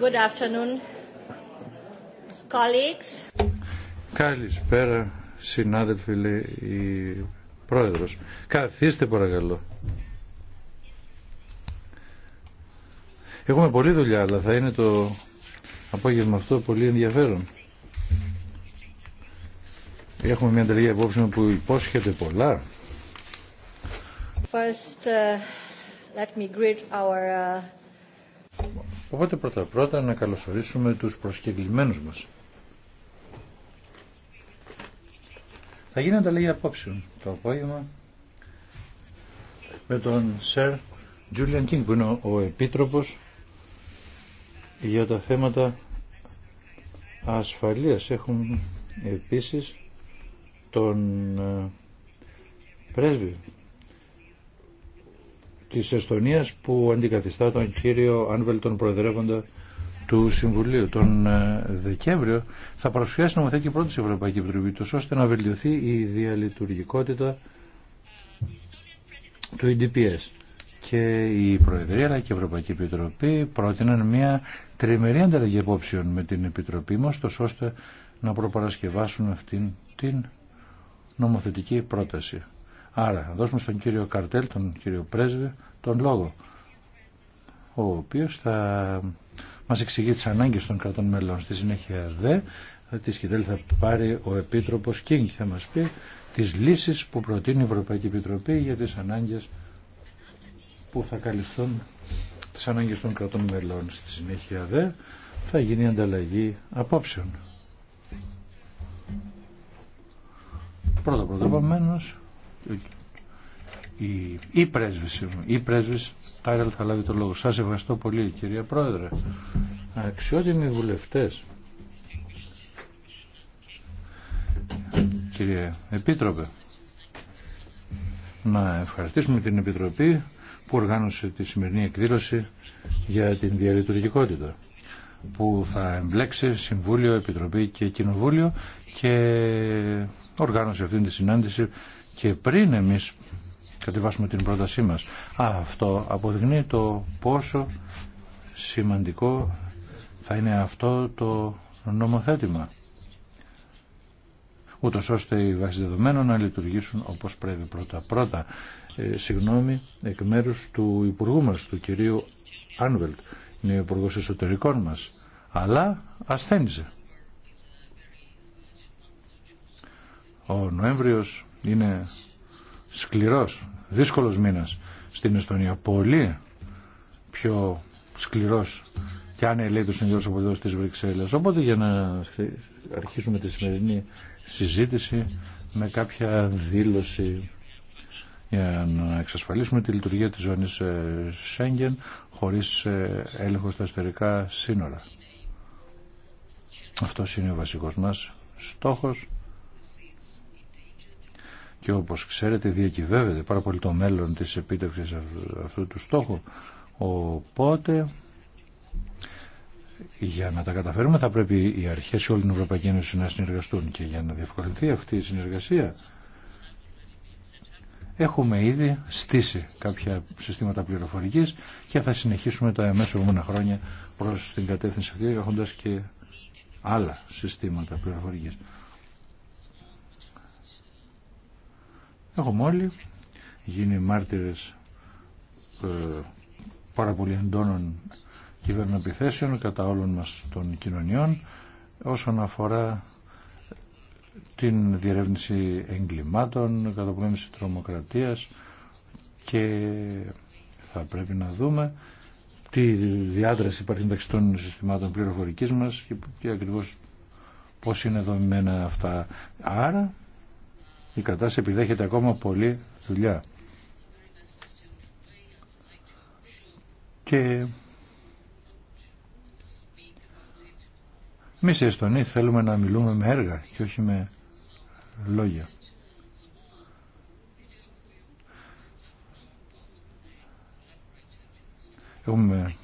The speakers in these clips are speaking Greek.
Good afternoon, colleagues. Καλησπέρα, συνάδελφοι, λέει η πρόεδρος. Καθίστε παρακαλώ. Έχουμε πολλή δουλειά, αλλά θα είναι το απόγευμα αυτό πολύ ενδιαφέρον. Έχουμε μια ανταλλαγή απόψη που υπόσχεται πολλά. First, uh, let me greet our uh... Οπότε πρώτα πρώτα να καλωσορίσουμε τους προσκεκλημένους μας. Θα γίνει ανταλλαγή απόψεων το απόγευμα με τον Σερ Julian King που είναι ο Επίτροπος για τα θέματα ασφαλείας. Έχουν επίσης τον ε, πρέσβη Τη Εστονίας που αντικαθιστά τον κύριο Άνβελ τον Προεδρεύοντα του Συμβουλίου. Τον ε, Δεκέμβριο θα παρουσιάσει νομοθετική πρόταση Ευρωπαϊκή Επιτροπή ώστε να βελτιωθεί η διαλειτουργικότητα του EDPS. Και η Προεδρία και η Ευρωπαϊκή Επιτροπή πρότειναν μια τριμερή ανταλλαγή απόψεων με την Επιτροπή μας, ώστε να προπαρασκευάσουν αυτήν την νομοθετική πρόταση. Άρα, δώσουμε στον κύριο Καρτέλ, τον κύριο Πρέσβη, τον λόγο, ο οποίος θα μας εξηγεί τι ανάγκε των κρατών μελών. Στη συνέχεια δε, τη σκητέλη θα πάρει ο Επίτροπος Κίνγκ, θα μας πει τις λύσεις που προτείνει η Ευρωπαϊκή Επιτροπή για τις ανάγκες που θα καλυφθούν τις ανάγκες των κρατών μελών. Στη συνέχεια δε θα γίνει ανταλλαγή απόψεων. Πρώτα πρώτα η, η πρέσβη, η πρέσβηση Τάρελ θα λάβει το λόγο. Σας ευχαριστώ πολύ κυρία Πρόεδρε. Αξιότιμοι βουλευτές. Κύριε Επίτροπε, να ευχαριστήσουμε την Επιτροπή που οργάνωσε τη σημερινή εκδήλωση για την διαλειτουργικότητα που θα εμπλέξει Συμβούλιο, Επιτροπή και Κοινοβούλιο και οργάνωσε αυτήν τη συνάντηση και πριν εμείς κατεβάσουμε την πρότασή μας. αυτό αποδεικνύει το πόσο σημαντικό θα είναι αυτό το νομοθέτημα ούτω ώστε οι βάσεις δεδομένων να λειτουργήσουν όπως πρέπει πρώτα-πρώτα. Ε, συγγνώμη εκ μέρους του Υπουργού μας, του κυρίου Άνβελτ, είναι ο υπουργό Εσωτερικών μας, αλλά ασθένιζε. Ο Νοέμβριος είναι σκληρός, δύσκολος μήνας στην Εστονία. Πολύ πιο σκληρός και αν ελέγχει το συνδυασμό από εδώ στις Βρυξέλλες. Οπότε για να αρχίσουμε τη σημερινή συζήτηση με κάποια δήλωση για να εξασφαλίσουμε τη λειτουργία της ζώνης ε, Σέγγεν χωρίς ε, έλεγχο στα εσωτερικά σύνορα. Αυτός είναι ο βασικός μας στόχος και όπως ξέρετε διακυβεύεται πάρα πολύ το μέλλον της επίτευξης αυτού του στόχου. Οπότε για να τα καταφέρουμε θα πρέπει οι αρχές σε όλη την Ευρωπαϊκή Ένωση να συνεργαστούν και για να διευκολυνθεί αυτή η συνεργασία έχουμε ήδη στήσει κάποια συστήματα πληροφορικής και θα συνεχίσουμε τα μέσα επόμενα χρόνια προς την κατεύθυνση αυτή έχοντας και άλλα συστήματα πληροφορικής. Έχουμε όλοι γίνει μάρτυρες ε, πάρα πολύ εντόνων κατά όλων μας των κοινωνιών όσον αφορά την διερεύνηση εγκλημάτων, καταπολέμηση τρομοκρατίας και θα πρέπει να δούμε τι διάδραση υπάρχει μεταξύ των συστημάτων πληροφορικής μας και, και ακριβώς πώς είναι δομημένα αυτά. Άρα η κατάσταση επιδέχεται ακόμα πολύ δουλειά. Και εμείς οι Εστονοί θέλουμε να μιλούμε με έργα και όχι με λόγια. Έχουμε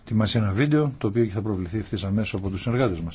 ετοιμάσει ένα βίντεο το οποίο θα προβληθεί ευθύ αμέσω από τους συνεργάτες μας.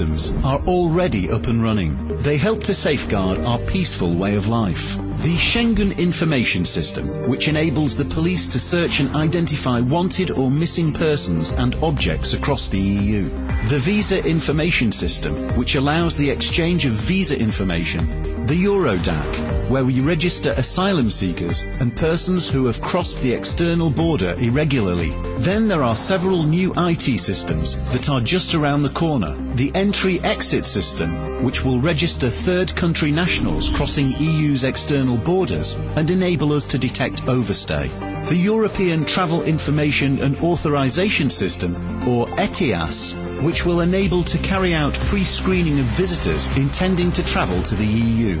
are already up and running. They help to safeguard our peaceful way of life. The Schengen Information System, which enables the police to search and identify wanted or missing persons and objects across the EU. The Visa Information System, which allows the exchange of visa information the Eurodac, where we register asylum seekers and persons who have crossed the external border irregularly. Then there are several new IT systems that are just around the corner. The entry-exit system, which will register third country nationals crossing EU's external borders and enable us to detect overstay. The European Travel Information and Authorization System, or ETIAS, which will enable to carry out pre-screening of visitors intending to travel to the EU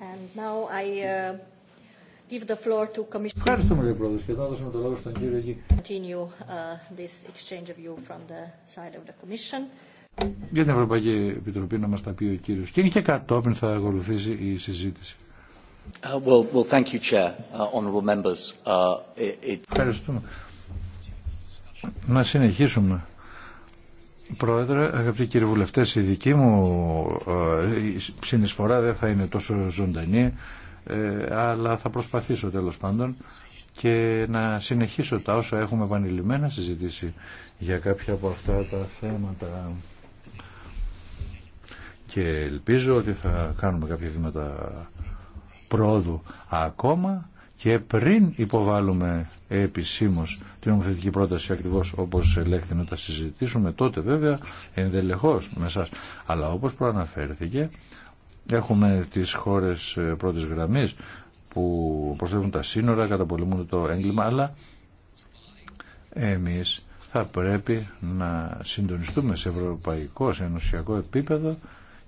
Uh, Ευχαριστούμε κύριε Πρόεδρε και θα δώσουμε το λόγο στον κύριο Γη. Uh, Για την Ευρωπαϊκή Επιτροπή να μας τα πει ο κύριος. Κίνη και κατόπιν θα ακολουθήσει η συζήτηση. Uh, well, well, thank you, Chair, uh, honourable members. Uh, it... Ευχαριστούμε. Να συνεχίσουμε Πρόεδρε, αγαπητοί κύριοι βουλευτέ, η δική μου ε, συνεισφορά δεν θα είναι τόσο ζωντανή, ε, αλλά θα προσπαθήσω τέλος πάντων και να συνεχίσω τα όσα έχουμε επανειλημμένα συζητήσει για κάποια από αυτά τα θέματα και ελπίζω ότι θα κάνουμε κάποια βήματα πρόοδου ακόμα και πριν υποβάλουμε επισήμως την νομοθετική πρόταση ακριβώς όπως ελέγχθη να τα συζητήσουμε τότε βέβαια ενδελεχώς με Αλλά όπως προαναφέρθηκε έχουμε τις χώρες ε, πρώτης γραμμής που προσθέτουν τα σύνορα, καταπολεμούν το έγκλημα, αλλά εμείς θα πρέπει να συντονιστούμε σε ευρωπαϊκό, σε ενωσιακό επίπεδο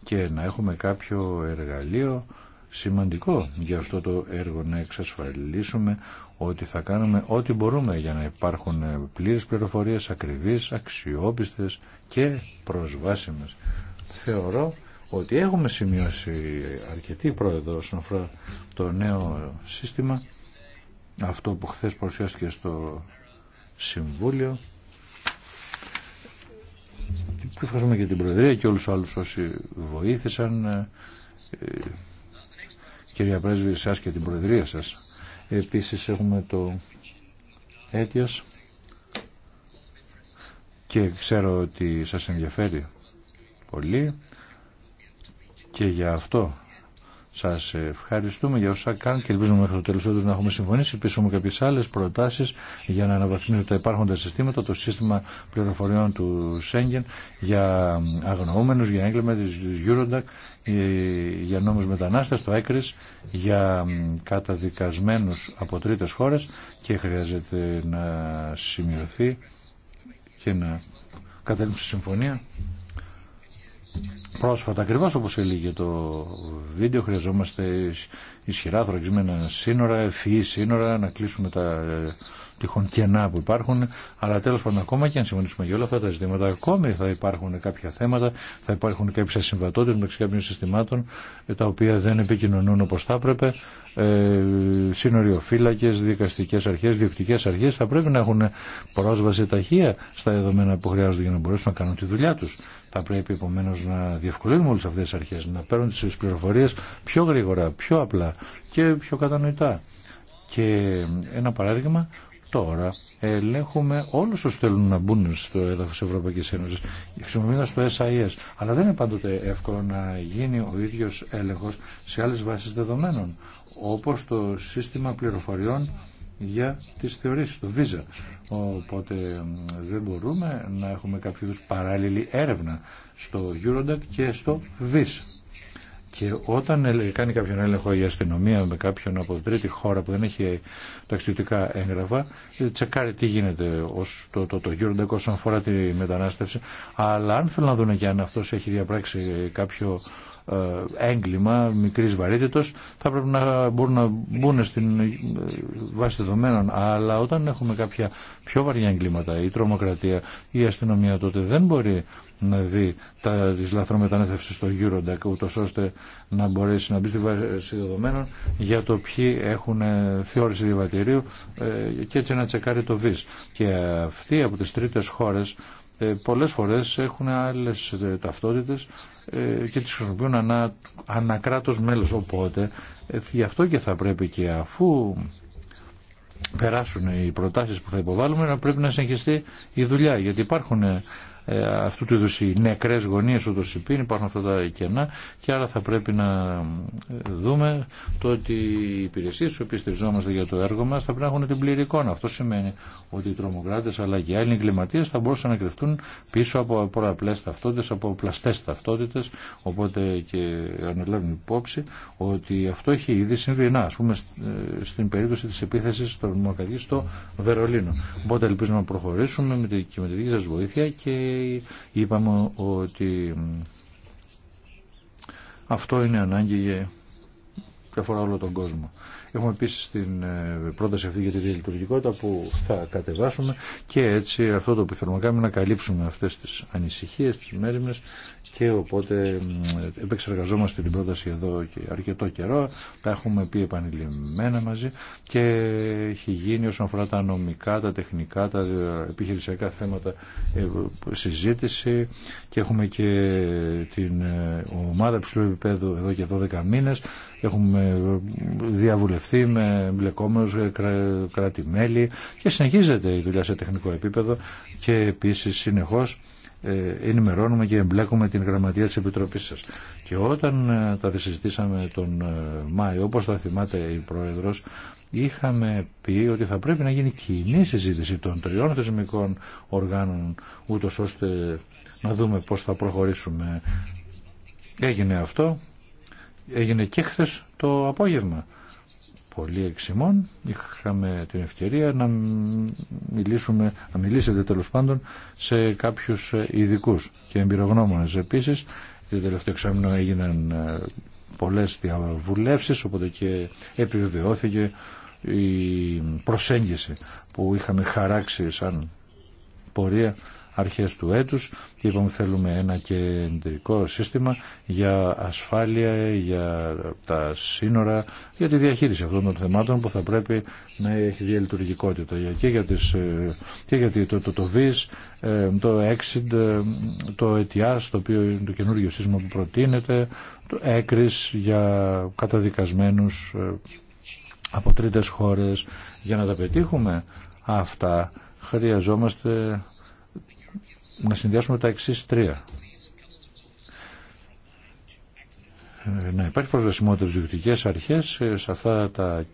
και να έχουμε κάποιο εργαλείο σημαντικό για αυτό το έργο να εξασφαλίσουμε ότι θα κάνουμε ό,τι μπορούμε για να υπάρχουν πλήρες πληροφορίες, ακριβείς, αξιόπιστες και προσβάσιμες. Θεωρώ ότι έχουμε σημειώσει αρκετή πρόεδρο όσον αφορά το νέο σύστημα, αυτό που χθες παρουσιάστηκε στο Συμβούλιο. Ευχαριστούμε και την Προεδρία και όλους τους άλλους όσοι βοήθησαν. Ε, ε, κυρία Πρέσβη, εσάς και την Προεδρία σας. Επίσης έχουμε το αίτιος και ξέρω ότι σας ενδιαφέρει πολύ και για αυτό σας ευχαριστούμε για όσα κάνουν και ελπίζουμε μέχρι το τέλος του να έχουμε συμφωνήσει. Επίσης έχουμε κάποιες άλλες προτάσεις για να αναβαθμίσουμε τα υπάρχοντα συστήματα, το σύστημα πληροφοριών του Σέγγεν για αγνοούμενους, για έγκλημα της Eurodac για νόμους μετανάστες, το έκρης για καταδικασμένους από τρίτες χώρες και χρειάζεται να σημειωθεί και να κατέληψει συμφωνία. Πρόσφατα, ακριβώ όπω έλεγε το βίντεο, χρειαζόμαστε ισχυρά θωρακισμένα σύνορα, ευφυή σύνορα, να κλείσουμε τα ε, τυχόν κενά που υπάρχουν, αλλά τέλο πάντων, ακόμα και αν συμφωνήσουμε για όλα αυτά τα ζητήματα, ακόμη θα υπάρχουν κάποια θέματα, θα υπάρχουν κάποιε ασυμβατότητε μεταξύ κάποιων συστημάτων, ε, τα οποία δεν επικοινωνούν όπω θα έπρεπε. Ε, Σύνοριοφύλακε, δικαστικέ αρχέ, διοικητικέ αρχέ θα πρέπει να έχουν πρόσβαση ταχεία στα δεδομένα που χρειάζονται για να μπορέσουν να κάνουν τη δουλειά του. Θα πρέπει επομένω να διευκολύνουμε όλε αυτέ τι αρχέ, να παίρνουν τι πληροφορίε πιο γρήγορα, πιο απλά και πιο κατανοητά. Και ένα παράδειγμα Τώρα ελέγχουμε όλου όσου θέλουν να μπουν στο έδαφο Ευρωπαϊκή Ένωση, χρησιμοποιώντα το SIS. Αλλά δεν είναι πάντοτε εύκολο να γίνει ο ίδιο έλεγχο σε άλλε βάσει δεδομένων, όπω το σύστημα πληροφοριών για τις θεωρήσεις το Visa. Οπότε δεν μπορούμε να έχουμε καποιούς παράλληλη έρευνα στο Eurodac και στο VISA. Και όταν κάνει κάποιον έλεγχο η αστυνομία με κάποιον από τρίτη χώρα που δεν έχει ταξιδιωτικά έγγραφα, τσεκάρει τι γίνεται ως το, το, το όσον αφορά τη μετανάστευση. Αλλά αν θέλουν να δουν και αν αυτό έχει διαπράξει κάποιο ε, έγκλημα μικρή βαρύτητος θα πρέπει να μπορούν να μπουν στην ε, βάση δεδομένων αλλά όταν έχουμε κάποια πιο βαριά εγκλήματα η τρομοκρατία η αστυνομία τότε δεν μπορεί να δει τα, τις λαθρομετανέθευσεις στο Eurodac ούτως ώστε να μπορέσει να μπει στη βάση δεδομένων για το ποιοι έχουν ε, θεώρηση διαβατηρίου ε, και έτσι να τσεκάρει το ΒΙΣ. Και αυτοί από τις τρίτες χώρες ε, πολλές φορές έχουν άλλες ταυτότητες και τις χρησιμοποιούν ανά, ανακράτος μέλος. Οπότε γι' αυτό και θα πρέπει και αφού περάσουν οι προτάσεις που θα υποβάλουμε να πρέπει να συνεχιστεί η δουλειά γιατί υπάρχουν ε, αυτού του είδους οι νεκρές γωνίες όπως υπήρχε, υπάρχουν αυτά τα κενά και άρα θα πρέπει να ε, δούμε το ότι οι υπηρεσίε που οποίες για το έργο μας θα πρέπει να έχουν την πλήρη εικόνα. Αυτό σημαίνει ότι οι τρομοκράτες αλλά και οι άλλοι εγκληματίες θα μπορούσαν να κρυφτούν πίσω από πολλαπλές ταυτότητες, από πλαστές ταυτότητες, οπότε και αναλάβουν υπόψη ότι αυτό έχει ήδη συμβεί. Να, ας πούμε ε, στην περίπτωση της επίθεσης των Μοκαδί στο Βερολίνο. Οπότε ελπίζουμε να προχωρήσουμε με τη, και με τη δική σας βοήθεια και είπαμε ότι αυτό είναι ανάγκη και αφορά όλο τον κόσμο. Έχουμε επίση την ε, πρόταση αυτή για τη διαλειτουργικότητα που θα κατεβάσουμε και έτσι αυτό το που θέλουμε να κάνουμε να καλύψουμε αυτέ τι ανησυχίε, τι μέρημνε και οπότε επεξεργαζόμαστε την πρόταση εδώ και αρκετό καιρό. Τα έχουμε πει επανειλημμένα μαζί και έχει γίνει όσον αφορά τα νομικά, τα τεχνικά, τα επιχειρησιακά θέματα ε, συζήτηση και έχουμε και την ε, ομάδα ψηλού επίπεδου εδώ και 12 μήνες έχουμε διαβουλευτεί με εμπλεκόμενους ε, κράτη-μέλη και συνεχίζεται η δουλειά σε τεχνικό επίπεδο και επίσης συνεχώς ε, ενημερώνουμε και εμπλέκουμε την γραμματεία της Επιτροπής σας. Και όταν ε, τα συζητήσαμε τον Μάιο, όπως θα θυμάται η Πρόεδρος, είχαμε πει ότι θα πρέπει να γίνει κοινή συζήτηση των τριών θεσμικών οργάνων, ούτως ώστε να δούμε πώς θα προχωρήσουμε. Έγινε αυτό έγινε και χθε το απόγευμα. Πολύ εξημών είχαμε την ευκαιρία να μιλήσουμε, να μιλήσετε πάντων σε κάποιους ειδικού και εμπειρογνώμονες επίσης. Το τελευταίο εξάμεινο έγιναν ε, πολλές διαβουλεύσεις οπότε και επιβεβαιώθηκε η προσέγγιση που είχαμε χαράξει σαν πορεία αρχές του έτους και είπαμε θέλουμε ένα κεντρικό σύστημα για ασφάλεια, για τα σύνορα, για τη διαχείριση αυτών των θεμάτων που θα πρέπει να έχει διαλειτουργικότητα και για, τις, ε, και για το, το, το ΒΙΣ, ε, το EXIT, ε, το ETIAS, το οποίο το καινούργιο σύστημα που προτείνεται, το έκρις για καταδικασμένους από τρίτες χώρες για να τα πετύχουμε αυτά χρειαζόμαστε να συνδυάσουμε τα εξή τρία. Ε, να υπάρχει προσβασιμότητα στις διοικητικές αρχές ε, σε αυτά τα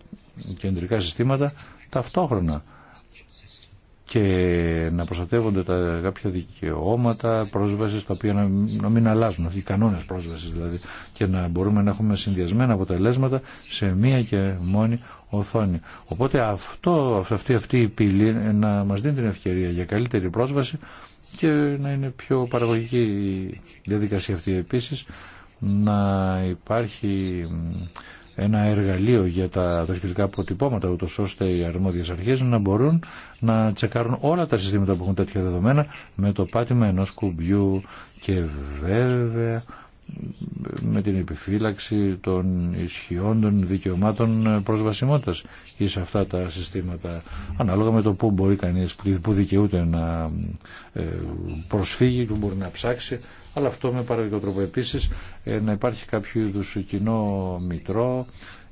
κεντρικά συστήματα ταυτόχρονα και να προστατεύονται τα κάποια δικαιώματα πρόσβασης τα οποία να, μην αλλάζουν αυτοί οι κανόνες πρόσβασης δηλαδή και να μπορούμε να έχουμε συνδυασμένα αποτελέσματα σε μία και μόνη οθόνη. Οπότε αυτό, αυτή, αυτή η πύλη ε, να μας δίνει την ευκαιρία για καλύτερη πρόσβαση και να είναι πιο παραγωγική η διαδικασία αυτή επίσης να υπάρχει ένα εργαλείο για τα δακτυλικά αποτυπώματα ούτως ώστε οι αρμόδιες αρχές να μπορούν να τσεκάρουν όλα τα συστήματα που έχουν τέτοια δεδομένα με το πάτημα ενός κουμπιού και βέβαια με την επιφύλαξη των ισχυών των δικαιωμάτων προσβασιμότητας ή σε αυτά τα συστήματα ανάλογα με το που μπορεί κανείς που δικαιούται να ε, προσφύγει, που μπορεί να ψάξει αλλά αυτό με παράδειγμα τρόπο επίσης ε, να υπάρχει κάποιο είδου κοινό μητρό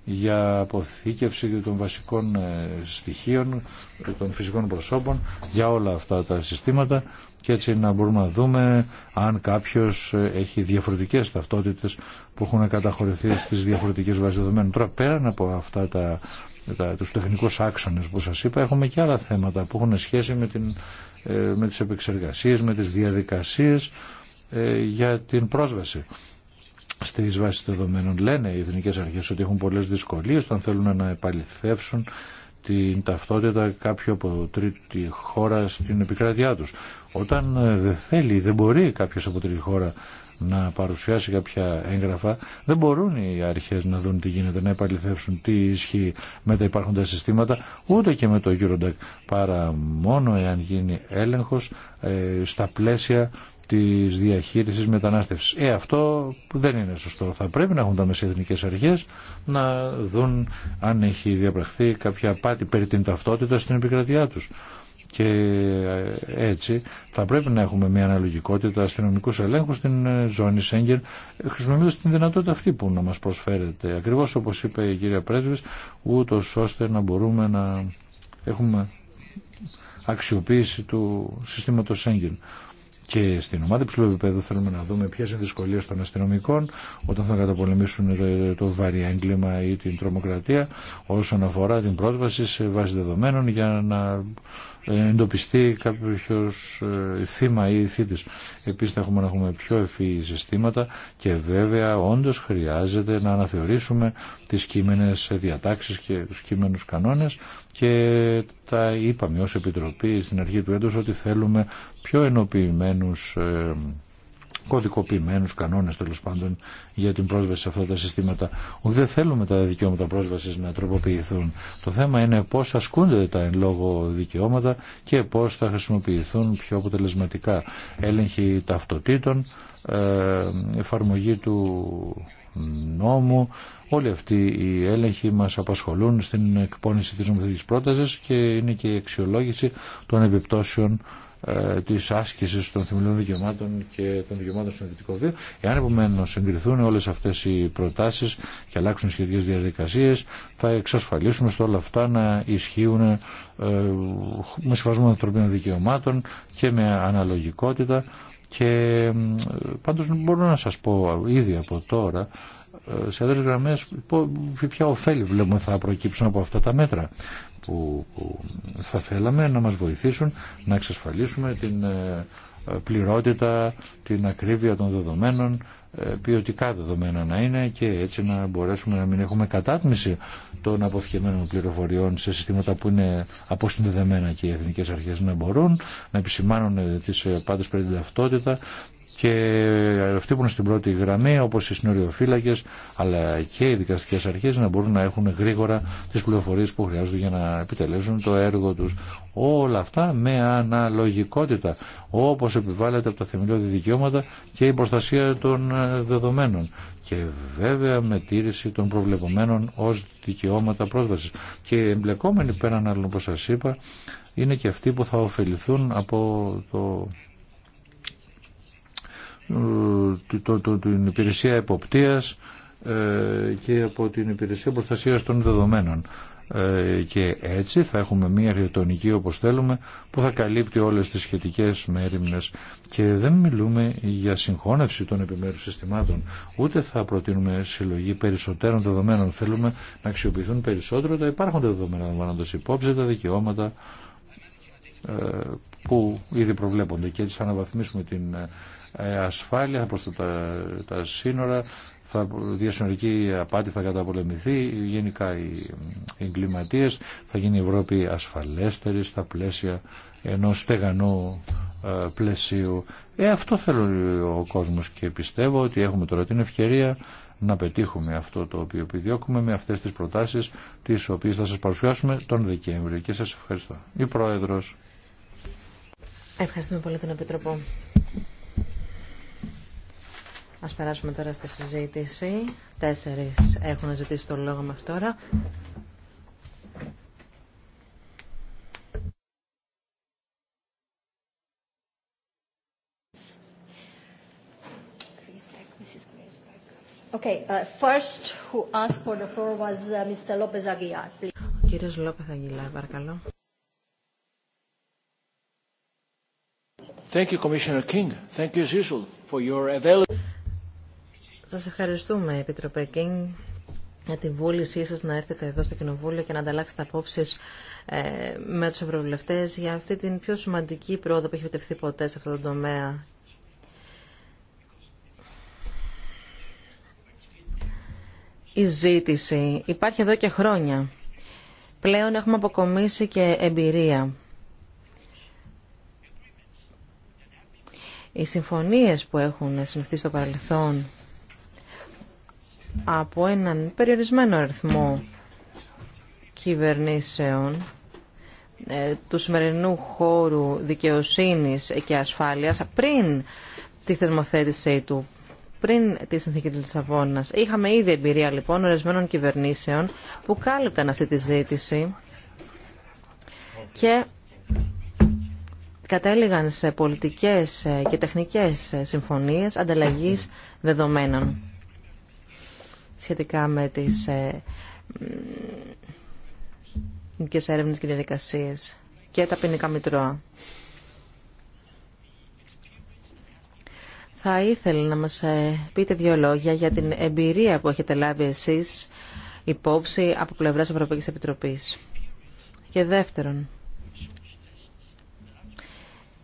για αποθήκευση των βασικών ε, στοιχείων των φυσικών προσώπων για όλα αυτά τα συστήματα και έτσι να μπορούμε να δούμε αν κάποιος ε, έχει διαφορετικές ταυτότητες που έχουν καταχωρηθεί στις διαφορετικές βάσεις δεδομένων. Τώρα πέραν από αυτά τα, τα, τους τεχνικούς άξονες που σας είπα έχουμε και άλλα θέματα που έχουν σχέση με, την, ε, με τις επεξεργασίες, με τις διαδικασίες ε, για την πρόσβαση στις βάσεις δεδομένων. Λένε οι εθνικές αρχέ ότι έχουν πολλές δυσκολίες όταν θέλουν να επαληθεύσουν την ταυτότητα κάποιου από τρίτη χώρα στην επικράτειά τους. Όταν ε, δεν θέλει, δεν μπορεί κάποιος από τη χώρα να παρουσιάσει κάποια έγγραφα, δεν μπορούν οι αρχές να δουν τι γίνεται, να επαληθεύσουν τι ισχύει με τα υπάρχοντα συστήματα, ούτε και με το Eurodac, παρά μόνο εάν γίνει έλεγχος ε, στα πλαίσια της διαχείρισης μετανάστευσης. Ε, αυτό δεν είναι σωστό. Θα πρέπει να έχουν τα μεσαιεθνικές αρχές να δουν αν έχει διαπραχθεί κάποια απάτη περί την ταυτότητα στην επικρατειά τους και ε, έτσι θα πρέπει να έχουμε μια αναλογικότητα αστυνομικού ελέγχου στην ε, ζώνη Σέγγεν, χρησιμοποιώντα την δυνατότητα αυτή που να μα προσφέρεται. Ακριβώ όπω είπε η κυρία Πρέσβη, ούτω ώστε να μπορούμε να έχουμε αξιοποίηση του συστήματο Σέγγεν. Και στην ομάδα υψηλού επίπεδου θέλουμε να δούμε ποιε είναι οι δυσκολίε των αστυνομικών όταν θα καταπολεμήσουν ε, το βαρύ έγκλημα ή την τρομοκρατία όσον αφορά την πρόσβαση σε βάση δεδομένων για να εντοπιστεί κάποιο ε, θύμα ή θήτης. Επίσης θα έχουμε να έχουμε πιο ευφύη συστήματα και βέβαια όντως χρειάζεται να αναθεωρήσουμε τις κείμενες διατάξεις και τους κείμενους κανόνες και τα είπαμε ως Επιτροπή στην αρχή του έντος ότι θέλουμε πιο ενοποιημένους ε, κωδικοποιημένους κανόνες τέλο πάντων για την πρόσβαση σε αυτά τα συστήματα. Ούτε δεν θέλουμε τα δικαιώματα πρόσβασης να τροποποιηθούν. Το θέμα είναι πώς ασκούνται τα εν λόγω δικαιώματα και πώς θα χρησιμοποιηθούν πιο αποτελεσματικά. Έλεγχη ταυτοτήτων, ε, εφαρμογή του νόμου, Όλοι αυτοί οι έλεγχοι μας απασχολούν στην εκπόνηση της νομοθετικής πρότασης και είναι και η αξιολόγηση των επιπτώσεων ε, Τη άσκηση των θεμελιών δικαιωμάτων και των δικαιωμάτων στον ιδιωτικό βίο. Εάν επομένω συγκριθούν όλες αυτές οι προτάσεις και αλλάξουν σχετικέ διαδικασίες, θα εξασφαλίσουμε στο όλα αυτά να ισχύουν ε, με συμβασμό ανθρωπίνων δικαιωμάτων και με αναλογικότητα και πάντως μπορώ να σας πω ήδη από τώρα ε, σε άλλε γραμμέ ποια ωφέλη βλέπουμε θα προκύψουν από αυτά τα μέτρα που θα θέλαμε να μας βοηθήσουν να εξασφαλίσουμε την ε, ε, πληρότητα, την ακρίβεια των δεδομένων, ε, ποιοτικά δεδομένα να είναι και έτσι να μπορέσουμε να μην έχουμε κατάτμιση των αποθηκευμένων πληροφοριών σε συστήματα που είναι αποσυνδεδεμένα και οι εθνικές αρχές να μπορούν να επισημάνουν τις πάντες περί ταυτότητα, και αυτοί που είναι στην πρώτη γραμμή όπως οι συνοριοφύλακες αλλά και οι δικαστικές αρχές να μπορούν να έχουν γρήγορα τις πληροφορίες που χρειάζονται για να επιτελέσουν το έργο τους. Όλα αυτά με αναλογικότητα όπως επιβάλλεται από τα θεμελιώδη δικαιώματα και η προστασία των δεδομένων και βέβαια με τήρηση των προβλεπωμένων ως δικαιώματα πρόσβασης. Και εμπλεκόμενοι πέραν άλλων όπως σας είπα είναι και αυτοί που θα ωφεληθούν από το την υπηρεσία εποπτείας ε, και από την υπηρεσία προστασίας των δεδομένων. Ε, και έτσι θα έχουμε μία αρχιτεκτονική όπως θέλουμε που θα καλύπτει όλες τις σχετικές μέρημνες και δεν μιλούμε για συγχώνευση των επιμέρους συστημάτων ούτε θα προτείνουμε συλλογή περισσότερων δεδομένων θέλουμε να αξιοποιηθούν περισσότερο τα υπάρχοντα δεδομένα λαμβάνοντας υπόψη τα δικαιώματα ε, που ήδη προβλέπονται και έτσι θα αναβαθμίσουμε την ε, ασφάλεια, προς τα, τα σύνορα, θα διασυνορική απάτη θα καταπολεμηθεί, γενικά οι εγκληματίες, θα γίνει η Ευρώπη ασφαλέστερη στα πλαίσια ενός στεγανού ε, πλαισίου. Ε, αυτό θέλω ο κόσμος και πιστεύω ότι έχουμε τώρα την ευκαιρία να πετύχουμε αυτό το οποίο επιδιώκουμε με αυτές τις προτάσεις τις οποίες θα σας παρουσιάσουμε τον Δεκέμβριο και σας ευχαριστώ. Η Πρόεδρος. Ευχαριστούμε πολύ τον Επιτροπό. Ας περάσουμε τώρα στη συζήτηση. Τέσσερις έχουν ζητήσει το λόγο μας τώρα. Okay, uh, first who asked for the floor was uh, Mr. Lopez Aguilar. Please. Ο κύριος Λόπεθ Αγγιλάρ, παρακαλώ. Thank you, Commissioner King. Thank you, Cecil, for your availability. Σας ευχαριστούμε, Επιτροπέ Κίνγκ, για την βούλησή σας να έρθετε εδώ στο Κοινοβούλιο και να ανταλλάξετε απόψεις ε, με τους ευρωβουλευτές για αυτή την πιο σημαντική πρόοδο που έχει επιτευχθεί ποτέ σε αυτό το τομέα. Η ζήτηση υπάρχει εδώ και χρόνια. Πλέον έχουμε αποκομίσει και εμπειρία. Οι συμφωνίες που έχουν συνεχθεί στο παρελθόν από έναν περιορισμένο αριθμό κυβερνήσεων ε, του σημερινού χώρου δικαιοσύνης και ασφάλειας πριν τη θεσμοθέτησή του, πριν τη συνθήκη της Λισαβόνας. Είχαμε ήδη εμπειρία λοιπόν ορισμένων κυβερνήσεων που κάλυπταν αυτή τη ζήτηση και κατέληγαν σε πολιτικές και τεχνικές συμφωνίες ανταλλαγής δεδομένων σχετικά με τις ε, και έρευνες και διαδικασίες και τα ποινικά μητρώα. Θα ήθελα να μας ε, πείτε δύο λόγια για την εμπειρία που έχετε λάβει εσείς υπόψη από πλευράς Ευρωπαϊκής Επιτροπής. Και δεύτερον,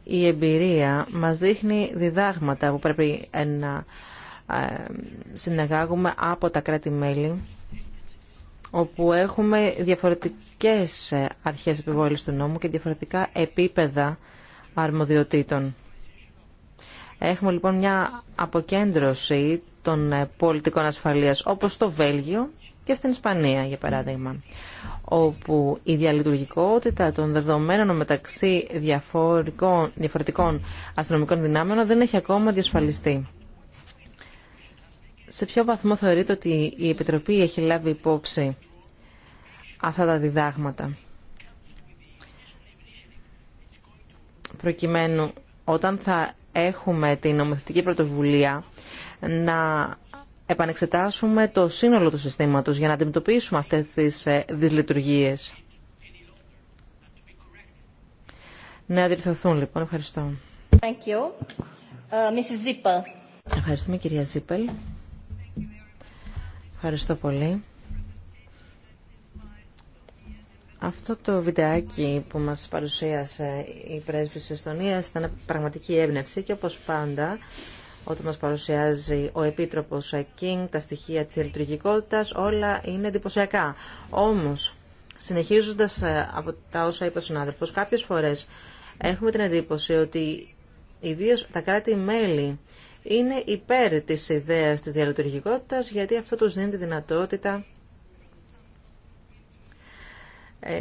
η εμπειρία μας δείχνει διδάγματα που πρέπει να συνεγάγουμε από τα κράτη-μέλη όπου έχουμε διαφορετικές ε, αρχές επιβόλης του νόμου και διαφορετικά επίπεδα αρμοδιοτήτων. Έχουμε λοιπόν μια αποκέντρωση των ε, πολιτικών ασφαλείας όπως στο Βέλγιο και στην Ισπανία για παράδειγμα όπου η διαλειτουργικότητα των δεδομένων μεταξύ διαφορετικών αστυνομικών δυνάμεων δεν έχει ακόμα διασφαλιστεί σε ποιο βαθμό θεωρείτε ότι η Επιτροπή έχει λάβει υπόψη αυτά τα διδάγματα. Προκειμένου όταν θα έχουμε την νομοθετική πρωτοβουλία να επανεξετάσουμε το σύνολο του συστήματος για να αντιμετωπίσουμε αυτές τις ε, δυσλειτουργίες. Να αντιληφθούν λοιπόν. Ευχαριστώ. Thank uh, Ευχαριστούμε κυρία Ζίπελ. Ευχαριστώ πολύ. Αυτό το βιντεάκι που μας παρουσίασε η πρέσβης Εστονίας ήταν πραγματική έμπνευση και όπως πάντα όταν μας παρουσιάζει ο Επίτροπος Κίνγκ τα στοιχεία της λειτουργικότητα, όλα είναι εντυπωσιακά. Όμως, συνεχίζοντας ε, από τα όσα είπε ο συνάδελφος, κάποιες φορές έχουμε την εντύπωση ότι ιδίω τα κράτη-μέλη είναι υπέρ της ιδέας της διαλειτουργικότητας γιατί αυτό τους δίνει τη δυνατότητα ε,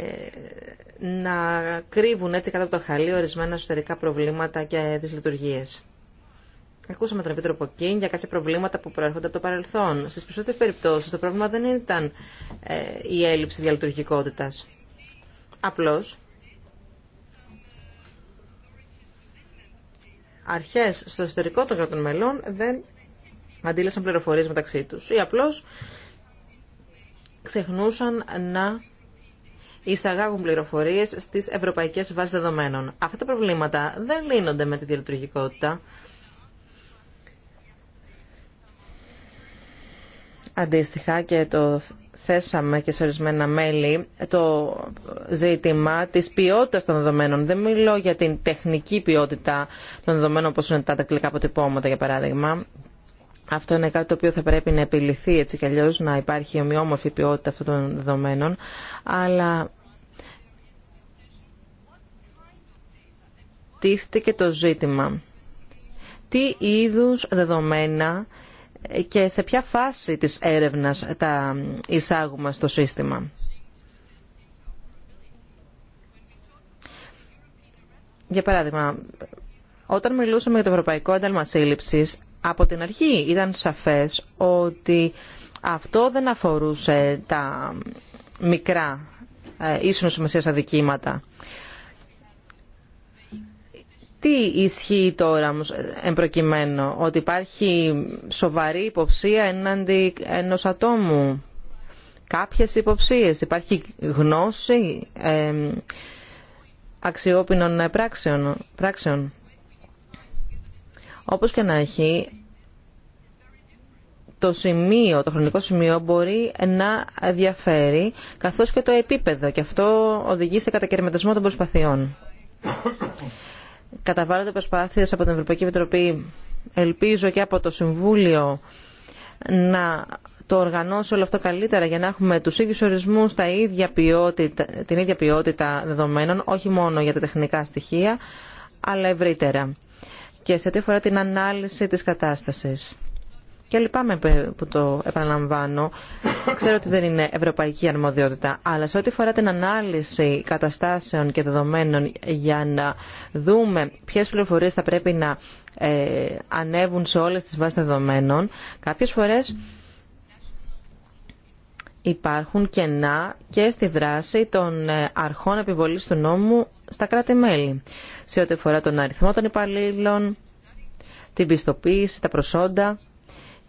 να κρύβουν έτσι κάτω από το χαλί ορισμένα εσωτερικά προβλήματα και τις λειτουργίες. Ακούσαμε τον Επίτροπο Κίν για κάποια προβλήματα που προέρχονται από το παρελθόν. Στι περισσότερε περιπτώσει το πρόβλημα δεν ήταν ε, η έλλειψη διαλειτουργικότητα. Απλώ αρχές στο εσωτερικό των κρατών μελών δεν αντίλασαν πληροφορίες μεταξύ τους ή απλώς ξεχνούσαν να εισαγάγουν πληροφορίες στις ευρωπαϊκές βάσεις δεδομένων. Αυτά τα προβλήματα δεν λύνονται με τη διαλειτουργικότητα. Αντίστοιχα και το θέσαμε και σε ορισμένα μέλη το ζήτημα της ποιότητας των δεδομένων. Δεν μιλώ για την τεχνική ποιότητα των δεδομένων όπως είναι τα τακτικά αποτυπώματα για παράδειγμα. Αυτό είναι κάτι το οποίο θα πρέπει να επιληθεί έτσι κι αλλιώς να υπάρχει ομοιόμορφη ποιότητα αυτών των δεδομένων. Αλλά τίθεται και το ζήτημα. Τι είδους δεδομένα και σε ποια φάση της έρευνας τα εισάγουμε στο σύστημα. Για παράδειγμα, όταν μιλούσαμε για το Ευρωπαϊκό Ένταλμα Σύλληψης, από την αρχή ήταν σαφές ότι αυτό δεν αφορούσε τα μικρά ε, ίσονος σημασίας αδικήματα. Τι ισχύει τώρα όμως εμπροκειμένο, ότι υπάρχει σοβαρή υποψία εναντί ενός ατόμου, κάποιες υποψίες, υπάρχει γνώση ε, αξιόπινων πράξεων, πράξεων. Όπως και να έχει, το σημείο, το χρονικό σημείο μπορεί να διαφέρει, καθώς και το επίπεδο και αυτό οδηγεί σε κατακαιρματισμό των προσπαθειών καταβάλλονται προσπάθειες από την Ευρωπαϊκή Επιτροπή, ελπίζω και από το Συμβούλιο, να το οργανώσει όλο αυτό καλύτερα για να έχουμε τους ίδιους ορισμούς, τα ίδια ποιότητα, την ίδια ποιότητα δεδομένων, όχι μόνο για τα τεχνικά στοιχεία, αλλά ευρύτερα. Και σε ό,τι αφορά την ανάλυση της κατάστασης και λυπάμαι που το επαναλαμβάνω. Ξέρω ότι δεν είναι ευρωπαϊκή αρμοδιότητα, αλλά σε ό,τι φορά την ανάλυση καταστάσεων και δεδομένων για να δούμε ποιες πληροφορίες θα πρέπει να ε, ανέβουν σε όλες τις βάσεις δεδομένων, κάποιες φορές υπάρχουν κενά και στη δράση των ε, αρχών επιβολής του νόμου στα κράτη-μέλη, σε ό,τι φορά τον αριθμό των υπαλλήλων, την πιστοποίηση, τα προσόντα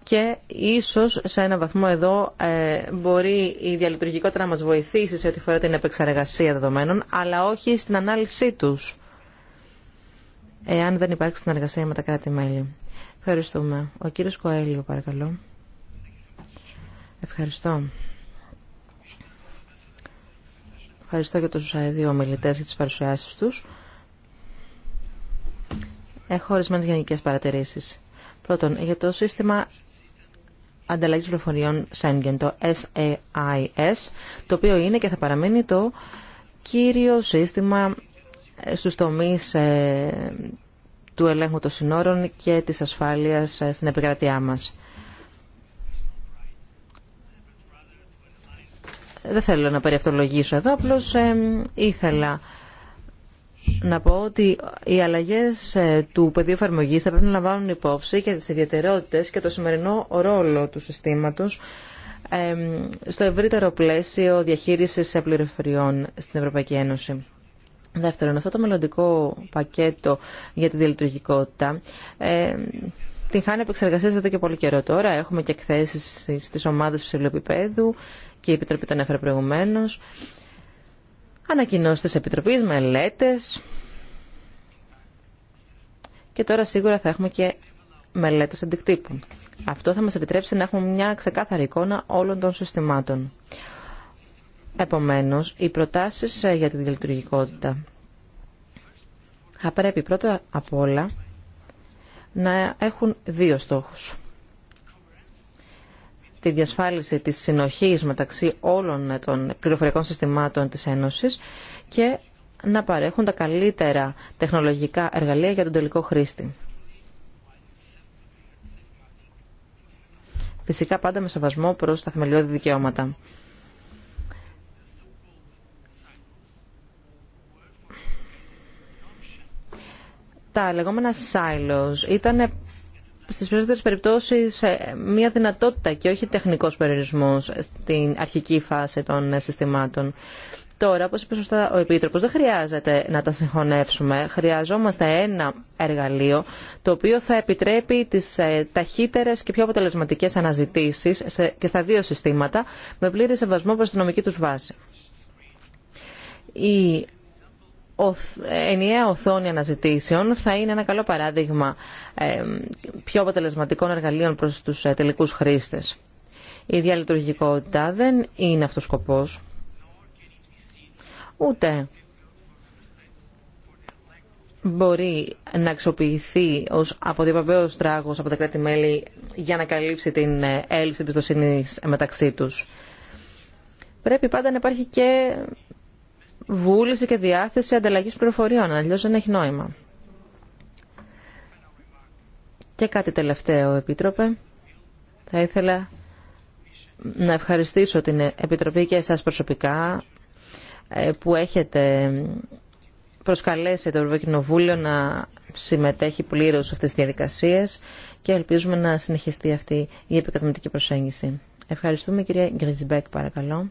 και ίσως σε ένα βαθμό εδώ ε, μπορεί η διαλειτουργικότητα να μας βοηθήσει σε ό,τι φορά την επεξεργασία δεδομένων, αλλά όχι στην ανάλυση τους, εάν δεν υπάρχει συνεργασία με τα κράτη-μέλη. Ευχαριστούμε. Ο κύριος Κοέλιο, παρακαλώ. Ευχαριστώ. Ευχαριστώ και τους ε, δύο ομιλητές για τις παρουσιάσεις τους. Έχω ορισμένες γενικές παρατηρήσεις. Πρώτον, για το σύστημα ανταλλαγής πληροφοριών Schengen, το SAIS, το οποίο είναι και θα παραμείνει το κύριο σύστημα ε, στους τομείς ε, του ελέγχου των συνόρων και της ασφάλειας ε, στην επικρατειά μας. Δεν θέλω να περιευτολογήσω εδώ, απλώς ήθελα να πω ότι οι αλλαγέ ε, του πεδίου εφαρμογή θα πρέπει να λαμβάνουν υπόψη και τι ιδιαιτερότητε και το σημερινό ρόλο του συστήματο στο ευρύτερο πλαίσιο διαχείριση πληροφοριών στην Ευρωπαϊκή Ένωση. Δεύτερον, αυτό το μελλοντικό πακέτο για τη διαλειτουργικότητα την χάνει επεξεργασία εδώ και πολύ καιρό τώρα. Έχουμε και εκθέσει στι ομάδε ψηλού και η Επιτροπή τον έφερε προηγουμένω. Ανακοινώσει της Επιτροπής, μελέτες και τώρα σίγουρα θα έχουμε και μελέτες αντικτύπων. Αυτό θα μας επιτρέψει να έχουμε μια ξεκάθαρη εικόνα όλων των συστημάτων. Επομένως, οι προτάσεις ε, για την λειτουργικότητα θα πρέπει πρώτα απ' όλα να έχουν δύο στόχους τη διασφάλιση της συνοχής μεταξύ όλων των πληροφορικών συστημάτων της Ένωσης και να παρέχουν τα καλύτερα τεχνολογικά εργαλεία για τον τελικό χρήστη. Φυσικά πάντα με σεβασμό προς τα θεμελιώδη δικαιώματα. Τα λεγόμενα silos ήταν στις περισσότερες περιπτώσεις ε, μια δυνατότητα και όχι τεχνικός περιορισμός στην αρχική φάση των ε, συστημάτων. Τώρα, όπως είπε σωστά ο Επίτροπος, δεν χρειάζεται να τα συγχωνεύσουμε. Χρειαζόμαστε ένα εργαλείο το οποίο θα επιτρέπει τις ε, ταχύτερες και πιο αποτελεσματικές αναζητήσεις και στα δύο συστήματα με πλήρη σεβασμό προς την νομική τους βάση. Η ενιαία οθόνη αναζητήσεων θα είναι ένα καλό παράδειγμα ε, πιο αποτελεσματικών εργαλείων προς τους ε, τελικούς χρήστες. Η διαλειτουργικότητα δεν είναι αυτός ο σκοπός, ούτε μπορεί να αξιοποιηθεί ως αποδιαπαπέως τράγος από τα κράτη-μέλη για να καλύψει την ε, έλλειψη εμπιστοσύνη μεταξύ τους. Πρέπει πάντα να υπάρχει και βούληση και διάθεση ανταλλαγή πληροφοριών. Αλλιώ δεν έχει νόημα. Και κάτι τελευταίο, Επίτροπε. Θα ήθελα να ευχαριστήσω την Επιτροπή και εσάς προσωπικά ε, που έχετε προσκαλέσει το Ευρωπαϊκό Κοινοβούλιο να συμμετέχει πλήρως σε αυτές τις διαδικασίες και ελπίζουμε να συνεχιστεί αυτή η επικοδομητική προσέγγιση. Ευχαριστούμε κυρία Γκριζμπέκ παρακαλώ.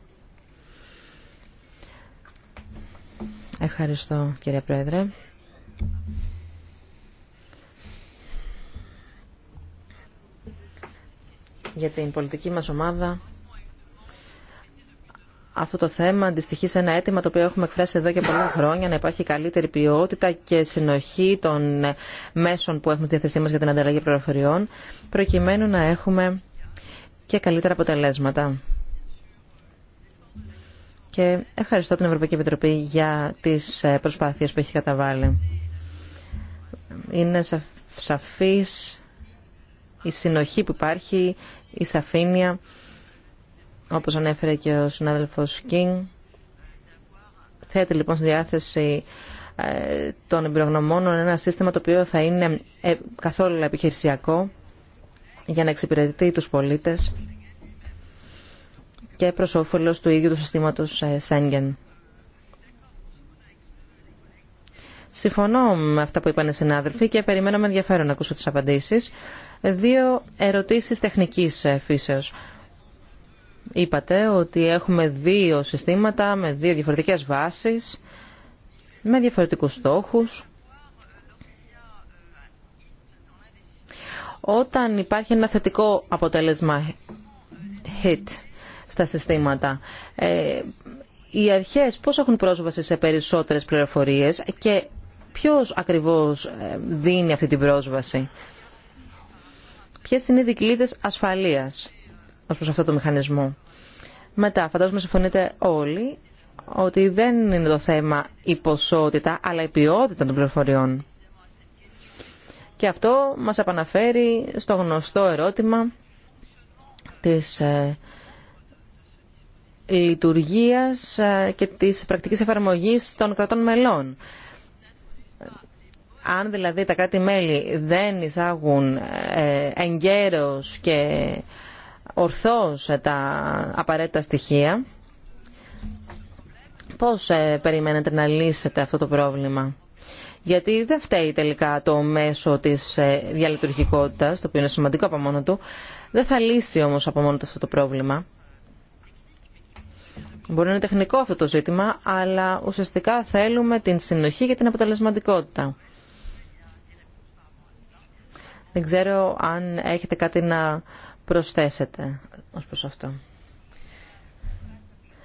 Ευχαριστώ κύριε Πρόεδρε. Για την πολιτική μας ομάδα αυτό το θέμα αντιστοιχεί σε ένα αίτημα το οποίο έχουμε εκφράσει εδώ και πολλά χρόνια να υπάρχει καλύτερη ποιότητα και συνοχή των μέσων που έχουμε στη θέση μας για την ανταλλαγή πληροφοριών προκειμένου να έχουμε και καλύτερα αποτελέσματα και ευχαριστώ την Ευρωπαϊκή Επιτροπή για τις ε, προσπάθειες που έχει καταβάλει. Είναι σαφής η συνοχή που υπάρχει, η σαφήνεια, όπως ανέφερε και ο συνάδελφος Κίνγκ. Θέτει λοιπόν στη διάθεση ε, των εμπειρογνωμόνων ένα σύστημα το οποίο θα είναι ε, καθόλου επιχειρησιακό για να εξυπηρετεί τους πολίτες και προ του ίδιου του συστήματος ε, Σέγγεν. Συμφωνώ με αυτά που είπαν οι συνάδελφοι και περιμένω με ενδιαφέρον να ακούσω τις απαντήσεις. Δύο ερωτήσεις τεχνικής ε, φύσεως. Είπατε ότι έχουμε δύο συστήματα με δύο διαφορετικές βάσεις, με διαφορετικούς στόχους. Όταν υπάρχει ένα θετικό αποτέλεσμα hit, στα συστήματα. Ε, οι αρχές πώς έχουν πρόσβαση σε περισσότερες πληροφορίες και ποιος ακριβώς ε, δίνει αυτή την πρόσβαση. Ποιες είναι οι δικλείδες ασφαλείας ως προς αυτό το μηχανισμό. Μετά, φαντάζομαι συμφωνείτε όλοι ότι δεν είναι το θέμα η ποσότητα, αλλά η ποιότητα των πληροφοριών. Και αυτό μας επαναφέρει στο γνωστό ερώτημα της ε, λειτουργίας ε, και της πρακτικής εφαρμογής των κρατών μελών. Αν δηλαδή τα κράτη-μέλη δεν εισάγουν ε, εγκαίρως και ορθώς τα απαραίτητα στοιχεία, πώς ε, περιμένετε να λύσετε αυτό το πρόβλημα. Γιατί δεν φταίει τελικά το μέσο της διαλειτουργικότητας, το οποίο είναι σημαντικό από μόνο του, δεν θα λύσει όμως από μόνο του αυτό το πρόβλημα. Μπορεί να είναι τεχνικό αυτό το ζήτημα, αλλά ουσιαστικά θέλουμε την συνοχή και την αποτελεσματικότητα. Δεν ξέρω αν έχετε κάτι να προσθέσετε ως προς αυτό.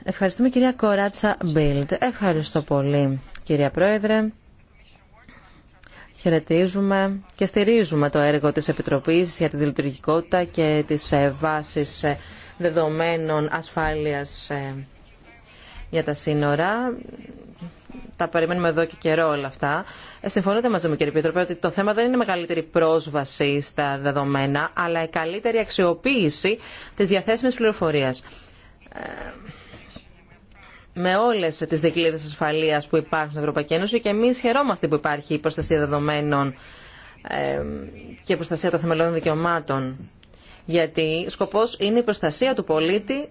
Ευχαριστούμε κυρία Κοράτσα Μπίλτ. Ευχαριστώ πολύ κυρία Πρόεδρε. Χαιρετίζουμε και στηρίζουμε το έργο της Επιτροπής για τη Δηλειτουργικότητα και τις ε, βάσεις ε, δεδομένων ασφάλειας ε, για τα σύνορα. Τα περιμένουμε εδώ και καιρό όλα αυτά. Ε, συμφωνείτε μαζί μου κύριε Πίτροπε ότι το θέμα δεν είναι μεγαλύτερη πρόσβαση στα δεδομένα, αλλά η καλύτερη αξιοποίηση της διαθέσιμης πληροφορίας ε, με όλε τι δικλείδε ασφαλεία που υπάρχουν στην Ευρωπαϊκή Ένωση και εμεί χαιρόμαστε που υπάρχει η προστασία δεδομένων ε, και η προστασία των θεμελιών δικαιωμάτων. Γιατί σκοπό είναι η προστασία του πολίτη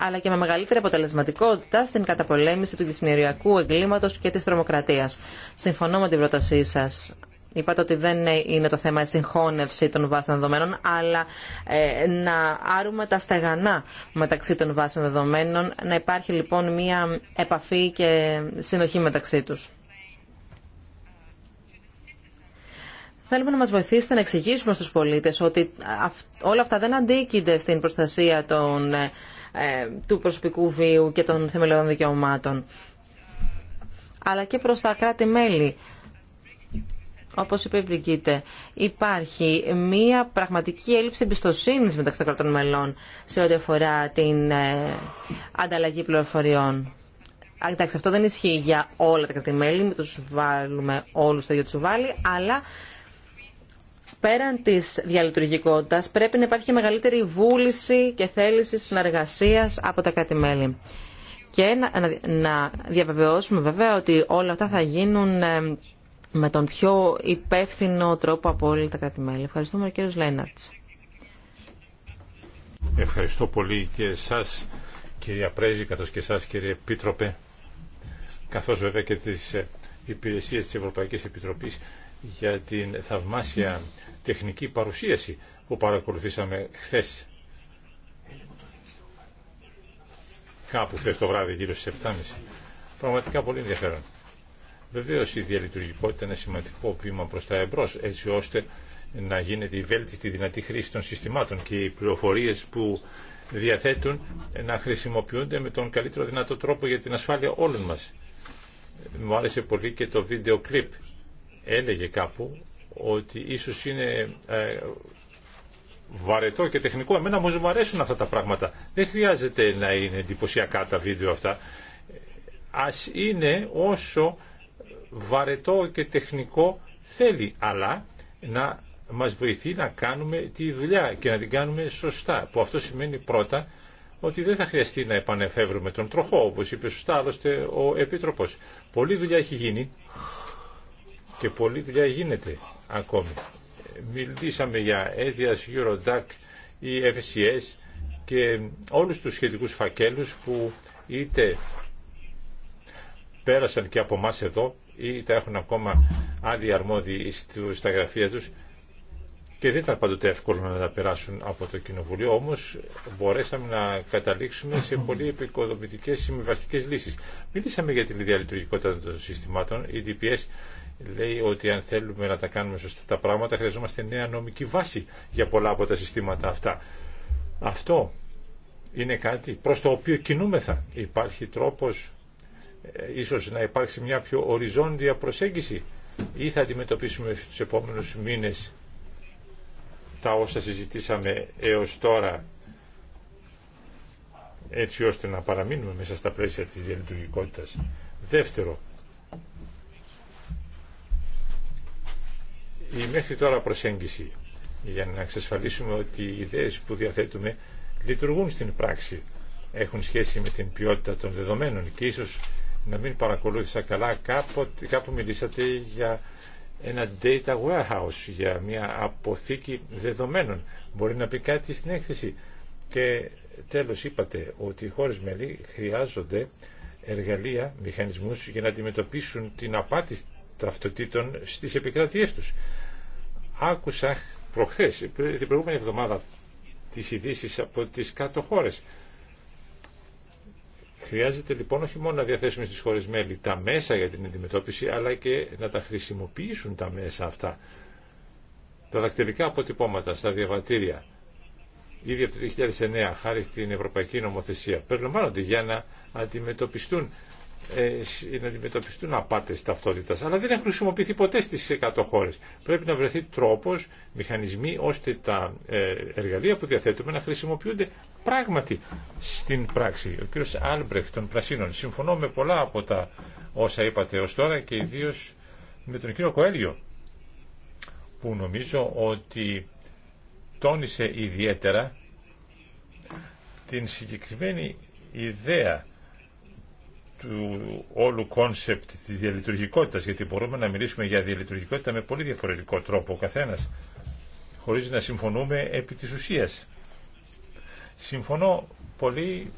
αλλά και με μεγαλύτερη αποτελεσματικότητα στην καταπολέμηση του δυσμηριακού εγκλήματος και της τρομοκρατίας. Συμφωνώ με την πρότασή σας. Είπατε ότι δεν είναι το θέμα η συγχώνευση των βάσεων δεδομένων, αλλά ε, να άρουμε τα στεγανά μεταξύ των βάσεων δεδομένων, να υπάρχει λοιπόν μία επαφή και συνοχή μεταξύ τους. Θέλουμε να μας βοηθήσετε να εξηγήσουμε στους πολίτες ότι όλα αυτά δεν αντίκεινται στην προστασία των ε, ε, του προσωπικού βίου και των θεμελιωδών δικαιωμάτων, αλλά και προς τα κράτη-μέλη. Όπως είπε η Μπριγκίτε, υπάρχει μία πραγματική έλλειψη εμπιστοσύνης μεταξύ των κρατών μελών σε ό,τι αφορά την ε, ανταλλαγή πληροφοριών. Εντάξει, αυτό δεν ισχύει για όλα τα κράτη-μέλη, μην τους βάλουμε όλους στο ίδιο τσουβάλι, αλλά πέραν τη διαλειτουργικότητας πρέπει να υπάρχει μεγαλύτερη βούληση και θέληση συνεργασία από τα κράτη-μέλη. Και να διαβεβαιώσουμε βέβαια ότι όλα αυτά θα γίνουν ε, με τον πιο υπεύθυνο τρόπο από όλα τα κράτη-μέλη. Ευχαριστούμε ο κύριος Λέναρτς. Ευχαριστώ πολύ και εσάς κυρία Πρέζη καθώς και εσά, κύριε Επίτροπε καθώ βέβαια και τι ε, Υπηρεσίε τη Ευρωπαϊκή Επιτροπή για την θαυμάσια τεχνική παρουσίαση που παρακολουθήσαμε χθες. Κάπου χθε το βράδυ, γύρω στι 7.30. Πραγματικά πολύ ενδιαφέρον. Βεβαίω η διαλειτουργικότητα είναι σημαντικό βήμα προ τα εμπρό, έτσι ώστε να γίνεται η βέλτιστη δυνατή χρήση των συστημάτων και οι πληροφορίε που διαθέτουν να χρησιμοποιούνται με τον καλύτερο δυνατό τρόπο για την ασφάλεια όλων μας. Μου άρεσε πολύ και το βίντεο κλιπ. Έλεγε κάπου ότι ίσως είναι ε, βαρετό και τεχνικό. Εμένα μου αρέσουν αυτά τα πράγματα. Δεν χρειάζεται να είναι εντυπωσιακά τα βίντεο αυτά. Ας είναι όσο βαρετό και τεχνικό θέλει, αλλά να μας βοηθεί να κάνουμε τη δουλειά και να την κάνουμε σωστά, που αυτό σημαίνει πρώτα ότι δεν θα χρειαστεί να επανεφεύρουμε τον τροχό, όπως είπε σωστά άλλωστε ο Επίτροπος. Πολλή δουλειά έχει γίνει και πολλή δουλειά γίνεται ακόμη. Μιλήσαμε για Aedias, Eurodac ή FCS και όλους τους σχετικούς φακέλους που είτε πέρασαν και από εμά εδώ ή τα έχουν ακόμα άλλοι αρμόδιοι στα γραφεία τους και δεν ήταν πάντοτε εύκολο να τα περάσουν από το Κοινοβουλίο, όμως μπορέσαμε να καταλήξουμε σε πολύ επικοδομητικές συμβιβαστικές λύσεις. Μιλήσαμε για την διαλειτουργικότητα των συστημάτων, η DPS λέει ότι αν θέλουμε να τα κάνουμε σωστά τα πράγματα χρειαζόμαστε νέα νομική βάση για πολλά από τα συστήματα αυτά. Αυτό είναι κάτι προς το οποίο κινούμεθα. Υπάρχει τρόπος ε, ίσως να υπάρξει μια πιο οριζόντια προσέγγιση ή θα αντιμετωπίσουμε στους επόμενους μήνες τα όσα συζητήσαμε έως τώρα έτσι ώστε να παραμείνουμε μέσα στα πλαίσια της διαλειτουργικότητας. Δεύτερο, η μέχρι τώρα προσέγγιση για να εξασφαλίσουμε ότι οι ιδέες που διαθέτουμε λειτουργούν στην πράξη, έχουν σχέση με την ποιότητα των δεδομένων και ίσως να μην παρακολούθησα καλά, κάπου, κάπου μιλήσατε για ένα data warehouse, για μια αποθήκη δεδομένων. Μπορεί να πει κάτι στην έκθεση. Και τέλος είπατε ότι οι χώρες μελή χρειάζονται εργαλεία, μηχανισμούς για να αντιμετωπίσουν την απάτη ταυτοτήτων στις επικρατείες τους. Άκουσα προχθές, την προηγούμενη εβδομάδα, τις ειδήσει από τις κάτω χώρες. Χρειάζεται λοιπόν όχι μόνο να διαθέσουμε στις χώρες μέλη τα μέσα για την αντιμετώπιση, αλλά και να τα χρησιμοποιήσουν τα μέσα αυτά. Τα δακτυλικά αποτυπώματα στα διαβατήρια, ήδη από το 2009, χάρη στην Ευρωπαϊκή Νομοθεσία, περιλαμβάνονται για να αντιμετωπιστούν ε, ε, να αντιμετωπιστούν απάτες ταυτότητα αλλά δεν έχουν χρησιμοποιηθεί ποτέ στι 100 χώρε. Πρέπει να βρεθεί τρόπο, μηχανισμοί, ώστε τα ε, εργαλεία που διαθέτουμε να χρησιμοποιούνται πράγματι στην πράξη. Ο κύριος Άλμπρεχτ των Πρασίνων, συμφωνώ με πολλά από τα όσα είπατε ω τώρα και ιδίω με τον κύριο Κοέλιο, που νομίζω ότι τόνισε ιδιαίτερα την συγκεκριμένη ιδέα του όλου κόνσεπτ της διαλειτουργικότητα, γιατί μπορούμε να μιλήσουμε για διαλειτουργικότητα με πολύ διαφορετικό τρόπο ο καθένας, Χωρί να συμφωνούμε επί της ουσίας. Συμφωνώ πολύ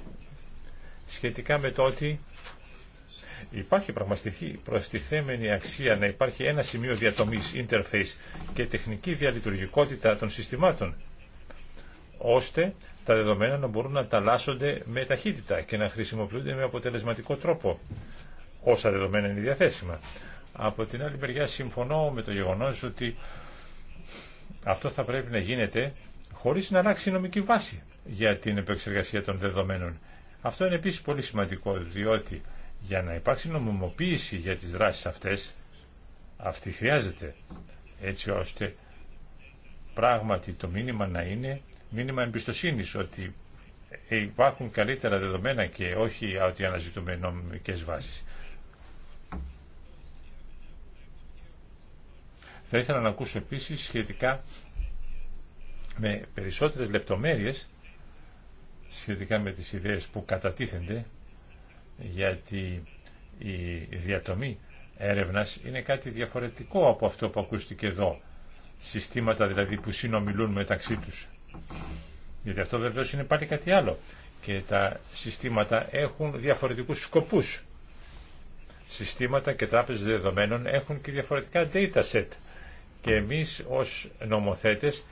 σχετικά με το ότι υπάρχει πραγματική προστιθέμενη αξία να υπάρχει ένα σημείο διατομής, interface και τεχνική διαλειτουργικότητα των συστημάτων, ώστε τα δεδομένα να μπορούν να ταλάσσονται με ταχύτητα και να χρησιμοποιούνται με αποτελεσματικό τρόπο όσα δεδομένα είναι διαθέσιμα. Από την άλλη μεριά συμφωνώ με το γεγονός ότι αυτό θα πρέπει να γίνεται χωρίς να αλλάξει η νομική βάση για την επεξεργασία των δεδομένων. Αυτό είναι επίσης πολύ σημαντικό, διότι για να υπάρξει νομιμοποίηση για τις δράσεις αυτές, αυτή χρειάζεται, έτσι ώστε πράγματι το μήνυμα να είναι μήνυμα εμπιστοσύνη ότι υπάρχουν καλύτερα δεδομένα και όχι ότι αναζητούμε νομικέ βάσει. Θα ήθελα να ακούσω επίσης σχετικά με περισσότερες λεπτομέρειες σχετικά με τις ιδέες που κατατίθενται γιατί η διατομή έρευνας είναι κάτι διαφορετικό από αυτό που ακούστηκε εδώ συστήματα δηλαδή που συνομιλούν μεταξύ τους γιατί αυτό βεβαίω είναι πάλι κάτι άλλο. Και τα συστήματα έχουν διαφορετικούς σκοπούς. Συστήματα και τράπεζες δεδομένων έχουν και διαφορετικά data set. Και εμείς ως νομοθέτες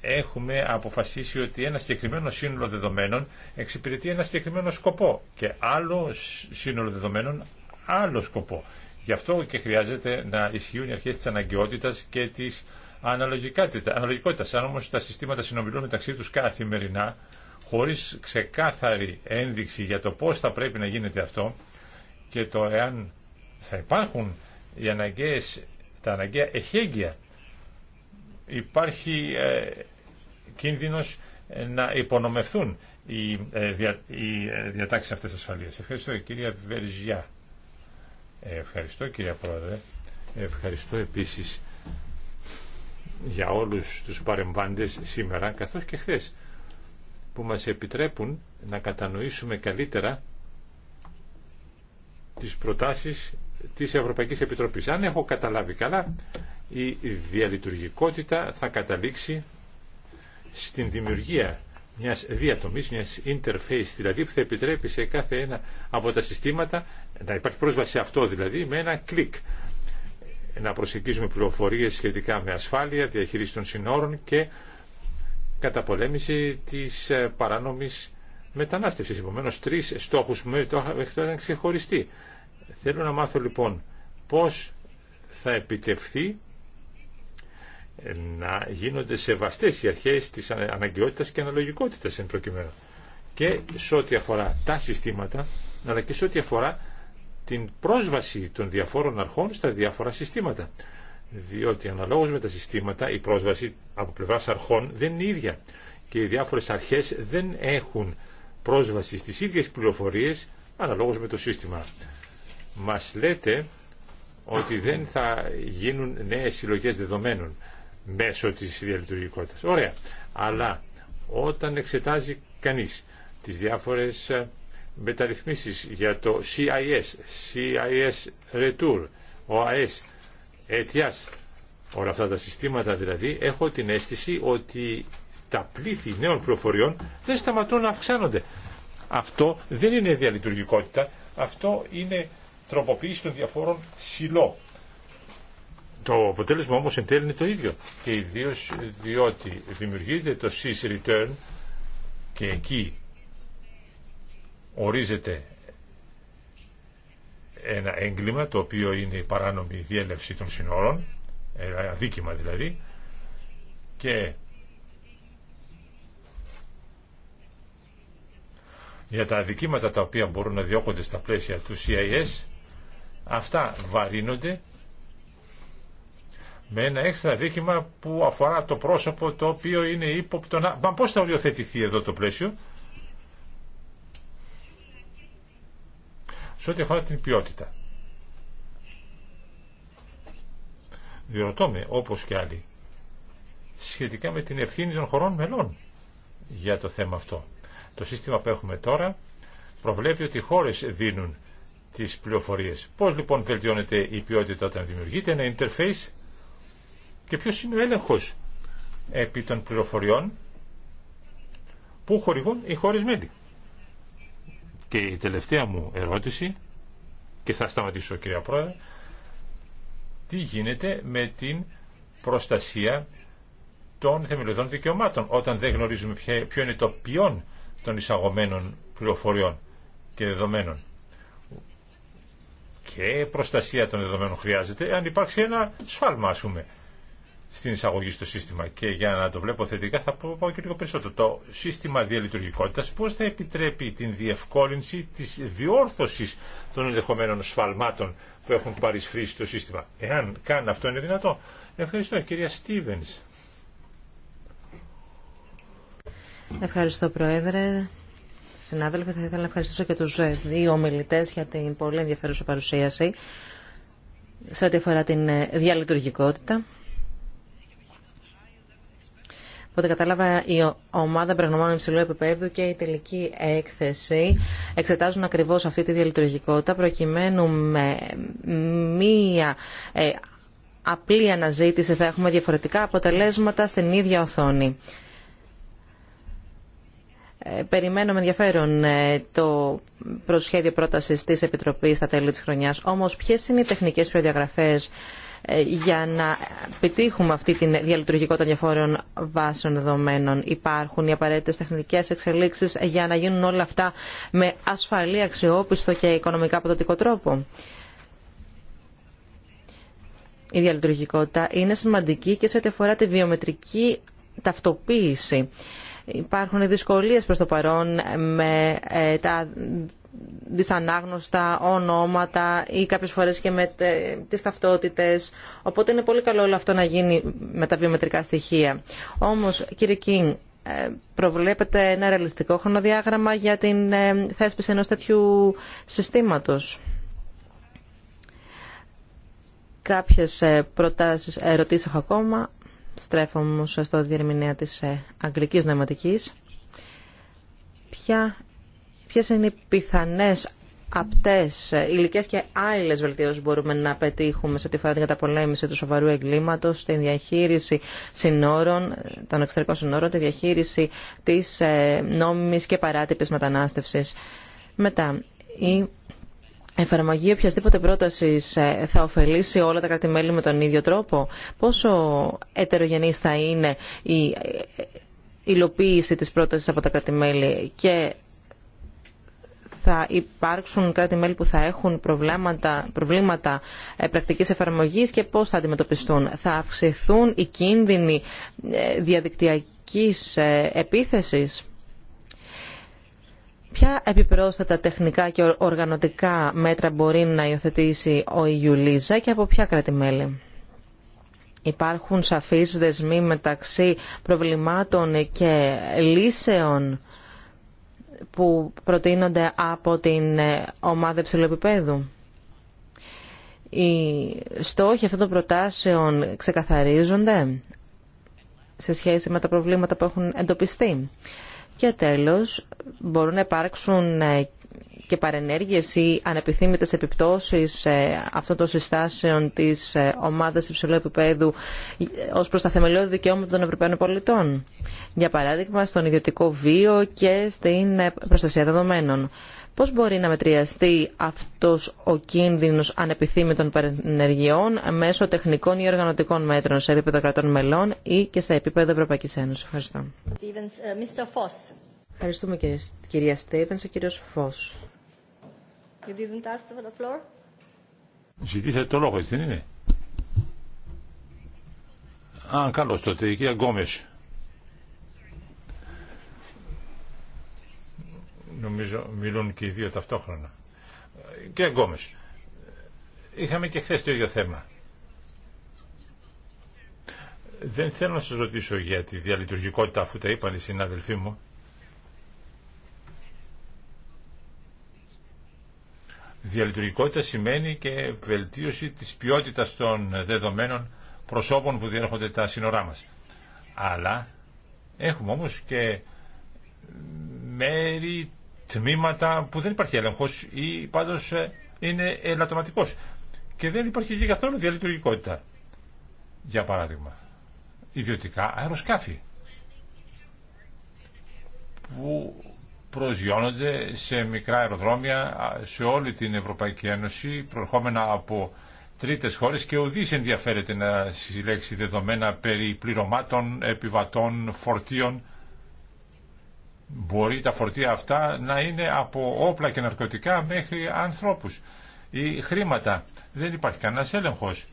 έχουμε αποφασίσει ότι ένα συγκεκριμένο σύνολο δεδομένων εξυπηρετεί ένα συγκεκριμένο σκοπό και άλλο σύνολο δεδομένων άλλο σκοπό. Γι' αυτό και χρειάζεται να ισχύουν οι αρχές της αναγκαιότητας και της αναλογικότητα, Αν όμως τα συστήματα συνομιλούν μεταξύ τους καθημερινά, χωρίς ξεκάθαρη ένδειξη για το πώς θα πρέπει να γίνεται αυτό και το εάν θα υπάρχουν οι αναγκαίες, τα αναγκαία εχέγγυα, υπάρχει ε, κίνδυνος ε, να υπονομευθούν οι, ε, δια, οι ε, διατάξεις αυτές της ασφαλείας. Ευχαριστώ κυρία Βερζιά. Ε, ευχαριστώ κυρία Πρόεδρε. Ευχαριστώ επίσης για όλους τους παρεμβάντες σήμερα καθώς και χθες που μας επιτρέπουν να κατανοήσουμε καλύτερα τις προτάσεις της Ευρωπαϊκής Επιτροπής. Αν έχω καταλάβει καλά, η διαλειτουργικότητα θα καταλήξει στην δημιουργία μιας διατομής, μιας interface, δηλαδή που θα επιτρέπει σε κάθε ένα από τα συστήματα να υπάρχει πρόσβαση σε αυτό δηλαδή με ένα κλικ να προσεγγίζουμε πληροφορίες σχετικά με ασφάλεια, διαχείριση των συνόρων και καταπολέμηση της ε, παράνομης μετανάστευσης. Επομένως, τρεις στόχους που μέχρι τώρα ήταν ξεχωριστοί. Θέλω να μάθω λοιπόν πώς θα επιτευχθεί ε, να γίνονται σεβαστές οι αρχές της αναγκαιότητας και αναλογικότητας εν προκειμένου. Και σε ό,τι αφορά τα συστήματα, αλλά και σε ό,τι αφορά την πρόσβαση των διαφόρων αρχών στα διάφορα συστήματα. Διότι αναλόγως με τα συστήματα η πρόσβαση από πλευρά αρχών δεν είναι ίδια και οι διάφορες αρχές δεν έχουν πρόσβαση στις ίδιες πληροφορίες αναλόγως με το σύστημα. Μας λέτε ότι δεν θα γίνουν νέες συλλογές δεδομένων μέσω της διαλειτουργικότητας. Ωραία. Αλλά όταν εξετάζει κανείς τις διάφορες ε, μεταρρυθμίσεις για το CIS, CIS Retour, OAS, ETIAS, όλα αυτά τα συστήματα δηλαδή, έχω την αίσθηση ότι τα πλήθη νέων προφοριών δεν σταματούν να αυξάνονται. Αυτό δεν είναι διαλειτουργικότητα, αυτό είναι τροποποίηση των διαφόρων συλλό. Το αποτέλεσμα όμως εν τέλει είναι το ίδιο και ιδίω διότι δημιουργείται το CIS Return και εκεί ορίζεται ένα έγκλημα το οποίο είναι η παράνομη διέλευση των συνόρων, αδίκημα δηλαδή, και για τα αδικήματα τα οποία μπορούν να διώκονται στα πλαίσια του CIS, αυτά βαρύνονται με ένα έξτρα δίκημα που αφορά το πρόσωπο το οποίο είναι ύποπτο να... Μα πώς θα οριοθετηθεί εδώ το πλαίσιο, Σε ό,τι αφορά την ποιότητα. Διερωτώ με, όπως και άλλοι, σχετικά με την ευθύνη των χωρών μελών για το θέμα αυτό. Το σύστημα που έχουμε τώρα προβλέπει ότι οι χώρες δίνουν τις πληροφορίες. Πώς λοιπόν βελτιώνεται η ποιότητα όταν δημιουργείται ένα interface και ποιος είναι ο έλεγχος επί των πληροφοριών που χορηγούν οι χώρες μέλη. Και η τελευταία μου ερώτηση, και θα σταματήσω κυρία Πρόεδρε, τι γίνεται με την προστασία των θεμελιωδών δικαιωμάτων όταν δεν γνωρίζουμε ποιο είναι το ποιόν των εισαγωμένων πληροφοριών και δεδομένων. Και προστασία των δεδομένων χρειάζεται αν υπάρξει ένα σφάλμα ας πούμε στην εισαγωγή στο σύστημα. Και για να το βλέπω θετικά θα πω και λίγο περισσότερο. Το σύστημα διαλειτουργικότητας πώς θα επιτρέπει την διευκόλυνση της διόρθωσης των ενδεχομένων σφαλμάτων που έχουν παρισφρήσει το σύστημα. Εάν καν αυτό είναι δυνατό. Ευχαριστώ κυρία Στίβενς. Ευχαριστώ Πρόεδρε. Συνάδελφοι, θα ήθελα να ευχαριστήσω και τους δύο ομιλητές για την πολύ ενδιαφέρουσα παρουσίαση σε ό,τι αφορά την διαλειτουργικότητα. Οπότε κατάλαβα, η ομάδα πραγνωμών υψηλού επίπεδου και η τελική έκθεση εξετάζουν ακριβώς αυτή τη διαλειτουργικότητα προκειμένου με μία ε, απλή αναζήτηση θα έχουμε διαφορετικά αποτελέσματα στην ίδια οθόνη. Ε, περιμένω με ενδιαφέρον ε, το προσχέδιο πρότασης της Επιτροπής στα τέλη της χρονιάς. Όμως, ποιες είναι οι τεχνικές προδιαγραφές ε, για να πετύχουμε αυτή τη διαλειτουργικότητα διαφόρων βάσεων δεδομένων. Υπάρχουν οι απαραίτητε τεχνικέ εξελίξει για να γίνουν όλα αυτά με ασφαλή, αξιόπιστο και οικονομικά αποδοτικό τρόπο. Η διαλειτουργικότητα είναι σημαντική και σε ό,τι αφορά τη βιομετρική ταυτοποίηση. Υπάρχουν δυσκολίες προς το παρόν με ε, τα δυσανάγνωστα ονόματα ή κάποιες φορές και με τις ταυτότητες. Οπότε είναι πολύ καλό όλο αυτό να γίνει με τα βιομετρικά στοιχεία. Όμως, κύριε Κίνγκ, ε, προβλέπετε ένα ρεαλιστικό χρονοδιάγραμμα για την ε, θέσπιση ενός τέτοιου συστήματος. Κάποιες ε, προτάσεις, ερωτήσεις έχω ακόμα. Στρέφω όμως στο διερμηνέα της αγγλικής νοηματικής. Ποια Ποιε είναι οι πιθανές απτές υλικέ και άλλες βελτιώσεις μπορούμε να πετύχουμε σε ό,τι αφορά την καταπολέμηση του σοβαρού εγκλήματο, τη διαχείριση συνόρων, των εξωτερικών συνόρων, τη διαχείριση της ε, νόμιμη και παράτυπη μετανάστευση. Μετά, η εφαρμογή οποιασδήποτε πρόταση ε, θα ωφελήσει όλα τα κράτη-μέλη με τον ίδιο τρόπο. Πόσο ετερογενή θα είναι η ε, υλοποίηση της πρότασης από τα κράτη-μέλη και θα υπάρξουν κράτη-μέλη που θα έχουν προβλήματα, προβλήματα ε, πρακτικής εφαρμογής και πώς θα αντιμετωπιστούν. Θα αυξηθούν οι κίνδυνοι ε, διαδικτυακής ε, επίθεσης. Ποια επιπρόσθετα τεχνικά και οργανωτικά μέτρα μπορεί να υιοθετήσει ο Ιουλίζα και από ποια κράτη-μέλη. Υπάρχουν σαφείς δεσμοί μεταξύ προβλημάτων και λύσεων που προτείνονται από την ε, ομάδα ψηλοεπιπέδου. Οι στόχοι αυτών των προτάσεων ξεκαθαρίζονται σε σχέση με τα προβλήματα που έχουν εντοπιστεί. Και τέλος, μπορούν να υπάρξουν ε, και παρενέργειε ή ανεπιθύμητε επιπτώσει ε, αυτών των συστάσεων τη ε, ομάδα υψηλού επίπεδου ε, ω προ τα θεμελιώδη δικαιώματα των Ευρωπαίων πολιτών. Για παράδειγμα, στον ιδιωτικό βίο και στην προστασία δεδομένων. Πώς μπορεί να μετριαστεί αυτός ο κίνδυνος ανεπιθύμητων παρενεργειών μέσω τεχνικών ή οργανωτικών μέτρων σε επίπεδο κρατών μελών ή και σε επίπεδο Ευρωπαϊκής Ένωσης. Ευχαριστώ. Ευχαριστούμε κυρία και κύριος Φως. You didn't ask for Ζητήσατε το λόγο, έτσι δεν είναι. Α, καλώς τότε, η κυρία Γκόμες. Νομίζω μιλούν και οι δύο ταυτόχρονα. Κυρία Γκόμες, είχαμε και χθε το ίδιο θέμα. Δεν θέλω να σας ρωτήσω για τη διαλειτουργικότητα, αφού τα είπαν οι συνάδελφοί μου. Διαλειτουργικότητα σημαίνει και βελτίωση της ποιότητας των δεδομένων προσώπων που διέρχονται τα σύνορά μας. Αλλά έχουμε όμως και μέρη, τμήματα που δεν υπάρχει έλεγχος ή πάντως ε, είναι ελαττωματικός. Και δεν υπάρχει και καθόλου διαλειτουργικότητα. Για παράδειγμα, ιδιωτικά αεροσκάφη που προσγειώνονται σε μικρά αεροδρόμια σε όλη την Ευρωπαϊκή Ένωση προερχόμενα από τρίτες χώρες και ουδής ενδιαφέρεται να συλλέξει δεδομένα περί πληρωμάτων, επιβατών, φορτίων. Μπορεί τα φορτία αυτά να είναι από όπλα και ναρκωτικά μέχρι ανθρώπους ή χρήματα. Δεν υπάρχει κανένας έλεγχος.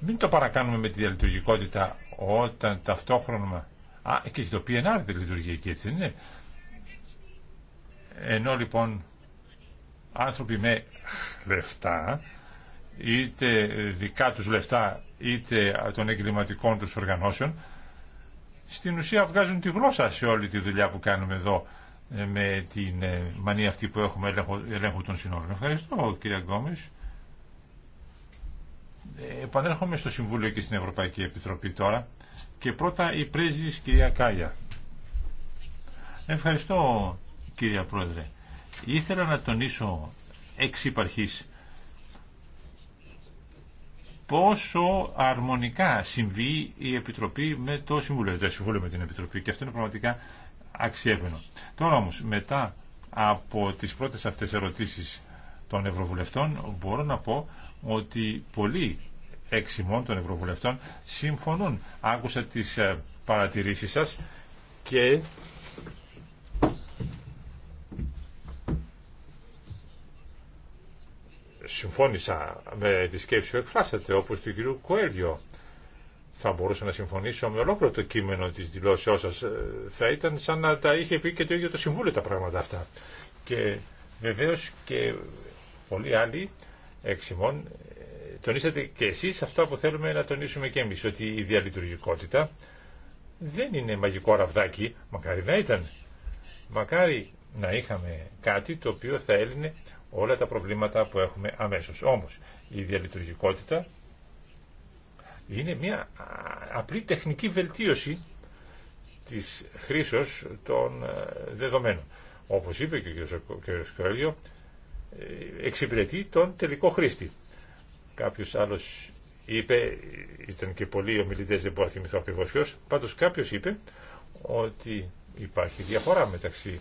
Μην το παρακάνουμε με τη διαλειτουργικότητα όταν ταυτόχρονα Α, και το PNR δεν λειτουργεί εκεί, έτσι είναι. Ενώ λοιπόν άνθρωποι με λεφτά, είτε δικά τους λεφτά, είτε των εγκληματικών τους οργανώσεων, στην ουσία βγάζουν τη γλώσσα σε όλη τη δουλειά που κάνουμε εδώ ε, με την ε, μανία αυτή που έχουμε ελέγχου, των συνόρων. Ευχαριστώ κύριε Γκόμης. Ε, επανέρχομαι στο Συμβούλιο και στην Ευρωπαϊκή Επιτροπή τώρα. Και πρώτα η πρέσβης κυρία Κάλια. Ευχαριστώ κυρία Πρόεδρε. Ήθελα να τονίσω εξ υπαρχής πόσο αρμονικά συμβεί η Επιτροπή με το Συμβούλιο. Το Συμβούλιο με την Επιτροπή και αυτό είναι πραγματικά αξιέπαινο. Τώρα όμως μετά από τις πρώτες αυτές ερωτήσεις των Ευρωβουλευτών μπορώ να πω ότι πολλοί εξημών των Ευρωβουλευτών συμφωνούν. Άκουσα τις ε, παρατηρήσεις σας και συμφώνησα με τη σκέψη που εκφράσατε όπως του κ. Κοέλιο. Θα μπορούσα να συμφωνήσω με ολόκληρο το κείμενο της δηλώσεώς σας. Ε, θα ήταν σαν να τα είχε πει και το ίδιο το Συμβούλιο τα πράγματα αυτά. Και βεβαίως και πολλοί άλλοι εξημών Τονίσατε και εσείς αυτό που θέλουμε να τονίσουμε και εμείς, ότι η διαλειτουργικότητα δεν είναι μαγικό ραβδάκι, μακάρι να ήταν. Μακάρι να είχαμε κάτι το οποίο θα έλυνε όλα τα προβλήματα που έχουμε αμέσως. Όμως, η διαλειτουργικότητα είναι μια απλή τεχνική βελτίωση της χρήσεως των δεδομένων. Όπως είπε και ο κ. Σκόλιο, εξυπηρετεί τον τελικό χρήστη. Κάποιο άλλο είπε, ήταν και πολλοί ομιλητέ δεν μπορώ να θυμηθώ ακριβώ ποιο, πάντω κάποιο είπε ότι υπάρχει διαφορά μεταξύ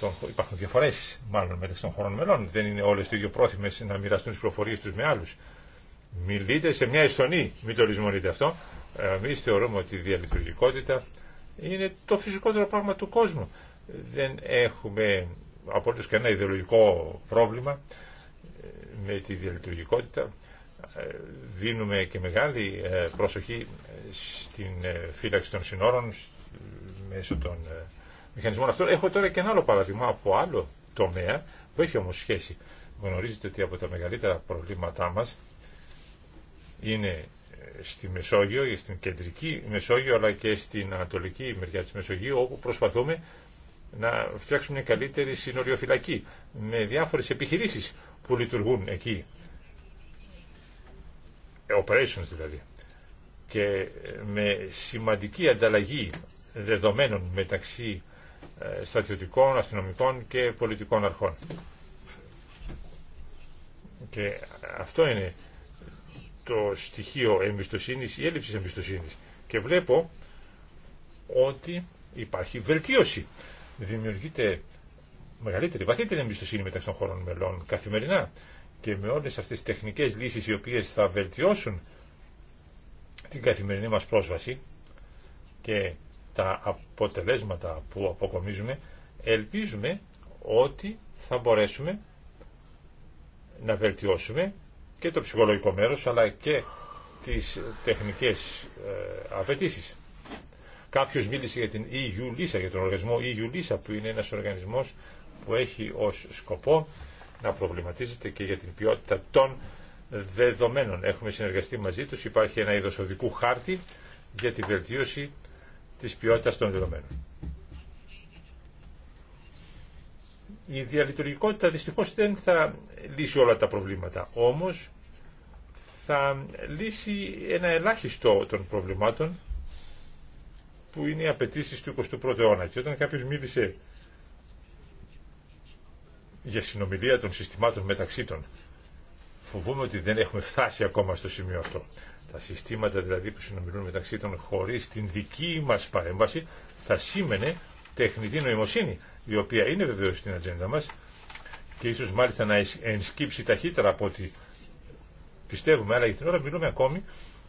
των, υπάρχουν διαφορέ, μάλλον μεταξύ των χωρών μελών, δεν είναι όλε το ίδιο πρόθυμε να μοιραστούν τι προφορίες του με άλλου. Μιλείτε σε μια ιστονή, μην το λησμονείτε αυτό. Εμεί θεωρούμε ότι η διαλειτουργικότητα είναι το φυσικότερο πράγμα του κόσμου. Δεν έχουμε απολύτω κανένα ιδεολογικό πρόβλημα με τη διαλειτουργικότητα ε, δίνουμε και μεγάλη ε, προσοχή ε, στην φύλαξη των συνόρων μέσω των μηχανισμών αυτών. Έχω τώρα και ένα άλλο παράδειγμα από άλλο τομέα που έχει όμως σχέση. Γνωρίζετε ότι από τα μεγαλύτερα προβλήματά μας είναι στη Μεσόγειο, στην κεντρική Μεσόγειο αλλά και στην ανατολική μεριά της Μεσογείου όπου προσπαθούμε να φτιάξουμε μια καλύτερη συνοριοφυλακή με διάφορες επιχειρήσεις που λειτουργούν εκεί. Operations δηλαδή. Και ε, με σημαντική ανταλλαγή δεδομένων μεταξύ ε, στρατιωτικών, αστυνομικών και πολιτικών αρχών. Και αυτό είναι το στοιχείο εμπιστοσύνης ή έλλειψης εμπιστοσύνης. Και βλέπω ότι υπάρχει βελτίωση. Δημιουργείται μεγαλύτερη, βαθύτερη εμπιστοσύνη μεταξύ των χωρών μελών καθημερινά και με όλες αυτές τις τεχνικές λύσεις οι οποίες θα βελτιώσουν την καθημερινή μας πρόσβαση και τα αποτελέσματα που αποκομίζουμε, ελπίζουμε ότι θα μπορέσουμε να βελτιώσουμε και το ψυχολογικό μέρος αλλά και τις τεχνικές ε, απαιτήσει. Κάποιος μίλησε για την EU-LISA, για τον οργανισμό EU-LISA που είναι ένας οργανισμός που έχει ως σκοπό να προβληματίζεται και για την ποιότητα των δεδομένων. Έχουμε συνεργαστεί μαζί τους, υπάρχει ένα είδος οδικού χάρτη για τη βελτίωση της ποιότητας των δεδομένων. Η διαλειτουργικότητα δυστυχώς δεν θα λύσει όλα τα προβλήματα, όμως θα λύσει ένα ελάχιστο των προβλημάτων που είναι οι απαιτήσει του 21ου αιώνα. Και όταν κάποιος μίλησε για συνομιλία των συστημάτων μεταξύ των. Φοβούμαι ότι δεν έχουμε φτάσει ακόμα στο σημείο αυτό. Τα συστήματα δηλαδή που συνομιλούν μεταξύ των χωρί την δική μα παρέμβαση θα σήμαινε τεχνητή νοημοσύνη, η οποία είναι βεβαίω στην ατζέντα μα και ίσω μάλιστα να ενσκύψει ταχύτερα από ό,τι πιστεύουμε, αλλά για την ώρα μιλούμε ακόμη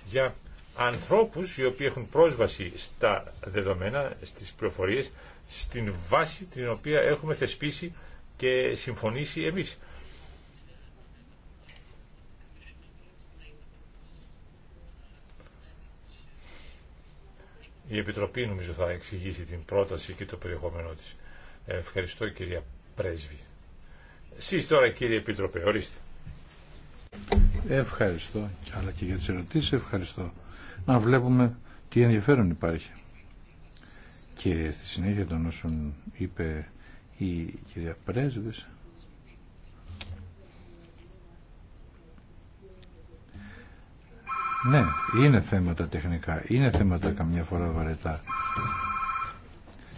για ανθρώπου οι οποίοι έχουν πρόσβαση στα δεδομένα, στι πληροφορίε στην βάση την οποία έχουμε θεσπίσει και συμφωνήσει εμείς. Η Επιτροπή νομίζω θα εξηγήσει την πρόταση και το περιεχόμενό της. Ευχαριστώ κυρία Πρέσβη. Σεις τώρα κύριε Επιτροπέ, ορίστε. Ευχαριστώ, αλλά και για τις ερωτήσεις ευχαριστώ. Να βλέπουμε τι ενδιαφέρον υπάρχει. Και στη συνέχεια των όσων είπε η κυρία Πρέσβης Ναι, είναι θέματα τεχνικά, είναι θέματα καμιά φορά βαρετά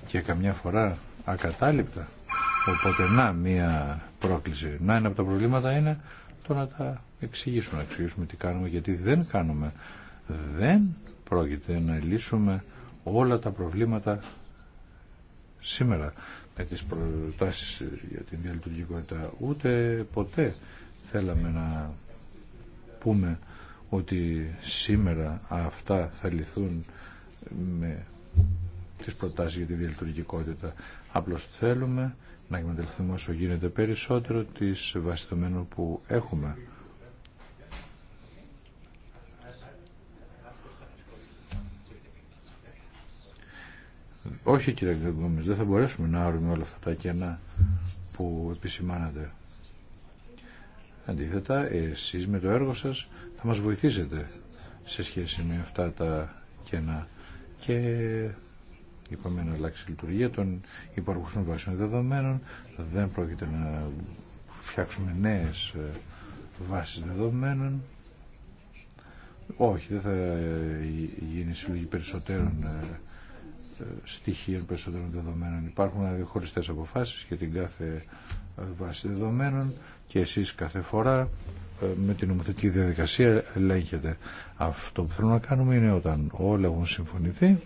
και καμιά φορά ακατάληπτα. Οπότε να μία πρόκληση. Να ένα από τα προβλήματα είναι το να τα εξηγήσουμε, να εξηγήσουμε τι κάνουμε, γιατί δεν κάνουμε. Δεν πρόκειται να λύσουμε όλα τα προβλήματα σήμερα με τις προτάσεις για την διαλειτουργικότητα ούτε ποτέ θέλαμε να πούμε ότι σήμερα αυτά θα λυθούν με τις προτάσεις για τη διαλειτουργικότητα. Απλώς θέλουμε να εκμεταλλευτούμε όσο γίνεται περισσότερο τις βασιστομένο που έχουμε. Όχι κύριε Γκρεγκόμης, δεν θα μπορέσουμε να άρουμε όλα αυτά τα κενά που επισημάνατε. Αντίθετα, εσείς με το έργο σας θα μας βοηθήσετε σε σχέση με αυτά τα κενά και είπαμε να αλλάξει η λειτουργία των υπαρχουσών βάσεων δεδομένων, δεν πρόκειται να φτιάξουμε νέες ε, βάσεις δεδομένων. Όχι, δεν θα ε, γίνει συλλογή περισσότερων ε, ε, στοιχείων περισσότερων δεδομένων. Υπάρχουν διαχωριστές δηλαδή αποφάσεις για την κάθε ε, βάση δεδομένων και εσείς κάθε φορά ε, με την νομοθετική διαδικασία ελέγχεται. Αυτό που θέλουμε να κάνουμε είναι όταν όλα έχουν συμφωνηθεί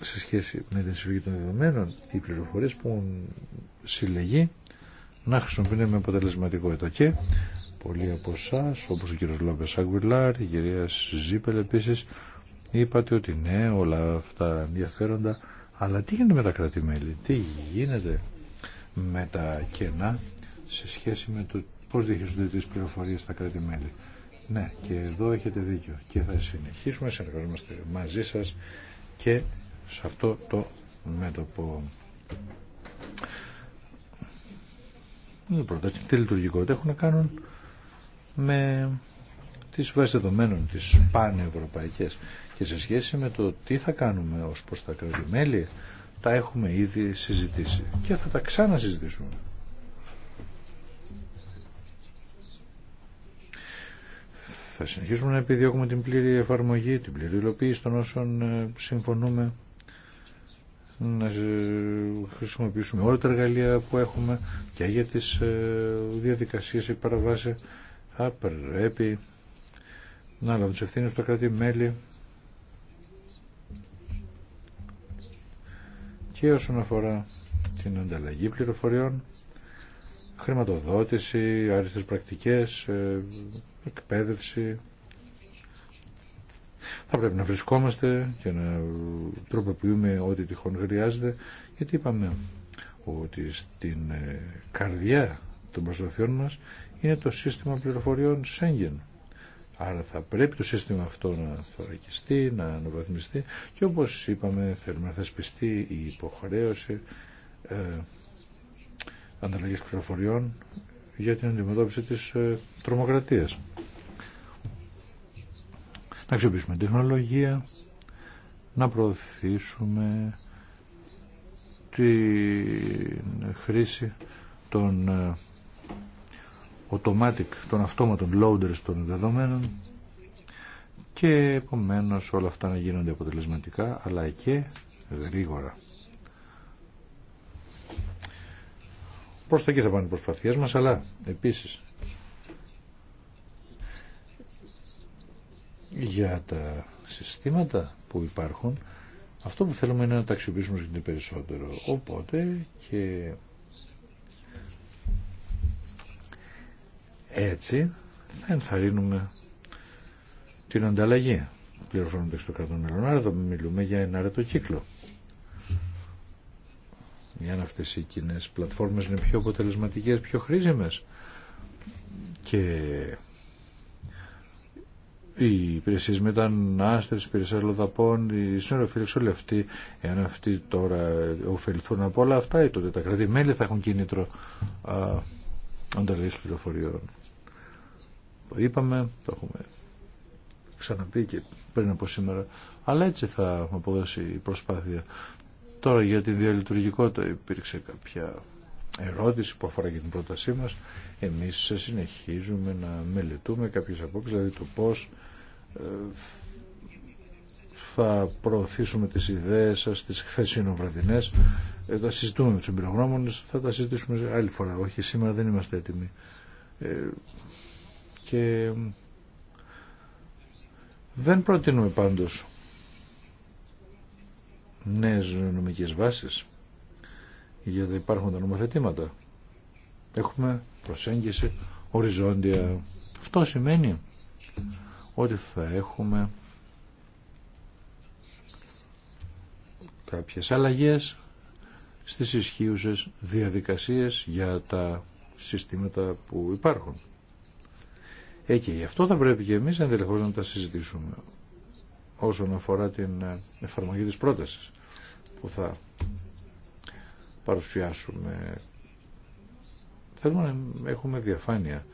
σε σχέση με την συλλογή των δεδομένων οι πληροφορίες που συλλεγεί να χρησιμοποιούν με αποτελεσματικότητα και πολλοί από εσά, όπως ο κύριος Λόπες Αγκουιλάρ, η κυρία Ζήπελ επίσης, Είπατε ότι ναι, όλα αυτά ενδιαφέροντα, αλλά τι γίνεται με τα κράτη-μέλη, τι γίνεται με τα κενά σε σχέση με το πώς διαχειριστούνται τις πληροφορίες στα κρατημέλη. Ναι, και εδώ έχετε δίκιο και θα συνεχίσουμε, συνεργαζόμαστε μαζί σας και σε αυτό το μέτωπο. τι τι λειτουργικότητα έχουν να κάνουν με τις βάσεις δεδομένων, τις πανευρωπαϊκές και σε σχέση με το τι θα κάνουμε ως προς τα κρατημέλη τα έχουμε ήδη συζητήσει και θα τα ξανασυζητήσουμε. Θα συνεχίσουμε να επιδιώκουμε την πλήρη εφαρμογή, την πλήρη υλοποίηση των όσων ε, συμφωνούμε να χρησιμοποιήσουμε όλα τα εργαλεία που έχουμε και για τις ε, διαδικασίες η παραβάση θα πρέπει να λάβουν τις ευθύνες στο κράτη-μέλη και όσον αφορά την ανταλλαγή πληροφοριών, χρηματοδότηση, άριστες πρακτικές, ε, εκπαίδευση. Θα πρέπει να βρισκόμαστε και να τροποποιούμε ό,τι τυχόν χρειάζεται, γιατί είπαμε ότι στην ε, καρδιά των προσδοθειών μας είναι το σύστημα πληροφοριών Σέγγεν. Άρα θα πρέπει το σύστημα αυτό να θωρακιστεί, να αναβαθμιστεί και όπως είπαμε θέλουμε να θεσπιστεί η υποχρέωση ε, ανταλλαγής πληροφοριών για την αντιμετώπιση της ε, τρομοκρατίας. Να αξιοποιήσουμε τεχνολογία, να προωθήσουμε τη χρήση των ε, automatic, των αυτόματων loaders των δεδομένων και επομένως όλα αυτά να γίνονται αποτελεσματικά αλλά και γρήγορα. Προς τα εκεί θα πάνε οι προσπαθειές μας αλλά επίσης για τα συστήματα που υπάρχουν αυτό που θέλουμε είναι να τα αξιοποιήσουμε περισσότερο. Οπότε και Έτσι θα ενθαρρύνουμε την ανταλλαγή πληροφορών των κρατών μελών. εδώ μιλούμε για ένα αρετό κύκλο. Για να αυτές οι κοινέ πλατφόρμες είναι πιο αποτελεσματικές, πιο χρήσιμες και οι υπηρεσίε μεταναστές, οι υπηρεσίε αλλοδαπών, οι συνοροφίλε, όλοι αυτοί, εάν αυτοί τώρα ωφεληθούν από όλα αυτά, ή τότε τα κράτη-μέλη θα έχουν κίνητρο ανταλλαγή πληροφοριών. Το είπαμε, το έχουμε ξαναπεί και πριν από σήμερα. Αλλά έτσι θα αποδώσει η προσπάθεια. Τώρα για τη διαλειτουργικότητα υπήρξε κάποια ερώτηση που αφορά και την πρότασή μας. Εμείς συνεχίζουμε να μελετούμε κάποιες απόψεις, δηλαδή το πώς ε, θα προωθήσουμε τις ιδέες σας, τις χθεσινοβραδινές. Ε, τα συζητούμε με τους εμπειρογνώμονες, θα τα συζητήσουμε άλλη φορά. Όχι, σήμερα δεν είμαστε έτοιμοι. Ε, και δεν προτείνουμε πάντως νέες νομικές βάσεις για τα υπάρχοντα νομοθετήματα. Έχουμε προσέγγιση οριζόντια. Αυτό σημαίνει ότι θα έχουμε κάποιες αλλαγές στις ισχύουσες διαδικασίες για τα συστήματα που υπάρχουν. Εκεί γι' αυτό θα πρέπει και εμείς εντελεχώς να τα συζητήσουμε όσον αφορά την ε, εφαρμογή της πρότασης που θα παρουσιάσουμε. Θέλουμε να έχουμε διαφάνεια.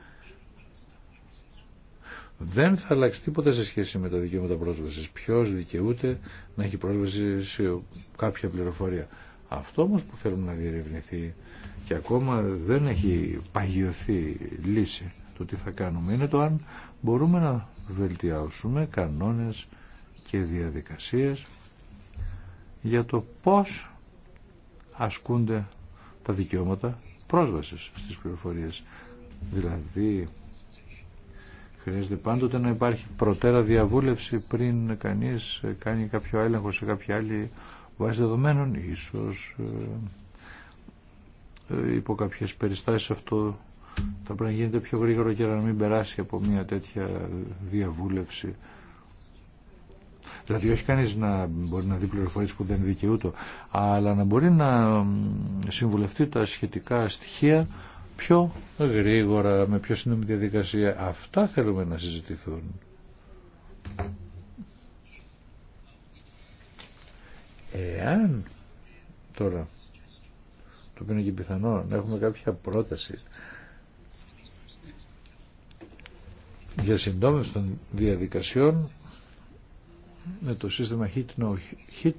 Δεν θα αλλάξει τίποτα σε σχέση με τα δικαιώματα πρόσβασης. Ποιος δικαιούται να έχει πρόσβαση σε κάποια πληροφορία. Αυτό όμως που θέλουμε να διερευνηθεί και ακόμα δεν έχει παγιωθεί λύση το τι θα κάνουμε είναι το αν μπορούμε να βελτιάσουμε κανόνες και διαδικασίες για το πώς ασκούνται τα δικαιώματα πρόσβασης στις πληροφορίες. Δηλαδή, χρειάζεται πάντοτε να υπάρχει προτέρα διαβούλευση πριν κανείς κάνει κάποιο έλεγχο σε κάποια άλλη βάση δεδομένων, ίσως ε, ε, υπό κάποιες περιστάσεις αυτό θα πρέπει να γίνεται πιο γρήγορο και να μην περάσει από μια τέτοια διαβούλευση. Δηλαδή όχι κανείς να μπορεί να δει πληροφορίες που δεν δικαιούτο, αλλά να μπορεί να συμβουλευτεί τα σχετικά στοιχεία πιο γρήγορα, με πιο σύντομη διαδικασία. Αυτά θέλουμε να συζητηθούν. Εάν τώρα, το οποίο είναι και πιθανό, να έχουμε κάποια πρόταση για συντόμευση των διαδικασιών με το σύστημα HIT no HIT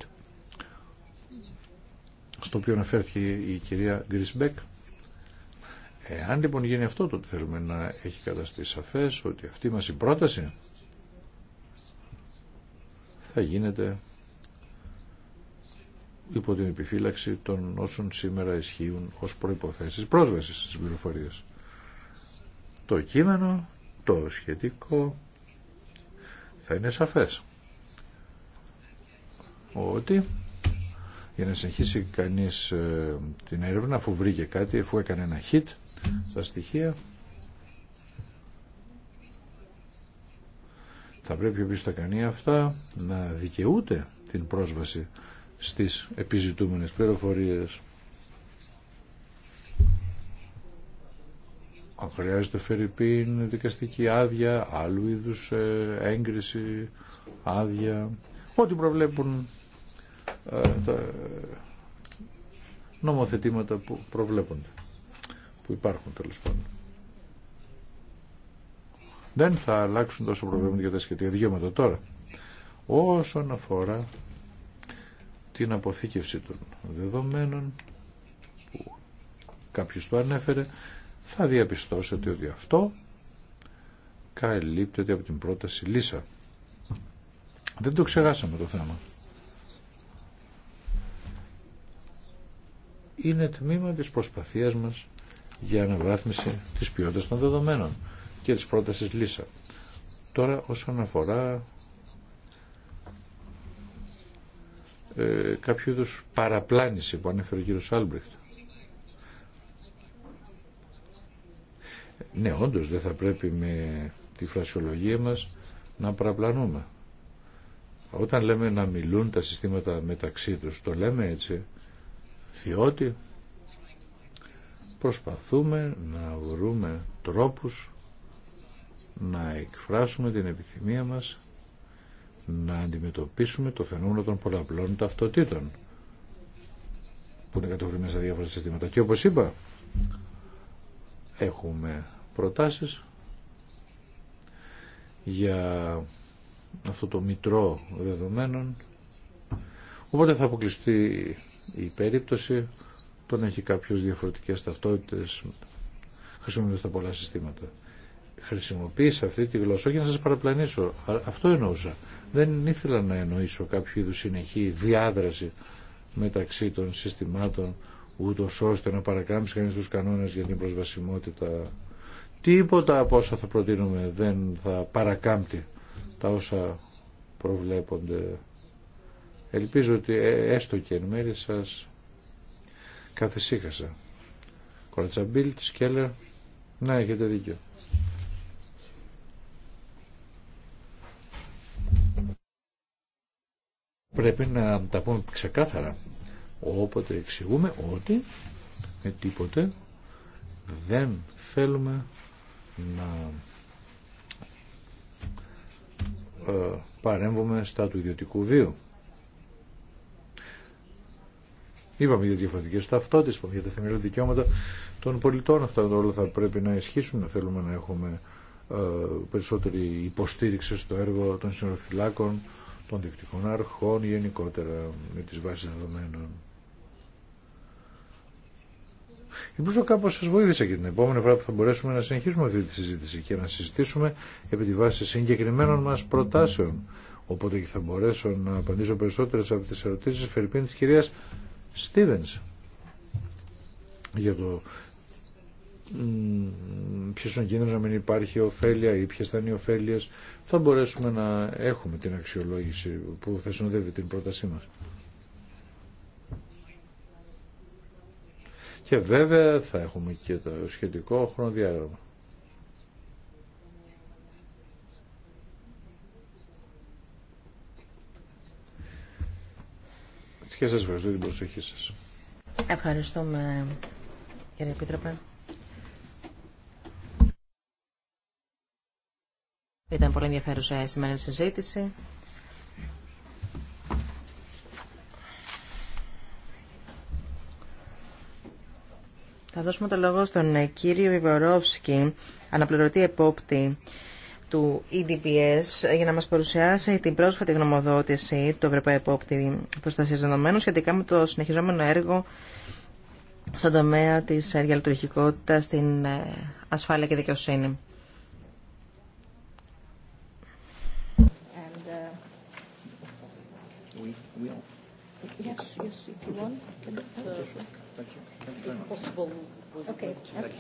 στο οποίο αναφέρθηκε η κυρία Γκρισμπέκ εάν λοιπόν γίνει αυτό τότε θέλουμε να έχει καταστεί σαφές ότι αυτή μας η πρόταση θα γίνεται υπό την επιφύλαξη των όσων σήμερα ισχύουν ως προϋποθέσεις πρόσβασης στις πληροφορίες. Το κείμενο το σχετικό θα είναι σαφές ότι για να συνεχίσει κανείς ε, την έρευνα αφού βρήκε κάτι, αφού έκανε ένα hit στα στοιχεία θα πρέπει όποιος τα κάνει αυτά να δικαιούται την πρόσβαση στις επιζητούμενες πληροφορίες αν χρειάζεται φερρυπίν δικαστική άδεια, άλλου είδους ε, έγκριση, άδεια, ό,τι προβλέπουν ε, τα ε, νομοθετήματα που προβλέπονται, που υπάρχουν τέλος πάντων. Δεν θα αλλάξουν τόσο προβλήματα για τα σχετικά δικαιώματα τώρα. Όσον αφορά την αποθήκευση των δεδομένων που κάποιος το ανέφερε, θα διαπιστώσετε ότι αυτό καλύπτεται από την πρόταση Λίσα. Δεν το ξεχάσαμε το θέμα. Είναι τμήμα της προσπαθίας μας για αναβάθμιση της ποιότητας των δεδομένων και της πρότασης Λίσα. Τώρα όσον αφορά ε, κάποιο είδου παραπλάνηση που ανέφερε ο κύριος Άλμπριχτ. Ναι, όντως δεν θα πρέπει με τη φρασιολογία μας να παραπλανούμε. Όταν λέμε να μιλούν τα συστήματα μεταξύ τους, το λέμε έτσι, διότι προσπαθούμε να βρούμε τρόπους να εκφράσουμε την επιθυμία μας να αντιμετωπίσουμε το φαινόμενο των πολλαπλών ταυτοτήτων που είναι κατοχρημένα στα διάφορα συστήματα. Και όπως είπα, Έχουμε προτάσεις για αυτό το μητρό δεδομένων οπότε θα αποκλειστεί η περίπτωση το να έχει κάποιου διαφορετικές ταυτότητες χρησιμοποιώντας τα πολλά συστήματα χρησιμοποίησα αυτή τη γλώσσα για να σας παραπλανήσω αυτό εννοούσα δεν ήθελα να εννοήσω κάποιο είδου συνεχή διάδραση μεταξύ των συστημάτων ούτω ώστε να παρακάμψει κανεί του κανόνες για την προσβασιμότητα. Τίποτα από όσα θα προτείνουμε δεν θα παρακάμπτει τα όσα προβλέπονται. Ελπίζω ότι ε, έστω και εν μέρει σας καθησύχασα. Κορατσαμπίλ, να έχετε δίκιο. Πρέπει να τα πούμε ξεκάθαρα όποτε εξηγούμε ότι με τίποτε δεν θέλουμε να ε, παρέμβουμε στα του ιδιωτικού βίου. Είπαμε για διαφορετικέ ταυτότητε, είπαμε για τα θεμελιώδη δικαιώματα των πολιτών. Αυτά όλα θα πρέπει να ισχύσουν. Θέλουμε να έχουμε ε, περισσότερη υποστήριξη στο έργο των συνοροφυλάκων, των διοικητικών αρχών, γενικότερα με τι βάσει δεδομένων. Ελπίζω κάπω σα βοήθησε και την επόμενη φορά που θα μπορέσουμε να συνεχίσουμε αυτή τη συζήτηση και να συζητήσουμε επί τη βάση συγκεκριμένων μα προτάσεων. Οπότε και θα μπορέσω να απαντήσω περισσότερε από τι ερωτήσει Φερρυπίν τη κυρία Στίβεν για το ποιο είναι ο κίνδυνο να μην υπάρχει ωφέλεια ή ποιε θα είναι οι ωφέλειε. Θα μπορέσουμε να έχουμε την αξιολόγηση που θα συνοδεύει την πρότασή μας. Και βέβαια θα έχουμε και το σχετικό χρονοδιάγραμμα. Και σας ευχαριστώ την προσοχή σας. Ευχαριστούμε κύριε Επίτροπε. Ήταν πολύ ενδιαφέρουσα η συζήτηση. Θα δώσουμε το λόγο στον ε, κύριο Βιβορόφσκι, αναπληρωτή επόπτη του EDPS, για να μας παρουσιάσει την πρόσφατη γνωμοδότηση του Ευρωπαϊκού Επόπτη Προστασίας Δεδομένων σχετικά με το συνεχιζόμενο έργο στον τομέα της ε, διαλειτουργικότητας στην ε, ασφάλεια και δικαιοσύνη possible. Okay. okay.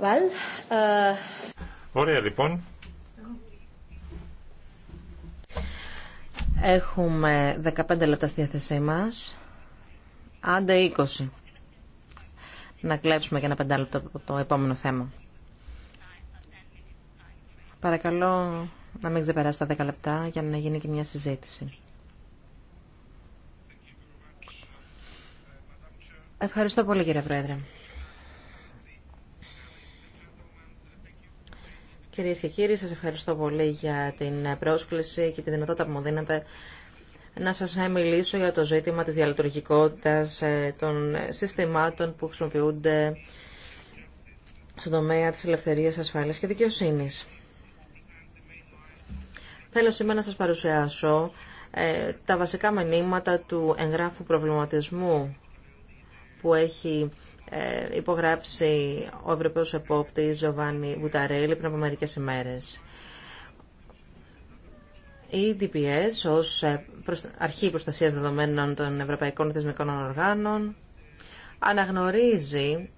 Well, Ωραία λοιπόν. Έχουμε 15 λεπτά στη διάθεσή μας. Άντε 20. Να κλέψουμε για ένα πεντάλεπτο από το επόμενο θέμα. Παρακαλώ να μην ξεπεράσει τα 10 λεπτά για να γίνει και μια συζήτηση. Ευχαριστώ πολύ κύριε Πρόεδρε. Κυρίε και κύριοι, σα ευχαριστώ πολύ για την πρόσκληση και τη δυνατότητα που μου δίνετε να σας μιλήσω για το ζήτημα της διαλειτουργικότητας ε, των συστημάτων που χρησιμοποιούνται στον τομέα της ελευθερίας, ασφάλειας και δικαιοσύνης. Θέλω σήμερα να σας παρουσιάσω ε, τα βασικά μηνύματα του εγγράφου προβληματισμού που έχει ε, υπογράψει ο Ευρωπαίος Επόπτης Ζωβάνι Βουταρέλη πριν από μερικές ημέρες. Η DPS ως ε, αρχή προστασίας δεδομένων των Ευρωπαϊκών Θεσμικών Οργάνων αναγνωρίζει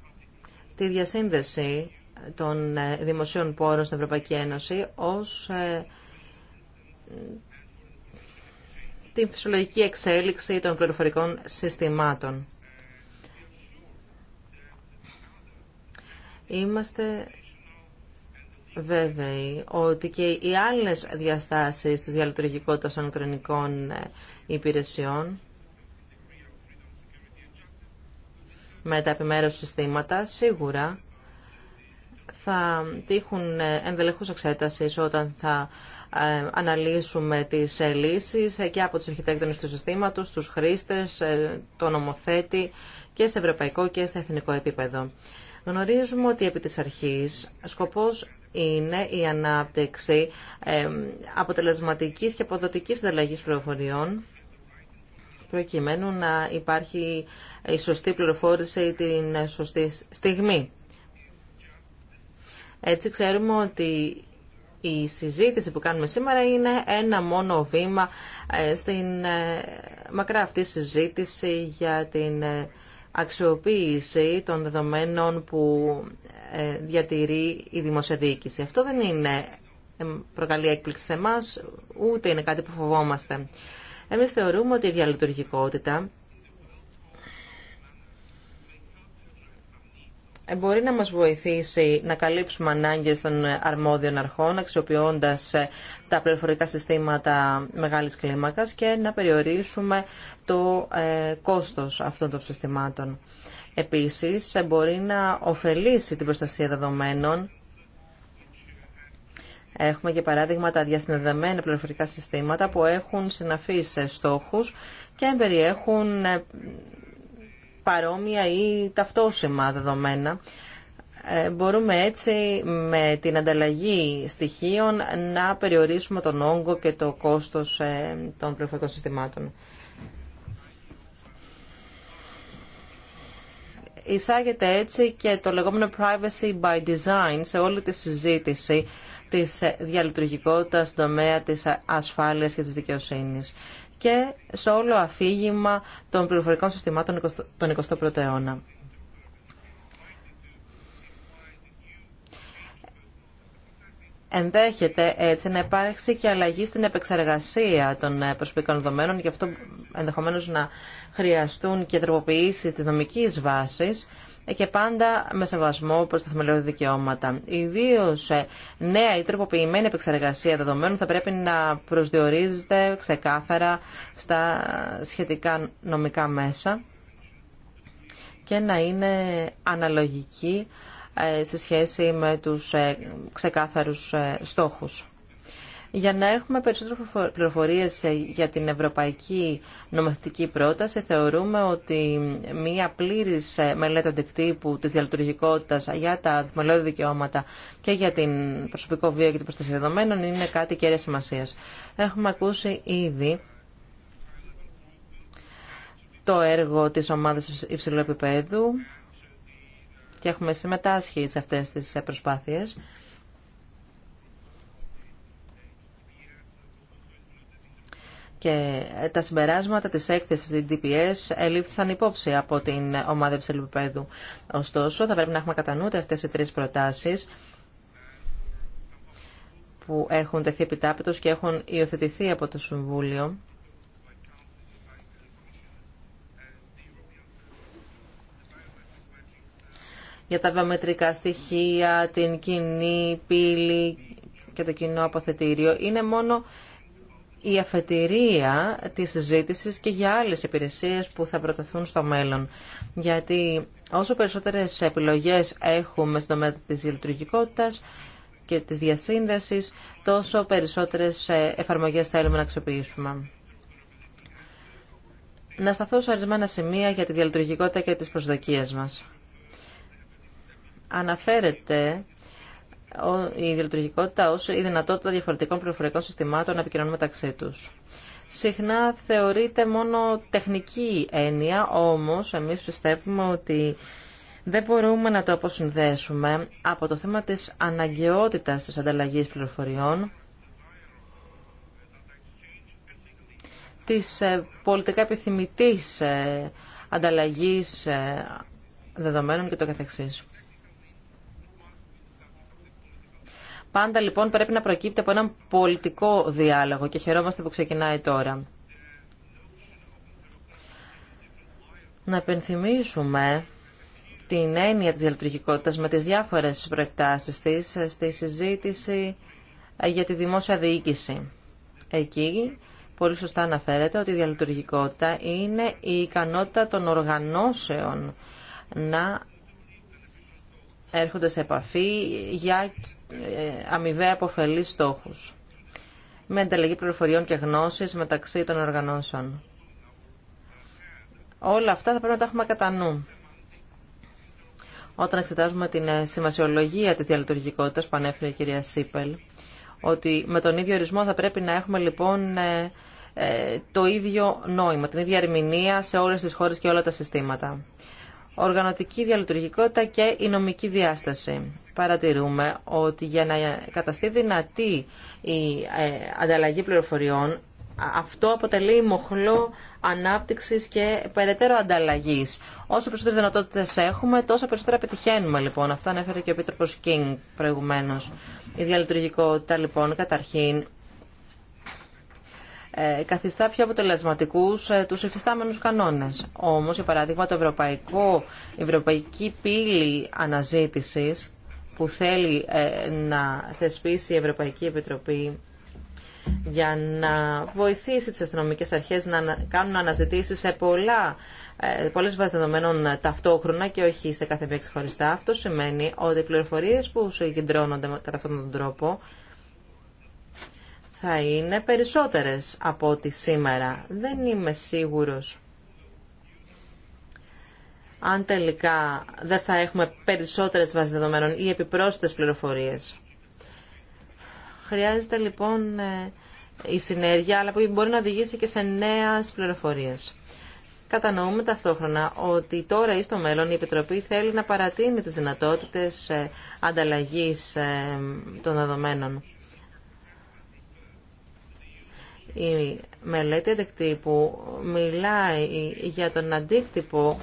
τη διασύνδεση των ε, δημοσίων πόρων στην Ευρωπαϊκή Ένωση ως την φυσιολογική εξέλιξη των πληροφορικών συστημάτων. Είμαστε βέβαιοι ότι και οι άλλες διαστάσεις της διαλειτουργικότητας των ηλεκτρονικών ε, υπηρεσιών με τα επιμέρους συστήματα σίγουρα θα τύχουν ε, ενδελεχούς εξέτασης όταν θα ε, αναλύσουμε τις λύσεις και από τους αρχιτέκτονες του συστήματος, τους χρήστες, τον νομοθέτη και σε ευρωπαϊκό και σε εθνικό επίπεδο. Γνωρίζουμε ότι επί της αρχής σκοπός είναι η ανάπτυξη αποτελεσματικής και αποδοτικής συνταλλαγής πληροφοριών προκειμένου να υπάρχει η σωστή πληροφόρηση την σωστή στιγμή. Έτσι ξέρουμε ότι η συζήτηση που κάνουμε σήμερα είναι ένα μόνο βήμα ε, στην ε, μακρά αυτή συζήτηση για την ε, αξιοποίηση των δεδομένων που ε, διατηρεί η δημοσιοδιοίκηση. Αυτό δεν είναι ε, προκαλεί έκπληξη σε εμά, ούτε είναι κάτι που φοβόμαστε. Εμείς θεωρούμε ότι η διαλειτουργικότητα μπορεί να μας βοηθήσει να καλύψουμε ανάγκες των αρμόδιων αρχών αξιοποιώντας ε, τα πληροφορικά συστήματα μεγάλης κλίμακας και να περιορίσουμε το ε, κόστος αυτών των συστημάτων. Επίσης, ε, μπορεί να ωφελήσει την προστασία δεδομένων Έχουμε και παράδειγμα τα διασυνδεδεμένα πληροφορικά συστήματα που έχουν συναφείς στόχους και περιέχουν παρόμοια ή ταυτόσημα δεδομένα. Ε, μπορούμε έτσι με την ανταλλαγή στοιχείων να περιορίσουμε τον όγκο και το κόστος ε, των πληροφορικών συστημάτων. Εισάγεται έτσι και το λεγόμενο privacy by design σε όλη τη συζήτηση της διαλειτουργικότητας στον τομέα της ασφάλειας και της δικαιοσύνης και σε όλο αφήγημα των πληροφορικών συστημάτων των 21 ου αιώνα. Ενδέχεται έτσι να υπάρξει και αλλαγή στην επεξεργασία των ε, προσωπικών δεδομένων, γι' αυτό ενδεχομένως να χρειαστούν και τροποποιήσει της νομικής βάσης, ε, και πάντα με σεβασμό προ τα θεμελιώδη δικαιώματα. Ιδίω ε, νέα ή τροποποιημένη επεξεργασία δεδομένων θα πρέπει να προσδιορίζεται ξεκάθαρα στα σχετικά νομικά μέσα και να είναι αναλογική ε, σε σχέση με τους ξεκάθαρους στόχους. Για να έχουμε περισσότερες πληροφορίες για την ευρωπαϊκή νομοθετική πρόταση, θεωρούμε ότι μία πλήρης ε, μελέτη αντικτύπου της διαλειτουργικότητας για τα μελώδη δικαιώματα και για την προσωπικό βίο και την προστασία δεδομένων είναι κάτι κέρια σημασία. Έχουμε ακούσει ήδη το έργο της ομάδας υψηλού επίπεδου και έχουμε συμμετάσχει σε αυτές τις ε, προσπάθειες. Και τα συμπεράσματα της έκθεσης της DPS ελήφθησαν υπόψη από την ομάδα της Ωστόσο, θα πρέπει να έχουμε κατά νου αυτές οι τρεις προτάσεις που έχουν τεθεί επιτάπητος και έχουν υιοθετηθεί από το Συμβούλιο. για τα βιομετρικά στοιχεία, την κοινή πύλη και το κοινό αποθετήριο. Είναι μόνο η αφετηρία της συζήτησης και για άλλες υπηρεσίες που θα προτεθούν στο μέλλον. Γιατί όσο περισσότερες επιλογές έχουμε στο μέτρο της λειτουργικότητας και της διασύνδεσης, τόσο περισσότερες ε, εφαρμογές θέλουμε να αξιοποιήσουμε. Να σταθώ σε ορισμένα σημεία για τη διαλειτουργικότητα και τις προσδοκίες μας. Αναφέρεται η διαλειτουργικότητα ως η δυνατότητα διαφορετικών πληροφορικών συστημάτων να επικοινωνούν μεταξύ τους. Συχνά θεωρείται μόνο τεχνική έννοια, όμως εμείς πιστεύουμε ότι δεν μπορούμε να το αποσυνδέσουμε από το θέμα της αναγκαιότητας της ανταλλαγής πληροφοριών, της ε, πολιτικά επιθυμητής ε, ανταλλαγής ε, δεδομένων και το καθεξής. Πάντα λοιπόν πρέπει να προκύπτει από έναν πολιτικό διάλογο και χαιρόμαστε που ξεκινάει τώρα. Να επενθυμίσουμε την έννοια της διαλειτουργικότητας με τις διάφορες προεκτάσεις της ε, στη συζήτηση ε, για τη δημόσια διοίκηση. Εκεί πολύ σωστά αναφέρεται ότι η διαλειτουργικότητα είναι η ικανότητα των οργανώσεων να έρχονται σε επαφή για ε, αμοιβαία αποφελή στόχους με ανταλλαγή πληροφοριών και γνώσης μεταξύ των οργανώσεων. Όλα αυτά θα πρέπει να τα έχουμε κατά νου. Όταν εξετάζουμε την ε, σημασιολογία της διαλειτουργικότητας που ανέφερε η κυρία Σίπελ, ότι με τον ίδιο ορισμό θα πρέπει να έχουμε λοιπόν ε, το ίδιο νόημα, την ίδια ερμηνεία σε όλες τις χώρες και όλα τα συστήματα οργανωτική διαλειτουργικότητα και η νομική διάσταση. Παρατηρούμε ότι για να καταστεί δυνατή η ε, ανταλλαγή πληροφοριών, αυτό αποτελεί μοχλό ανάπτυξη και περαιτέρω ανταλλαγή. Όσο περισσότερε δυνατότητε έχουμε, τόσο περισσότερα πετυχαίνουμε λοιπόν. Αυτό ανέφερε και ο Επίτροπο Κίνγκ προηγουμένω. Η διαλειτουργικότητα λοιπόν καταρχήν ε, καθιστά πιο αποτελεσματικούς ε, τους υφιστάμενου κανόνες. Όμως, για παράδειγμα, το ευρωπαϊκό, η ευρωπαϊκή πύλη αναζήτησης που θέλει ε, να θεσπίσει η Ευρωπαϊκή Επιτροπή για να βοηθήσει τις αστυνομικέ αρχές να κάνουν αναζητήσεις σε πολλά, πολλές βάσεις ταυτόχρονα και όχι σε κάθε μία ξεχωριστά. Αυτό σημαίνει ότι οι πληροφορίες που συγκεντρώνονται κατά αυτόν τον τρόπο θα είναι περισσότερες από ό,τι σήμερα. Δεν είμαι σίγουρος αν τελικά δεν θα έχουμε περισσότερες βάσεις δεδομένων ή επιπρόσθετες πληροφορίες. Χρειάζεται λοιπόν ε, η συνέργεια, αλλά που μπορεί να οδηγήσει και σε νέες πληροφορίες. Κατανοούμε ταυτόχρονα ότι τώρα ή στο μέλλον η Επιτροπή θέλει να παρατείνει τις δυνατότητες ε, ανταλλαγής ε, των δεδομένων. Η μελέτη αντικτύπου μιλάει για τον αντίκτυπο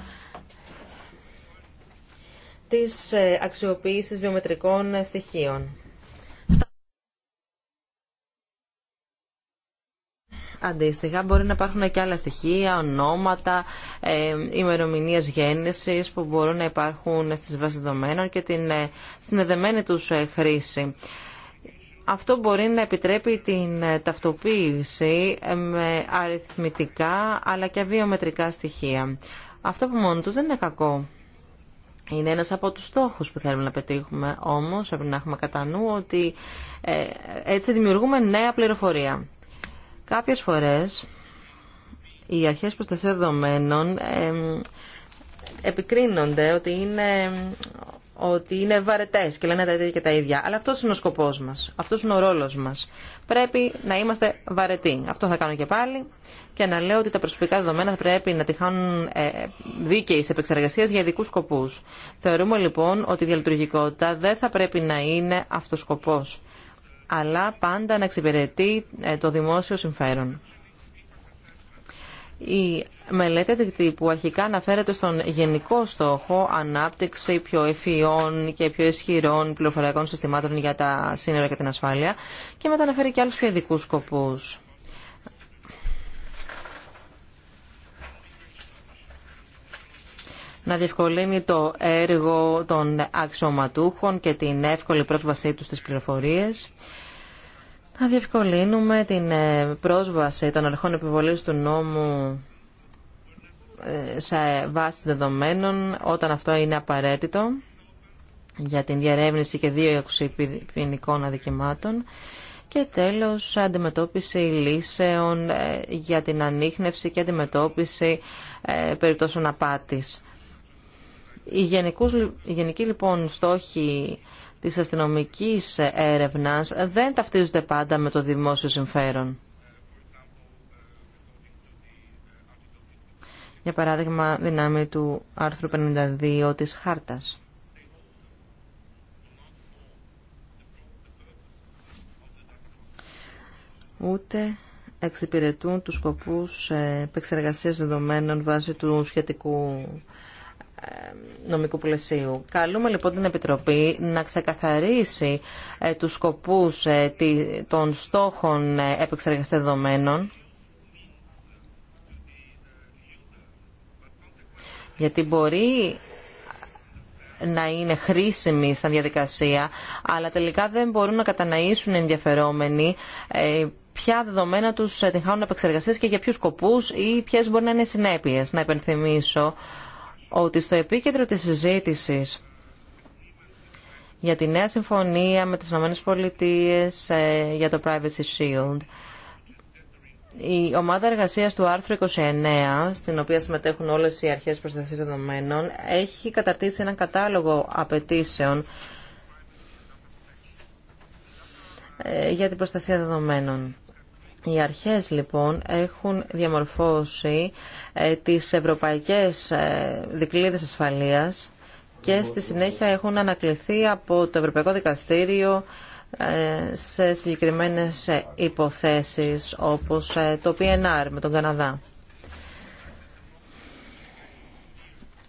της ε, αξιοποίησης βιομετρικών στοιχείων. Αντίστοιχα, μπορεί να υπάρχουν και άλλα στοιχεία, ονόματα, ε, ημερομηνίε γέννηση που μπορούν να υπάρχουν στι βάσει δεδομένων και την ε, συνδεδεμένη του ε, χρήση. Αυτό μπορεί να επιτρέπει την ε, ταυτοποίηση ε, με αριθμητικά αλλά και βιομετρικά στοιχεία. Αυτό που μόνο του δεν είναι κακό. Είναι ένας από τους στόχους που θέλουμε να πετύχουμε, όμως πρέπει να έχουμε κατά νου ότι ε, έτσι δημιουργούμε νέα πληροφορία. Κάποιες φορές οι αρχές προστασία δεδομένων επικρίνονται ότι είναι ότι είναι βαρετέ και λένε τα ίδια και τα ίδια. Αλλά αυτό είναι ο σκοπό μα. Αυτό είναι ο ρόλο μα. Πρέπει να είμαστε βαρετοί. Αυτό θα κάνω και πάλι και να λέω ότι τα προσωπικά δεδομένα θα πρέπει να τυχάνουν ε, δίκαιη επεξεργασία για ειδικού σκοπού. Θεωρούμε λοιπόν ότι η διαλειτουργικότητα δεν θα πρέπει να είναι αυτό σκοπό αλλά πάντα να εξυπηρετεί ε, το δημόσιο συμφέρον. Η μελέτη που αρχικά αναφέρεται στον γενικό στόχο ανάπτυξη πιο ευφυών και πιο ισχυρών πληροφοριακών συστημάτων για τα σύνορα και την ασφάλεια και μετά αναφέρει και άλλους πιο ειδικούς σκοπούς. να διευκολύνει το έργο των αξιωματούχων και την εύκολη πρόσβασή τους στις πληροφορίες θα διευκολύνουμε την ε, πρόσβαση των αρχών επιβολής του νόμου ε, σε βάση δεδομένων όταν αυτό είναι απαραίτητο για την διαρεύνηση και δύο ποινικών αδικημάτων και τέλος αντιμετώπιση λύσεων ε, για την ανείχνευση και αντιμετώπιση περιπτώσεων απάτης. Η, γενικούς, γενική λοιπόν στόχη της αστυνομικής έρευνας δεν ταυτίζονται πάντα με το δημόσιο συμφέρον. Για παράδειγμα, δυνάμει του άρθρου 52 της Χάρτας. Ούτε εξυπηρετούν τους σκοπούς επεξεργασίας δεδομένων βάσει του σχετικού ε, νομικού πλαισίου. Καλούμε λοιπόν την Επιτροπή να ξεκαθαρίσει ε, τους σκοπούς ε, των στόχων επεξεργαστεδομένων δεδομένων γιατί μπορεί να είναι χρήσιμη σαν διαδικασία, αλλά τελικά δεν μπορούν να καταναήσουν ενδιαφερόμενοι ποια δεδομένα τους τυχάνουν επεξεργασίες και για ποιους σκοπούς ή ποιες μπορεί να είναι συνέπειες. Να υπενθυμίσω ότι στο επίκεντρο της συζήτησης για τη νέα συμφωνία με τις ΗΠΑ ε, για το Privacy Shield η ομάδα εργασίας του άρθρου 29, στην οποία συμμετέχουν όλες οι αρχές προστασίας δεδομένων, έχει καταρτήσει έναν κατάλογο απαιτήσεων ε, για την προστασία δεδομένων. Οι αρχές λοιπόν έχουν διαμορφώσει ε, τις ευρωπαϊκές ε, δικλείδες ασφαλείας και στη συνέχεια έχουν ανακληθεί από το Ευρωπαϊκό Δικαστήριο ε, σε συγκεκριμένες υποθέσεις όπως το PNR με τον Καναδά.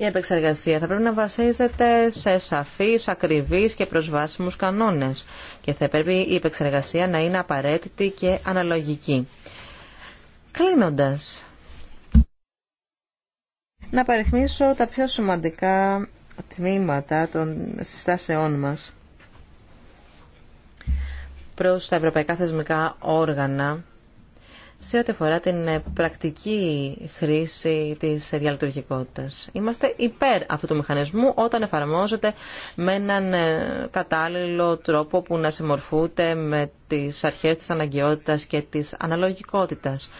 η επεξεργασία θα πρέπει να βασίζεται σε σαφείς, ακριβείς και προσβάσιμους κανόνες και θα πρέπει η επεξεργασία να είναι απαραίτητη και αναλογική. Κλείνοντας, να παριθμίσω τα πιο σημαντικά τμήματα των συστάσεών μας προς τα ευρωπαϊκά θεσμικά όργανα σε ό,τι αφορά την ε, πρακτική χρήση της διαλειτουργικότητας. Είμαστε υπέρ αυτού του μηχανισμού όταν εφαρμόζεται με έναν ε, κατάλληλο τρόπο που να συμμορφούνται με τις αρχές της αναγκαιότητας και της αναλογικότητας.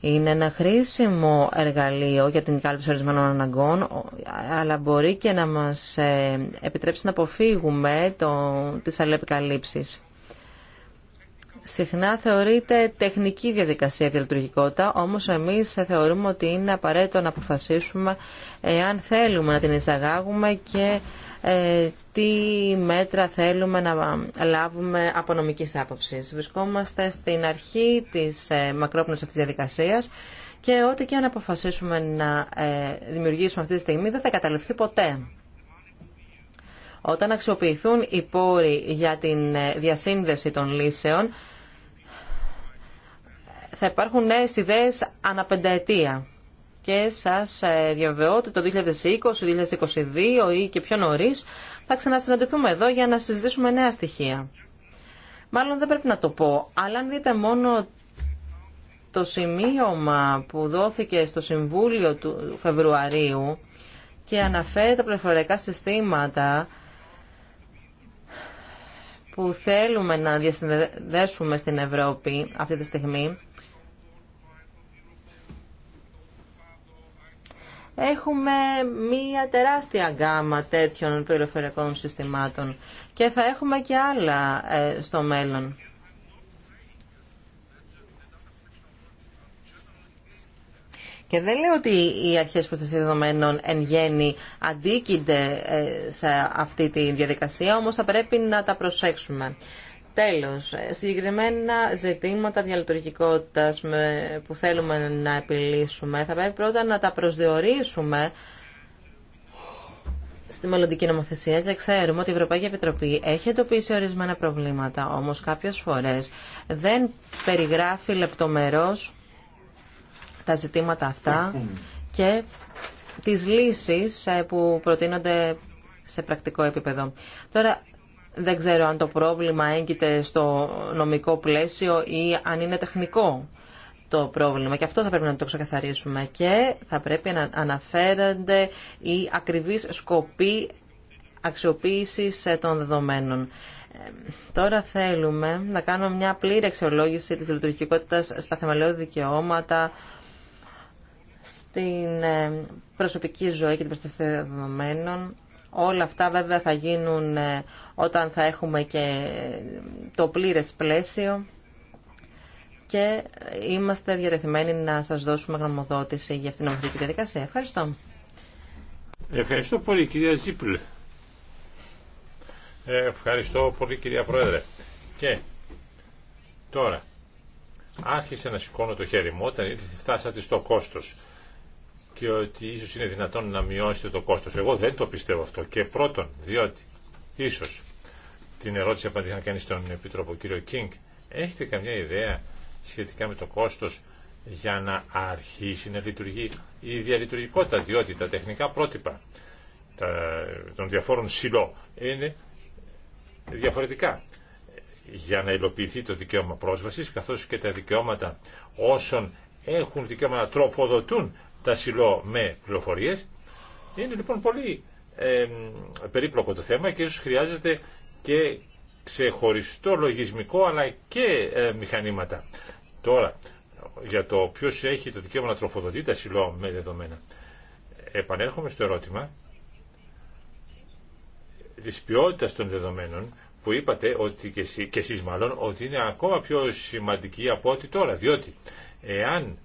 Είναι ένα χρήσιμο εργαλείο για την κάλυψη ορισμένων αναγκών, αλλά μπορεί και να μας ε, επιτρέψει να αποφύγουμε το, τις αλληλεπικαλύψεις συχνά θεωρείται τεχνική διαδικασία και λειτουργικότητα, όμως εμείς θεωρούμε ότι είναι απαραίτητο να αποφασίσουμε εάν θέλουμε να την εισαγάγουμε και ε, τι μέτρα θέλουμε να λάβουμε από νομικής άποψης. Βρισκόμαστε στην αρχή της ε, μακρόπνους αυτής της διαδικασίας και ό,τι και αν αποφασίσουμε να ε, δημιουργήσουμε αυτή τη στιγμή δεν θα καταληφθεί ποτέ. Όταν αξιοποιηθούν οι πόροι για την διασύνδεση των λύσεων, θα υπάρχουν νέες ιδέες αναπενταετία. Και σας ε, διαβεβαιώ ότι το 2020, 2022 ή και πιο νωρίς θα ξανασυναντηθούμε εδώ για να συζητήσουμε νέα στοιχεία. Μάλλον δεν πρέπει να το πω, αλλά αν δείτε μόνο το σημείωμα που δόθηκε στο Συμβούλιο του Φεβρουαρίου και αναφέρει τα πληροφοριακά συστήματα που θέλουμε να διασυνδέσουμε στην Ευρώπη αυτή τη στιγμή, έχουμε μία τεράστια γκάμα τέτοιων πληροφοριακών συστημάτων και θα έχουμε και άλλα ε, στο μέλλον. Και δεν λέω ότι οι αρχές προστασίας δεδομένων εν γέννη αντίκεινται ε, σε αυτή τη διαδικασία, όμως θα πρέπει να τα προσέξουμε. Τέλος, συγκεκριμένα ζητήματα διαλειτουργικότητας που θέλουμε να επιλύσουμε θα πρέπει πρώτα να τα προσδιορίσουμε στη μελλοντική νομοθεσία και ξέρουμε ότι η Ευρωπαϊκή Επιτροπή έχει εντοπίσει ορισμένα προβλήματα, όμως κάποιες φορές δεν περιγράφει λεπτομερώς τα ζητήματα αυτά και τις λύσεις ε, που προτείνονται σε πρακτικό επίπεδο. Τώρα, δεν ξέρω αν το πρόβλημα έγκυται στο νομικό πλαίσιο ή αν είναι τεχνικό το πρόβλημα. Και αυτό θα πρέπει να το ξεκαθαρίσουμε. Και θα πρέπει να αναφέρονται οι ακριβείς σκοποί αξιοποίησης των δεδομένων. Ε, τώρα θέλουμε να κάνουμε μια πλήρη αξιολόγηση της λειτουργικότητας στα θεμελιώδη δικαιώματα, στην ε, προσωπική ζωή και την προστασία δεδομένων Όλα αυτά βέβαια θα γίνουν ε, όταν θα έχουμε και το πλήρες πλαίσιο και είμαστε διατεθειμένοι να σας δώσουμε γνωμοδότηση για αυτήν την νομοθετική διαδικασία. Ευχαριστώ. Ευχαριστώ πολύ κυρία Ζίπλ. Ε, ευχαριστώ πολύ κυρία Πρόεδρε. Και τώρα άρχισε να σηκώνω το χέρι μου όταν φτάσατε στο κόστος και ότι ίσως είναι δυνατόν να μειώσετε το κόστος. Εγώ δεν το πιστεύω αυτό. Και πρώτον, διότι ίσως την ερώτηση απαντήχα να κάνει στον Επίτροπο κύριο Κίνγκ, έχετε καμιά ιδέα σχετικά με το κόστος για να αρχίσει να λειτουργεί η διαλειτουργικότητα, διότι τα τεχνικά πρότυπα των διαφόρων σιλό είναι διαφορετικά για να υλοποιηθεί το δικαίωμα πρόσβασης καθώς και τα δικαιώματα όσων έχουν δικαίωμα να τροφοδοτούν τα σιλό με πληροφορίε Είναι λοιπόν πολύ ε, περίπλοκο το θέμα και ίσως χρειάζεται και ξεχωριστό λογισμικό αλλά και ε, μηχανήματα. Τώρα, για το ποιο έχει το δικαίωμα να τροφοδοτεί τα σιλό με δεδομένα. Επανέρχομαι στο ερώτημα της ποιότητας των δεδομένων που είπατε ότι και, εσεί, και μάλλον ότι είναι ακόμα πιο σημαντική από ό,τι τώρα διότι εάν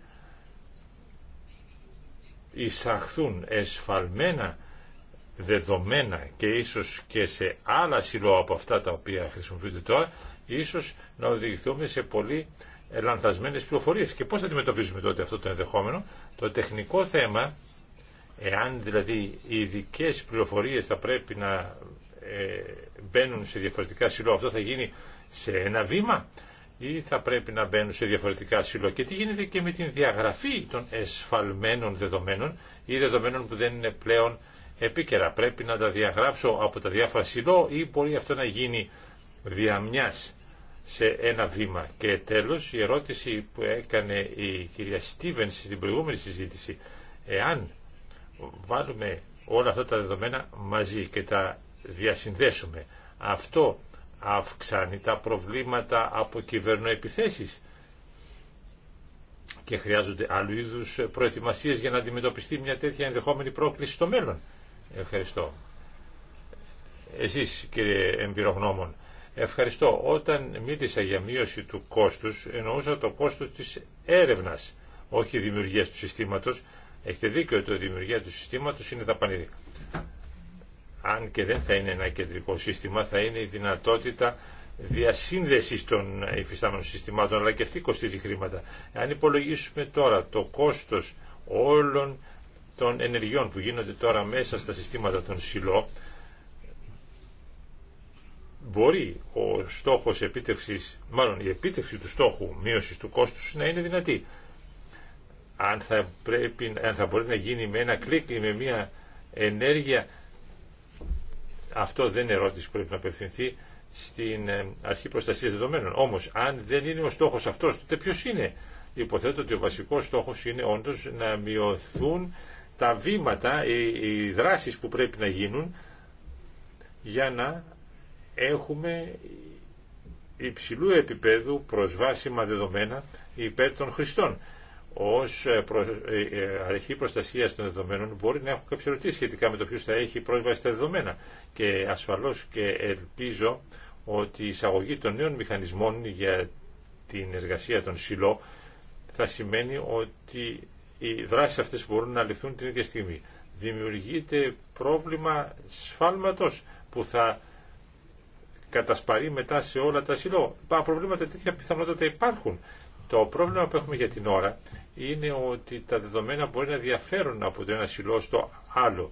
εισαχθούν εσφαλμένα δεδομένα και ίσως και σε άλλα σιλό από αυτά τα οποία χρησιμοποιούνται τώρα, ίσως να οδηγηθούμε σε πολύ λανθασμένες πληροφορίες. Και πώς θα αντιμετωπίζουμε τότε αυτό το ενδεχόμενο. Το τεχνικό θέμα, εάν δηλαδή οι ειδικέ πληροφορίες θα πρέπει να ε, μπαίνουν σε διαφορετικά σιλό, αυτό θα γίνει σε ένα βήμα ή θα πρέπει να μπαίνουν σε διαφορετικά σύλλογα και τι γίνεται και με την διαγραφή των εσφαλμένων δεδομένων ή δεδομένων που δεν είναι πλέον επίκαιρα. Πρέπει να τα διαγράψω από τα διάφορα σύλλογα ή μπορεί αυτό να γίνει διαμιάς σε ένα βήμα. Και τέλος η ερώτηση που έκανε η κυρία Στίβενς στην προηγούμενη συζήτηση. Εάν βάλουμε όλα αυτά τα δεδομένα μαζί και τα διασυνδέσουμε αυτό αυξάνει τα προβλήματα από κυβερνοεπιθέσεις και χρειάζονται άλλου είδους προετοιμασίες για να αντιμετωπιστεί μια τέτοια ενδεχόμενη πρόκληση στο μέλλον. Ευχαριστώ. Εσείς κύριε εμπειρογνώμων, ευχαριστώ. Όταν μίλησα για μείωση του κόστους, εννοούσα το κόστος της έρευνας, όχι δημιουργίας του συστήματος. Έχετε δίκιο ότι η δημιουργία του συστήματος είναι δαπανηρή αν και δεν θα είναι ένα κεντρικό σύστημα, θα είναι η δυνατότητα διασύνδεσης των υφιστάμενων συστημάτων, αλλά και αυτή κοστίζει χρήματα. Αν υπολογίσουμε τώρα το κόστος όλων των ενεργειών που γίνονται τώρα μέσα στα συστήματα των ΣΥΛΟ, μπορεί ο στόχος επίτευξης, μάλλον η επίτευξη του στόχου μείωσης του κόστους να είναι δυνατή. Αν θα, πρέπει, αν θα μπορεί να γίνει με ένα κλικ ή με μια ενέργεια αυτό δεν είναι ερώτηση που πρέπει να απευθυνθεί στην ε, αρχή προστασία δεδομένων. Όμω, αν δεν είναι ο στόχο αυτό, τότε ποιο είναι. Υποθέτω ότι ο βασικό στόχο είναι όντω να μειωθούν τα βήματα, οι δράσεις που πρέπει να γίνουν για να έχουμε υψηλού επίπεδου προσβάσιμα δεδομένα υπέρ των χρηστών ως ε, ε, ε, αρχή προστασίας των δεδομένων μπορεί να έχουν κάποιες ερωτήσεις σχετικά με το ποιος θα έχει πρόσβαση στα δεδομένα και ασφαλώς και ελπίζω ότι η εισαγωγή των νέων μηχανισμών για την εργασία των ΣΥΛΟ θα σημαίνει ότι οι δράσεις αυτές μπορούν να ληφθούν την ίδια στιγμή. Δημιουργείται πρόβλημα σφάλματος που θα κατασπαρεί μετά σε όλα τα ΣΥΛΟ. Προβλήματα τέτοια πιθανότατα υπάρχουν. Το πρόβλημα που έχουμε για την ώρα είναι ότι τα δεδομένα μπορεί να διαφέρουν από το ένα σιλό στο άλλο.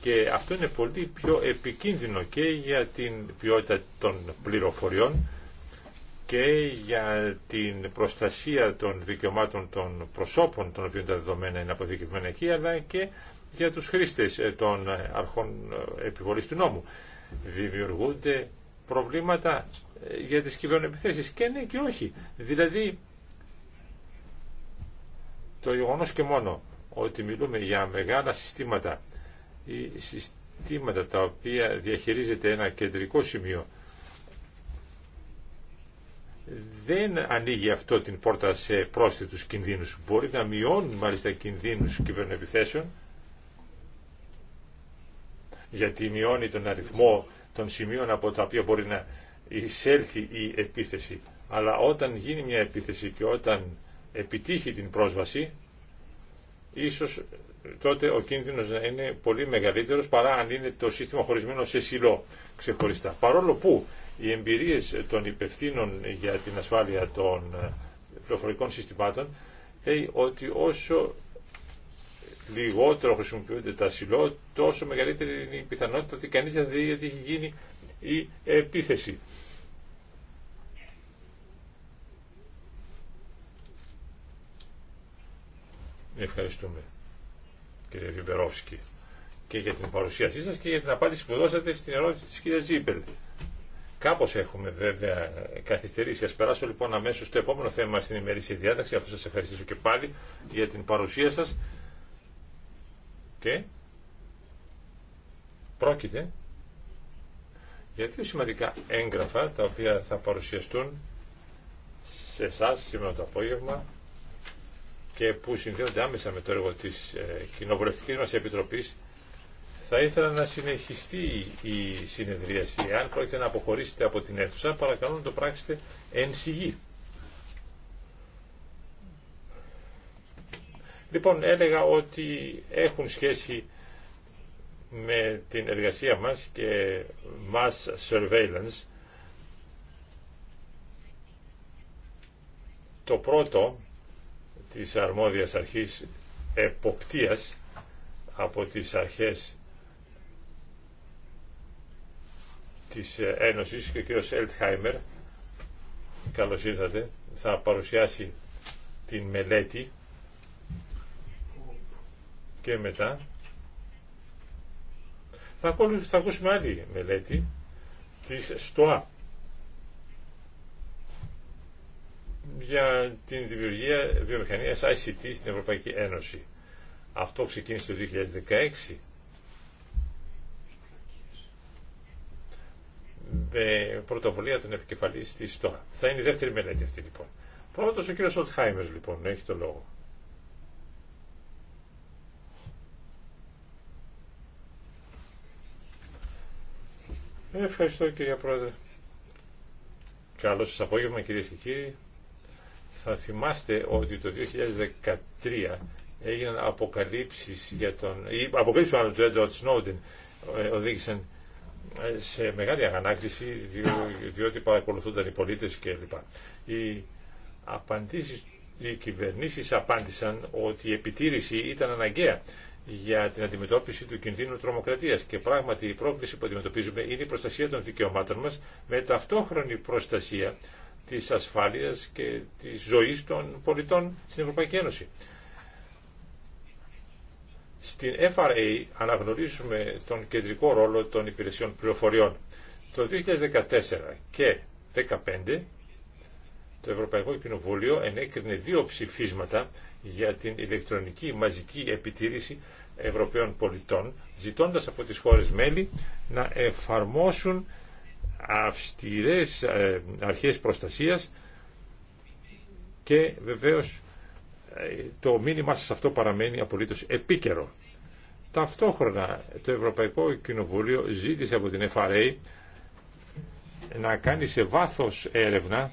Και αυτό είναι πολύ πιο επικίνδυνο και για την ποιότητα των πληροφοριών και για την προστασία των δικαιωμάτων των προσώπων των οποίων τα δεδομένα είναι αποδικευμένα εκεί αλλά και για τους χρήστες ε, των αρχών ε, επιβολής του νόμου. Δημιουργούνται προβλήματα ε, για τις κυβερνοεπιθέσεις και ναι και όχι. Δηλαδή το γεγονό και μόνο ότι μιλούμε για μεγάλα συστήματα ή συστήματα τα οποία διαχειρίζεται ένα κεντρικό σημείο δεν ανοίγει αυτό την πόρτα σε πρόσθετους κινδύνους. Μπορεί να μειώνει μάλιστα κινδύνους κυβερνοεπιθέσεων γιατί μειώνει τον αριθμό των σημείων από τα οποία μπορεί να εισέλθει η επίθεση. Αλλά όταν γίνει μια επίθεση και όταν επιτύχει την πρόσβαση, ίσως τότε ο κίνδυνος να είναι πολύ μεγαλύτερος παρά αν είναι το σύστημα χωρισμένο σε σιλό ξεχωριστά. Παρόλο που οι εμπειρίες των υπευθύνων για την ασφάλεια των ε, πληροφορικών συστημάτων λέει ότι όσο λιγότερο χρησιμοποιούνται τα σιλό, τόσο μεγαλύτερη είναι η πιθανότητα ότι κανείς δεν δει ότι έχει γίνει η επίθεση. Ευχαριστούμε κύριε Βιμπερόφσκι και για την παρουσίασή σας και για την απάντηση που δώσατε στην ερώτηση της κυρία Ζήπελ. Κάπως έχουμε βέβαια καθυστερήσει. Ας περάσω λοιπόν αμέσως στο επόμενο θέμα στην ημερήσια διάταξη, αφού σας ευχαριστήσω και πάλι για την παρουσία σας. Και πρόκειται για δύο σημαντικά έγγραφα τα οποία θα παρουσιαστούν σε εσά σήμερα το απόγευμα και που συνδέονται άμεσα με το έργο της ε, Κοινοβουλευτικής μας Επιτροπής, θα ήθελα να συνεχιστεί η συνεδρίαση. Αν πρόκειται να αποχωρήσετε από την αίθουσα, παρακαλώ να το πράξετε εν σιγή. Λοιπόν, έλεγα ότι έχουν σχέση με την εργασία μας και mass surveillance. Το πρώτο της αρμόδιας αρχής εποπτείας από τις αρχές της Ένωσης και ο κ. Ελτχάιμερ καλώς ήρθατε θα παρουσιάσει την μελέτη και μετά θα, ακούσουμε άλλη μελέτη της ΣΤΟΑ για την δημιουργία βιομηχανίας ICT στην Ευρωπαϊκή Ένωση. Αυτό ξεκίνησε το 2016 με πρωτοβουλία των επικεφαλής της τώρα. Θα είναι η δεύτερη μελέτη αυτή λοιπόν. Πρώτος ο κύριος Ολτχάιμερ λοιπόν έχει το λόγο. Ευχαριστώ κύριε Πρόεδρε. Καλώς σας απόγευμα κυρίες και κύριοι. Θα θυμάστε ότι το 2013 έγιναν αποκαλύψεις για τον... Οι αποκαλύψεις του Έντορτ Σνόντιν ε, οδήγησαν ε, σε μεγάλη αγανάκτηση διό, διότι παρακολουθούνταν οι πολίτες κλπ. Οι απαντήσεις, οι κυβερνήσεις απάντησαν ότι η επιτήρηση ήταν αναγκαία για την αντιμετώπιση του κινδύνου τρομοκρατίας και πράγματι η πρόκληση που αντιμετωπίζουμε είναι η προστασία των δικαιωμάτων μας με ταυτόχρονη προστασία της ασφάλειας και της ζωής των πολιτών στην Ευρωπαϊκή Ένωση. Στην FRA αναγνωρίζουμε τον κεντρικό ρόλο των υπηρεσιών πληροφοριών. Το 2014 και 2015 το Ευρωπαϊκό Κοινοβούλιο ενέκρινε δύο ψηφίσματα για την ηλεκτρονική μαζική επιτήρηση Ευρωπαίων πολιτών, ζητώντας από τις χώρες μέλη να εφαρμόσουν αυστηρές ε, αρχές προστασίας και βεβαίως ε, το μήνυμά σας αυτό παραμένει απολύτως επίκαιρο. Ταυτόχρονα το Ευρωπαϊκό Κοινοβούλιο ζήτησε από την FRA να κάνει σε βάθος έρευνα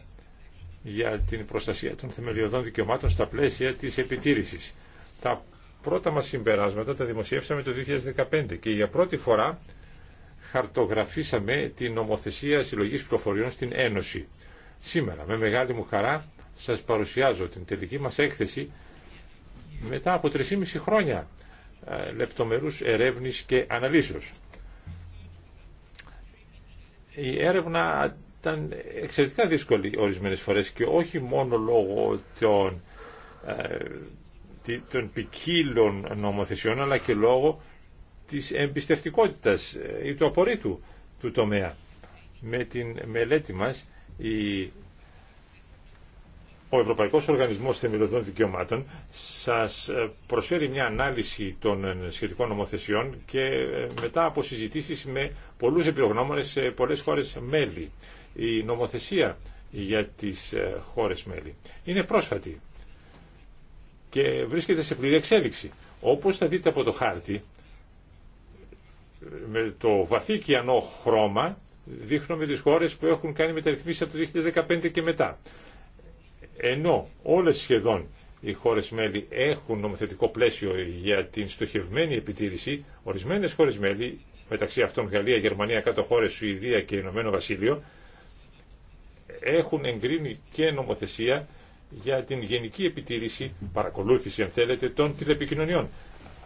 για την προστασία των θεμελιωδών δικαιωμάτων στα πλαίσια της επιτήρησης. Τα πρώτα μας συμπεράσματα τα δημοσιεύσαμε το 2015 και για πρώτη φορά χαρτογραφήσαμε την νομοθεσία συλλογής προφοριών στην Ένωση. Σήμερα, με μεγάλη μου χαρά, σας παρουσιάζω την τελική μας έκθεση μετά από 3,5 χρόνια ε, λεπτομερούς ερεύνης και αναλύσεως. Η έρευνα ήταν εξαιρετικά δύσκολη ορισμένες φορές και όχι μόνο λόγω των, ε, των ποικίλων νομοθεσιών αλλά και λόγω της εμπιστευτικότητας ε, ή του απορρίτου του τομέα. Με την μελέτη μας η... ο Ευρωπαϊκός Οργανισμός Θεμελιωδών Δικαιωμάτων σας ε, προσφέρει μια ανάλυση των ε, σχετικών νομοθεσιών και μετά από συζητήσεις με πολλούς επιρρογνώμονες σε πολλές χώρες μέλη. Η νομοθεσία για τις χώρες μέλη είναι πρόσφατη και βρίσκεται σε πλήρη εξέλιξη. Όπως θα δείτε από το χάρτη, με το βαθύ χρώμα δείχνουμε τις χώρες που έχουν κάνει μεταρρυθμίσεις από το 2015 και μετά. Ενώ όλες σχεδόν οι χώρες μέλη έχουν νομοθετικό πλαίσιο για την στοχευμένη επιτήρηση, ορισμένες χώρες μέλη, μεταξύ αυτών Γαλλία, Γερμανία, κάτω χώρες, Σουηδία και Ηνωμένο Βασίλειο, έχουν εγκρίνει και νομοθεσία για την γενική επιτήρηση, παρακολούθηση αν θέλετε, των τηλεπικοινωνιών.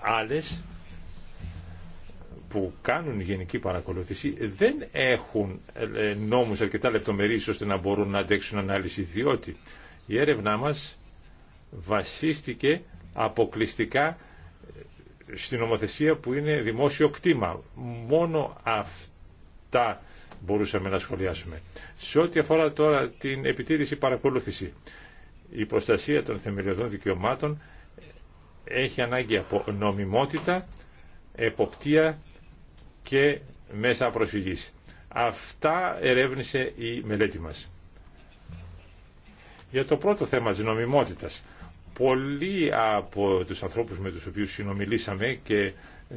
Άλλες που κάνουν γενική παρακολούθηση δεν έχουν ε, νόμους αρκετά λεπτομερείς ώστε να μπορούν να αντέξουν ανάλυση διότι η έρευνά μας βασίστηκε αποκλειστικά ε, στην νομοθεσία που είναι δημόσιο κτήμα. Μόνο αυτά μπορούσαμε να σχολιάσουμε. Σε ό,τι αφορά τώρα την επιτήρηση παρακολούθηση, η προστασία των θεμελιωδών δικαιωμάτων έχει ανάγκη από νομιμότητα, εποπτεία και μέσα προσφυγής. Αυτά ερεύνησε η μελέτη μας. Για το πρώτο θέμα της νομιμότητας. Πολλοί από τους ανθρώπους με τους οποίους συνομιλήσαμε και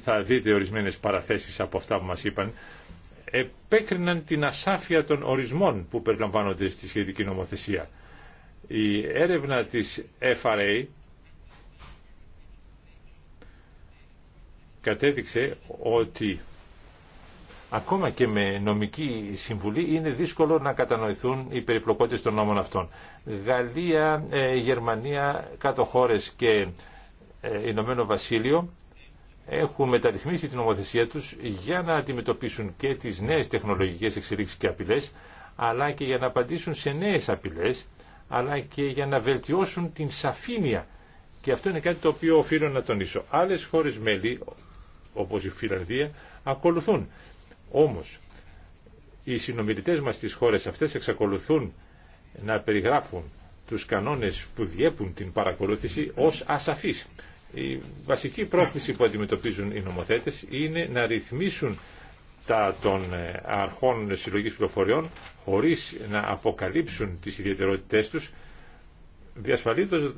θα δείτε ορισμένες παραθέσεις από αυτά που μας είπαν, επέκριναν την ασάφεια των ορισμών που περιλαμβάνονται στη σχετική νομοθεσία. Η έρευνα της FRA κατέδειξε ότι ακόμα και με νομική συμβουλή είναι δύσκολο να κατανοηθούν οι περιπλοκότητες των νόμων αυτών. Γαλλία, ε, Γερμανία, κάτω χώρες και ε, Ηνωμένο Βασίλειο έχουν μεταρρυθμίσει την νομοθεσία τους για να αντιμετωπίσουν και τις νέες τεχνολογικές εξελίξεις και απειλές, αλλά και για να απαντήσουν σε νέες απειλές, αλλά και για να βελτιώσουν την σαφήνεια. Και αυτό είναι κάτι το οποίο οφείλω να τονίσω. Άλλες χώρες μέλη, όπως η Φιλανδία, ακολουθούν. Όμως, οι συνομιλητές μας στις χώρες αυτές εξακολουθούν να περιγράφουν τους κανόνες που διέπουν την παρακολούθηση ως ασαφείς. Η βασική πρόκληση που αντιμετωπίζουν οι νομοθέτες είναι να ρυθμίσουν τα των ε, αρχών συλλογής πληροφοριών χωρίς να αποκαλύψουν τις ιδιαιτερότητές τους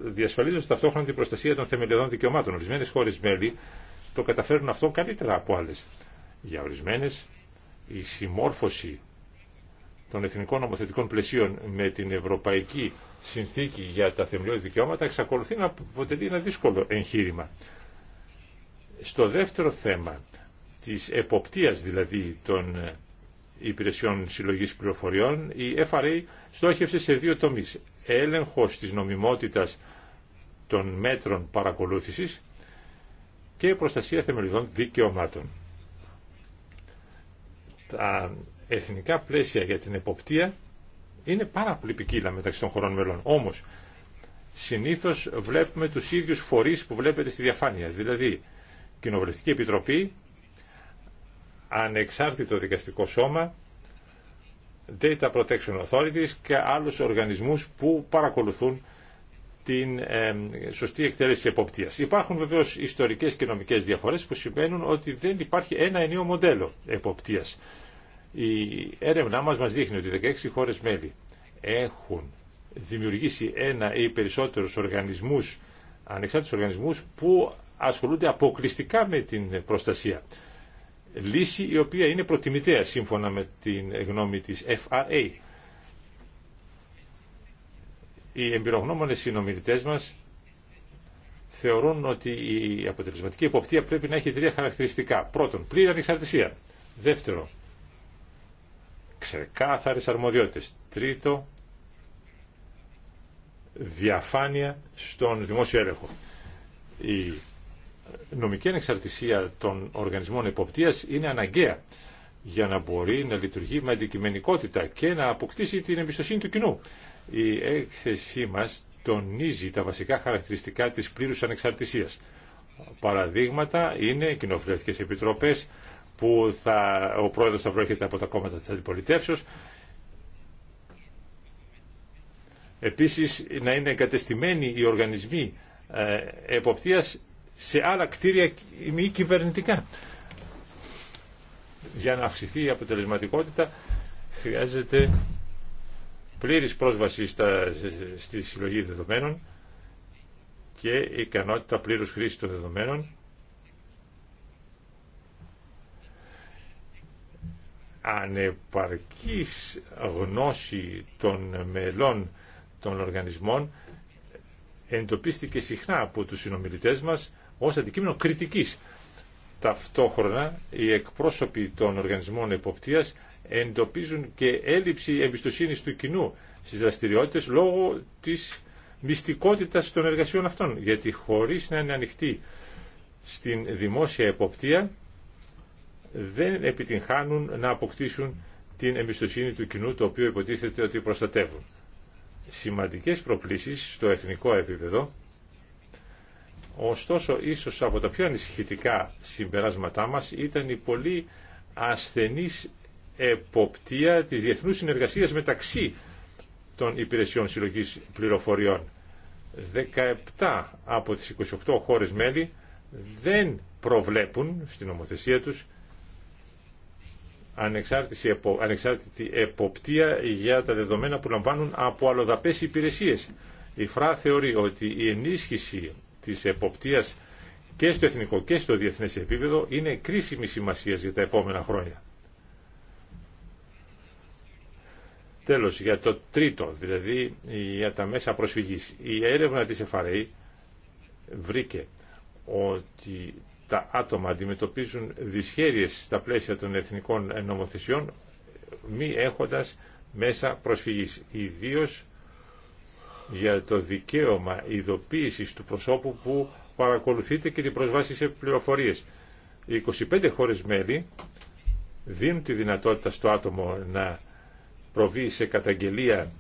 διασφαλίζοντας ταυτόχρονα την προστασία των θεμελιωδών δικαιωμάτων. Ορισμένες χώρες μέλη το καταφέρουν αυτό καλύτερα από άλλες. Για ορισμένες η συμμόρφωση των εθνικών νομοθετικών πλαισίων με την Ευρωπαϊκή Συνθήκη για τα Θεμελιώδη Δικαιώματα εξακολουθεί να αποτελεί ένα δύσκολο εγχείρημα. Στο δεύτερο θέμα της εποπτείας δηλαδή των υπηρεσιών συλλογής πληροφοριών, η FRA στόχευσε σε δύο τομείς. Έλεγχος της νομιμότητας των μέτρων παρακολούθησης και προστασία θεμελιωδών δικαιωμάτων τα εθνικά πλαίσια για την εποπτεία είναι πάρα πολύ ποικίλα μεταξύ των χωρών μελών. Όμω, συνήθως βλέπουμε τους ίδιου φορεί που βλέπετε στη διαφάνεια. Δηλαδή, Κοινοβουλευτική Επιτροπή, ανεξάρτητο δικαστικό σώμα, Data Protection Authorities και άλλους οργανισμούς που παρακολουθούν την σωστή εκτέλεση εποπτείας. Υπάρχουν βεβαίως ιστορικές και νομικές διαφορές που σημαίνουν ότι δεν υπάρχει ένα ενίο μοντέλο εποπτείας. Η έρευνά μας μας δείχνει ότι 16 χώρες μέλη έχουν δημιουργήσει ένα ή περισσότερους οργανισμούς, ανεξάρτητους οργανισμούς που ασχολούνται αποκλειστικά με την προστασία. Λύση η οποία είναι προτιμητέα σύμφωνα με την γνώμη της FRA. Οι εμπειρογνώμονες συνομιλητές μας θεωρούν ότι η αποτελεσματική υποπτία πρέπει να έχει τρία χαρακτηριστικά. Πρώτον, πλήρη ανεξαρτησία. Δεύτερον, ξεκάθαρες αρμοδιότητες. Τρίτο, διαφάνεια στον δημόσιο έλεγχο. Η νομική ανεξαρτησία των οργανισμών εποπτείας είναι αναγκαία για να μπορεί να λειτουργεί με αντικειμενικότητα και να αποκτήσει την εμπιστοσύνη του κοινού. Η έκθεσή μας τονίζει τα βασικά χαρακτηριστικά της πλήρους ανεξαρτησίας. Παραδείγματα είναι κοινοβουλευτικές επιτροπές, που θα, ο πρόεδρος θα προέρχεται από τα κόμματα της αντιπολιτεύσεως. Επίσης να είναι εγκατεστημένοι οι οργανισμοί ε, εποπτείας σε άλλα κτίρια μη κυβερνητικά. Για να αυξηθεί η αποτελεσματικότητα χρειάζεται πλήρης πρόσβαση στα, στη συλλογή δεδομένων και ικανότητα πλήρους χρήσης των δεδομένων ανεπαρκής γνώση των μελών των οργανισμών εντοπίστηκε συχνά από τους συνομιλητές μας ως αντικείμενο κριτικής. Ταυτόχρονα οι εκπρόσωποι των οργανισμών εποπτείας εντοπίζουν και έλλειψη εμπιστοσύνης του κοινού στις δραστηριότητες λόγω της μυστικότητας των εργασιών αυτών. Γιατί χωρίς να είναι ανοιχτή στην δημόσια εποπτεία δεν επιτυγχάνουν να αποκτήσουν την εμπιστοσύνη του κοινού το οποίο υποτίθεται ότι προστατεύουν. Σημαντικές προκλήσεις στο εθνικό επίπεδο, ωστόσο ίσως από τα πιο ανησυχητικά συμπεράσματά μας ήταν η πολύ ασθενής εποπτεία της διεθνούς συνεργασίας μεταξύ των υπηρεσιών συλλογής πληροφοριών. 17 από τις 28 χώρες μέλη δεν προβλέπουν στην ομοθεσία τους ανεξάρτητη εποπτεία για τα δεδομένα που λαμβάνουν από αλλοδαπές υπηρεσίες. Η ΦΡΑ θεωρεί ότι η ενίσχυση της εποπτείας και στο εθνικό και στο διεθνές επίπεδο είναι κρίσιμη σημασία για τα επόμενα χρόνια. Τέλος, για το τρίτο, δηλαδή για τα μέσα προσφυγής. Η έρευνα της ΕΦΑΡΕΗ βρήκε ότι τα άτομα αντιμετωπίζουν δυσχέρειες στα πλαίσια των εθνικών νομοθεσιών μη έχοντας μέσα προσφυγής, ιδίως για το δικαίωμα ειδοποίησης του προσώπου που παρακολουθείται και την προσβάση σε πληροφορίες. Οι 25 χώρες μέλη δίνουν τη δυνατότητα στο άτομο να προβεί σε καταγγελία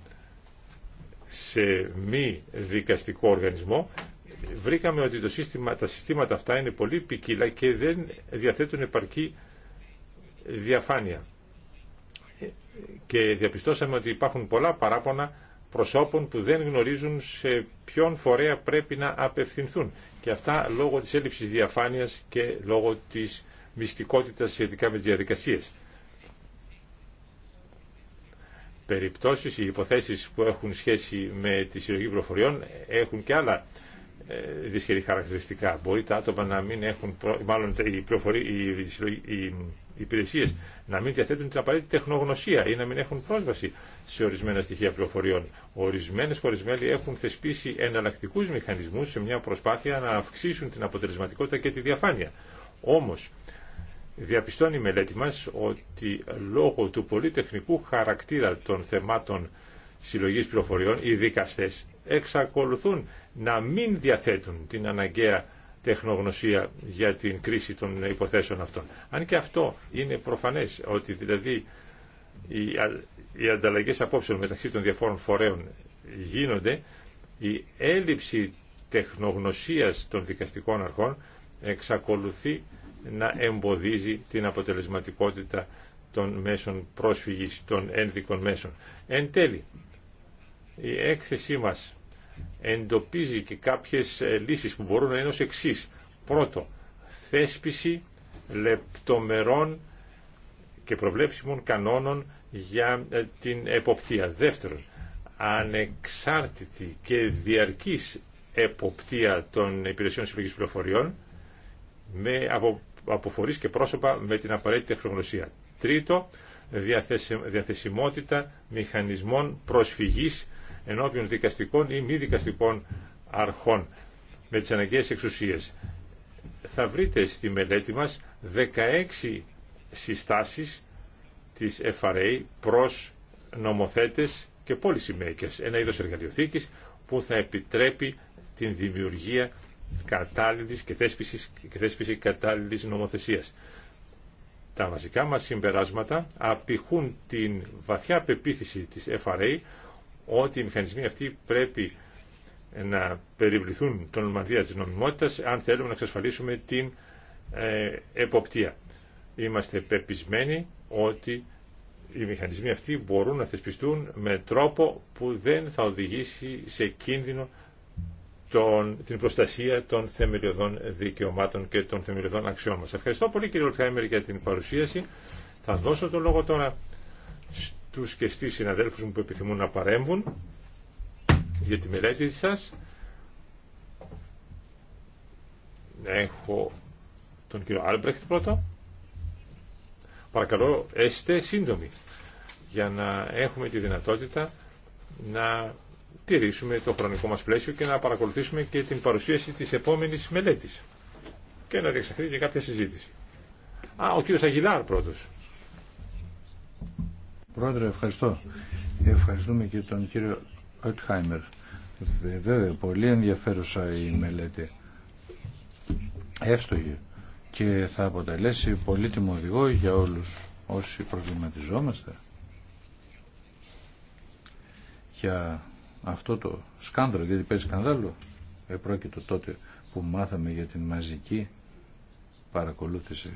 σε μη δικαστικό οργανισμό βρήκαμε ότι το σύστημα, τα συστήματα αυτά είναι πολύ ποικίλα και δεν διαθέτουν επαρκή διαφάνεια. Και διαπιστώσαμε ότι υπάρχουν πολλά παράπονα προσώπων που δεν γνωρίζουν σε ποιον φορέα πρέπει να απευθυνθούν. Και αυτά λόγω της έλλειψης διαφάνειας και λόγω της μυστικότητας σχετικά με τις διαδικασίες. Περιπτώσεις, οι υποθέσεις που έχουν σχέση με τη συλλογή προφοριών έχουν και άλλα ε, δυσχερή χαρακτηριστικά. Μπορεί τα άτομα να μην έχουν, μάλλον οι, οι υπηρεσίε να μην διαθέτουν την απαραίτητη τεχνογνωσία ή να μην έχουν πρόσβαση σε ορισμένα στοιχεία πληροφοριών. Ορισμένε χωρισμένοι έχουν θεσπίσει εναλλακτικού μηχανισμού σε μια προσπάθεια να αυξήσουν την αποτελεσματικότητα και τη διαφάνεια. Όμω, διαπιστώνει η μελέτη μα ότι λόγω του πολυτεχνικού χαρακτήρα των θεμάτων συλλογή πληροφοριών, οι δικαστέ εξακολουθούν να μην διαθέτουν την αναγκαία τεχνογνωσία για την κρίση των υποθέσεων αυτών. Αν και αυτό είναι προφανές ότι δηλαδή οι ανταλλαγές απόψεων μεταξύ των διαφόρων φορέων γίνονται, η έλλειψη τεχνογνωσίας των δικαστικών αρχών εξακολουθεί να εμποδίζει την αποτελεσματικότητα των μέσων πρόσφυγης των ένδικων μέσων. Εν τέλει, η έκθεσή μας εντοπίζει και κάποιες ε, λύσεις που μπορούν να είναι ως εξής. Πρώτο, θέσπιση λεπτομερών και προβλέψιμων κανόνων για ε, την εποπτεία. Δεύτερον, ανεξάρτητη και διαρκής εποπτεία των υπηρεσιών συλλογής πληροφοριών με απο, αποφορείς και πρόσωπα με την απαραίτητη τεχνογνωσία. Τρίτο, διαθεσιμότητα μηχανισμών προσφυγής ενώπιον δικαστικών ή μη δικαστικών αρχών με τις αναγκαίες εξουσίες. Θα βρείτε στη μελέτη μας 16 συστάσεις της FRA προς νομοθέτες και makers, ένα είδος εργαλειοθήκης που θα επιτρέπει την δημιουργία κατάλληλης και θέσπιση, και θέσπιση νομοθεσίας. Τα βασικά μας συμπεράσματα απηχούν την βαθιά πεποίθηση της FRA ότι οι μηχανισμοί αυτοί πρέπει να περιβληθούν τον ομαδία της νομιμότητας αν θέλουμε να εξασφαλίσουμε την ε, εποπτεία. Είμαστε πεπισμένοι ότι οι μηχανισμοί αυτοί μπορούν να θεσπιστούν με τρόπο που δεν θα οδηγήσει σε κίνδυνο τον, την προστασία των θεμελιωδών δικαιωμάτων και των θεμελιωδών αξιών μας. Ευχαριστώ πολύ κύριε Ολτχάιμερ για την παρουσίαση. Θα δώσω τον λόγο τώρα τους και στις συναδέλφους μου που επιθυμούν να παρέμβουν για τη μελέτη σας. Έχω τον κύριο Άλμπρεχτ πρώτο Παρακαλώ, έστε σύντομοι για να έχουμε τη δυνατότητα να τηρήσουμε το χρονικό μας πλαίσιο και να παρακολουθήσουμε και την παρουσίαση της επόμενης μελέτης και να διεξαχθεί και κάποια συζήτηση. Α, ο κύριος Αγγιλάρ πρώτος. Πρόεδρε, ευχαριστώ. Ευχαριστούμε και τον κύριο Ότχαϊμερ. Ε, βέβαια, πολύ ενδιαφέρουσα η μελέτη. Εύστοχη και θα αποτελέσει πολύτιμο οδηγό για όλους όσοι προβληματιζόμαστε για αυτό το σκάνδαλο, γιατί παίζει σκανδάλο επρόκειτο τότε που μάθαμε για την μαζική παρακολούθηση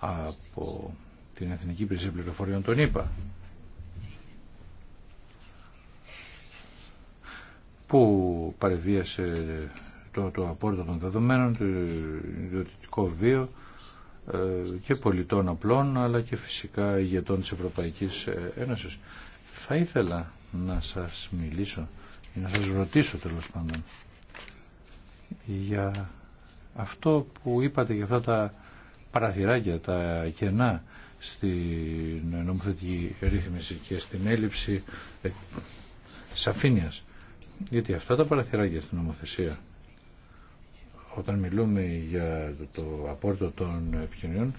από την Εθνική Υπηρεσία Πληροφοριών τον είπα που παρεδίασε το, το απόρριτο των δεδομένων, το ιδιωτικό βίο ε, και πολιτών απλών αλλά και φυσικά ηγετών της Ευρωπαϊκής Ένωσης. Θα ήθελα να σας μιλήσω ή να σας ρωτήσω τέλος πάντων για αυτό που είπατε για αυτά τα παραθυράκια, τα κενά στην νομοθετική ρύθμιση και στην έλλειψη ε, σαφήνειας. Γιατί αυτά τα παραθυράκια στην νομοθεσία όταν μιλούμε για το απόρριτο των επικοινωνιών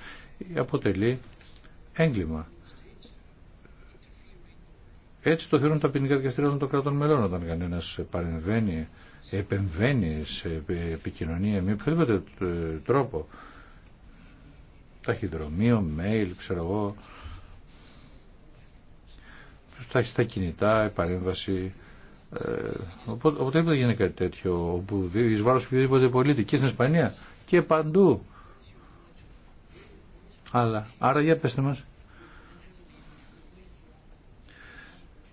αποτελεί έγκλημα. Έτσι το θεωρούν τα ποινικά δικαστήρια των κρατών μελών όταν κανένα παρεμβαίνει, επεμβαίνει σε επικοινωνία με οποιοδήποτε ε, τρόπο ταχυδρομείο, mail, ξέρω εγώ, στα κινητά, επαρέμβαση. Ε, οπότε, οπότε γίνει κάτι τέτοιο, όπου εις βάρος οποιοδήποτε πολίτη, και στην Ισπανία και παντού. Αλλά, άρα για πέστε μας.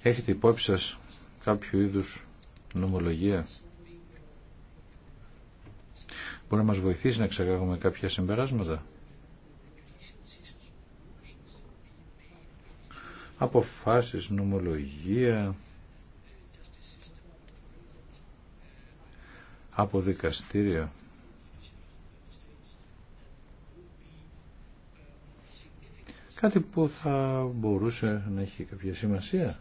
Έχετε υπόψη σας κάποιο είδους νομολογία. Μπορεί να μας βοηθήσει να εξαγάγουμε κάποια συμπεράσματα. αποφάσεις, νομολογία από δικαστήρια. Κάτι που θα μπορούσε να έχει κάποια σημασία.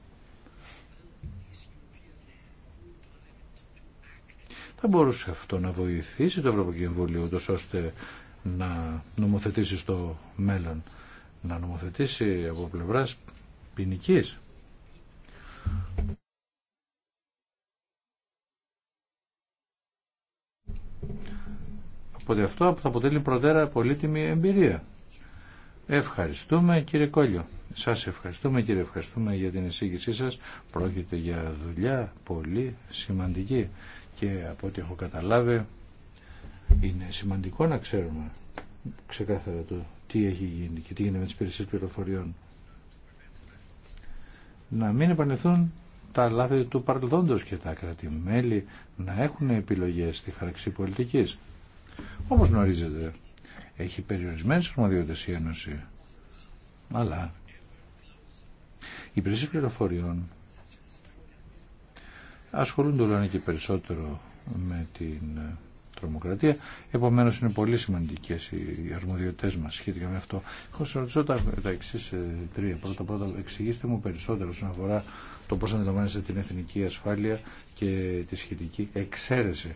Θα μπορούσε αυτό να βοηθήσει το Ευρωπαϊκό τόσο ώστε να νομοθετήσει στο μέλλον, να νομοθετήσει από πλευράς ποινική. Οπότε αυτό θα αποτελεί προτέρα πολύτιμη εμπειρία. Ευχαριστούμε κύριε Κόλλιο. Σας ευχαριστούμε κύριε, ευχαριστούμε για την εισήγησή σας. Πρόκειται για δουλειά πολύ σημαντική και από ό,τι έχω καταλάβει είναι σημαντικό να ξέρουμε ξεκάθαρα το τι έχει γίνει και τι γίνεται με τις υπηρεσίες πληροφοριών να μην επανεθούν τα λάθη του παρελθόντος και τα κρατημέλη να έχουν επιλογές στη χάραξη πολιτικής. Όπως γνωρίζετε, έχει περιορισμένες αρμοδιότητες η Ένωση. Αλλά οι υπηρεσίες πληροφοριών ασχολούνται όλο και περισσότερο με την τρομοκρατία. Επομένω, είναι πολύ σημαντικέ οι αρμοδιότητέ μα σχετικά με αυτό. Έχω σα ρωτήσω τα, τα εξή ε, τρία. Πρώτα απ' όλα, εξηγήστε μου περισσότερο όσον αφορά το πώ αντιλαμβάνεστε την εθνική ασφάλεια και τη σχετική εξαίρεση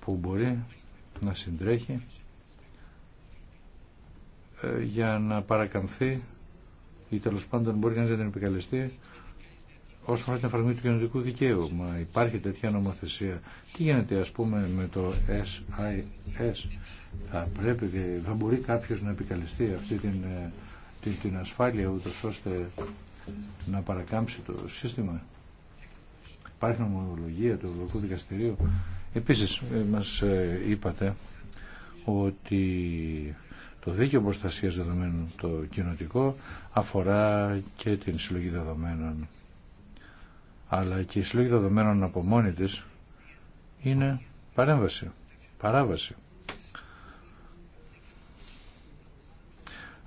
που μπορεί να συντρέχει ε, για να παρακαμφθεί ή τέλο πάντων μπορεί να την επικαλεστεί όσον αφορά την εφαρμογή του κοινωνικού δικαίου. Μα υπάρχει τέτοια νομοθεσία. Τι γίνεται ας πούμε με το SIS. Θα, πρέπει, θα μπορεί κάποιος να επικαλεστεί αυτή την, ε, την, την ασφάλεια ούτω ώστε να παρακάμψει το σύστημα. Υπάρχει νομολογία του Ευρωπαϊκού Δικαστηρίου. Επίσης ε, μας ε, είπατε ότι το δίκαιο προστασία δεδομένων το κοινοτικό αφορά και την συλλογή δεδομένων αλλά και η συλλογή δεδομένων από μόνη της είναι παρέμβαση, παράβαση.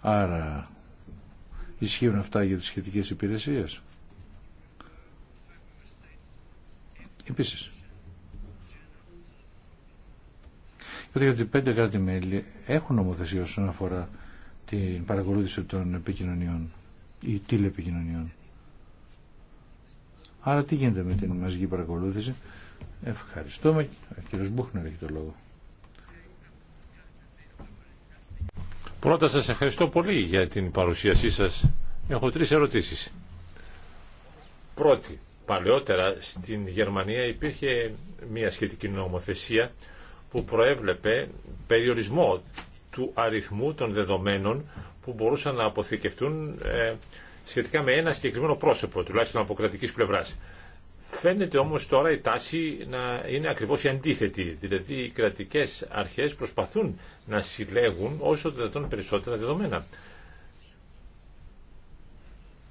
Άρα ισχύουν αυτά για τις σχετικές υπηρεσίες. Επίσης, γιατί πέντε κράτη-μέλη έχουν νομοθεσία όσον αφορά την παρακολούθηση των επικοινωνιών ή τηλεπικοινωνιών. Άρα τι γίνεται με την μαζική παρακολούθηση. Ευχαριστούμε. Ο κύριος Μπούχνερ έχει το λόγο. Πρώτα σας ευχαριστώ πολύ για την παρουσίασή σας. Έχω τρεις ερωτήσεις. Πρώτη, παλαιότερα στην Γερμανία υπήρχε μια σχετική νομοθεσία που προέβλεπε περιορισμό του αριθμού των δεδομένων που μπορούσαν να αποθηκευτούν ε, σχετικά με ένα συγκεκριμένο πρόσωπο, τουλάχιστον από κρατική πλευρά. Φαίνεται όμως τώρα η τάση να είναι ακριβώς η αντίθετη, δηλαδή οι κρατικές αρχές προσπαθούν να συλλέγουν όσο δυνατόν περισσότερα δεδομένα.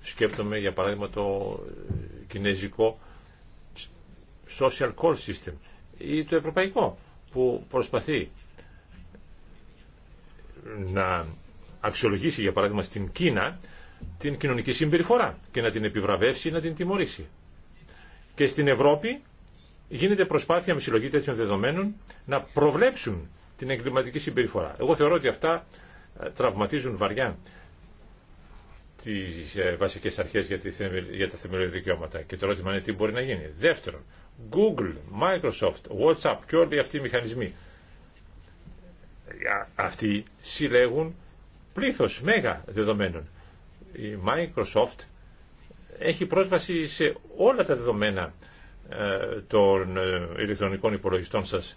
Σκέπτομαι για παράδειγμα το κινέζικο social call system ή το ευρωπαϊκό που προσπαθεί να αξιολογήσει για παράδειγμα στην Κίνα την κοινωνική συμπεριφορά και να την επιβραβεύσει, να την τιμωρήσει. Και στην Ευρώπη γίνεται προσπάθεια με συλλογή τέτοιων δεδομένων να προβλέψουν την εγκληματική συμπεριφορά. Εγώ θεωρώ ότι αυτά ε, τραυματίζουν βαριά τι ε, βασικέ αρχέ για τα θεμελιώδη δικαιώματα. Και το ερώτημα είναι τι μπορεί να γίνει. Δεύτερον, Google, Microsoft, WhatsApp και όλοι αυτοί οι μηχανισμοί. Ε, αυτοί συλλέγουν πλήθος μέγα δεδομένων η Microsoft έχει πρόσβαση σε όλα τα δεδομένα ε, των ε, ηλεκτρονικών υπολογιστών σας.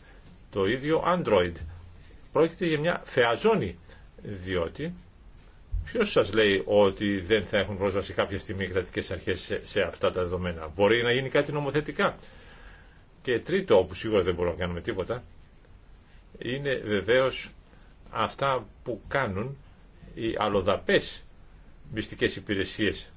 Το ίδιο Android. Πρόκειται για μια θεαζόνη, διότι ποιος σας λέει ότι δεν θα έχουν πρόσβαση κάποια στιγμή οι κρατικές αρχές σε, αυτά τα δεδομένα. Μπορεί να γίνει κάτι νομοθετικά. Και τρίτο, όπου σίγουρα δεν μπορούμε να κάνουμε τίποτα, είναι βεβαίως αυτά που κάνουν οι αλλοδαπές μυστικές υπηρεσίες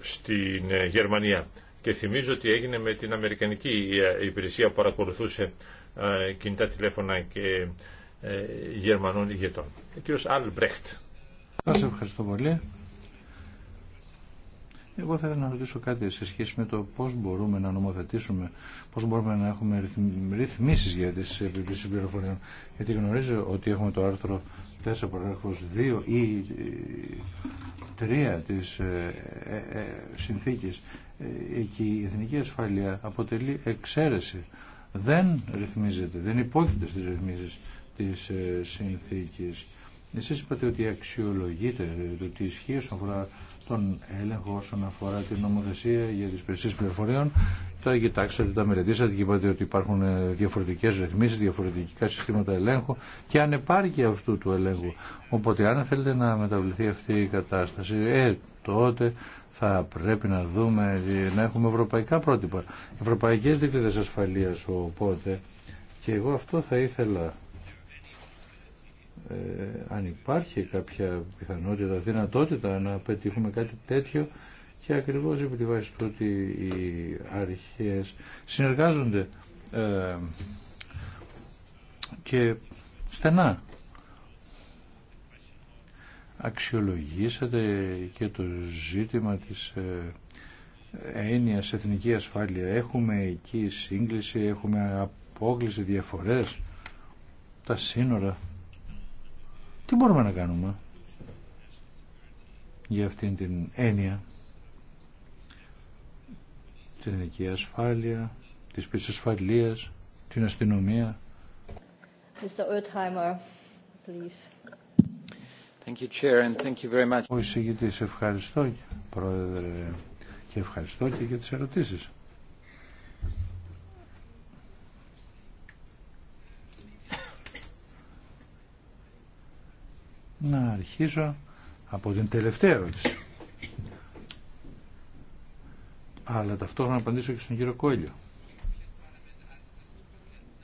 στην ε, Γερμανία και θυμίζω ότι έγινε με την Αμερικανική ε, υπηρεσία που παρακολουθούσε ε, κινητά τηλέφωνα και Γερμανών ηγετών. Ο κύριος Αλμπρέχτ. Σας ευχαριστώ πολύ. Εγώ θα ήθελα να ρωτήσω κάτι σε σχέση με το πώς μπορούμε να νομοθετήσουμε, πώς μπορούμε να έχουμε ρυθμίσεις για τις επιβλήσεις πληροφοριών. Γιατί γνωρίζω ότι έχουμε το άρθρο 4 παράγραφος 2 ή 3 ε, της ε, ε, ε συνθήκης εκεί η εθνική ασφάλεια αποτελεί εξαίρεση. Δεν ρυθμίζεται, δεν υπόκειται στις ρυθμίσεις της ε, συνθήκης. Εσείς είπατε ότι αξιολογείτε το τι ισχύει όσον αφορά τον έλεγχο, όσον αφορά την νομοθεσία για τις περισσίες πληροφοριών Κοιτάξτε, ότι τα μελετήσατε και είπατε ότι υπάρχουν ε, διαφορετικέ ρυθμίσει, διαφορετικά συστήματα ελέγχου και ανεπάρκεια αυτού του ελέγχου. Οπότε, αν θέλετε να μεταβληθεί αυτή η κατάσταση, ε, τότε θα πρέπει να δούμε, ε, να έχουμε ευρωπαϊκά πρότυπα, ευρωπαϊκέ δίκτυες ασφαλεία. Οπότε, και εγώ αυτό θα ήθελα. Ε, αν υπάρχει κάποια πιθανότητα, δυνατότητα να πετύχουμε κάτι τέτοιο και ακριβώς επί τη βάση ότι οι αρχές συνεργάζονται ε, και στενά. Αξιολογήσατε και το ζήτημα της ε, έννοιας εθνική ασφάλεια. Έχουμε εκεί σύγκληση, έχουμε απόκληση διαφορές, τα σύνορα. Τι μπορούμε να κάνουμε για αυτήν την έννοια την ειδική ασφάλεια, τις ασφαλείας, την αστυνομία. Ο εισηγητής, ευχαριστώ πρόεδρε και ευχαριστώ και για τις ερωτήσεις. Να αρχίσω από την τελευταία ερώτηση. Αλλά ταυτόχρονα απαντήσω και στον κύριο Κόλλιο.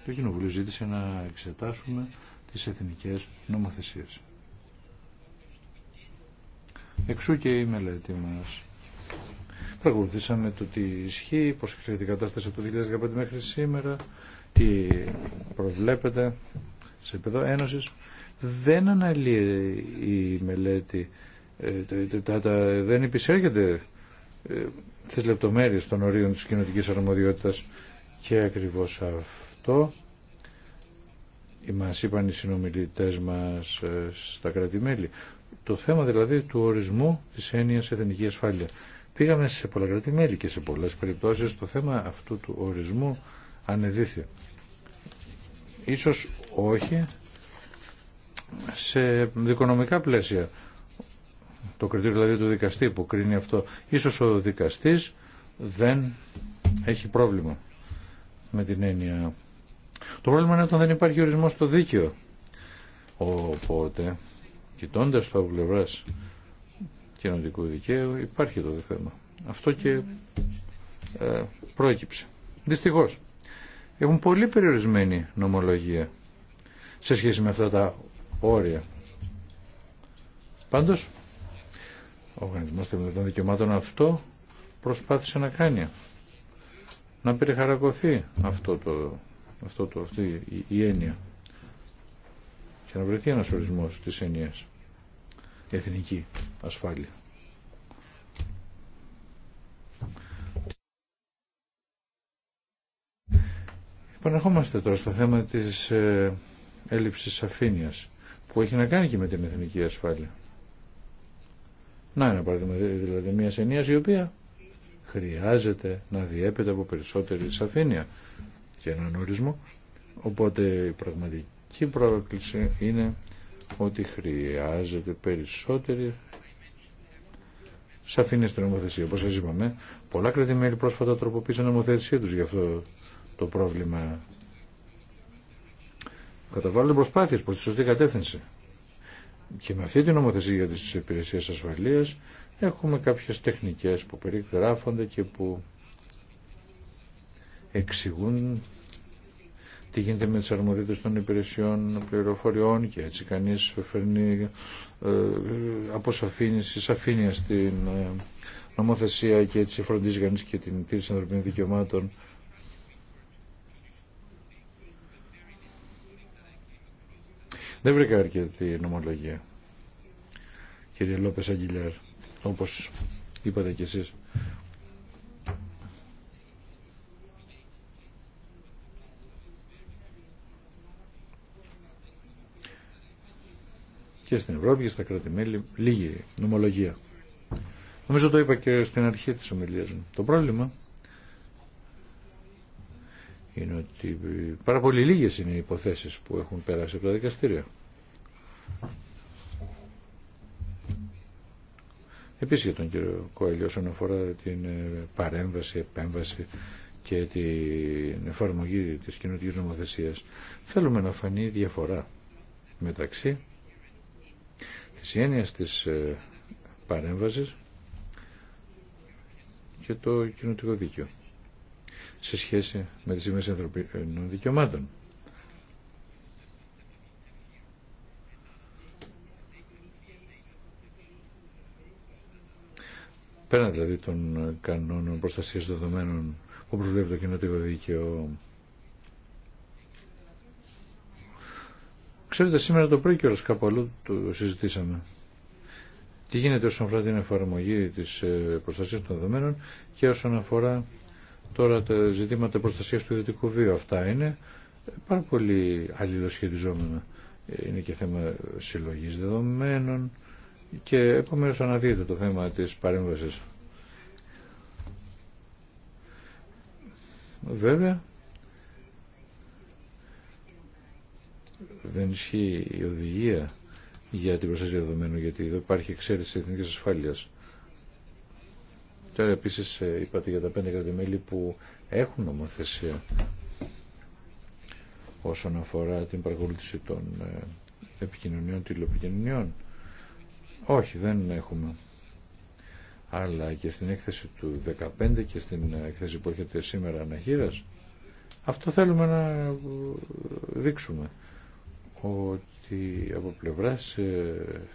Το Κοινοβούλιο ζήτησε να εξετάσουμε τις εθνικές νομοθεσίες. Εξού και η μελέτη μας. Παρακολουθήσαμε το τι ισχύει, πώς εξελίχθηκε η κατάσταση από το 2015 μέχρι σήμερα, τι προβλέπεται σε επίπεδο ένωσης. Δεν αναλύει η μελέτη, ε, τα, τα, τα, δεν υπησέρχεται ε, τις λεπτομέρειες των ορίων της κοινωτικής αρμοδιότητας και ακριβώς αυτό μας είπαν οι συνομιλητές μας ε, στα κρατημέλη. Το θέμα δηλαδή του ορισμού της έννοιας εθνική ασφάλεια. Πήγαμε σε πολλά κρατημέλη και σε πολλές περιπτώσεις το θέμα αυτού του ορισμού ανεδίθη. Ίσως όχι σε δικονομικά πλαίσια το κριτήριο δηλαδή του δικαστή που κρίνει αυτό. Ίσως ο δικαστής δεν έχει πρόβλημα με την έννοια. Το πρόβλημα είναι όταν δεν υπάρχει ορισμό στο δίκαιο. Οπότε, κοιτώντα το από πλευρά κοινωνικού δικαίου, υπάρχει το θέμα. Αυτό και ε, πρόκυψε. Δυστυχώ. Έχουν πολύ περιορισμένη νομολογία σε σχέση με αυτά τα όρια. Πάντως, Οργανισμός των Δικαιωμάτων αυτό προσπάθησε να κάνει. Να περιχαρακωθεί αυτό το, αυτό το, αυτή η έννοια και να βρεθεί ένας ορισμός της έννοιας εθνική ασφάλεια. Επαναρχόμαστε τώρα στο θέμα της ε, έλλειψης αφήνειας που έχει να κάνει και με την εθνική ασφάλεια. Να είναι παράδειγμα δηλαδή μια ενία η οποία χρειάζεται να διέπεται από περισσότερη σαφήνεια και έναν ορισμό. Οπότε η πραγματική πρόκληση είναι ότι χρειάζεται περισσότερη σαφήνεια στην νομοθεσία. Όπω σα είπαμε, πολλά μέλη πρόσφατα τροποποίησαν νομοθεσία τους για αυτό το πρόβλημα. Καταβάλλονται προσπάθειες προς τη σωστή κατεύθυνση. Και με αυτή την νομοθεσία για τις υπηρεσίες ασφαλείας έχουμε κάποιες τεχνικές που περιγράφονται και που εξηγούν τι γίνεται με τις αρμοδίτες των υπηρεσιών πληροφοριών και έτσι κανείς φέρνει ε, αποσαφήνιση, σαφήνεια στην ε, νομοθεσία και έτσι φροντίζει κανείς και την τήρηση ανθρωπίνων δικαιωμάτων Δεν βρήκα αρκετή νομολογία. Κύριε Λόπες Αγγιλιάρ, όπως είπατε κι εσείς. Και στην Ευρώπη και στα κράτη-μέλη λίγη νομολογία. Νομίζω το είπα και στην αρχή της ομιλίας μου. Το πρόβλημα είναι ότι πάρα πολύ λίγες είναι οι υποθέσεις που έχουν περάσει από τα δικαστήρια. Επίσης για τον κύριο Κοέλιο όσον αφορά την ε, παρέμβαση, επέμβαση και την εφαρμογή της κοινωτικής νομοθεσίας θέλουμε να φανεί διαφορά μεταξύ της έννοιας της ε, παρέμβασης και το κοινωτικό δίκαιο σε σχέση με τις σημείες ανθρωπίνων δικαιωμάτων. Πέραν δηλαδή των κανόνων προστασίας δεδομένων που προβλέπει το κοινωτικό δίκαιο. Ξέρετε, σήμερα το πρωί κιόλας κάπου αλλού το συζητήσαμε. Τι γίνεται όσον αφορά την εφαρμογή της ε, προστασίας των δεδομένων και όσον αφορά Τώρα τα ζητήματα προστασίας του ιδιωτικού βίου αυτά είναι πάρα πολύ αλληλοσχετιζόμενα. Είναι και θέμα συλλογή δεδομένων και επόμενος αναδύεται το θέμα της παρέμβασης. Βέβαια, δεν ισχύει η οδηγία για την προστασία δεδομένων, γιατί εδώ υπάρχει εξαίρεση εθνικής ασφάλειας. Τώρα επίση ε, είπατε για τα πέντε κρατημέλη που έχουν νομοθεσία όσον αφορά την παρακολούθηση των ε, επικοινωνιών, τηλεπικοινωνιών. Όχι, δεν έχουμε. Αλλά και στην έκθεση του 15 και στην ε, έκθεση που έχετε σήμερα αναχείρα, αυτό θέλουμε να δείξουμε. Ότι από πλευράς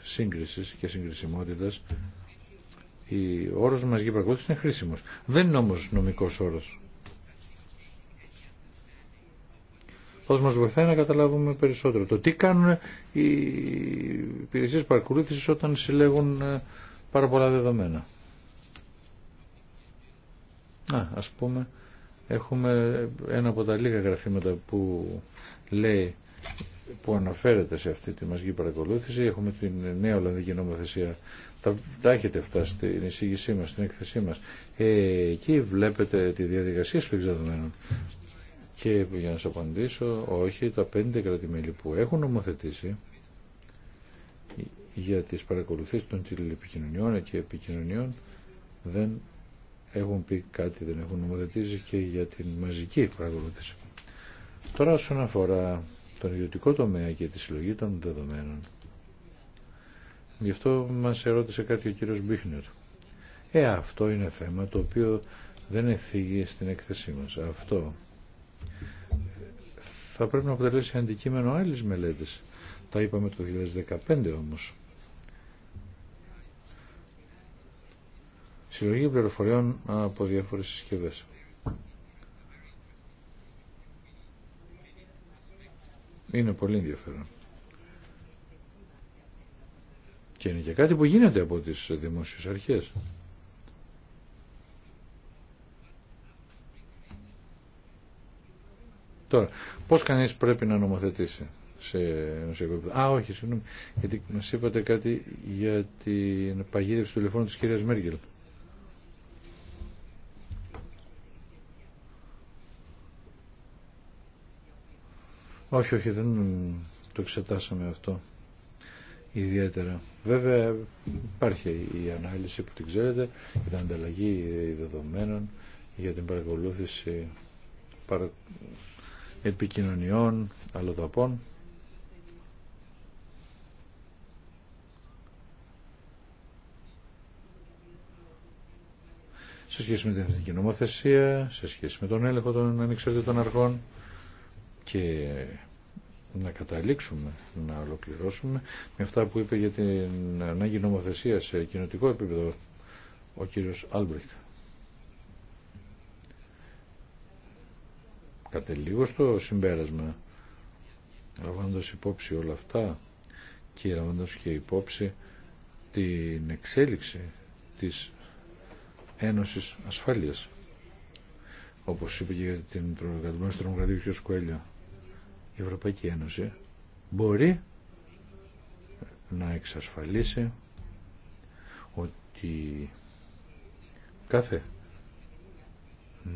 σύγκρισης και συγκρισιμότητας ο όρος μας για παρακολούθηση είναι χρήσιμος. Δεν είναι όμως νομικός όρος. Όσο μας βοηθάει να καταλάβουμε περισσότερο. Το τι κάνουν οι υπηρεσίες παρακολούθησης όταν συλλέγουν ε, πάρα πολλά δεδομένα. Α, ας πούμε, έχουμε ένα από τα λίγα γραφήματα που λέει που αναφέρεται σε αυτή τη μαζική παρακολούθηση. Έχουμε την νέα Ολλανδική νομοθεσία τα, τα έχετε αυτά στην εισήγησή μας, στην έκθεσή μας. Ε, εκεί βλέπετε τη διαδικασία στους εξεδομένων. Και για να σας απαντήσω, όχι, τα πέντε κρατημέλη που έχουν νομοθετήσει για τις παρακολουθήσεις των τηλεπικοινωνιών και επικοινωνιών δεν έχουν πει κάτι, δεν έχουν νομοθετήσει και για την μαζική παρακολούθηση. Τώρα όσον αφορά τον ιδιωτικό τομέα και τη συλλογή των δεδομένων Γι' αυτό μας ερώτησε κάτι ο κύριος Μπίχνερ. Ε, αυτό είναι θέμα το οποίο δεν εφήγει στην έκθεσή μας. Αυτό θα πρέπει να αποτελέσει αντικείμενο άλλης μελέτης. Τα είπαμε το 2015 όμως. Συλλογή πληροφοριών από διάφορες συσκευές. Είναι πολύ ενδιαφέρον. Και είναι και κάτι που γίνεται από τις δημόσιες αρχές. Τώρα, πώς κανείς πρέπει να νομοθετήσει σε νοσιακό επίπεδο. Α, όχι, συγγνώμη, γιατί μας είπατε κάτι για την παγίδευση του τηλεφώνου της κυρίας Μέρκελ. Όχι, όχι, δεν το εξετάσαμε αυτό ιδιαίτερα. Βέβαια υπάρχει η ανάλυση που την ξέρετε για την ανταλλαγή δεδομένων, για την παρακολούθηση επικοινωνιών, αλλοδαπών. σε σχέση με την εθνική νομοθεσία, σε σχέση με τον έλεγχο των ανεξαρτήτων αργών και να καταλήξουμε, να ολοκληρώσουμε με αυτά που είπε για την ανάγκη νομοθεσία σε κοινωτικό επίπεδο ο κύριος Άλμπριχτ. Κατελήγω στο συμπέρασμα, λαμβάνοντα υπόψη όλα αυτά και λαμβάνοντα και υπόψη την εξέλιξη της Ένωσης Ασφάλειας όπως είπε και για την τρομοκρατία του ο κ η Ευρωπαϊκή Ένωση μπορεί να εξασφαλίσει ότι κάθε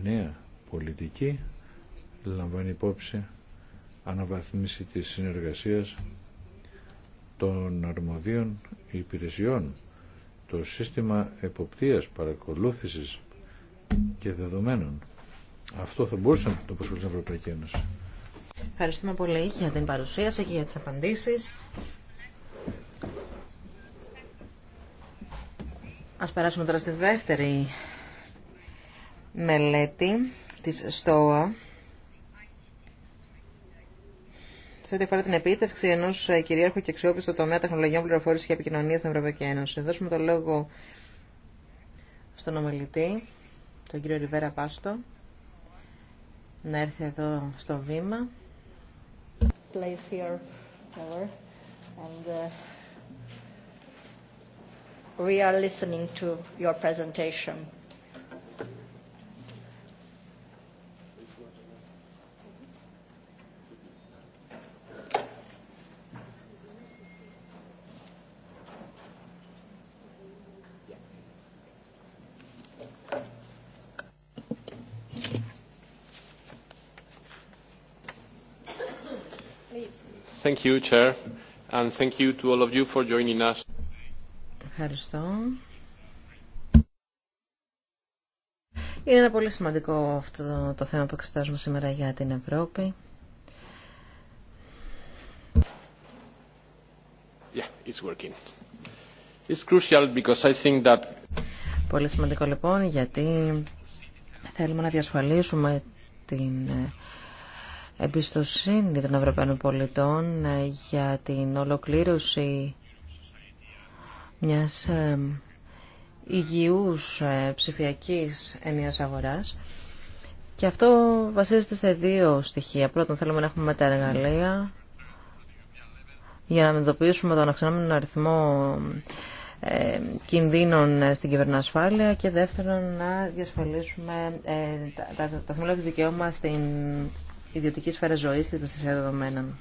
νέα πολιτική λαμβάνει υπόψη αναβαθμίση της συνεργασίας των αρμοδίων υπηρεσιών το σύστημα εποπτείας, παρακολούθησης και δεδομένων. Αυτό θα μπορούσε να το προσφέρει η Ευρωπαϊκή Ένωση. Ευχαριστούμε πολύ για την παρουσίαση και για τις απαντήσεις. Ας περάσουμε τώρα στη δεύτερη μελέτη της ΣΤΟΑ σε ό,τι αφορά την επίτευξη ενό ε, κυρίαρχου και αξιόπιστου τομέα τεχνολογιών πληροφόρηση και επικοινωνία στην Ευρωπαϊκή Ένωση. Θα δώσουμε το λόγο στον ομιλητή, τον κύριο Ριβέρα Πάστο, να έρθει εδώ στο βήμα place here ever. And we are listening to your presentation. Thank you, Chair, and thank you to all of you for joining us. Ευχαριστώ. Είναι ένα πολύ σημαντικό αυτό το θέμα που εξετάζουμε σήμερα για την Ευρώπη. Yeah, it's working. It's crucial because I think that... Πολύ σημαντικό λοιπόν γιατί θέλουμε να διασφαλίσουμε την εμπιστοσύνη των Ευρωπαίων πολιτών ε, για την ολοκλήρωση μιας ε, υγιούς ε, ψηφιακής ενίας αγοράς. Και αυτό βασίζεται σε δύο στοιχεία. Πρώτον, θέλουμε να έχουμε τα εργαλεία για να αντιμετωπίσουμε τον αυξανόμενο αριθμό κινδύνων στην κυβερνοασφάλεια και δεύτερον να διασφαλίσουμε τα θεμελιώδη δικαίωμα στην ιδιωτική σφαίρα ζωής και την προστασία δεδομένων.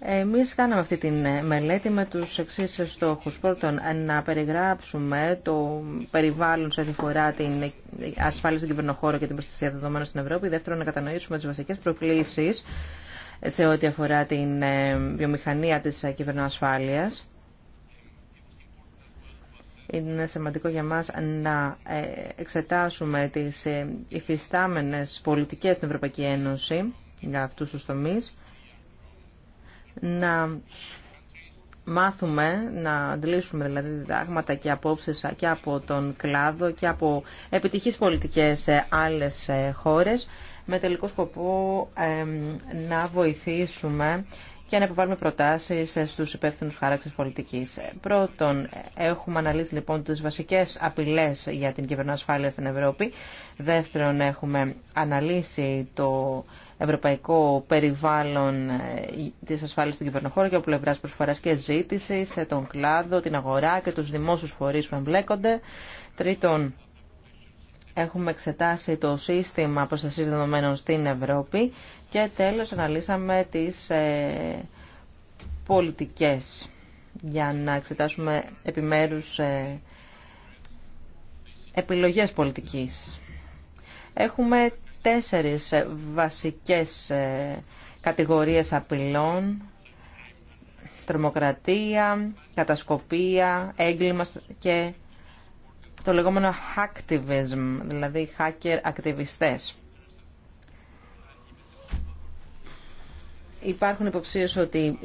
Εμείς κάναμε αυτή τη ε, μελέτη με τους εξής στόχους. Πρώτον, να περιγράψουμε το περιβάλλον σε ό,τι αφορά την ασφάλεια στον κυβερνοχώρο και την προστασία δεδομένων στην Ευρώπη. Δεύτερον, να κατανοήσουμε τις βασικές προκλήσεις σε ό,τι αφορά την ε, βιομηχανία της ε, κυβερνοασφάλειας. Είναι σημαντικό για μας να ε, εξετάσουμε τις ε, υφιστάμενες πολιτικές στην Ευρωπαϊκή Ένωση για αυτούς τους τομείς, να μάθουμε, να αντλήσουμε δηλαδή διδάγματα και απόψεις και από τον κλάδο και από επιτυχείς πολιτικές σε άλλες ε, χώρες με τελικό σκοπό να βοηθήσουμε και να επιβάλλουμε προτάσει ε, στου υπεύθυνου χάραξης πολιτική. Ε, πρώτον, ε, έχουμε αναλύσει λοιπόν τι βασικέ απειλές για την ασφάλεια στην Ευρώπη. Δεύτερον, έχουμε αναλύσει το ευρωπαϊκό περιβάλλον τη ασφάλεια στην κυβερνοχώρα και από πλευρά προσφορά και ζήτηση σε τον κλάδο, την αγορά και του δημόσιου φορεί που εμπλέκονται. Τρίτον, έχουμε εξετάσει το σύστημα προστασία δεδομένων στην Ευρώπη και τέλος αναλύσαμε τις ε, πολιτικές για να εξετάσουμε επιμέρους ε, επιλογές πολιτικής. Έχουμε τέσσερις βασικές ε, κατηγορίες απειλών. Τρομοκρατία, κατασκοπία, έγκλημα και το λεγόμενο hacktivism, δηλαδή hacker ακτιβιστές. Υπάρχουν υποψίες ότι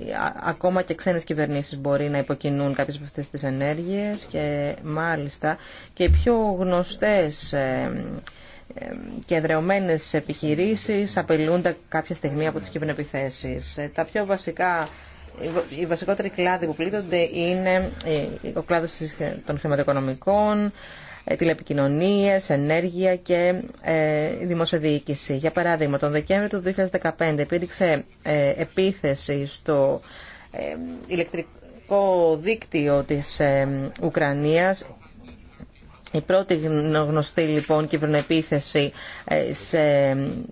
ακόμα και ξένες κυβερνήσεις μπορεί να υποκινούν κάποιες από αυτές τις ενέργειες και μάλιστα και οι πιο γνωστές και εδρεωμένες επιχειρήσεις απειλούνται κάποια στιγμή από τις κυβερνοεπιθέσεις. Ε, τα πιο βασικά οι βασικότεροι κλάδοι που πλήττονται είναι ε, ο κλάδος ε, των χρηματοοικονομικών, ε, τηλεπικοινωνίες, ενέργεια και ε, δημοσιοδιοίκηση. Για παράδειγμα, τον Δεκέμβριο του 2015 υπήρξε ε, επίθεση στο ηλεκτρικό δίκτυο της Ουκρανίας η πρώτη γνωστή λοιπόν κυβερνοεπίθεση σε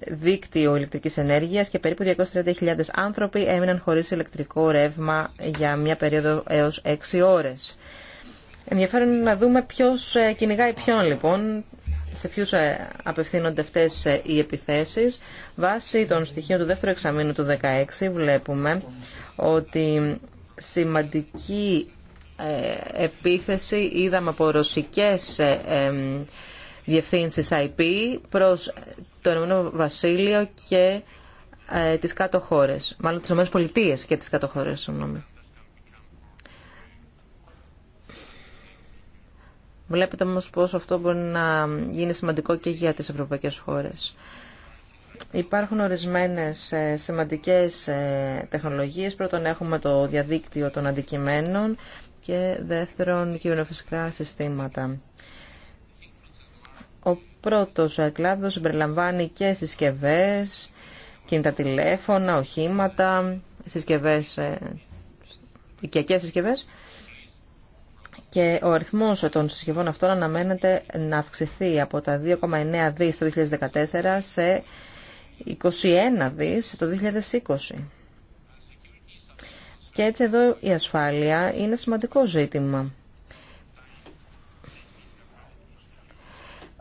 δίκτυο ηλεκτρικής ενέργειας και περίπου 230.000 άνθρωποι έμειναν χωρίς ηλεκτρικό ρεύμα για μια περίοδο έως 6 ώρες. Ενδιαφέρον είναι να δούμε ποιο ε, κυνηγάει ποιον λοιπόν, σε ποιου ε, απευθύνονται αυτές ε, οι επιθέσεις. Βάσει των στοιχείων του δεύτερου εξαμήνου του 2016 βλέπουμε ότι σημαντική επίθεση είδαμε από ρωσικές διευθύνσεις IP προς το Ηνωμένο Βασίλειο και τις κάτω χώρε, μάλλον τις ΗΠΑ και τις κάτω χώρες, συγγνώμη. Βλέπετε όμως πως αυτό μπορεί να γίνει σημαντικό και για τις ευρωπαϊκές χώρες. Υπάρχουν ορισμένες ε, σημαντικές ε, τεχνολογίες. Πρώτον έχουμε το διαδίκτυο των αντικειμένων και δεύτερον κυβερνοφυσικά συστήματα. Ο πρώτος κλάδος συμπεριλαμβάνει και συσκευές, κινητά τηλέφωνα, οχήματα, συσκευές, ε, οικιακές συσκευές και ο αριθμό των συσκευών αυτών αναμένεται να αυξηθεί από τα 2,9 δις το 2014 σε 21 δις το 2020. Και έτσι εδώ η ασφάλεια είναι σημαντικό ζήτημα.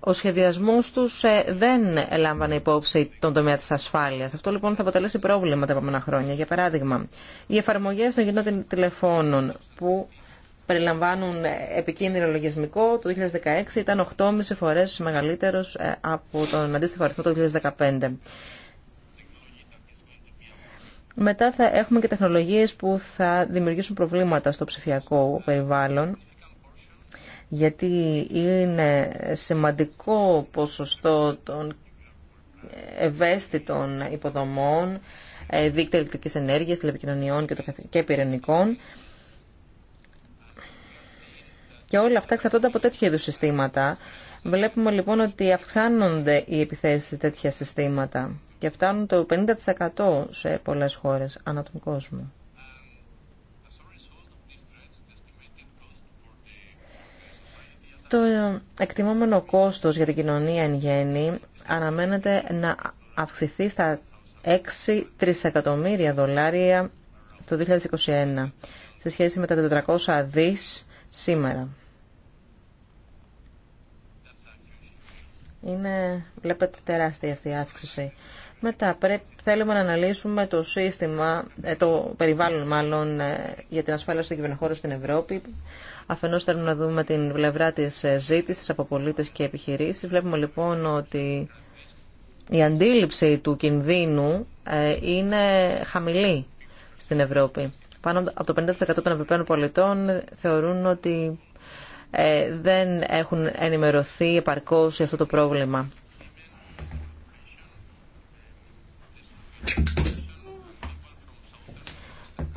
Ο σχεδιασμός τους ε, δεν ελάμβανε υπόψη τον τομέα της ασφάλειας. Αυτό λοιπόν θα αποτελέσει πρόβλημα τα επόμενα χρόνια. Για παράδειγμα, οι εφαρμογές των γεννών τηλεφώνων που περιλαμβάνουν ε, επικίνδυνο λογισμικό. Το 2016 ήταν 8,5 φορές μεγαλύτερος ε, από τον αντίστοιχο αριθμό το 2015. Μετά θα έχουμε και τεχνολογίες που θα δημιουργήσουν προβλήματα στο ψηφιακό περιβάλλον γιατί είναι σημαντικό ποσοστό των ευαίσθητων υποδομών, ε, δίκτυα ηλεκτρικής ενέργειας, τηλεπικοινωνιών και πυρηνικών και όλα αυτά εξαρτώνται από τέτοιου είδου συστήματα. Βλέπουμε λοιπόν ότι αυξάνονται οι επιθέσεις σε τέτοια συστήματα και φτάνουν το 50% σε πολλές χώρες ανά τον κόσμο. Το εκτιμόμενο κόστος για την κοινωνία εν γέννη αναμένεται να αυξηθεί στα 6 τρισεκατομμύρια δολάρια το 2021 σε σχέση με τα 400 δις σήμερα. Είναι, βλέπετε, τεράστια αυτή η αύξηση. Μετά πρέπει, θέλουμε να αναλύσουμε το σύστημα, ε, το περιβάλλον μάλλον ε, για την ασφάλεια στον κυβερνοχώρο στην Ευρώπη. Αφενός θέλουμε να δούμε την πλευρά της ε, ζήτησης από πολίτες και επιχειρήσεις. Βλέπουμε λοιπόν ότι η αντίληψη του κινδύνου είναι χαμηλή στην Ευρώπη πάνω από το 50% των Ευρωπαίων πολιτών θεωρούν ότι ε, δεν έχουν ενημερωθεί επαρκώς για αυτό το πρόβλημα.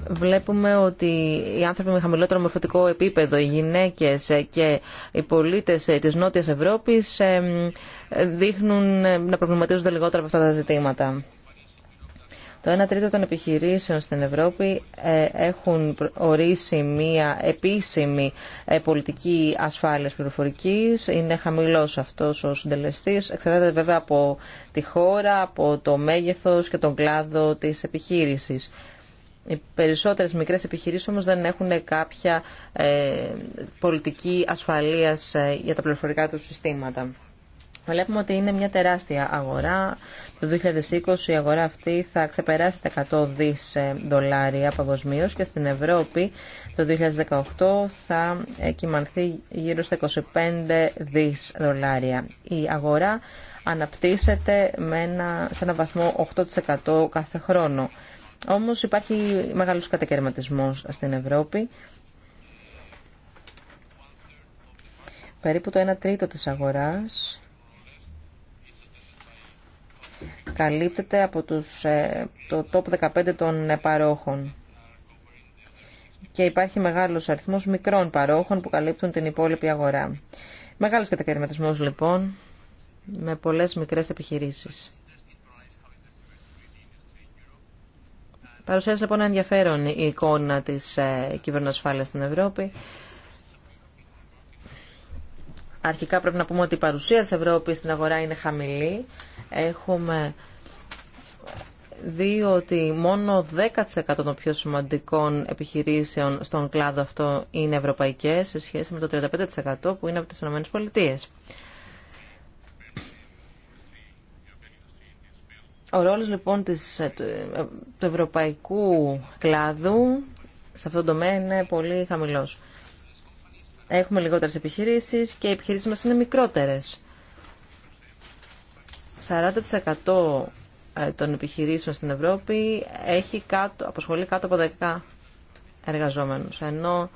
Βλέπουμε ότι οι άνθρωποι με χαμηλότερο μορφωτικό επίπεδο, οι γυναίκες και οι πολίτες της Νότιας Ευρώπης ε, δείχνουν ε, να προβληματίζονται λιγότερο από αυτά τα ζητήματα. Το 1 τρίτο των επιχειρήσεων στην Ευρώπη ε, έχουν ορίσει μία επίσημη ε, πολιτική ασφάλειας πληροφορική. Είναι χαμηλό αυτός ο συντελεστή, Εξαρτάται βέβαια από τη χώρα, από το μέγεθο και τον κλάδο της επιχείρηση. Οι περισσότερε μικρέ επιχειρήσει όμω δεν έχουν κάποια ε, πολιτική ασφαλείας για τα πληροφορικά του συστήματα. Βλέπουμε ότι είναι μια τεράστια αγορά. Το 2020 η αγορά αυτή θα ξεπεράσει τα 100 δις ε, δολάρια παγκοσμίω και στην Ευρώπη το 2018 θα κυμανθεί γύρω στα 25 δις δολάρια. Η αγορά αναπτύσσεται με ένα, σε ένα βαθμό 8% κάθε χρόνο. Όμως υπάρχει μεγάλος κατακαιρματισμός στην Ευρώπη. Περίπου το 1 τρίτο της αγοράς καλύπτεται από τους, ε, το top 15 των ε, παρόχων. Και υπάρχει μεγάλος αριθμός μικρών παρόχων που καλύπτουν την υπόλοιπη αγορά. Μεγάλος κατακαιρματισμός λοιπόν, με πολλές μικρές επιχειρήσεις. Παρουσιάζει λοιπόν ενδιαφέρον η εικόνα της ε, κυβερνοασφάλειας στην Ευρώπη. Αρχικά πρέπει να πούμε ότι η παρουσία της Ευρώπης στην αγορά είναι χαμηλή. Έχουμε δει ότι μόνο 10% των πιο σημαντικών επιχειρήσεων στον κλάδο αυτό είναι ευρωπαϊκές σε σχέση με το 35% που είναι από τις ΗΠΑ. Ο ρόλος λοιπόν της, ε, ε, του ευρωπαϊκού κλάδου σε αυτό το τομέα είναι πολύ χαμηλός έχουμε λιγότερες επιχειρήσεις και οι επιχειρήσεις μας είναι μικρότερες. 40% ε, των επιχειρήσεων στην Ευρώπη έχει κάτω, κάτω από 10 εργαζόμενους, ενώ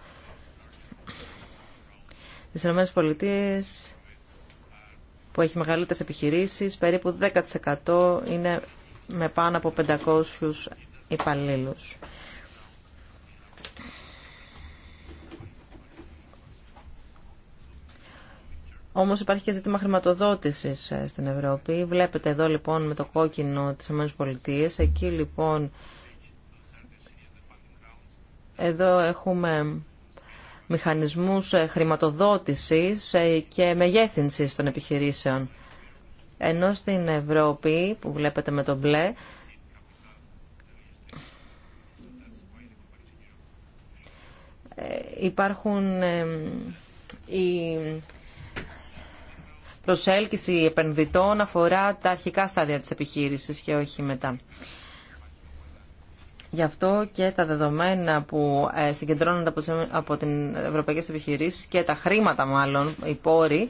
στις ΗΠΑ που έχει μεγαλύτερες επιχειρήσεις, περίπου 10% είναι με πάνω από 500 υπαλλήλους. Όμω υπάρχει και ζήτημα χρηματοδότηση ε, στην Ευρώπη. Βλέπετε εδώ λοιπόν με το κόκκινο τι ΗΠΑ. Εκεί λοιπόν εδώ έχουμε μηχανισμούς ε, χρηματοδότησης ε, και μεγέθυνσης των επιχειρήσεων. Ενώ στην Ευρώπη, που βλέπετε με το μπλε, υπάρχουν οι προσέλκυση επενδυτών αφορά τα αρχικά στάδια της επιχείρησης και όχι μετά. Γι' αυτό και τα δεδομένα που ε, συγκεντρώνονται από την Ευρωπαϊκή Επιχειρήση και τα χρήματα μάλλον, οι πόροι,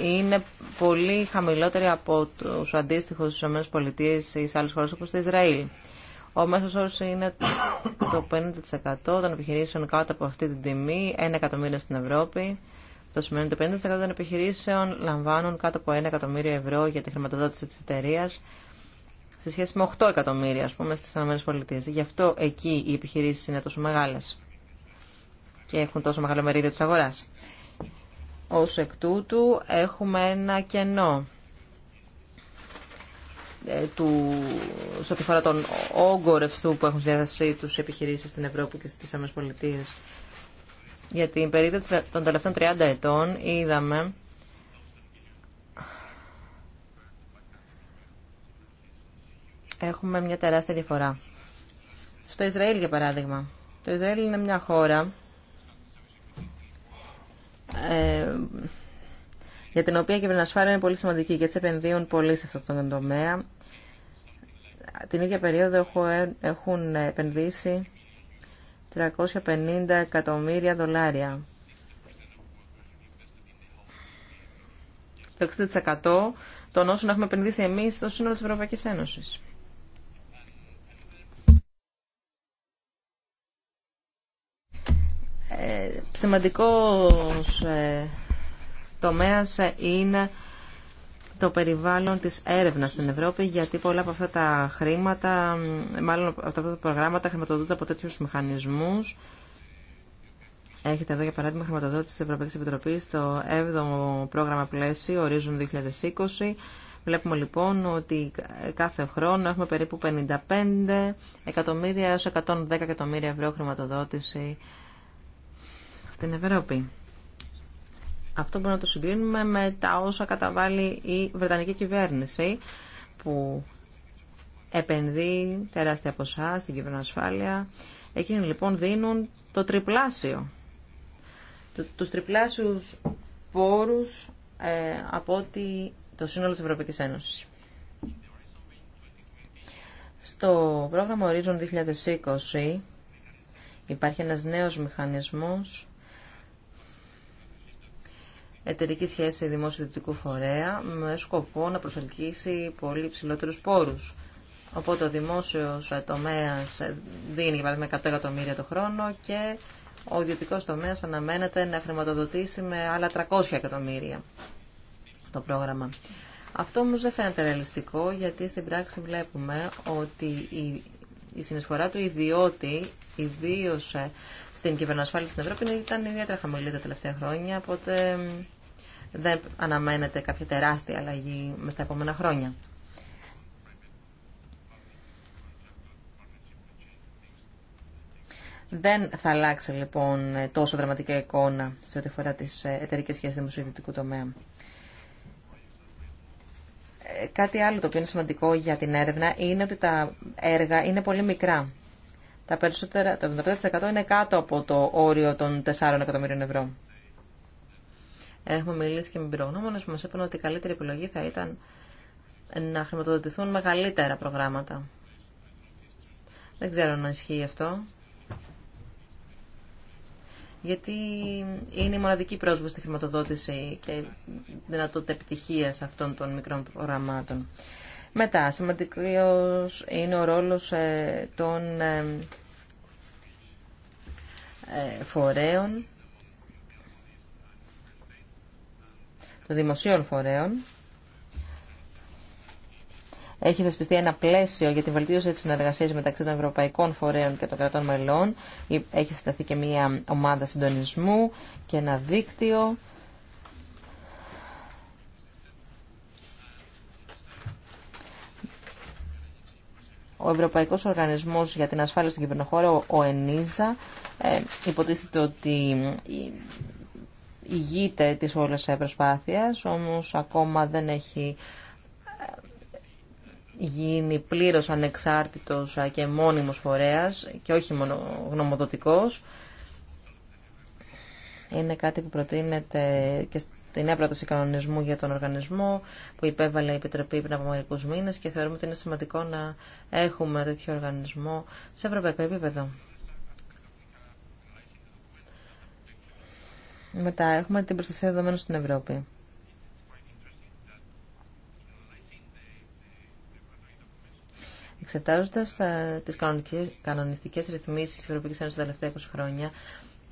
ε, είναι πολύ χαμηλότεροι από τους αντίστοιχους στις ΗΠΑ ή σε άλλες χώρες όπως το Ισραήλ. Ο μέσο όρο είναι το 50% των επιχειρήσεων κάτω από αυτή την τιμή, 1 εκατομμύριο στην Ευρώπη, το σημαίνει ότι 50% των επιχειρήσεων λαμβάνουν κάτω από 1 εκατομμύριο ευρώ για τη χρηματοδότηση τη εταιρεία σε σχέση με 8 εκατομμύρια, α πούμε, στι ΗΠΑ. Γι' αυτό εκεί οι επιχειρήσει είναι τόσο μεγάλε και έχουν τόσο μεγάλο μερίδιο τη αγορά. Ω εκ τούτου έχουμε ένα κενό ε, του, σε ό,τι φορά τον όγκο ρευστού που έχουν στη διάθεσή του επιχειρήσει στην Ευρώπη και στι ΗΠΑ για την περίοδο των τελευταίων 30 ετών είδαμε έχουμε μια τεράστια διαφορά. Στο Ισραήλ, για παράδειγμα. Το Ισραήλ είναι μια χώρα ε, για την οποία η κυβερνασφάλεια είναι πολύ σημαντική και έτσι επενδύουν πολύ σε αυτόν τον τομέα. Την ίδια περίοδο ε, έχουν επενδύσει 350 εκατομμύρια δολάρια. Το 60% των όσων έχουμε επενδύσει εμείς στο σύνολο της Ευρωπαϊκής Ένωσης. Ε, σημαντικός ε, τομέας είναι το περιβάλλον της έρευνας στην Ευρώπη, γιατί πολλά από αυτά τα χρήματα, μάλλον από αυτά τα προγράμματα χρηματοδοτούνται από τέτοιους μηχανισμούς. Έχετε εδώ για παράδειγμα χρηματοδότηση της Ευρωπαϊκής Επιτροπής στο 7ο πρόγραμμα πλαίσιο, ορίζον 2020. Βλέπουμε λοιπόν ότι κάθε χρόνο έχουμε περίπου 55 εκατομμύρια έως 110 εκατομμύρια ευρώ χρηματοδότηση στην Ευρώπη. Αυτό μπορούμε να το συγκρίνουμε με τα όσα καταβάλει η Βρετανική κυβέρνηση που επενδύει τεράστια ποσά στην ασφάλεια, Εκείνοι λοιπόν δίνουν το τριπλάσιο, τους τριπλάσιους πόρους ε, από το σύνολο της Ευρωπαϊκής Ένωσης. Στο πρόγραμμα Horizon 2020 υπάρχει ένας νέος μηχανισμός εταιρική σχέση δημόσιο-δυτικού φορέα με σκοπό να προσελκύσει πολύ ψηλότερους πόρους. Οπότε ο δημόσιο τομέα δίνει για παράδειγμα 100 εκατομμύρια το χρόνο και ο ιδιωτικό τομέα αναμένεται να χρηματοδοτήσει με άλλα 300 εκατομμύρια το πρόγραμμα. Αυτό όμω δεν φαίνεται ρεαλιστικό γιατί στην πράξη βλέπουμε ότι η, η συνεισφορά του ιδιώτη, ιδίω ε, στην κυβερνοασφάλιση στην Ευρώπη, ήταν ιδιαίτερα χαμηλή τα τελευταία χρόνια. Οπότε δεν αναμένεται κάποια τεράστια αλλαγή με στα επόμενα χρόνια. Δεν θα αλλάξει λοιπόν τόσο δραματικά εικόνα σε ό,τι αφορά τις ε, εταιρικέ σχέσεις δημοσιοδητικού τομέα. Ε, κάτι άλλο το οποίο είναι σημαντικό για την έρευνα είναι ότι τα έργα είναι πολύ μικρά. Τα περισσότερα, το 75% είναι κάτω από το όριο των 4 εκατομμύριων ευρώ. Έχουμε μιλήσει και με πυρογνώμονε που μα είπαν ότι η καλύτερη επιλογή θα ήταν να χρηματοδοτηθούν μεγαλύτερα προγράμματα. Δεν ξέρω να ισχύει αυτό. Γιατί είναι η μοναδική πρόσβαση στη χρηματοδότηση και δυνατότητα επιτυχία αυτών των μικρών προγραμμάτων. Μετά, σημαντικό είναι ο ρόλος ε, των ε, ε, φορέων των δημοσίων φορέων. Έχει θεσπιστεί ένα πλαίσιο για τη βελτίωση της συνεργασία μεταξύ των ευρωπαϊκών φορέων και των κρατών μελών. Έχει συσταθεί και μια ομάδα συντονισμού και ένα δίκτυο. Ο Ευρωπαϊκός Οργανισμός για την Ασφάλεια στον Κυβερνοχώρο, ο ΕΝΙΖΑ, ε, υποτίθεται ότι ηγείται της όλας προσπάθειας, όμως ακόμα δεν έχει ε, γίνει πλήρως ανεξάρτητος ε, και μόνιμος φορέας και όχι μόνο γνωμοδοτικός. Είναι κάτι που προτείνεται και στην νέα πρόταση κανονισμού για τον οργανισμό που υπέβαλε η Επιτροπή πριν από μερικού μήνε και θεωρούμε ότι είναι σημαντικό να έχουμε τέτοιο οργανισμό σε ευρωπαϊκό επίπεδο. Μετά έχουμε την προστασία δεδομένων στην Ευρώπη. Εξετάζοντα τι κανονιστικέ ρυθμίσει τη Ευρωπαϊκή Ένωση τα τελευταία 20 χρόνια,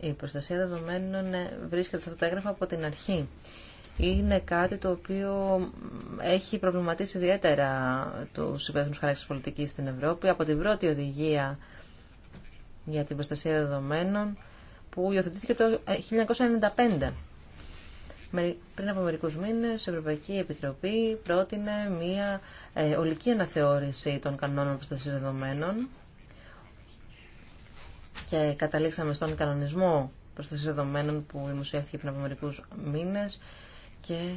η προστασία δεδομένων ε, βρίσκεται σε αυτό το έγγραφο από την αρχή. Είναι κάτι το οποίο έχει προβληματίσει ιδιαίτερα του υπεύθυνου χαράξη πολιτική στην Ευρώπη. Από την πρώτη οδηγία για την προστασία δεδομένων που υιοθετήθηκε το 1995. Ε, πριν από μερικούς μήνες, η Ευρωπαϊκή Επιτροπή πρότεινε μία ε, ολική αναθεώρηση των κανόνων προστασίας δεδομένων και καταλήξαμε στον κανονισμό προστασίας δεδομένων που δημοσιεύθηκε πριν από μερικούς μήνες και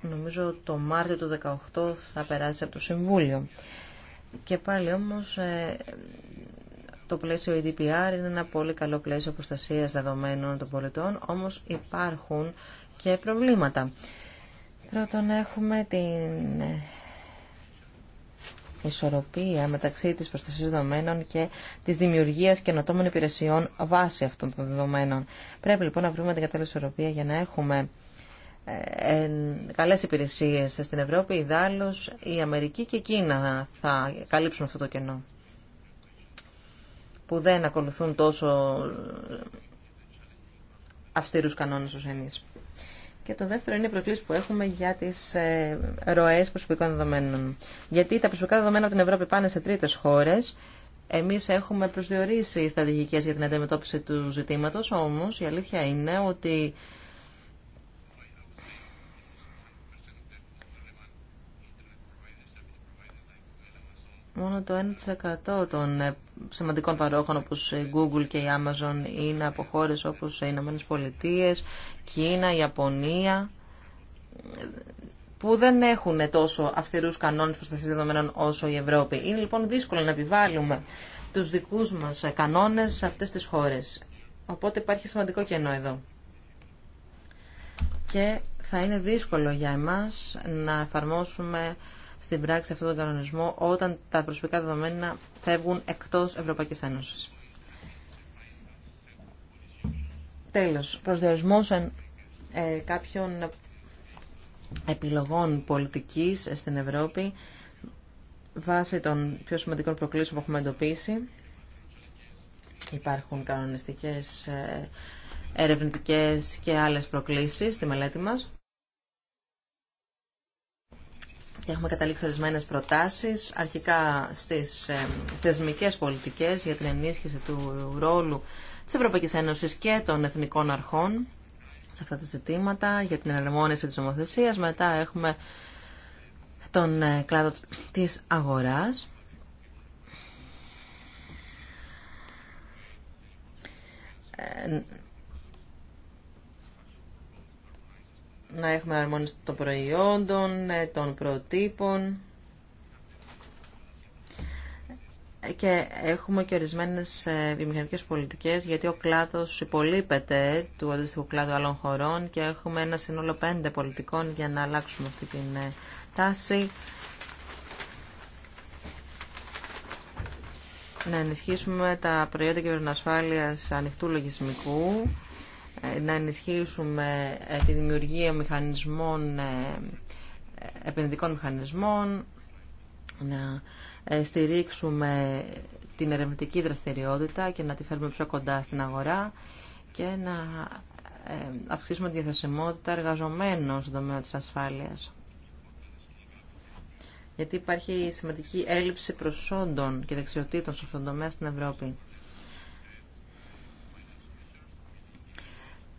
νομίζω το Μάρτιο του 2018 θα περάσει από το Συμβούλιο. Και πάλι όμως ε, το πλαίσιο EDPR είναι ένα πολύ καλό πλαίσιο προστασίας δεδομένων των πολιτών, όμως υπάρχουν και προβλήματα. Πρώτον έχουμε την ισορροπία μεταξύ της προστασίας δεδομένων και της δημιουργίας καινοτόμων υπηρεσιών βάσει αυτών των δεδομένων. Πρέπει λοιπόν να βρούμε την κατάλληλη ισορροπία για να έχουμε ε, καλές υπηρεσίες στην Ευρώπη, η η Αμερική και η Κίνα θα καλύψουν αυτό το κενό που δεν ακολουθούν τόσο αυστηρούς κανόνες ως εμείς. Και το δεύτερο είναι η προκλήση που έχουμε για τι ε, ροέ προσωπικών δεδομένων. Γιατί τα προσωπικά δεδομένα από την Ευρώπη πάνε σε τρίτε χώρε. Εμεί έχουμε προσδιορίσει στρατηγικέ για την αντιμετώπιση του ζητήματο, όμω η αλήθεια είναι ότι μόνο το 1% των ε, σημαντικών παρόχων όπως η Google και η Amazon είναι από χώρες όπως οι Ηνωμένε Πολιτείε, Κίνα, Ιαπωνία που δεν έχουν τόσο αυστηρούς κανόνες προστασίας δεδομένων όσο η Ευρώπη. Είναι λοιπόν δύσκολο να επιβάλλουμε τους δικούς μας κανόνες σε αυτές τις χώρες. Οπότε υπάρχει σημαντικό κενό εδώ. Και θα είναι δύσκολο για εμάς να εφαρμόσουμε στην πράξη αυτόν τον κανονισμό όταν τα προσωπικά δεδομένα φεύγουν εκτός Ευρωπαϊκής Ένωσης. Τέλος, προσδιορισμός ε, κάποιων επιλογών πολιτικής στην Ευρώπη βάσει των πιο σημαντικών προκλήσεων που έχουμε εντοπίσει. Υπάρχουν κανονιστικές, ε, ερευνητικές και άλλες προκλήσεις στη μελέτη μας έχουμε καταλήξει ορισμένε προτάσει. αρχικά στις ε, θεσμικές πολιτικές για την ενίσχυση του ρόλου τη Ευρωπαϊκή Ένωση και των εθνικών αρχών σε αυτά τα ζητήματα, για την εναρμόνιση της νομοθεσία. Μετά έχουμε τον ε, κλάδο της αγοράς. Ε, να έχουμε αρμόνιση των προϊόντων, ναι, των προτύπων και έχουμε και ορισμένες ε, βιομηχανικές πολιτικές γιατί ο κλάδος υπολείπεται του αντίστοιχου κλάδου άλλων χωρών και έχουμε ένα σύνολο πέντε πολιτικών για να αλλάξουμε αυτή την ε, τάση. Να ενισχύσουμε τα προϊόντα κυβερνοασφάλειας ανοιχτού λογισμικού να ενισχύσουμε ε, τη δημιουργία μηχανισμών, ε, επενδυτικών μηχανισμών, να ε, στηρίξουμε την ερευνητική δραστηριότητα και να τη φέρουμε πιο κοντά στην αγορά και να αυξήσουμε τη διαθεσιμότητα εργαζομένων στον τομέα της ασφάλειας. Γιατί υπάρχει σημαντική έλλειψη προσόντων και δεξιοτήτων σε αυτόν τον τομέα στην Ευρώπη.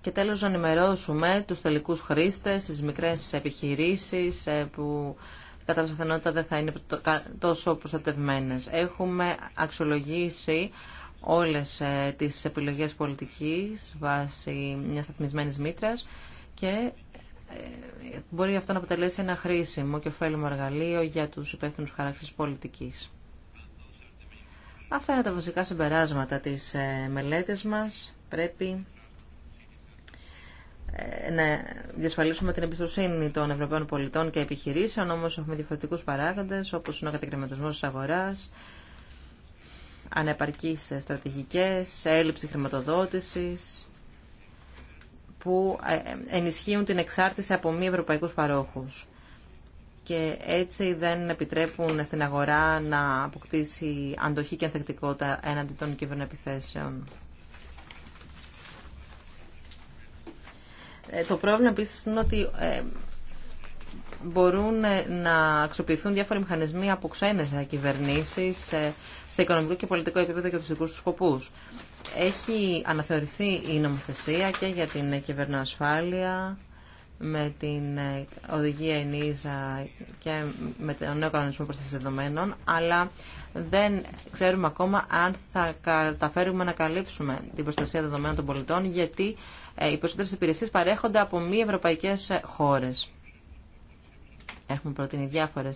Και τέλος να ενημερώσουμε τους τελικούς χρήστες, τις μικρές επιχειρήσεις ε, που κατά πιθανότητα δεν θα είναι τόσο προστατευμένες. Έχουμε αξιολογήσει όλες ε, τις επιλογές πολιτικής βάσει μια σταθμισμένη μήτρας και ε, μπορεί αυτό να αποτελέσει ένα χρήσιμο και ωφέλιμο εργαλείο για τους υπεύθυνους χαρακτήρες πολιτικής. Αυτά είναι τα βασικά συμπεράσματα της μελέτης μας. Πρέπει ε, να διασφαλίσουμε την εμπιστοσύνη των Ευρωπαίων πολιτών και επιχειρήσεων, όμως έχουμε διαφορετικούς παράγοντες, όπως είναι ο κατακριματισμός της αγοράς, ανεπαρκείς στρατηγικές, έλλειψη χρηματοδότησης, που ε, ε, ενισχύουν την εξάρτηση από μη ευρωπαϊκούς παρόχους και έτσι δεν επιτρέπουν στην αγορά να αποκτήσει αντοχή και ανθεκτικότητα έναντι των κυβερνοεπιθέσεων. επιθέσεων. Ε, το πρόβλημα επίσης είναι ότι ε, μπορούν ε, να αξιοποιηθούν διάφοροι μηχανισμοί από ξένες κυβερνήσεις σε οικονομικό και πολιτικό επίπεδο για τους δικούς τους σκοπούς. Έχει αναθεωρηθεί η νομοθεσία και για την κυβερνοασφάλεια με την οδηγία ΕΝΙΖΑ και με τον νέο κανονισμό προστασίας δεδομένων, αλλά δεν ξέρουμε ακόμα αν θα καταφέρουμε να καλύψουμε την προστασία δεδομένων των πολιτών, γιατί ε, οι περισσότερε υπηρεσίε παρέχονται από μη ευρωπαϊκέ ε, χώρε. Έχουμε προτείνει διάφορε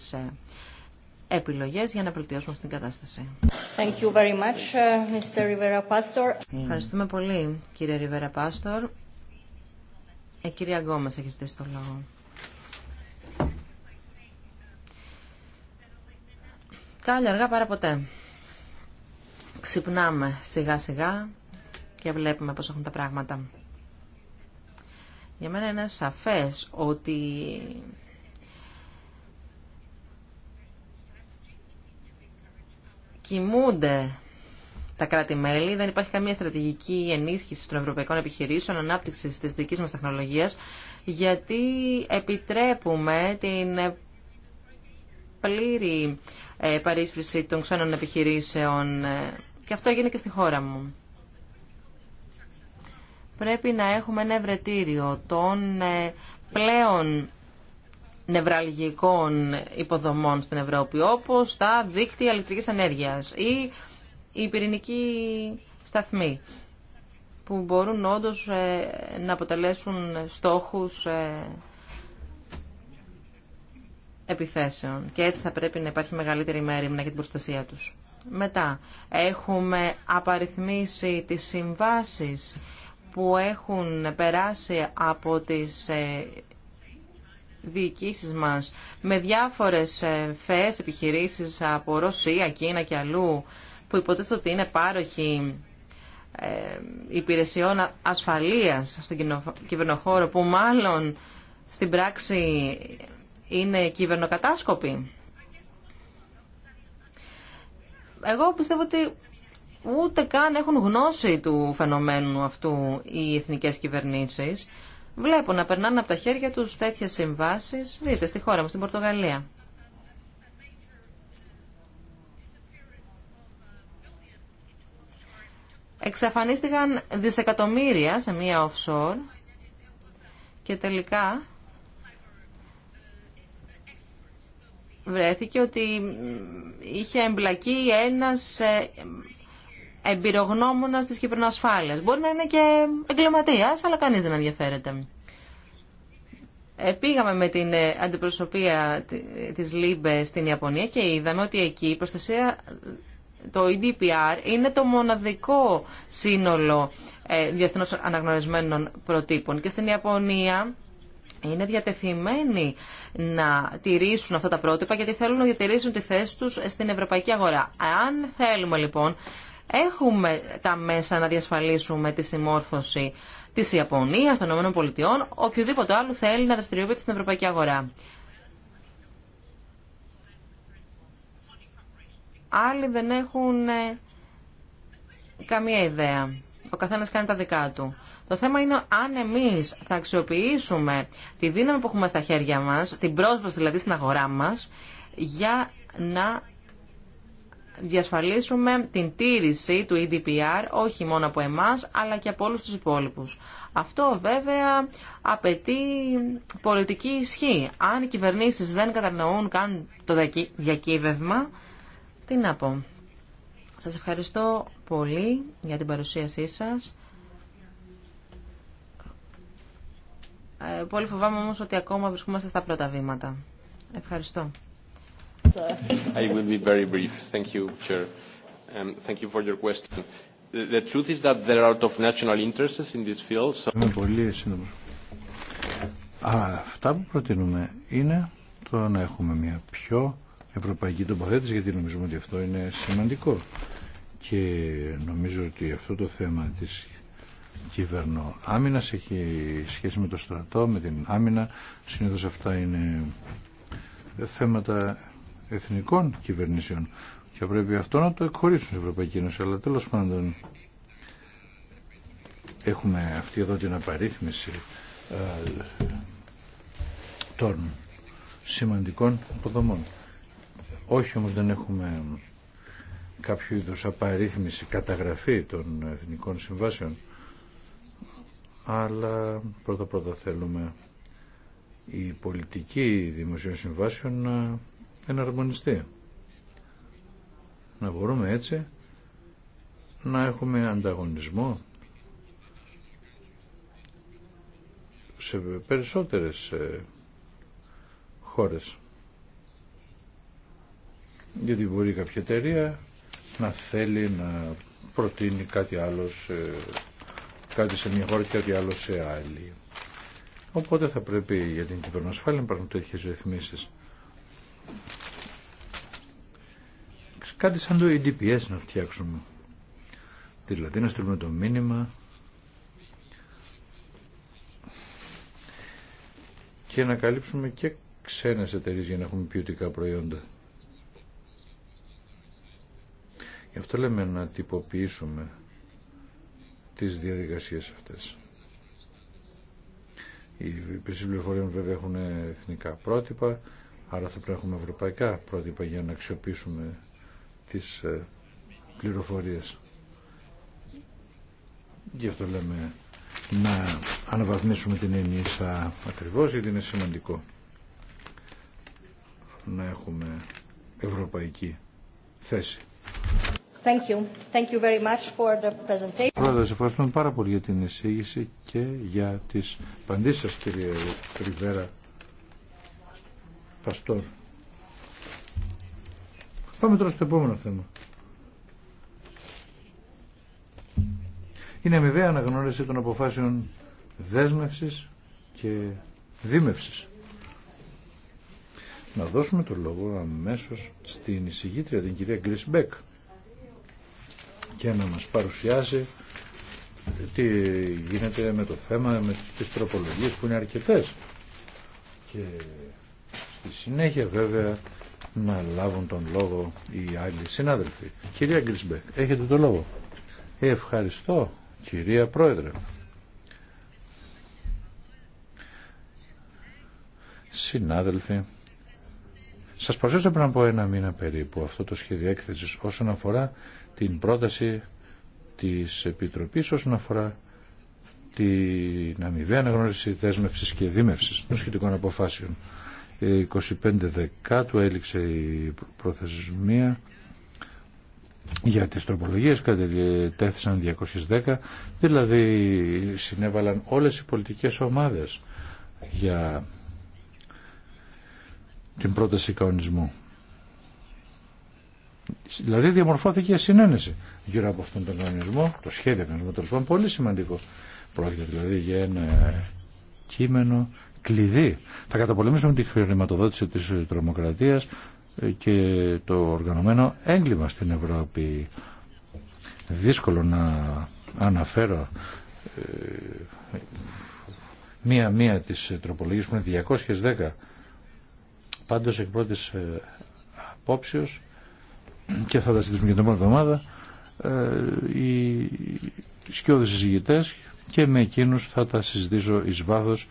επιλογέ για να βελτιώσουμε αυτή την κατάσταση. Ε, Ευχαριστούμε πολύ, κύριε Ριβέρα Πάστορ. Ε, κυρία έχεις έχει ζητήσει το λόγο. Κάλλιο αργά παρά ποτέ. Ξυπνάμε σιγά σιγά και βλέπουμε πώς έχουν τα πράγματα. Για μένα είναι σαφές ότι κοιμούνται τα κράτη-μέλη, δεν υπάρχει καμία στρατηγική ενίσχυση των ευρωπαϊκών επιχειρήσεων, ανάπτυξη τη δική μα τεχνολογία, γιατί επιτρέπουμε την πλήρη ε, παρίσπιση των ξένων επιχειρήσεων ε, και αυτό έγινε και στη χώρα μου πρέπει να έχουμε ένα ευρετήριο των ε, πλέον νευραλγικών υποδομών στην Ευρώπη, όπως τα δίκτυα ηλεκτρικής ενέργειας ή η η πυρηνικοί σταθμή, που μπορούν όντως ε, να αποτελέσουν στόχους ε, επιθέσεων. Και έτσι θα πρέπει να υπάρχει μεγαλύτερη μέρη για την προστασία τους. Μετά, έχουμε απαριθμίσει τις συμβάσεις που έχουν περάσει από τις ε, διοικήσεις μας με διάφορες ε, φές επιχειρήσεις από Ρωσία, Κίνα και αλλού που υποτίθεται ότι είναι πάροχοι ε, υπηρεσιών ασφαλείας στον κυβερνοχώρο που μάλλον στην πράξη είναι κυβερνοκατάσκοποι. Εγώ πιστεύω ότι ούτε καν έχουν γνώση του φαινομένου αυτού οι εθνικές κυβερνήσεις. Βλέπω να περνάνε από τα χέρια τους τέτοιες συμβάσεις, δείτε, στη χώρα μας, στην Πορτογαλία. Εξαφανίστηκαν δισεκατομμύρια σε μία offshore και τελικά βρέθηκε ότι είχε εμπλακεί ένας ε, εμπειρογνώμονα τη κυβερνοασφάλεια. Μπορεί να είναι και εγκληματία, αλλά κανεί δεν ενδιαφέρεται. Ε, πήγαμε με την ε, αντιπροσωπεία τη ΛΥΜΠΕ στην Ιαπωνία και είδαμε ότι εκεί η προστασία, το EDPR, είναι το μοναδικό σύνολο ε, διεθνώ αναγνωρισμένων προτύπων. Και στην Ιαπωνία είναι διατεθειμένοι να τηρήσουν αυτά τα πρότυπα γιατί θέλουν να διατηρήσουν τη θέση τους στην ευρωπαϊκή αγορά. Αν θέλουμε λοιπόν έχουμε τα μέσα να διασφαλίσουμε τη συμμόρφωση τη Ιαπωνία, των ΗΠΑ, οποιοδήποτε άλλο θέλει να δραστηριοποιείται στην ευρωπαϊκή αγορά. Άλλοι δεν έχουν ε, καμία ιδέα. Ο καθένα κάνει τα δικά του. Το θέμα είναι αν εμεί θα αξιοποιήσουμε τη δύναμη που έχουμε στα χέρια μα, την πρόσβαση δηλαδή στην αγορά μα, για να διασφαλίσουμε την τήρηση του EDPR όχι μόνο από εμάς αλλά και από όλους τους υπόλοιπους. Αυτό βέβαια απαιτεί πολιτική ισχύ. Αν οι κυβερνήσεις δεν κατανοούν καν το διακύβευμα, τι να πω. Σας ευχαριστώ πολύ για την παρουσίασή σας. Ε, πολύ φοβάμαι όμως ότι ακόμα βρισκόμαστε στα πρώτα βήματα. Ευχαριστώ. I will be very brief. Thank you, Chair. And thank you for your question. The truth is that there are a lot of national interests in this field. So... Είμαι πολύ σύντομος. αυτά που προτείνουμε είναι το να έχουμε μια πιο ευρωπαϊκή τοποθέτηση, γιατί νομίζουμε ότι αυτό είναι σημαντικό. Και νομίζω ότι αυτό το θέμα της κυβερνό άμυνας έχει σχέση με το στρατό, με την άμυνα. Συνήθως αυτά είναι θέματα εθνικών κυβερνήσεων. Και πρέπει αυτό να το εκχωρήσουν στην Ευρωπαϊκή Ένωση. Αλλά τέλος πάντων έχουμε αυτή εδώ την απαρίθμηση ε, των σημαντικών αποδομών. Όχι όμως δεν έχουμε κάποιο είδους απαρίθμηση, καταγραφή των εθνικών συμβάσεων, αλλά πρώτα πρώτα θέλουμε η πολιτική δημοσίων συμβάσεων να εναρμονιστεί. Να μπορούμε έτσι να έχουμε ανταγωνισμό σε περισσότερες ε, χώρες. Γιατί μπορεί κάποια εταιρεία να θέλει να προτείνει κάτι άλλο σε, κάτι σε μια χώρα και κάτι άλλο σε άλλη. Οπότε θα πρέπει για την κυβερνοασφάλεια να υπάρχουν τέτοιες ρυθμίσεις. Κάτι σαν το EDPS να φτιάξουμε. Δηλαδή να στείλουμε το μήνυμα και να καλύψουμε και ξένες εταιρείε για να έχουμε ποιοτικά προϊόντα. Γι' αυτό λέμε να τυποποιήσουμε τις διαδικασίες αυτές. Οι υπηρεσίες πληροφοριών βέβαια έχουν εθνικά πρότυπα, Άρα θα πρέπει να έχουμε ευρωπαϊκά πρότυπα για να αξιοποιήσουμε τις ε, πληροφορίες. Γι' αυτό λέμε να αναβαθμίσουμε την ενίσα ακριβώς γιατί είναι σημαντικό να έχουμε ευρωπαϊκή θέση. Thank you. Thank you very much for the presentation. Πρόεδρε, ευχαριστούμε πάρα πολύ για την εισήγηση και για τις απαντήσεις σας, κύριε Ριβέρα. Πάμε τώρα στο επόμενο θέμα. Είναι αμοιβαία αναγνώριση των αποφάσεων δέσμευσης και δίμευσης. Να δώσουμε το λόγο αμέσως στην εισηγήτρια την κυρία Γκρισμπέκ και να μας παρουσιάσει τι γίνεται με το θέμα, με τις τροπολογίες που είναι αρκετές. Και στη συνέχεια βέβαια να λάβουν τον λόγο οι άλλοι συνάδελφοι. Κυρία Γκρισμπέκ, έχετε τον λόγο. Ευχαριστώ κυρία Πρόεδρε. Συνάδελφοι, σας προσέξω πριν από ένα μήνα περίπου αυτό το σχέδιο έκθεσης όσον αφορά την πρόταση της Επιτροπής όσον αφορά την αμοιβή αναγνώριση δέσμευσης και δίμευσης των σχετικών αποφάσεων. 25 ε, Δεκάτου έληξε η προθεσμία για τις τροπολογίες κατετέθησαν 210 δηλαδή συνέβαλαν όλες οι πολιτικές ομάδες για την πρόταση καονισμού δηλαδή διαμορφώθηκε η συνένεση γύρω από αυτόν τον κανονισμό το σχέδιο κανονισμού λοιπόν πολύ σημαντικό πρόκειται δηλαδή για ένα κείμενο κλειδί. Θα καταπολεμήσουμε τη χρηματοδότηση της τρομοκρατίας και το οργανωμένο έγκλημα στην Ευρώπη. Δύσκολο να αναφέρω μία-μία ε, της τροπολογίας που είναι 210. Πάντως εκ πρώτης ε, απόψεως και θα τα συζητήσουμε και την επόμενη εβδομάδα ε, οι σκιώδες συζητητές και με εκείνους θα τα συζητήσω εις βάθος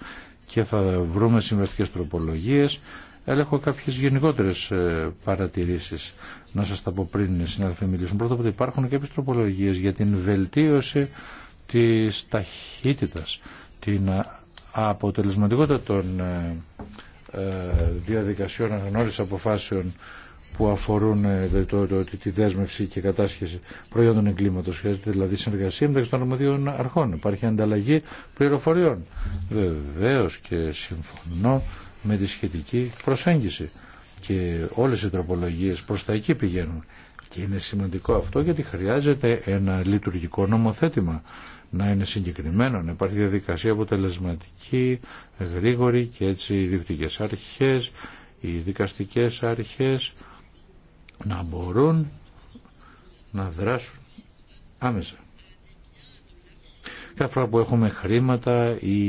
και θα βρούμε συμβαστικές τροπολογίες. Αλλά έχω κάποιες γενικότερες ε, παρατηρήσεις να σας τα πω πριν οι συνάδελφοι μιλήσουν. Πρώτα απ' όλα υπάρχουν κάποιες τροπολογίες για την βελτίωση της ταχύτητας, την ε, αποτελεσματικότητα των ε, διαδικασιών αναγνώρισης αποφάσεων που αφορούν ε, το, το, τη δέσμευση και κατάσχεση προϊόντων εγκλήματος. Χρειάζεται δηλαδή συνεργασία μεταξύ των αρμοδίων αρχών. Υπάρχει ανταλλαγή πληροφοριών. Βεβαίω και συμφωνώ με τη σχετική προσέγγιση. Και όλες οι τροπολογίες προς τα εκεί πηγαίνουν. Και είναι σημαντικό αυτό γιατί χρειάζεται ένα λειτουργικό νομοθέτημα να είναι συγκεκριμένο, να υπάρχει διαδικασία αποτελεσματική, γρήγορη και έτσι οι διοικητικές αρχές, οι δικαστικές αρχές, να μπορούν να δράσουν άμεσα. Κάθε φορά που έχουμε χρήματα ή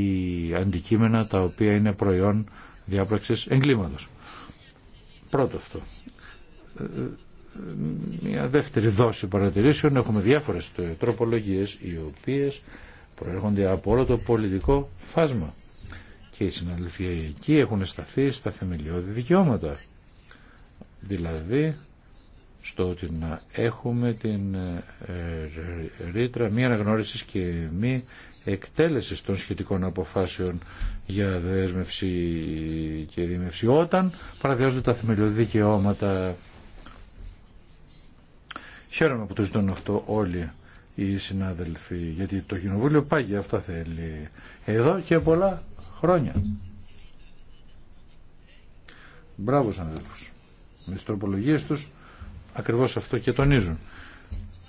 αντικείμενα τα οποία είναι προϊόν διάπραξης εγκλήματος. Πρώτο αυτό. Μια δεύτερη δόση παρατηρήσεων. Έχουμε διάφορες τροπολογίες οι οποίες προέρχονται από όλο το πολιτικό φάσμα. Και οι συναδελφοί εκεί έχουν σταθεί στα θεμελιώδη δικαιώματα. Δηλαδή στο ότι να έχουμε την ε, ε, ρήτρα μη αναγνώριση και μη εκτέλεση των σχετικών αποφάσεων για δέσμευση και δίμευση όταν παραβιάζονται τα θεμελιώδη δικαιώματα. Χαίρομαι που το ζητούν αυτό όλοι οι συνάδελφοι, γιατί το Κοινοβούλιο για αυτά θέλει εδώ και πολλά χρόνια. Μπράβο, συναδέλφους. Με τις τροπολογίες τους ακριβώς αυτό και τονίζουν.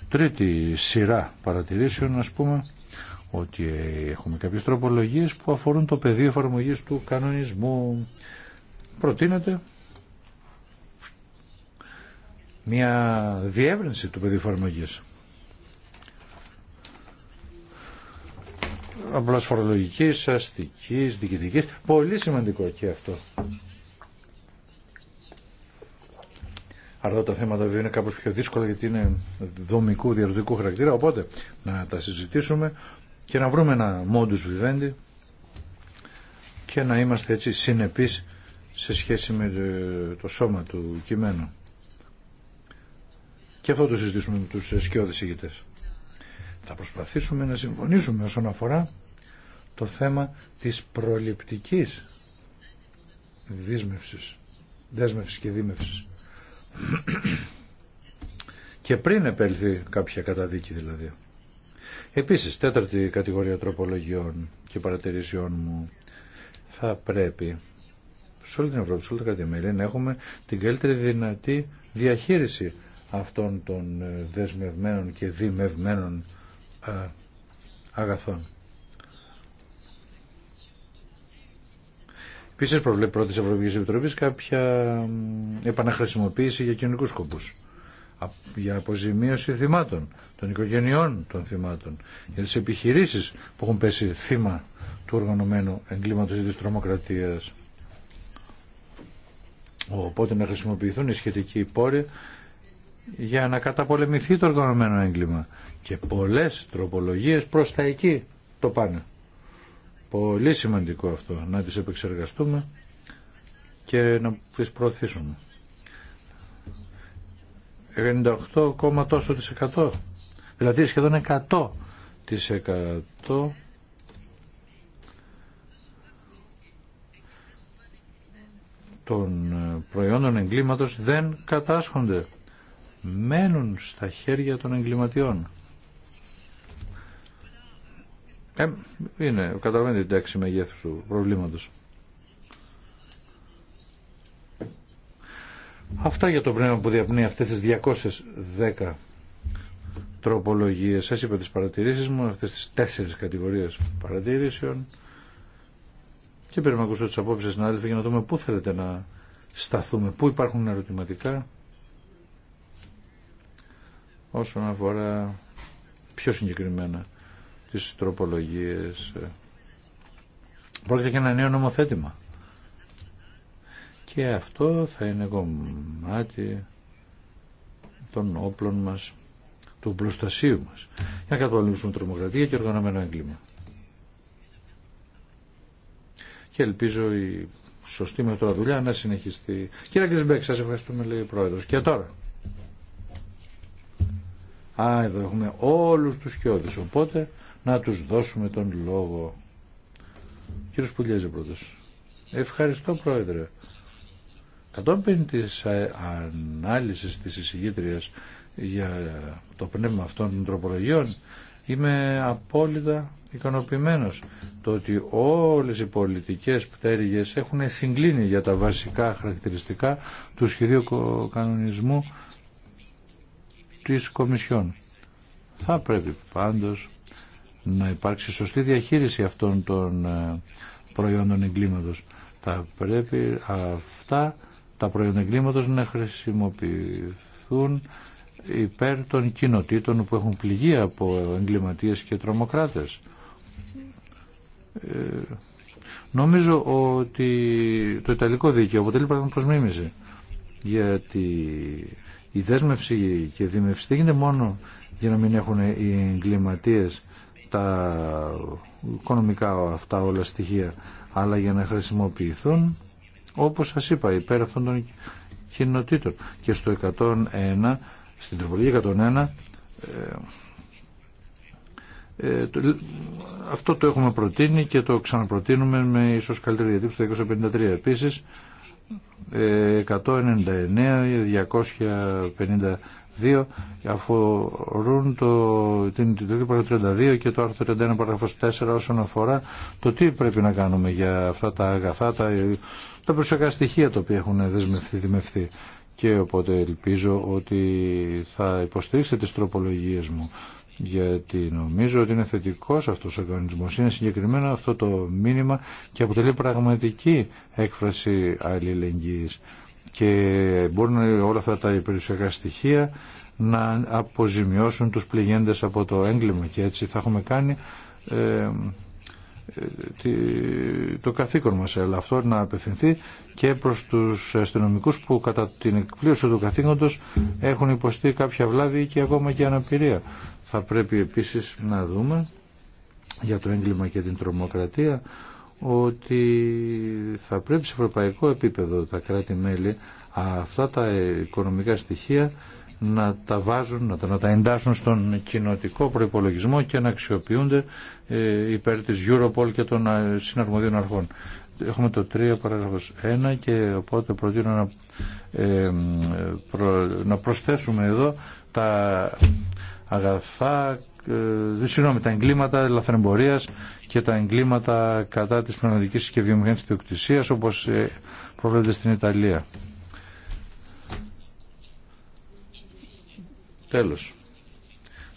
Τρίτη σειρά παρατηρήσεων, ας πούμε, ότι έχουμε κάποιες τροπολογίες που αφορούν το πεδίο εφαρμογής του κανονισμού. Προτείνεται μια διεύρυνση του πεδίου εφαρμογής. Απλά φορολογικής, αστικής, διοικητικής. Πολύ σημαντικό και αυτό. Αλλά τα θέματα βέβαια είναι κάπως πιο δύσκολα γιατί είναι δομικού, διαρροτικού χαρακτήρα. Οπότε να τα συζητήσουμε και να βρούμε ένα modus vivendi και να είμαστε έτσι συνεπείς σε σχέση με ε, το σώμα του κειμένου. Και αυτό το συζητήσουμε με τους σκιώδες ηγητές. Θα προσπαθήσουμε να συμφωνήσουμε όσον αφορά το θέμα της προληπτικής δίσμευσης, δέσμευσης και δίμευσης και πριν επέλθει κάποια καταδίκη δηλαδή. Επίσης, τέταρτη κατηγορία τροπολογιών και παρατηρήσεών μου θα πρέπει σε όλη την Ευρώπη, σε όλη την να έχουμε την καλύτερη δυνατή διαχείριση αυτών των ε, δεσμευμένων και δημευμένων ε, αγαθών. Επίση, προβλέπει πρώτη Ευρωπαϊκή Επιτροπή κάποια επαναχρησιμοποίηση για κοινωνικού σκοπού. Για αποζημίωση θυμάτων, των οικογενειών των θυμάτων, για τι επιχειρήσει που έχουν πέσει θύμα του οργανωμένου εγκλήματο ή τη τρομοκρατία. Οπότε να χρησιμοποιηθούν οι σχετικοί πόροι για να καταπολεμηθεί το οργανωμένο έγκλημα. Και πολλές τροπολογίες προς τα εκεί το πάνε. Πολύ σημαντικό αυτό να τις επεξεργαστούμε και να τις προωθήσουμε. 98, τόσο της εκατό, Δηλαδή σχεδόν 100 της εκατό των ε, προϊόντων εγκλήματος δεν κατάσχονται. Μένουν στα χέρια των εγκληματιών. Ε, είναι, καταλαβαίνει την τάξη μεγέθου του προβλήματο. Αυτά για το πνεύμα που διαπνεί αυτές τις 210 τροπολογίες. Σας είπα τις παρατηρήσεις μου, αυτές τις τέσσερις κατηγορίες παρατηρήσεων. Και πρέπει να ακούσω τις απόψεις συνάδελφοι για να δούμε πού θέλετε να σταθούμε, πού υπάρχουν ερωτηματικά όσον αφορά πιο συγκεκριμένα τις τροπολογίες. Πρόκειται και ένα νέο νομοθέτημα. Και αυτό θα είναι κομμάτι των όπλων μας, του πλουστασίου μας, για να καταπολεμήσουμε τρομοκρατία και οργανωμένο έγκλημα. Και ελπίζω η σωστή με τώρα δουλειά να συνεχιστεί. Κύριε Κρισμπέκ, σας ευχαριστούμε, λέει ο Πρόεδρος. Και τώρα. Α, εδώ έχουμε όλους τους κοιόδους, οπότε να τους δώσουμε τον λόγο. Κύριος Πουλιέζε πρώτος. Ευχαριστώ Πρόεδρε. Κατόπιν της ανάλυσης της εισηγήτριας για το πνεύμα αυτών των τροπολογιών είμαι απόλυτα ικανοποιημένος το ότι όλες οι πολιτικές πτέρυγες έχουν συγκλίνει για τα βασικά χαρακτηριστικά του σχεδίου κανονισμού της Κομισιόν. Θα πρέπει πάντως να υπάρξει σωστή διαχείριση αυτών των ε, προϊόντων εγκλήματος. Θα πρέπει αυτά τα προϊόντα εγκλήματος να χρησιμοποιηθούν υπέρ των κοινοτήτων που έχουν πληγεί από εγκληματίες και τρομοκράτες. Ε, νομίζω ότι το Ιταλικό δίκαιο αποτελεί πράγμα προς μίμηση γιατί η δέσμευση και η δημευστή γίνεται μόνο για να μην έχουν οι εγκληματίες τα οικονομικά αυτά όλα στοιχεία αλλά για να χρησιμοποιηθούν όπως σας είπα υπέρ αυτών των κοινοτήτων και στο 101 στην τροπολογία 101 ε, ε, το, αυτό το έχουμε προτείνει και το ξαναπροτείνουμε με ίσως καλύτερη διατύπωση το 253 επίσης 199 ε, 250 2 αφορούν το, την παρα 32 και το άρθρο 31 παράγραφος 4 όσον αφορά το τι πρέπει να κάνουμε για αυτά τα αγαθά, τα, τα προσωπικά στοιχεία τα οποία έχουν δεσμευθεί δημευτεί. Και οπότε ελπίζω ότι θα υποστηρίξετε τις τροπολογίες μου γιατί νομίζω ότι είναι θετικός αυτός ο οργανισμός. Είναι συγκεκριμένο αυτό το μήνυμα και αποτελεί πραγματική έκφραση αλληλεγγύης και μπορούν όλα αυτά τα περιουσιακά στοιχεία να αποζημιώσουν τους πληγέντες από το έγκλημα και έτσι θα έχουμε κάνει ε, ε, το καθήκον μας αλλά αυτό να απευθυνθεί και προς τους αστυνομικούς που κατά την εκπλήρωση του καθήκοντος έχουν υποστεί κάποια βλάβη και ακόμα και αναπηρία. Θα πρέπει επίσης να δούμε για το έγκλημα και την τρομοκρατία ότι θα πρέπει σε ευρωπαϊκό επίπεδο τα κράτη-μέλη αυτά τα οικονομικά στοιχεία να τα βάζουν, να τα, να τα εντάσσουν στον κοινοτικό προϋπολογισμό και να αξιοποιούνται ε, υπέρ της Europol και των ε, συναρμοδίων αρχών. Έχουμε το 3 παράγραφος 1 και οπότε προτείνω να, ε, προσθέσουμε εδώ τα αγαθά, ε, συγγνώμη, τα εγκλήματα λαθρεμπορίας και τα εγκλήματα κατά της πνευματικής και βιομηχανικής διοκτησίας όπως ε, προβλέπεται στην Ιταλία. Τέλος.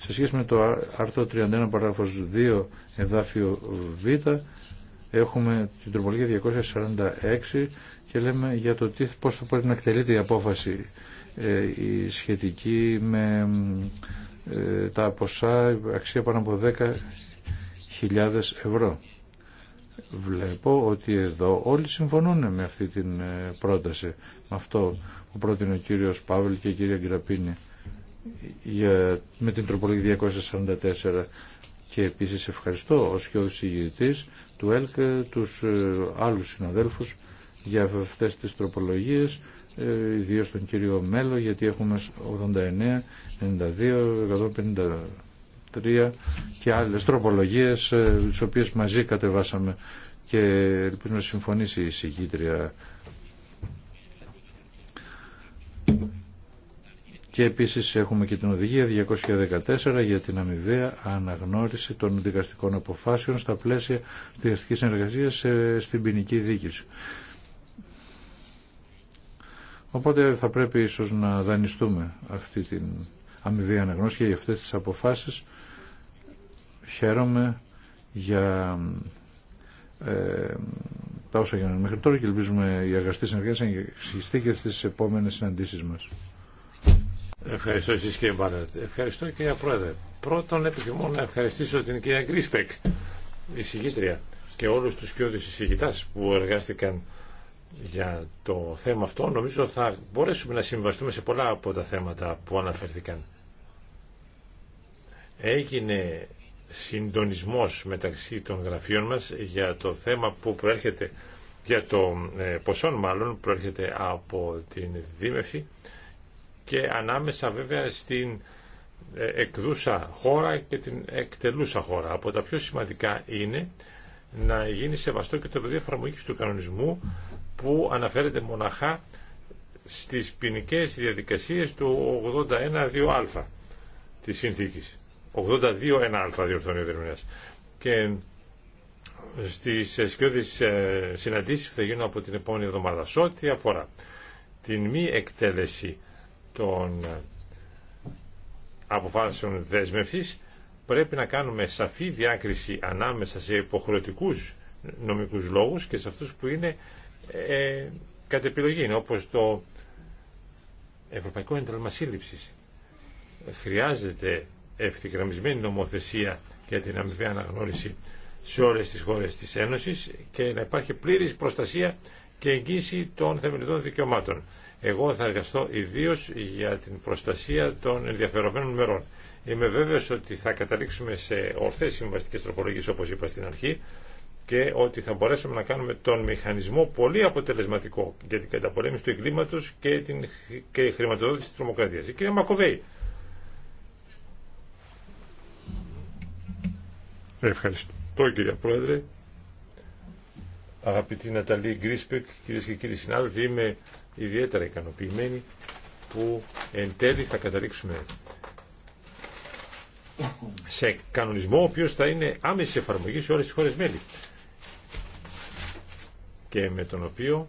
Σε σχέση με το άρθρο 31 παράγραφος 2 εδάφιο Β έχουμε την τροπολογία 246 και λέμε για το τι, πώς θα πρέπει να εκτελείται η απόφαση ε, η σχετική με ε, τα ποσά αξία πάνω από 10 ευρώ. Βλέπω ότι εδώ όλοι συμφωνούν με αυτή την ε, πρόταση, με αυτό που πρότεινε ο κύριος Παύλ και η κυρία Γκραπίνη με την τροπολογία 244 και επίσης ευχαριστώ ως και ο του ΕΛΚ ε, τους ε, άλλους συναδέλφους για αυτές τις τροπολογίες ιδίως τον κύριο Μέλο γιατί έχουμε 89, 92, 150 και άλλες τροπολογίες ε, τις οποίες μαζί κατεβάσαμε και ελπίζουμε να συμφωνήσει η συγκήτρια. Και επίσης έχουμε και την οδηγία 214 για την αμοιβαία αναγνώριση των δικαστικών αποφάσεων στα πλαίσια της δικαστικής συνεργασίας ε, στην ποινική δίκηση. Οπότε θα πρέπει ίσως να δανειστούμε αυτή την αμοιβή αναγνώριση για αυτές τις αποφάσεις χαίρομαι για ε, τα όσα γίνονται μέχρι τώρα και ελπίζουμε η αγαστή συνεργασία να εξηγηθεί και στις επόμενες συναντήσεις μας. Ευχαριστώ εσείς κύριε Μπάνερτ. Ευχαριστώ κύριε Πρόεδρε. Πρώτον επιθυμώ να ευχαριστήσω την κυρία Γκρίσπεκ, η συγγήτρια και όλους τους κοιόδους εισηγητάς που εργάστηκαν για το θέμα αυτό. Νομίζω θα μπορέσουμε να συμβαστούμε σε πολλά από τα θέματα που αναφέρθηκαν. Έγινε συντονισμός μεταξύ των γραφείων μας για το θέμα που προέρχεται για το ε, ποσόν μάλλον προέρχεται από την δίμευση και ανάμεσα βέβαια στην ε, εκδούσα χώρα και την εκτελούσα χώρα. Από τα πιο σημαντικά είναι να γίνει σεβαστό και το πεδίο εφαρμογή του κανονισμού που αναφέρεται μοναχά στις ποινικέ διαδικασίες του 81-2α της συνθήκης. 82-1α διορθώνει ο Δερμηνέας. Και στις ε, σκιώδεις ε, συναντήσεις που θα γίνουν από την επόμενη εβδομάδα σε ό,τι αφορά την μη εκτέλεση των ε, αποφάσεων δέσμευση, πρέπει να κάνουμε σαφή διάκριση ανάμεσα σε υποχρεωτικούς νομικούς λόγους και σε αυτούς που είναι ε, κατ' επιλογή, όπως το Ευρωπαϊκό Ένταλμα Χρειάζεται ευθυγραμμισμένη νομοθεσία για την αμοιβή αναγνώριση σε όλες τις χώρες της Ένωσης και να υπάρχει πλήρης προστασία και εγγύηση των θεμελιδών δικαιωμάτων. Εγώ θα εργαστώ ιδίω για την προστασία των ενδιαφερομένων μερών. Είμαι βέβαιο ότι θα καταλήξουμε σε ορθές συμβαστικέ τροπολογίε, όπω είπα στην αρχή και ότι θα μπορέσουμε να κάνουμε τον μηχανισμό πολύ αποτελεσματικό για την καταπολέμηση του εγκλήματος και, την, και χρηματοδότηση τη τρομοκρατία. Η κυρία Μακοβέη Ευχαριστώ κύριε Πρόεδρε. Αγαπητή Ναταλή Γκρίσπεκ, κυρίε και κύριοι συνάδελφοι, είμαι ιδιαίτερα ικανοποιημένη που εν τέλει θα καταλήξουμε σε κανονισμό ο οποίος θα είναι άμεση εφαρμογή σε όλες τις χώρες μέλη και με τον οποίο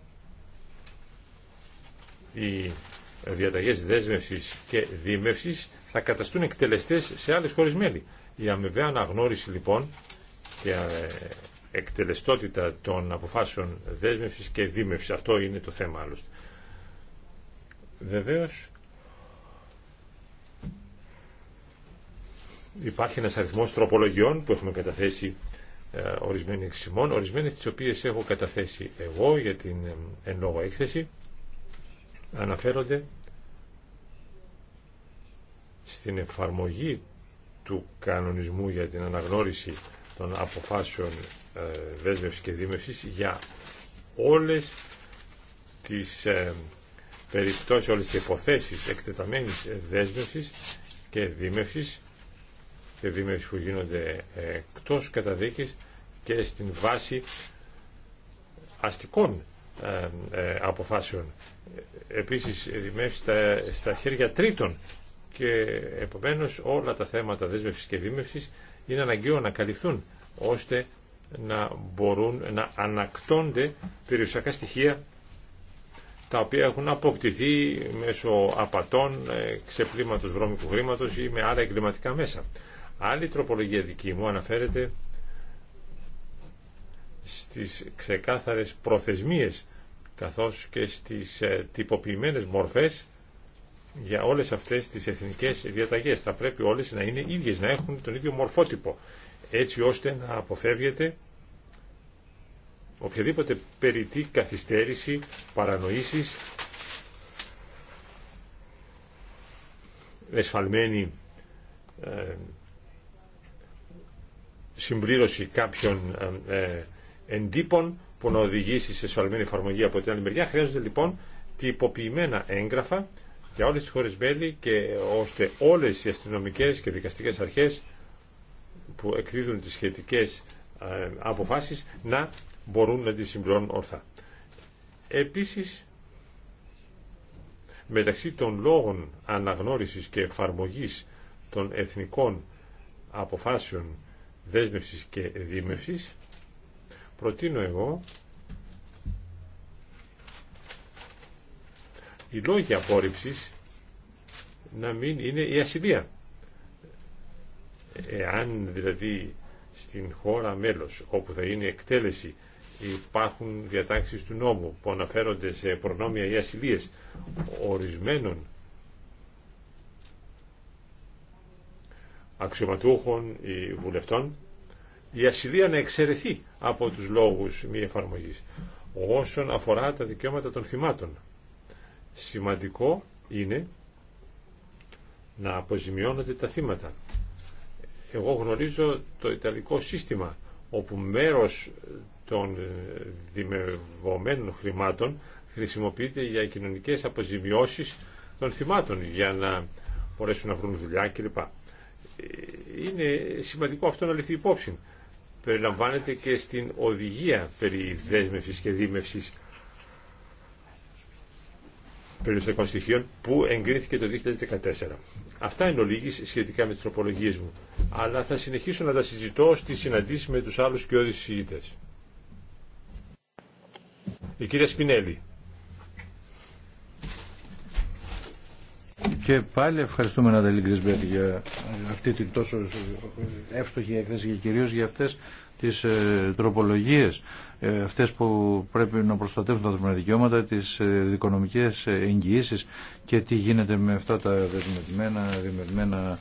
οι διαταγές δέσμευσης και δίμευση θα καταστούν εκτελεστές σε άλλες χώρες μέλη. Η αμοιβαία αναγνώριση λοιπόν και ε, εκτελεστότητα των αποφάσεων δέσμευσης και δίμευσης. Αυτό είναι το θέμα άλλωστε. Βεβαίως υπάρχει ένας αριθμός τροπολογιών που έχουμε καταθέσει ε, ορισμένοι εξημών, ορισμένες τις οποίες έχω καταθέσει εγώ για την ε, εν λόγω έκθεση αναφέρονται στην εφαρμογή του κανονισμού για την αναγνώριση των αποφάσεων ε, δέσμευσης και δίμευσης για όλες τις ε, περιπτώσεις, όλες τις υποθέσεις εκτεταμένης δέσμευσης και δίμευσης και δίμευσης που γίνονται ε, εκτός καταδίκης και στην βάση αστικών αποφάσεων. Επίσης, δημεύσει στα, στα χέρια τρίτων και επομένως όλα τα θέματα δέσμευσης και δίμευσης είναι αναγκαίο να καλυφθούν ώστε να μπορούν να ανακτώνται περιουσιακά στοιχεία τα οποία έχουν αποκτηθεί μέσω απατών, ε, ξεπλήματος βρώμικου χρήματος ή με άλλα εγκληματικά μέσα. Άλλη τροπολογία δική μου αναφέρεται στις ξεκάθαρες προθεσμίες καθώς και στις ε, τυποποιημένες μορφές για όλες αυτές τις εθνικές διαταγές. Θα πρέπει όλες να είναι ίδιες, να έχουν τον ίδιο μορφότυπο, έτσι ώστε να αποφεύγεται οποιαδήποτε περιττή καθυστέρηση, παρανοήσεις, εσφαλμένη ε, συμπλήρωση κάποιων ε, εντύπων που να οδηγήσει σε εσφαλμένη εφαρμογή από την άλλη μεριά. Χρειάζονται λοιπόν τυποποιημένα έγγραφα για όλες τις χώρες μέλη και ώστε όλες οι αστυνομικές και δικαστικές αρχές που εκδίδουν τις σχετικές ε, αποφάσεις να μπορούν να τις συμπληρώνουν ορθά. Επίσης, μεταξύ των λόγων αναγνώρισης και εφαρμογής των εθνικών αποφάσεων δέσμευσης και δίμευσης, προτείνω εγώ οι λόγοι απόρριψης να μην είναι η ασυλία. Εάν δηλαδή στην χώρα μέλος όπου θα είναι εκτέλεση υπάρχουν διατάξεις του νόμου που αναφέρονται σε προνόμια ή ασυλίες ορισμένων αξιωματούχων ή βουλευτών η ασυλία να εξαιρεθεί από τους λόγους μη εφαρμογής όσον αφορά τα δικαιώματα των θυμάτων Σημαντικό είναι να αποζημιώνονται τα θύματα. Εγώ γνωρίζω το Ιταλικό σύστημα όπου μέρος των δημευωμένων χρημάτων χρησιμοποιείται για κοινωνικές αποζημιώσεις των θυμάτων για να μπορέσουν να βρουν δουλειά κλπ. Είναι σημαντικό αυτό να λυθεί υπόψη. Περιλαμβάνεται και στην οδηγία περί δέσμευσης και δίμευσης περιουσιακών στοιχείων που εγκρίθηκε το 2014. Αυτά είναι ολίγης σχετικά με τις τροπολογίες μου. Αλλά θα συνεχίσω να τα συζητώ στη συναντήση με τους άλλους και όλους Η κυρία Σπινέλη. Και πάλι ευχαριστούμε Ναταλή Κρισμπέτη, για αυτή την τόσο εύστοχη έκθεση και κυρίως για αυτές τις ε, τροπολογίες ε, αυτές που πρέπει να προστατεύσουν τα δημοσιονομικά δικαιώματα, τις ε, δικονομικές εγγυήσεις και τι γίνεται με αυτά τα δεσμευμένα,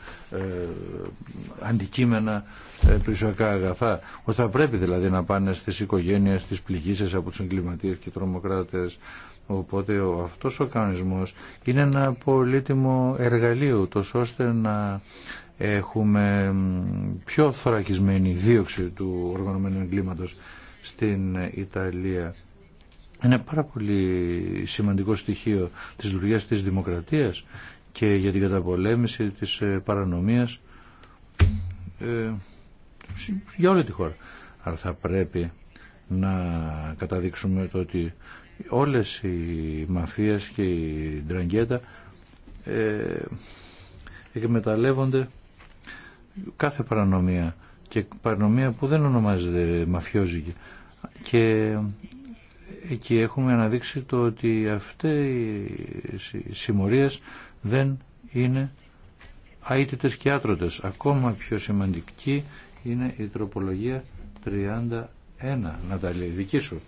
αντικείμενα ε, αγαθά. Ότι θα πρέπει δηλαδή να πάνε στις οικογένειες, στις πληγήσεις από τους εγκληματίες και τρομοκράτες. Οπότε ο, αυτός ο κανονισμός είναι ένα πολύτιμο εργαλείο, τόσο ώστε να έχουμε πιο θωρακισμένη δίωξη του οργανωμένου εγκλήματος στην Ιταλία. Είναι πάρα πολύ σημαντικό στοιχείο της λειτουργία της δημοκρατίας και για την καταπολέμηση της ε, παρανομίας ε, για όλη τη χώρα. Αλλά θα πρέπει να καταδείξουμε το ότι όλες οι μαφίες και η ντραγκέτα ε, εκμεταλλεύονται κάθε παρανομία και παρανομία που δεν ονομάζεται μαφιόζικη και εκεί έχουμε αναδείξει το ότι αυτές οι συμμορίες δεν είναι αίτητες και άτρωτες. Ακόμα πιο σημαντική είναι η τροπολογία 31, Ναταλή, δική σου,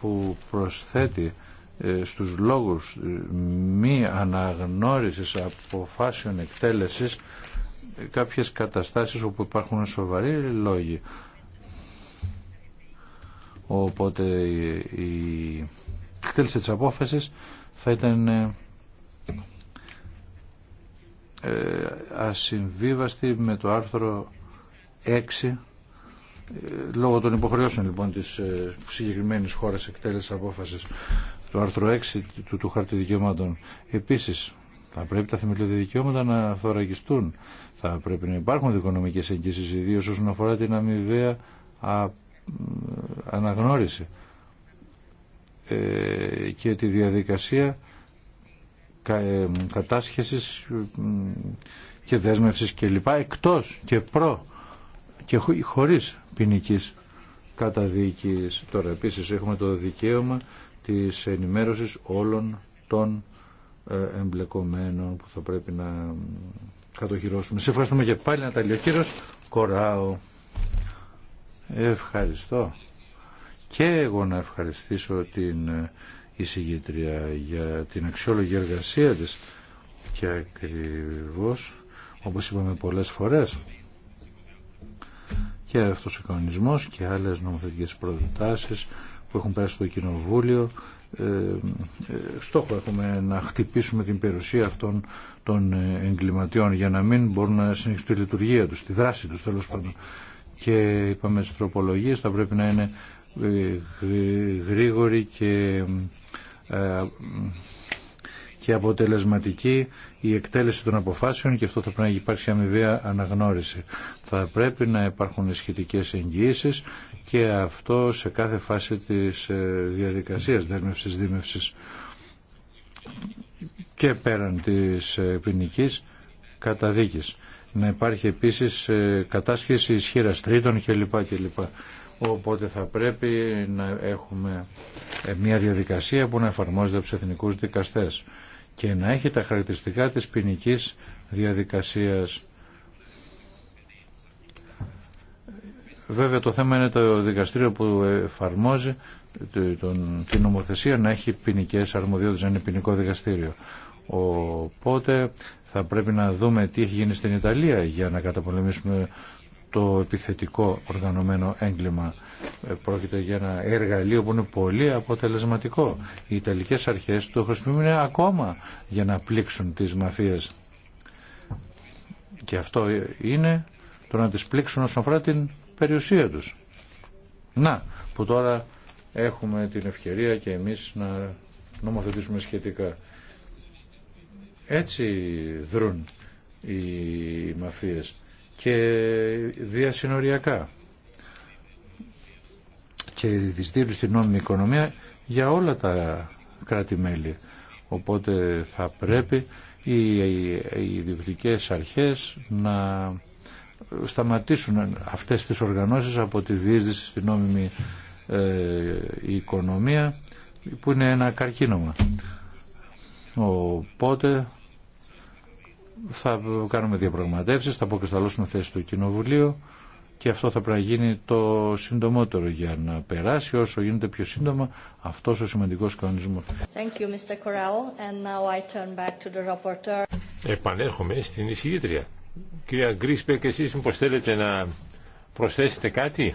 που προσθέτει ε, στους λόγους ε, μη αναγνώρισης αποφάσεων εκτέλεσης κάποιες καταστάσεις όπου υπάρχουν σοβαροί λόγοι. Οπότε η εκτέλεση της απόφασης θα ήταν ε, ασυμβίβαστη με το άρθρο 6 ε, λόγω των υποχρεώσεων λοιπόν της ε, συγκεκριμένης χώρας εκτέλεσης απόφασης το άρθρου 6 του, του δικαιωμάτων. Επίσης θα πρέπει τα θεμελιώδη δικαιώματα να θωρακιστούν θα πρέπει να υπάρχουν οικονομικές εγγύσεις ιδίω όσον αφορά την αμοιβαία αναγνώριση ε, και τη διαδικασία ε, κατάσχεσης και δέσμευσης και λοιπά εκτός και προ και χωρίς ποινική καταδίκης τώρα επίσης έχουμε το δικαίωμα της ενημέρωσης όλων των ε, εμπλεκομένων που θα πρέπει να κατοχυρώσουμε. Σε ευχαριστούμε και πάλι Ναταλή. Ο κύριος Κοράου. Ευχαριστώ. Και εγώ να ευχαριστήσω την ε, εισηγήτρια για την αξιόλογη εργασία της και ακριβώς όπως είπαμε πολλές φορές και αυτός ο κανονισμός και άλλες νομοθετικές προτάσεις που έχουν πέρασει στο Κοινοβούλιο ε, ε, στόχο έχουμε να χτυπήσουμε την περιουσία αυτών των ε, εγκληματιών για να μην μπορούν να συνεχίσουν τη λειτουργία τους, τη δράση τους τέλος πάντων. Και είπαμε τις τροπολογίες θα πρέπει να είναι γρήγοροι και και αποτελεσματική η εκτέλεση των αποφάσεων και αυτό θα πρέπει να υπάρχει αμοιβαία αναγνώριση. Θα πρέπει να υπάρχουν σχετικέ εγγυήσει και αυτό σε κάθε φάση της ε, διαδικασίας δέσμευσης, δίμευση και πέραν της ε, ποινική καταδίκη. Να υπάρχει επίσης ε, κατάσχεση ισχύρα τρίτων κλπ. κλπ. Οπότε θα πρέπει να έχουμε μια διαδικασία που να εφαρμόζεται από τους εθνικούς δικαστές και να έχει τα χαρακτηριστικά της ποινική διαδικασίας. Βέβαια το θέμα είναι το δικαστήριο που εφαρμόζει την νομοθεσία να έχει ποινικέ αρμοδιότητες, να είναι ποινικό δικαστήριο. Οπότε θα πρέπει να δούμε τι έχει γίνει στην Ιταλία για να καταπολεμήσουμε το επιθετικό οργανωμένο έγκλημα. Ε, πρόκειται για ένα εργαλείο που είναι πολύ αποτελεσματικό. Οι Ιταλικές αρχές το χρησιμοποιούν ακόμα για να πλήξουν τις μαφίες. Και αυτό είναι το να τις πλήξουν όσον αφορά την περιουσία τους. Να, που τώρα έχουμε την ευκαιρία και εμείς να νομοθετήσουμε σχετικά. Έτσι δρούν οι μαφίες και διασυνοριακά και δυστήριση στην νόμιμη οικονομία για όλα τα κράτη-μέλη. Οπότε θα πρέπει οι, οι, οι αρχές να σταματήσουν αυτές τις οργανώσεις από τη διείσδυση στην νόμιμη ε, οικονομία που είναι ένα καρκίνωμα. Οπότε θα κάνουμε διαπραγματεύσει, θα αποκρισταλώσουμε θέση στο Κοινοβουλίου και αυτό θα πρέπει να γίνει το συντομότερο για να περάσει όσο γίνεται πιο σύντομα αυτό ο σημαντικό κανονισμό. Επανέρχομαι στην εισηγήτρια. Κυρία και εσεί, μήπω θέλετε να προσθέσετε κάτι.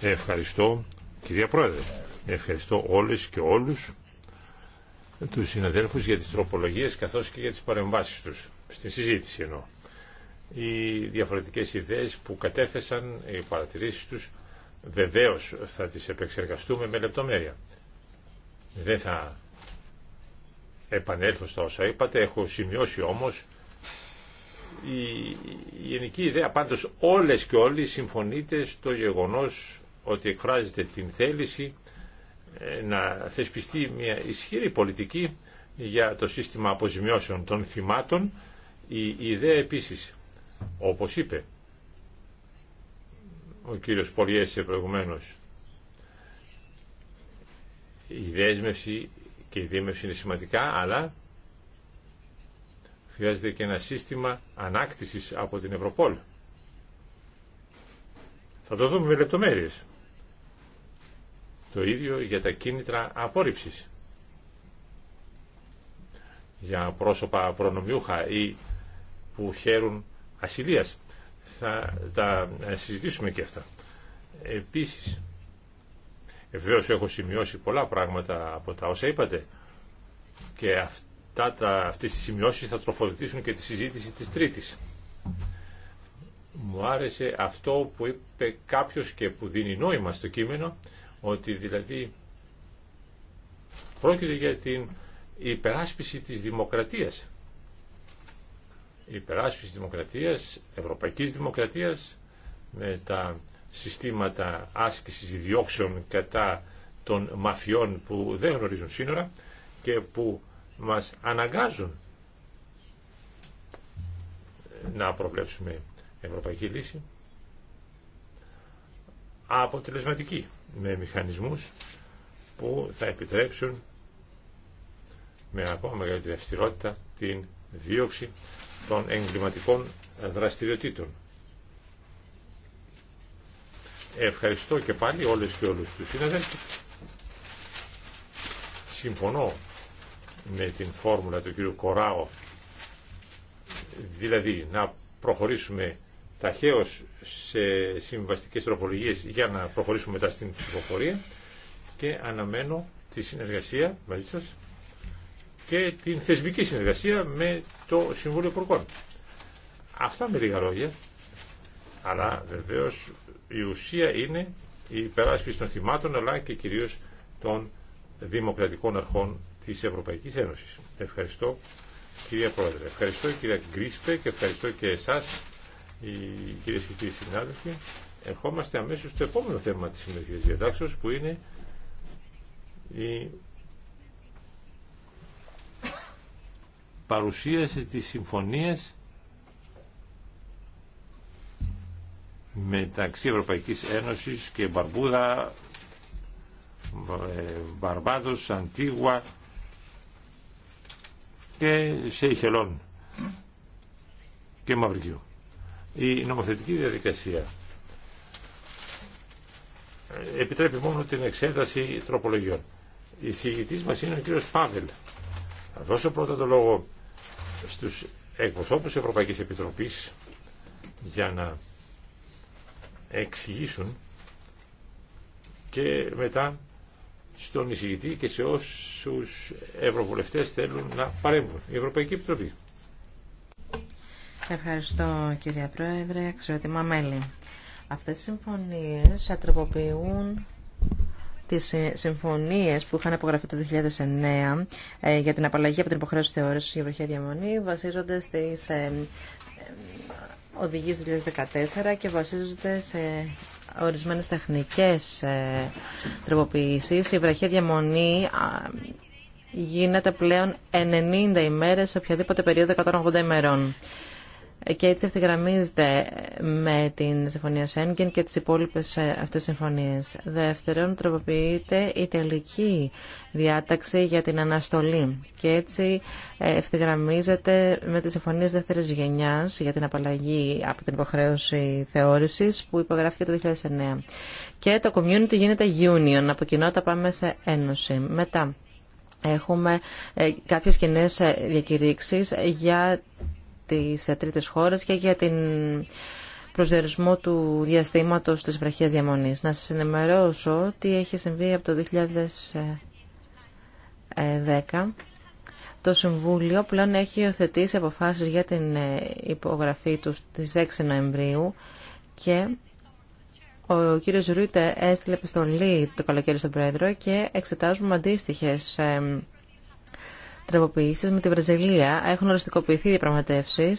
Ευχαριστώ, κυρία Πρόεδρε. Ευχαριστώ όλες και όλους τους συναδέλφους για τις τροπολογίες καθώς και για τις παρεμβάσεις τους, στη συζήτηση εννοώ. Οι διαφορετικές ιδέες που κατέθεσαν, οι παρατηρήσεις τους, βεβαίως θα τις επεξεργαστούμε με λεπτομέρεια. Δεν θα επανέλθω στα όσα είπατε, έχω σημειώσει όμως η γενική ιδέα πάντως όλες και όλοι συμφωνείτε στο γεγονός ότι εκφράζεται την θέληση ε, να θεσπιστεί μια ισχυρή πολιτική για το σύστημα αποζημιώσεων των θυμάτων. Η ιδέα επίσης, όπως είπε ο κύριος Πολιέσε προηγουμένως, η δέσμευση και η δίμευση είναι σημαντικά, αλλά χρειάζεται και ένα σύστημα ανάκτησης από την Ευρωπόλ. Θα το δούμε με λεπτομέρειες. Το ίδιο για τα κίνητρα απόρριψης. Για πρόσωπα προνομιούχα ή που χαίρουν ασυλίας. Θα τα ε, συζητήσουμε και αυτά. Επίσης, βεβαίως έχω σημειώσει πολλά πράγματα από τα όσα είπατε και αυτά τα, αυτές οι σημειώσεις θα τροφοδοτήσουν και τη συζήτηση της Τρίτης. Μου άρεσε αυτό που είπε κάποιος και που δίνει νόημα στο κείμενο ότι δηλαδή πρόκειται για την υπεράσπιση της δημοκρατίας. υπεράσπιση δημοκρατίας, ευρωπαϊκής δημοκρατίας, με τα συστήματα άσκησης διώξεων κατά των μαφιών που δεν γνωρίζουν σύνορα και που μας αναγκάζουν να προβλέψουμε ευρωπαϊκή λύση αποτελεσματική με μηχανισμούς που θα επιτρέψουν με ακόμα μεγαλύτερη αυστηρότητα την δίωξη των εγκληματικών δραστηριοτήτων. Ευχαριστώ και πάλι όλες και όλους τους συναδέλφους. Συμφωνώ με την φόρμουλα του κ. Κοράου δηλαδή να προχωρήσουμε ταχαίω σε συμβαστικές τροπολογίε για να προχωρήσουμε μετά στην ψηφοφορία και αναμένω τη συνεργασία μαζί σας και την θεσμική συνεργασία με το Συμβούλιο Υπουργών. Αυτά με λίγα λόγια, αλλά βεβαίω η ουσία είναι η υπεράσπιση των θυμάτων αλλά και κυρίως των δημοκρατικών αρχών τη Ευρωπαϊκής Ένωσης. Ευχαριστώ κυρία Πρόεδρε, ευχαριστώ κυρία Γκρίσπε και ευχαριστώ και εσάς οι κυρίες και κύριοι συνάδελφοι, ερχόμαστε αμέσως στο επόμενο θέμα της σημερινής διατάξεως που είναι η παρουσίαση της συμφωνίας μεταξύ Ευρωπαϊκής Ένωσης και Μπαρμπούδα, ε, Μπαρμπάδος, Αντίγουα και Σεϊχελών και Μαυρικίου. Η νομοθετική διαδικασία επιτρέπει μόνο την εξέταση τροπολογιών. Η συγητής μα είναι ο κύριο Πάβελ. Θα δώσω πρώτα το λόγο στους εκπροσώπου Ευρωπαϊκής Επιτροπής για να εξηγήσουν και μετά στον εισηγητή και σε όσους ευρωβουλευτές θέλουν να παρέμβουν. Η Ευρωπαϊκή Επιτροπή. Ευχαριστώ κυρία Πρόεδρε, αξιότιμα μέλη. Αυτές οι συμφωνίες ατροποποιούν τις συμφωνίες που είχαν απογραφεί το 2009 ε, για την απαλλαγή από την υποχρέωση θεώρησης για βροχή διαμονή βασίζονται στις ε, ε, οδηγίες 2014 και βασίζονται σε ορισμένες τεχνικές τροποποιήσεις. Η βραχία διαμονή γίνεται πλέον 90 ημέρες σε οποιαδήποτε περίοδο 180 ημερών και έτσι ευθυγραμμίζεται με την Συμφωνία Σέγγεν και τις υπόλοιπες ε, αυτές συμφωνίες. Δεύτερον, τροποποιείται η τελική διάταξη για την αναστολή και έτσι ε, ευθυγραμμίζεται με τις συμφωνίες δεύτερης γενιάς για την απαλλαγή από την υποχρέωση θεώρησης που υπογράφηκε το 2009. Και το community γίνεται union, από κοινότητα πάμε σε ένωση. Μετά, Έχουμε ε, κάποιες κοινέ διακηρύξεις για τις ε, τρίτες χώρες και για την προσδιορισμό του διαστήματος της βραχίας διαμονής. Να σας ενημερώσω ότι έχει συμβεί από το 2010. Το Συμβούλιο πλέον έχει υιοθετήσει αποφάσεις για την ε, υπογραφή του στις 6 Νοεμβρίου και ο κύριος Ρούιτε έστειλε επιστολή το καλοκαίρι στον Πρόεδρο και εξετάζουμε αντίστοιχες ε, Τραποποιήσει με τη Βραζιλία. Έχουν οριστικοποιηθεί οι διαπραγματεύσει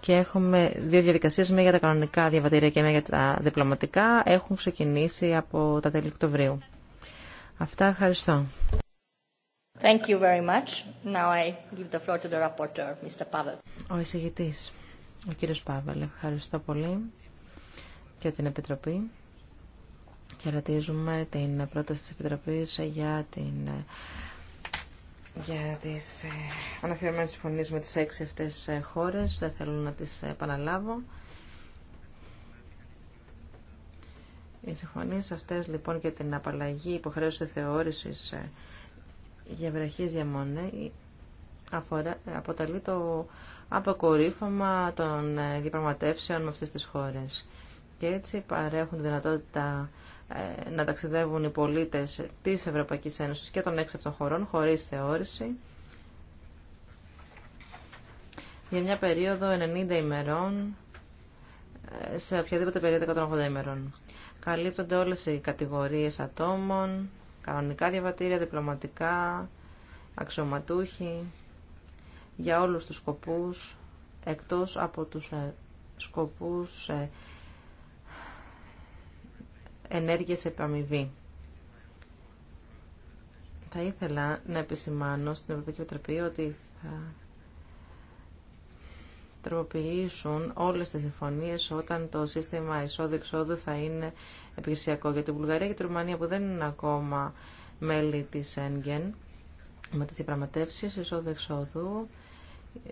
και έχουμε δύο διαδικασίες, μία για τα κανονικά διαβατήρια και μία για τα διπλωματικά. Έχουν ξεκινήσει από τα τέλη Οκτωβρίου. Αυτά ευχαριστώ. Thank you very much. Now I give the floor to the reporter, Mr. Pavel. Ο εισηγητής, ο κύριος Πάβελ, ευχαριστώ πολύ και την Επιτροπή. Χαιρετίζουμε την πρόταση της Επιτροπής για την για τις ε, αναφερμένες συμφωνίες με τις έξι αυτές ε, χώρες. Δεν θέλω να τις επαναλάβω. Οι συμφωνίες αυτές λοιπόν για την απαλλαγή υποχρέωση θεώρησης ε, για βραχίες διαμονή αφορά, αποτελεί το αποκορύφωμα των διαπραγματεύσεων με αυτές τις χώρες. Και έτσι παρέχουν τη δυνατότητα ε, να ταξιδεύουν οι πολίτες της Ευρωπαϊκής Ένωσης και των έξι τον χωρών χωρίς θεώρηση για μια περίοδο 90 ημερών ε, σε οποιαδήποτε περίοδο 180 ημερών. Καλύπτονται όλες οι κατηγορίες ατόμων, κανονικά διαβατήρια, διπλωματικά, αξιωματούχοι, για όλους τους σκοπούς, εκτός από τους ε, σκοπούς ενέργειες επαμοιβή. Θα ήθελα να επισημάνω στην Ευρωπαϊκή Επιτροπή ότι θα τροποποιήσουν όλες τις συμφωνίες όταν το σύστημα εισόδου-εξόδου θα είναι επιχειρησιακό. Για την Βουλγαρία και την Ρουμανία που δεν είναι ακόμα μέλη της ΕΝΓΕΝ, με τις διαπραγματεύσεις εισόδου-εξόδου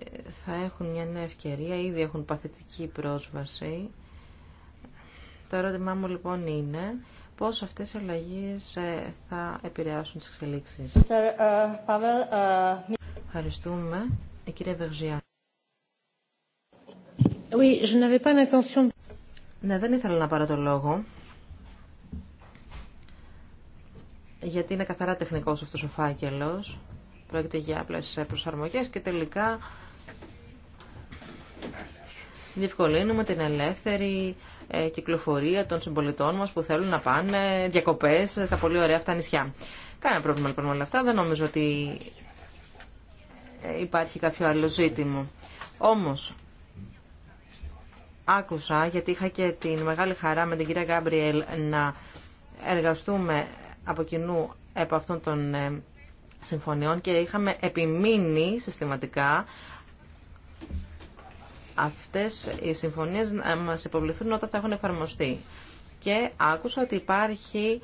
ε, θα έχουν μια νέα ευκαιρία, ήδη έχουν παθητική πρόσβαση το ερώτημά μου λοιπόν είναι πώς αυτές οι αλλαγές ε, θα επηρεάσουν τις εξελίξεις. Ε, ε, Ευχαριστούμε. Η κυρία Βεργιά. Ναι, δεν ήθελα να πάρω το λόγο. Γιατί είναι καθαρά τεχνικός αυτός ο φάκελος. Πρόκειται για απλές προσαρμογές και τελικά διευκολύνουμε την ελεύθερη ε, κυκλοφορία των συμπολιτών μας που θέλουν να πάνε διακοπές στα πολύ ωραία αυτά νησιά. Κάνα πρόβλημα λοιπόν με όλα αυτά. Δεν νομίζω ότι ε, υπάρχει κάποιο άλλο ζήτημα. Όμως, άκουσα, γιατί είχα και την μεγάλη χαρά με την κυρία Γκάμπριελ να εργαστούμε από κοινού από αυτών των ε, συμφωνιών και είχαμε επιμείνει συστηματικά αυτές οι συμφωνίες να μας υποβληθούν όταν θα έχουν εφαρμοστεί. Και άκουσα ότι υπάρχει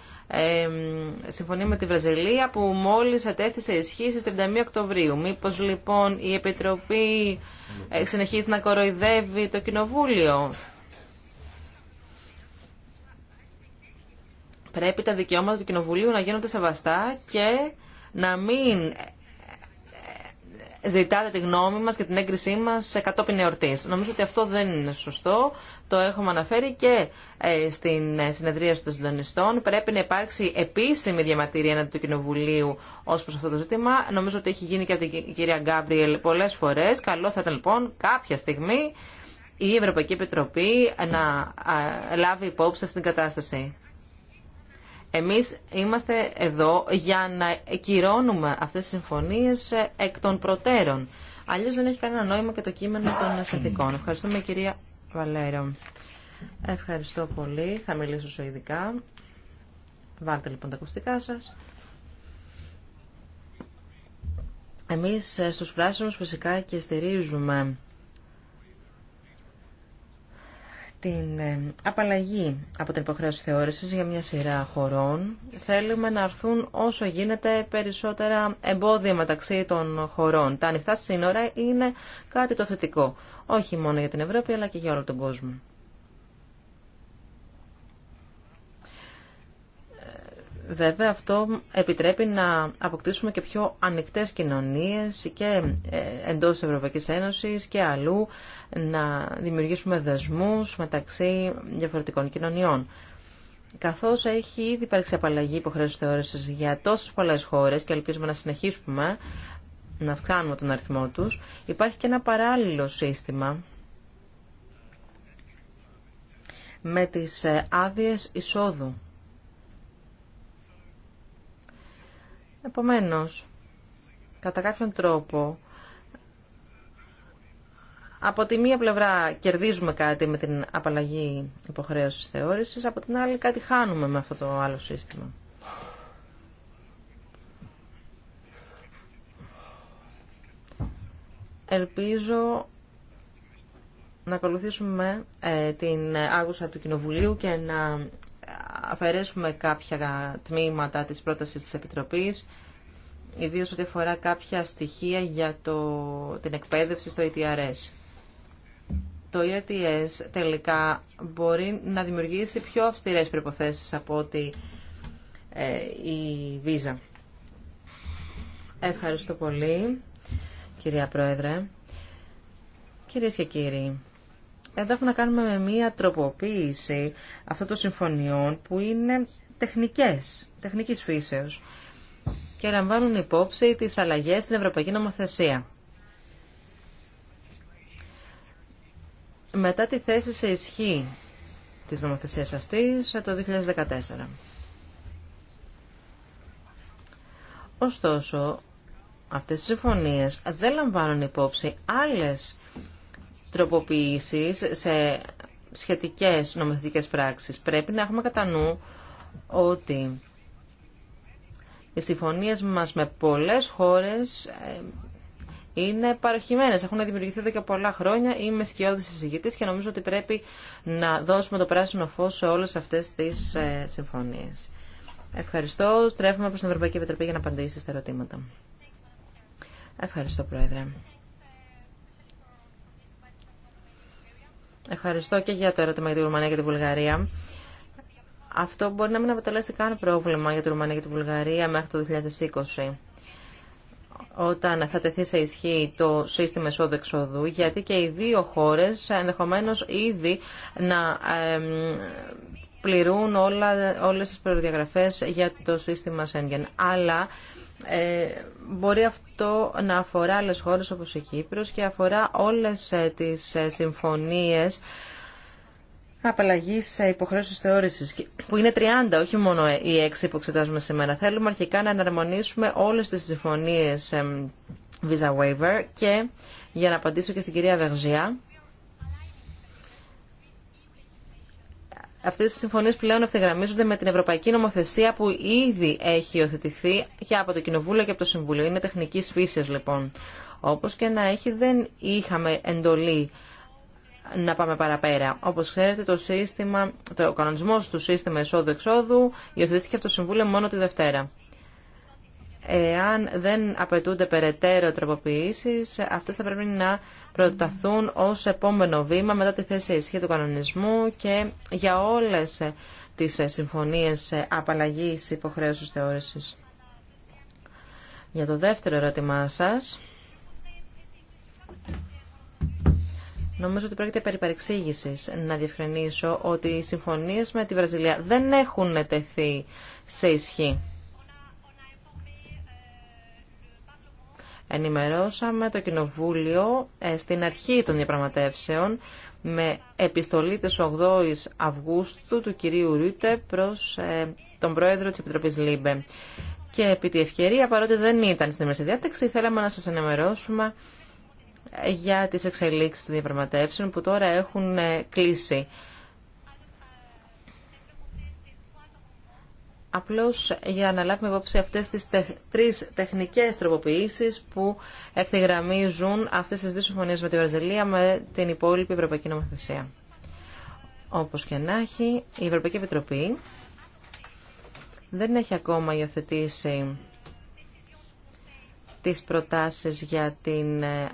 συμφωνία με τη Βραζιλία που μόλις ατέθησε ισχύ στις 31 Οκτωβρίου. Μήπως λοιπόν η Επιτροπή ε, συνεχίζει να κοροϊδεύει το Κοινοβούλιο. Πρέπει τα δικαιώματα του Κοινοβουλίου να γίνονται σεβαστά και να μην ζητάτε τη γνώμη μα και την έγκρισή μας κατόπιν εορτή. Νομίζω ότι αυτό δεν είναι σωστό. Το έχουμε αναφέρει και ε, στην ε, συνεδρία των συντονιστών. Πρέπει να υπάρξει επίσημη διαμαρτυρία εναντίον του Κοινοβουλίου ως προς αυτό το ζήτημα. Νομίζω ότι έχει γίνει και από την κυρία Γκάμπριελ πολλές φορές. Καλό θα ήταν λοιπόν κάποια στιγμή η Ευρωπαϊκή Επιτροπή να λάβει υπόψη αυτήν την κατάσταση. Εμείς είμαστε εδώ για να κυρώνουμε αυτές τις συμφωνίες ε, εκ των προτέρων. Αλλιώς δεν έχει κανένα νόημα και το κείμενο των αισθητικών. Ευχαριστούμε κυρία Βαλέρο. Ευχαριστώ πολύ. Θα μιλήσω σου ειδικά. Βάλτε λοιπόν τα ακουστικά σας. Εμείς ε, στους πράσινους φυσικά και στηρίζουμε την ε, απαλλαγή από την υποχρέωση θεώρησης για μια σειρά χωρών. Θέλουμε να έρθουν όσο γίνεται περισσότερα εμπόδια μεταξύ των χωρών. Τα ανοιχτά σύνορα είναι κάτι το θετικό, όχι μόνο για την Ευρώπη αλλά και για όλο τον κόσμο. Βέβαια αυτό επιτρέπει να αποκτήσουμε και πιο ανοιχτές κοινωνίες και ε, εντός της Ευρωπαϊκής Ένωσης και αλλού να δημιουργήσουμε δεσμούς μεταξύ διαφορετικών κοινωνιών. Καθώς έχει ήδη υπάρξει απαλλαγή υποχρέωσης θεώρησης για τόσες πολλές χώρες και ελπίζουμε να συνεχίσουμε να αυξάνουμε τον αριθμό τους, υπάρχει και ένα παράλληλο σύστημα με τις ε, άδειες εισόδου Επομένως, κατά κάποιον τρόπο, από τη μία πλευρά κερδίζουμε κάτι με την απαλλαγή υποχρέωσης θεώρησης, από την άλλη κάτι χάνουμε με αυτό το άλλο σύστημα. Ελπίζω να ακολουθήσουμε ε, την άγουσα του Κοινοβουλίου και να αφαιρέσουμε κάποια τμήματα της πρότασης της Επιτροπής, ιδίως ό,τι αφορά κάποια στοιχεία για το, την εκπαίδευση στο ETRS. Το ETS τελικά μπορεί να δημιουργήσει πιο αυστηρές προϋποθέσεις από ότι ε, η Visa. Ευχαριστώ πολύ, κυρία Πρόεδρε. Κυρίες και κύριοι, εδώ έχουμε να κάνουμε με μία τροποποίηση αυτών των συμφωνιών που είναι τεχνικές, τεχνικής φύσεως και λαμβάνουν υπόψη τις αλλαγές στην Ευρωπαϊκή Νομοθεσία. Μετά τη θέση σε ισχύ της νομοθεσίας αυτής το 2014. Ωστόσο, αυτές οι συμφωνίες δεν λαμβάνουν υπόψη άλλες τροποποιήσεις σε σχετικές νομοθετικές πράξεις. Πρέπει να έχουμε κατά νου ότι οι συμφωνίες μας με πολλές χώρες ε, είναι παροχημένες. Έχουν δημιουργηθεί εδώ και πολλά χρόνια. Είμαι σκιώδης συζητητής και νομίζω ότι πρέπει να δώσουμε το πράσινο φως σε όλες αυτές τις ε, συμφωνίες. Ευχαριστώ. Τρέφουμε προς την Ευρωπαϊκή Επιτροπή για να απαντήσει στα ερωτήματα. Ευχαριστώ, Πρόεδρε. Ευχαριστώ και για το ερώτημα για τη Ρουμανία και τη Βουλγαρία. Αυτό μπορεί να μην αποτελέσει καν πρόβλημα για τη Ρουμανία και τη Βουλγαρία μέχρι το 2020 όταν θα τεθεί σε ισχύ το σύστημα εισόδου-εξοδού, γιατί και οι δύο χώρες ενδεχομένως ήδη να πληρούν όλα, όλες τις προδιαγραφές για το σύστημα Σέγγεν. Αλλά ε, μπορεί αυτό να αφορά άλλες χώρες όπως η Κύπρος και αφορά όλες ε, τις ε, συμφωνίες απαλλαγή υποχρέωση θεώρηση, που είναι 30, όχι μόνο οι 6 που εξετάζουμε σήμερα. Θέλουμε αρχικά να εναρμονίσουμε όλε τι συμφωνίε Visa Waiver και για να απαντήσω και στην κυρία Βεγζιά. Αυτέ οι συμφωνίε πλέον ευθυγραμμίζονται με την Ευρωπαϊκή Νομοθεσία που ήδη έχει υιοθετηθεί και από το Κοινοβούλιο και από το Συμβούλιο. Είναι τεχνικής φύση λοιπόν. Όπως και να έχει δεν είχαμε εντολή να πάμε παραπέρα. Όπως ξέρετε το, σύστημα, το κανονισμός του σύστημα εισόδου-εξόδου υιοθετήθηκε από το Συμβούλιο μόνο τη Δευτέρα εάν δεν απαιτούνται περαιτέρω τροποποιήσει, αυτέ θα πρέπει να προταθούν ω επόμενο βήμα μετά τη θέση ισχύ του κανονισμού και για όλες τις συμφωνίες απαλλαγή υποχρέωση θεώρηση. Για το δεύτερο ερώτημά σας, Νομίζω ότι πρόκειται περί παρεξήγησης να διευκρινίσω ότι οι συμφωνίες με τη Βραζιλία δεν έχουν τεθεί σε ισχύ. ενημερώσαμε το Κοινοβούλιο ε, στην αρχή των διαπραγματεύσεων με επιστολή της 8ης Αυγούστου του κυρίου Ρούτε προς ε, τον Πρόεδρο της Επιτροπής ΛΥΜΠΕ. Και επί τη ευκαιρία, παρότι δεν ήταν στην ημερήσια διάταξη, θέλαμε να σας ενημερώσουμε ε, για τις εξελίξεις των διαπραγματεύσεων που τώρα έχουν κλείσει. απλώς για να λάβουμε υπόψη αυτές τις τεχ... τρεις τεχνικές τροποποιήσεις που ευθυγραμμίζουν αυτές τις δύο συμφωνίες με τη Βραζιλία με την υπόλοιπη Ευρωπαϊκή Νομοθεσία. Όπως και να έχει, η Ευρωπαϊκή Επιτροπή δεν έχει ακόμα υιοθετήσει τις προτάσεις για την ε,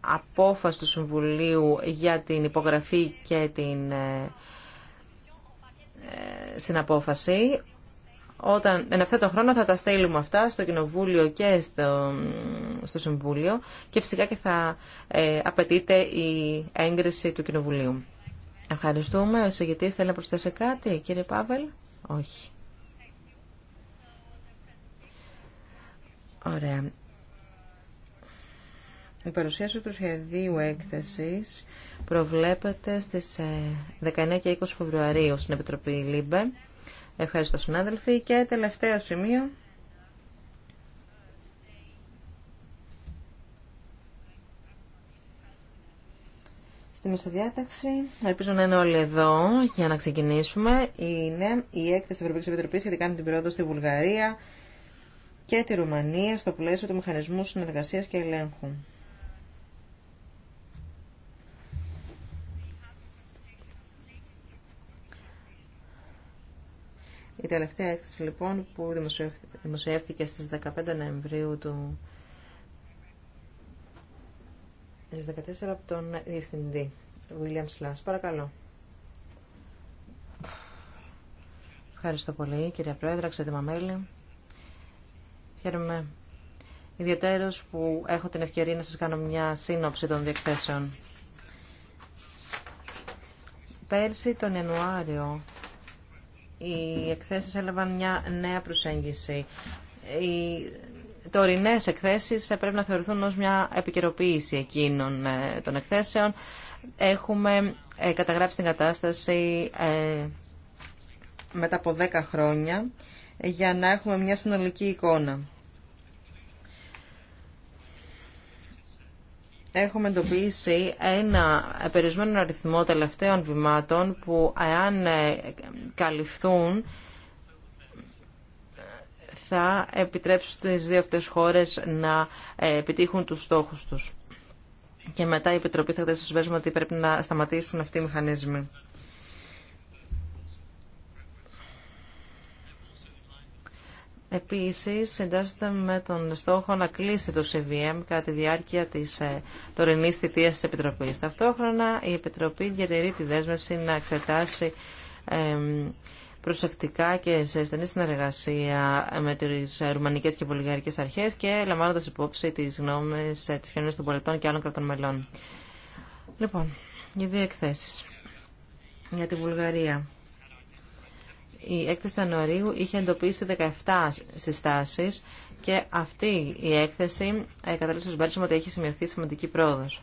απόφαση του Συμβουλίου για την υπογραφή και την ε, ε, συναπόφαση. Όταν, εν αυτό το χρόνο θα τα στέλνουμε αυτά στο Κοινοβούλιο και στο, στο Συμβούλιο και φυσικά και θα ε, απαιτείται η έγκριση του Κοινοβουλίου. Ευχαριστούμε. Ο εισηγητής θέλει να προσθέσει κάτι, κύριε Πάβελ. Όχι. Ωραία. Η παρουσίαση του σχεδίου έκθεσης προβλέπεται στις 19 ε, και 20 Φεβρουαρίου στην Επιτροπή ΛΥΜΠΕ Ευχαριστώ συνάδελφοι. Και τελευταίο σημείο. Στη μεσοδιάταξη, ελπίζω να είναι όλοι εδώ για να ξεκινήσουμε. Είναι η έκθεση Ευρωπαϊκή Επιτροπή σχετικά με την πρόοδο στη Βουλγαρία και τη Ρουμανία στο πλαίσιο του μηχανισμού συνεργασία και ελέγχου. Η τελευταία έκθεση λοιπόν που δημοσιεύθηκε στις 15 Νοεμβρίου του 14 από τον Διευθυντή, William Slash. Παρακαλώ. Ευχαριστώ πολύ, κυρία Πρόεδρε, αξιότιμα μέλη. Χαίρομαι ιδιαίτερως που έχω την ευκαιρία να σας κάνω μια σύνοψη των διεκθέσεων. Πέρσι τον Ιανουάριο οι εκθέσεις έλαβαν μια νέα προσέγγιση. Οι τωρινές εκθέσεις πρέπει να θεωρηθούν ως μια επικαιροποίηση εκείνων ε, των εκθέσεων. Έχουμε ε, καταγράψει την κατάσταση ε, μετά από 10 χρόνια για να έχουμε μια συνολική εικόνα. έχουμε εντοπίσει ένα περιορισμένο αριθμό τελευταίων βημάτων που εάν ε, καλυφθούν θα επιτρέψουν στις δύο αυτές χώρες να ε, επιτύχουν τους στόχους τους. Και μετά η Επιτροπή θα δεσμεύσει ότι πρέπει να σταματήσουν αυτοί οι μηχανισμοί. Επίσης, συντάσσεται με τον στόχο να κλείσει το CVM κατά τη διάρκεια της ε, τωρινής θητείας της Επιτροπής. Ταυτόχρονα, η Επιτροπή διατηρεί τη δέσμευση να εξετάσει προσεκτικά και σε στενή συνεργασία με τις ε, ρουμανικές και βουλγαρικές αρχές και λαμβάνοντας υπόψη τις γνώμες ε, της κοινωνίας των πολιτών και άλλων κρατών μελών. Λοιπόν, οι δύο εκθέσεις για τη Βουλγαρία. Η έκθεση του Ανωρίου είχε εντοπίσει 17 συστάσεις και αυτή η έκθεση καταλήξε στο ότι έχει σημειωθεί σημαντική πρόοδος.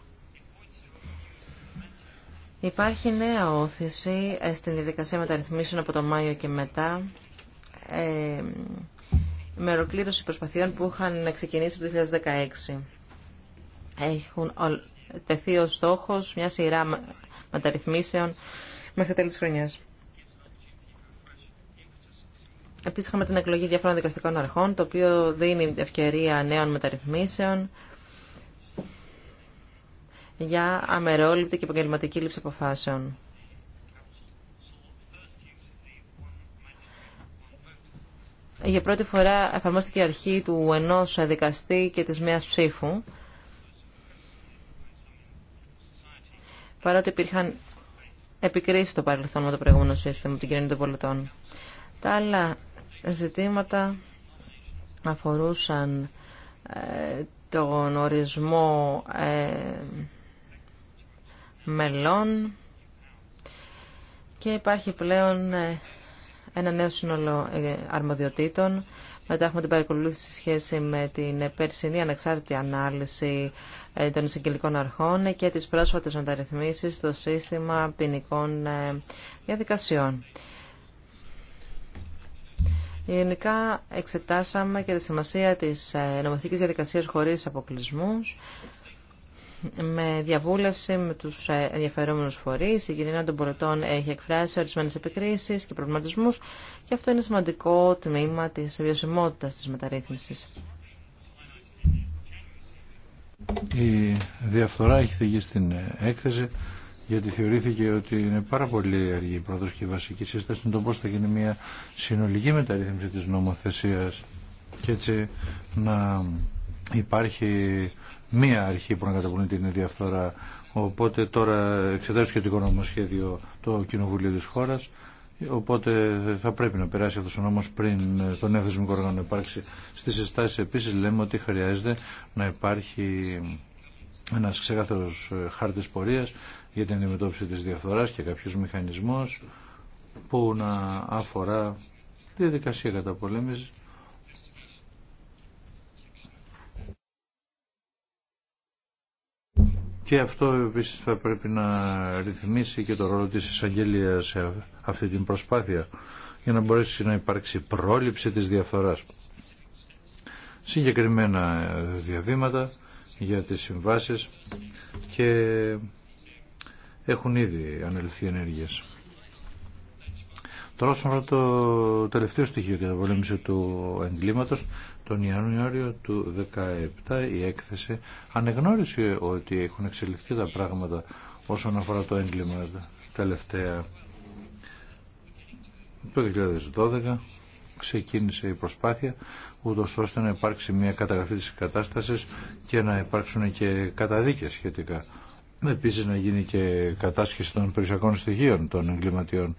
Υπάρχει νέα όθηση ε, στην διαδικασία μεταρρυθμίσεων από το Μάιο και μετά ε, με ολοκλήρωση προσπαθειών που είχαν ξεκινήσει το 2016. Έχουν τεθεί ο στόχος μια σειρά μεταρρυθμίσεων μέχρι τέλη της χρονιάς. Επίσης είχαμε την εκλογή διαφόρων δικαστικών αρχών, το οποίο δίνει ευκαιρία νέων μεταρρυθμίσεων για αμερόληπτη και επαγγελματική λήψη αποφάσεων. Για πρώτη φορά εφαρμόστηκε η αρχή του ενός δικαστή και της μίας ψήφου, παρότι υπήρχαν επικρίσεις στο παρελθόν με το προηγούμενο σύστημα την κοινωνία των πολιτών. Τα άλλα ζητήματα αφορούσαν ε, τον ορισμό ε, μελών και υπάρχει πλέον ε, ένα νέο σύνολο αρμοδιοτήτων. Μετά έχουμε την παρακολούθηση σχέση με την περσινή ανεξάρτητη ανάλυση των εισαγγελικών αρχών και τις πρόσφατες μεταρρυθμίσεις στο σύστημα ποινικών διαδικασιών. Γενικά εξετάσαμε και τη σημασία της ε, νομοθετικής διαδικασίας χωρίς αποκλεισμούς με διαβούλευση με τους ε, ενδιαφερόμενους φορείς. Η κοινωνία των πολιτών έχει εκφράσει ορισμένε επικρίσεις και προβληματισμούς και αυτό είναι σημαντικό τμήμα της βιωσιμότητας της μεταρρύθμισης. Η διαφθορά έχει θυγεί στην ε, έκθεση γιατί θεωρήθηκε ότι είναι πάρα πολύ αργή η πρόοδος και η βασική σύσταση είναι το πώς θα γίνει μια συνολική μεταρρύθμιση της νομοθεσίας και έτσι να υπάρχει μία αρχή που να καταπονεί την φθορά. Οπότε τώρα εξετάζει σχετικό νομοσχέδιο το Κοινοβούλιο της χώρας Οπότε θα πρέπει να περάσει αυτό ο νόμο πριν τον νέο θεσμικό όργανο υπάρξει. Στι συστάσει επίση λέμε ότι χρειάζεται να υπάρχει ένα ξεκάθαρο χάρτη πορεία για την αντιμετώπιση της διαφθοράς και κάποιους μηχανισμούς... που να αφορά τη διαδικασία καταπολέμησης Και αυτό επίσης θα πρέπει να ρυθμίσει και το ρόλο της εισαγγελία σε αυτή την προσπάθεια για να μπορέσει να υπάρξει πρόληψη της διαφθοράς. Συγκεκριμένα διαβήματα για τις συμβάσεις και έχουν ήδη αναλυθεί ενέργειε. Τώρα όσον αφορά το τελευταίο στοιχείο και πολέμηση του εγκλήματος, τον Ιανουάριο του 2017 η έκθεση ανεγνώρισε ότι έχουν εξελιχθεί τα πράγματα όσον αφορά το έγκλημα τελευταία. Το 2012 ξεκίνησε η προσπάθεια ούτως ώστε να υπάρξει μια καταγραφή τη κατάστασης και να υπάρξουν και καταδίκες σχετικά. Επίση να γίνει και κατάσχεση των περιουσιακών στοιχείων των εγκληματιών.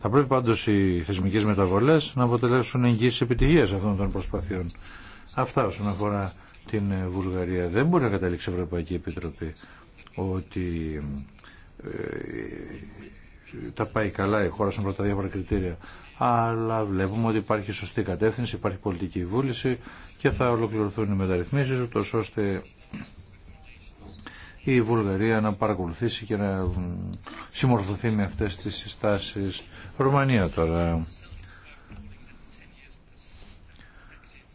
Θα πρέπει πάντως οι θεσμικές μεταβολές να αποτελέσουν εγγύηση επιτυχίας αυτών των προσπαθειών. Αυτά όσον αφορά την Βουλγαρία. Δεν μπορεί να καταλήξει η Ευρωπαϊκή Επιτροπή ότι ε, τα πάει καλά η χώρα σαν πρώτα διάφορα κριτήρια αλλά βλέπουμε ότι υπάρχει σωστή κατεύθυνση, υπάρχει πολιτική βούληση και θα ολοκληρωθούν οι μεταρρυθμίσεις, ούτως ώστε η Βουλγαρία να παρακολουθήσει και να συμμορφωθεί με αυτές τις συστάσεις. Ρουμανία τώρα.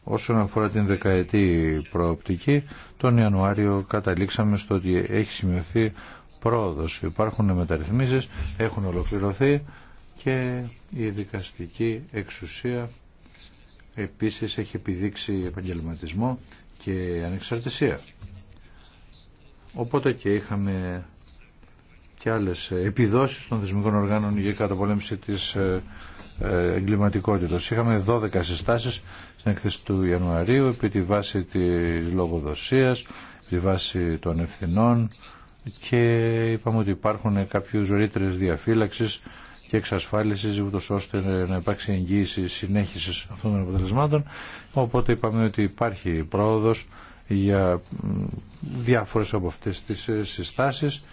Όσον αφορά την δεκαετή προοπτική, τον Ιανουάριο καταλήξαμε στο ότι έχει σημειωθεί πρόοδος. Υπάρχουν μεταρρυθμίσεις, έχουν ολοκληρωθεί και η δικαστική εξουσία επίσης έχει επιδείξει επαγγελματισμό και ανεξαρτησία. Οπότε και είχαμε και άλλες επιδόσεις των θεσμικών οργάνων για καταπολέμηση της ε, ε, εγκληματικότητας. Είχαμε 12 συστάσεις στην έκθεση του Ιανουαρίου επί τη βάση της λογοδοσίας, επί τη βάση των ευθυνών και είπαμε ότι υπάρχουν κάποιους ρήτρες διαφύλαξης και εξασφάλιση ούτω ώστε να υπάρξει εγγύηση συνέχιση αυτών των αποτελεσμάτων. Οπότε είπαμε ότι υπάρχει πρόοδο για διάφορες από αυτέ τι ε, συστάσεις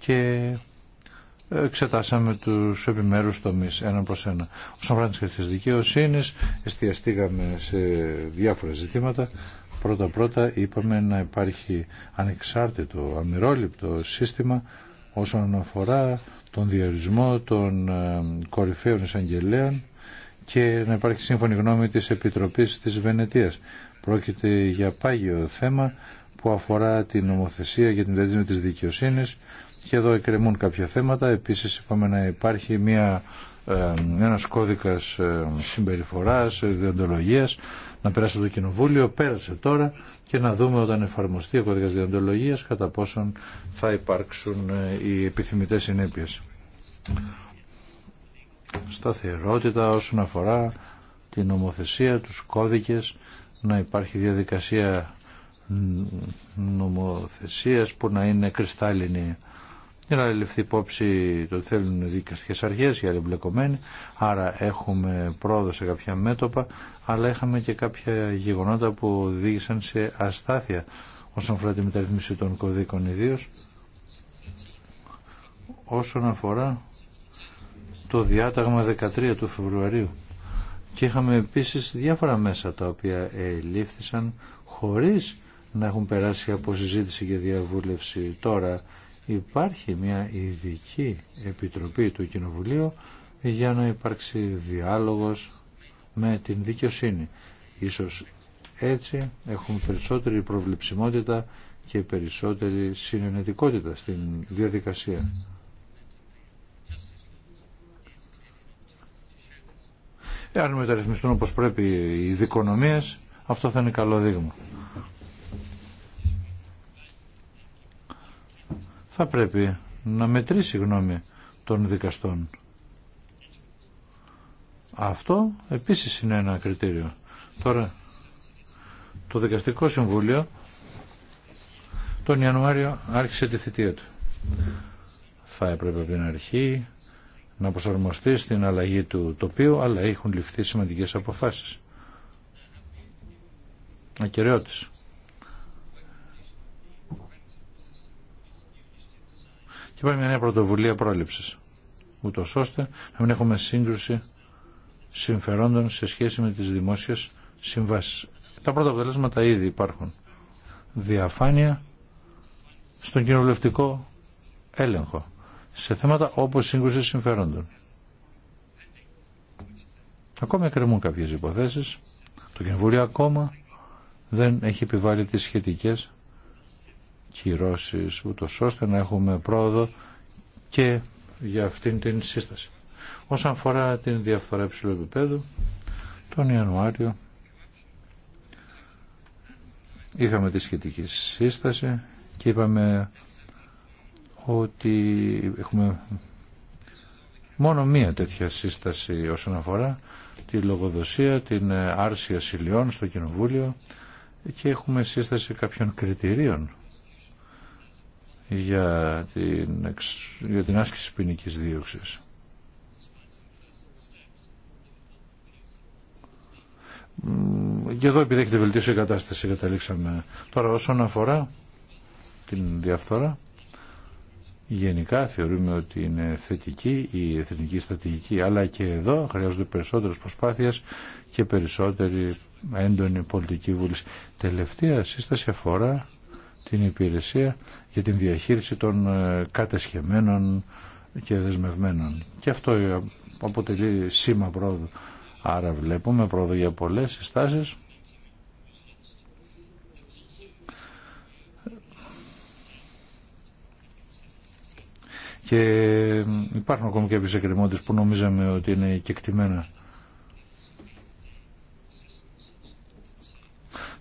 και εξετάσαμε τους επιμέρου τομεί ένα προς ένα. Όσον αφορά τι χρηστές δικαιοσύνη, εστιαστήκαμε σε διάφορα ζητήματα. Πρώτα-πρώτα είπαμε να υπάρχει ανεξάρτητο, αμυρόληπτο σύστημα όσον αφορά τον διορισμό των ε, κορυφαίων εισαγγελέων και να υπάρχει σύμφωνη γνώμη της Επιτροπής της Βενετίας. Πρόκειται για πάγιο θέμα που αφορά την νομοθεσία για την τάξη της δικαιοσύνης και εδώ εκκρεμούν κάποια θέματα. Επίσης είπαμε να υπάρχει μια, ε, ένας κώδικας ε, συμπεριφοράς, διοντολογίας να περάσει το Κοινοβούλιο, πέρασε τώρα και να δούμε όταν εφαρμοστεί ο κώδικας διοντολογίας κατά πόσον θα υπάρξουν ε, οι επιθυμητές συνέπειες. Σταθερότητα όσον αφορά την νομοθεσία, τους κώδικες, να υπάρχει διαδικασία νομοθεσίας που να είναι κρυστάλλινη για να ληφθεί υπόψη το ότι θέλουν δικαστικέ αρχέ για εμπλεκομένοι. Άρα έχουμε πρόοδο σε κάποια μέτωπα, αλλά είχαμε και κάποια γεγονότα που οδήγησαν σε αστάθεια όσον αφορά τη μεταρρύθμιση των κωδίκων ιδίω. Όσον αφορά το διάταγμα 13 του Φεβρουαρίου. Και είχαμε επίσης διάφορα μέσα τα οποία ελήφθησαν χωρίς να έχουν περάσει από συζήτηση και διαβούλευση τώρα υπάρχει μια ειδική επιτροπή του Κοινοβουλίου για να υπάρξει διάλογος με την δικαιοσύνη. Ίσως έτσι έχουμε περισσότερη προβληψιμότητα και περισσότερη συνενετικότητα στην διαδικασία. Εάν μεταρρυθμιστούν όπως πρέπει οι δικονομίες, αυτό θα είναι καλό δείγμα. θα πρέπει να μετρήσει γνώμη των δικαστών. Αυτό επίσης είναι ένα κριτήριο. Τώρα, το Δικαστικό Συμβούλιο τον Ιανουάριο άρχισε τη θητεία του. Θα έπρεπε από την αρχή να προσαρμοστεί στην αλλαγή του τοπίου, αλλά έχουν ληφθεί σημαντικές αποφάσεις. Ακαιρεώτης. Και πάει μια νέα πρωτοβουλία πρόληψη, ούτω ώστε να μην έχουμε σύγκρουση συμφερόντων σε σχέση με τις δημόσιες συμβάσει. Τα πρώτα αποτελέσματα ήδη υπάρχουν. Διαφάνεια στον κοινοβουλευτικό έλεγχο σε θέματα όπως σύγκρουση συμφερόντων. Ακόμα εκκρεμούν κάποιες υποθέσεις. Το Κοινοβούλιο ακόμα δεν έχει επιβάλει τις σχετικές κυρώσεις ούτως ώστε να έχουμε πρόοδο και για αυτήν την σύσταση. Όσον αφορά την διαφθορά υψηλού επίπεδου, τον Ιανουάριο είχαμε τη σχετική σύσταση και είπαμε ότι έχουμε μόνο μία τέτοια σύσταση όσον αφορά τη λογοδοσία, την άρση ασυλιών στο Κοινοβούλιο και έχουμε σύσταση κάποιων κριτηρίων για την, για την άσκηση ποινική δίωξη. Και εδώ επειδή έχετε βελτίσει η κατάσταση καταλήξαμε. Τώρα όσον αφορά την διαφθορά, γενικά θεωρούμε ότι είναι θετική η εθνική στρατηγική, αλλά και εδώ χρειάζονται περισσότερες προσπάθειες και περισσότερη έντονη πολιτική βούληση. Τελευταία σύσταση αφορά την υπηρεσία για την διαχείριση των ε, κατεσχεμένων και δεσμευμένων. Και αυτό ε, αποτελεί σήμα πρόοδου. Άρα βλέπουμε πρόοδο για πολλές συστάσεις. Και υπάρχουν ακόμη και επισεκκριμότητες που νομίζαμε ότι είναι κεκτημένα.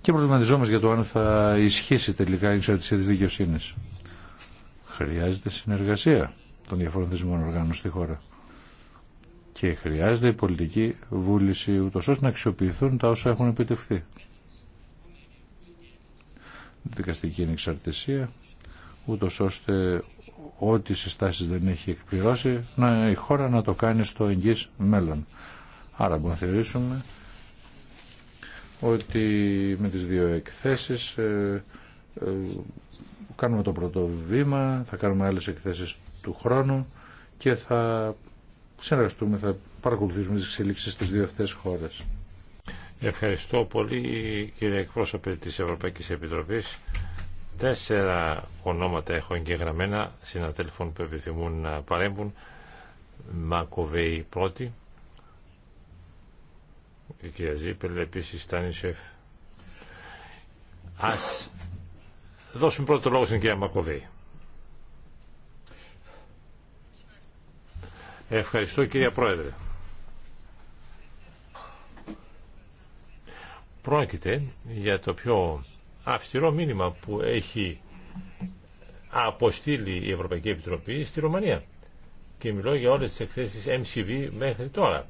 και προβληματιζόμαστε για το αν θα ισχύσει τελικά η εξαρτησία τη δικαιοσύνη. Χρειάζεται συνεργασία των διαφορών θεσμών οργάνων στη χώρα. Και χρειάζεται η πολιτική βούληση ούτω ώστε να αξιοποιηθούν τα όσα έχουν επιτευχθεί. Δικαστική εξαρτησία. ούτω ώστε ό,τι συστάσει δεν έχει εκπληρώσει, να, η χώρα να το κάνει στο εγγύ μέλλον. Άρα μπορούμε να θεωρήσουμε ότι με τις δύο εκθέσεις ε, ε, κάνουμε το πρώτο βήμα, θα κάνουμε άλλες εκθέσεις του χρόνου και θα συνεργαστούμε, θα παρακολουθήσουμε τις εξελίξεις στις δύο αυτές χώρες. Ευχαριστώ πολύ κύριε εκπρόσωπε της Ευρωπαϊκής Επιτροπής. Τέσσερα ονόματα έχω εγγεγραμμένα συναδέλφων που επιθυμούν να παρέμβουν. Μακοβέη πρώτη η κυρία Ζήπελ, επίσης Σεφ Ας δώσουμε πρώτο λόγο στην κυρία Μακοβέη. Ευχαριστώ κυρία Πρόεδρε. Πρόκειται για το πιο αυστηρό μήνυμα που έχει αποστείλει η Ευρωπαϊκή Επιτροπή στη Ρουμανία. Και μιλώ για όλες τις εκθέσεις MCV μέχρι τώρα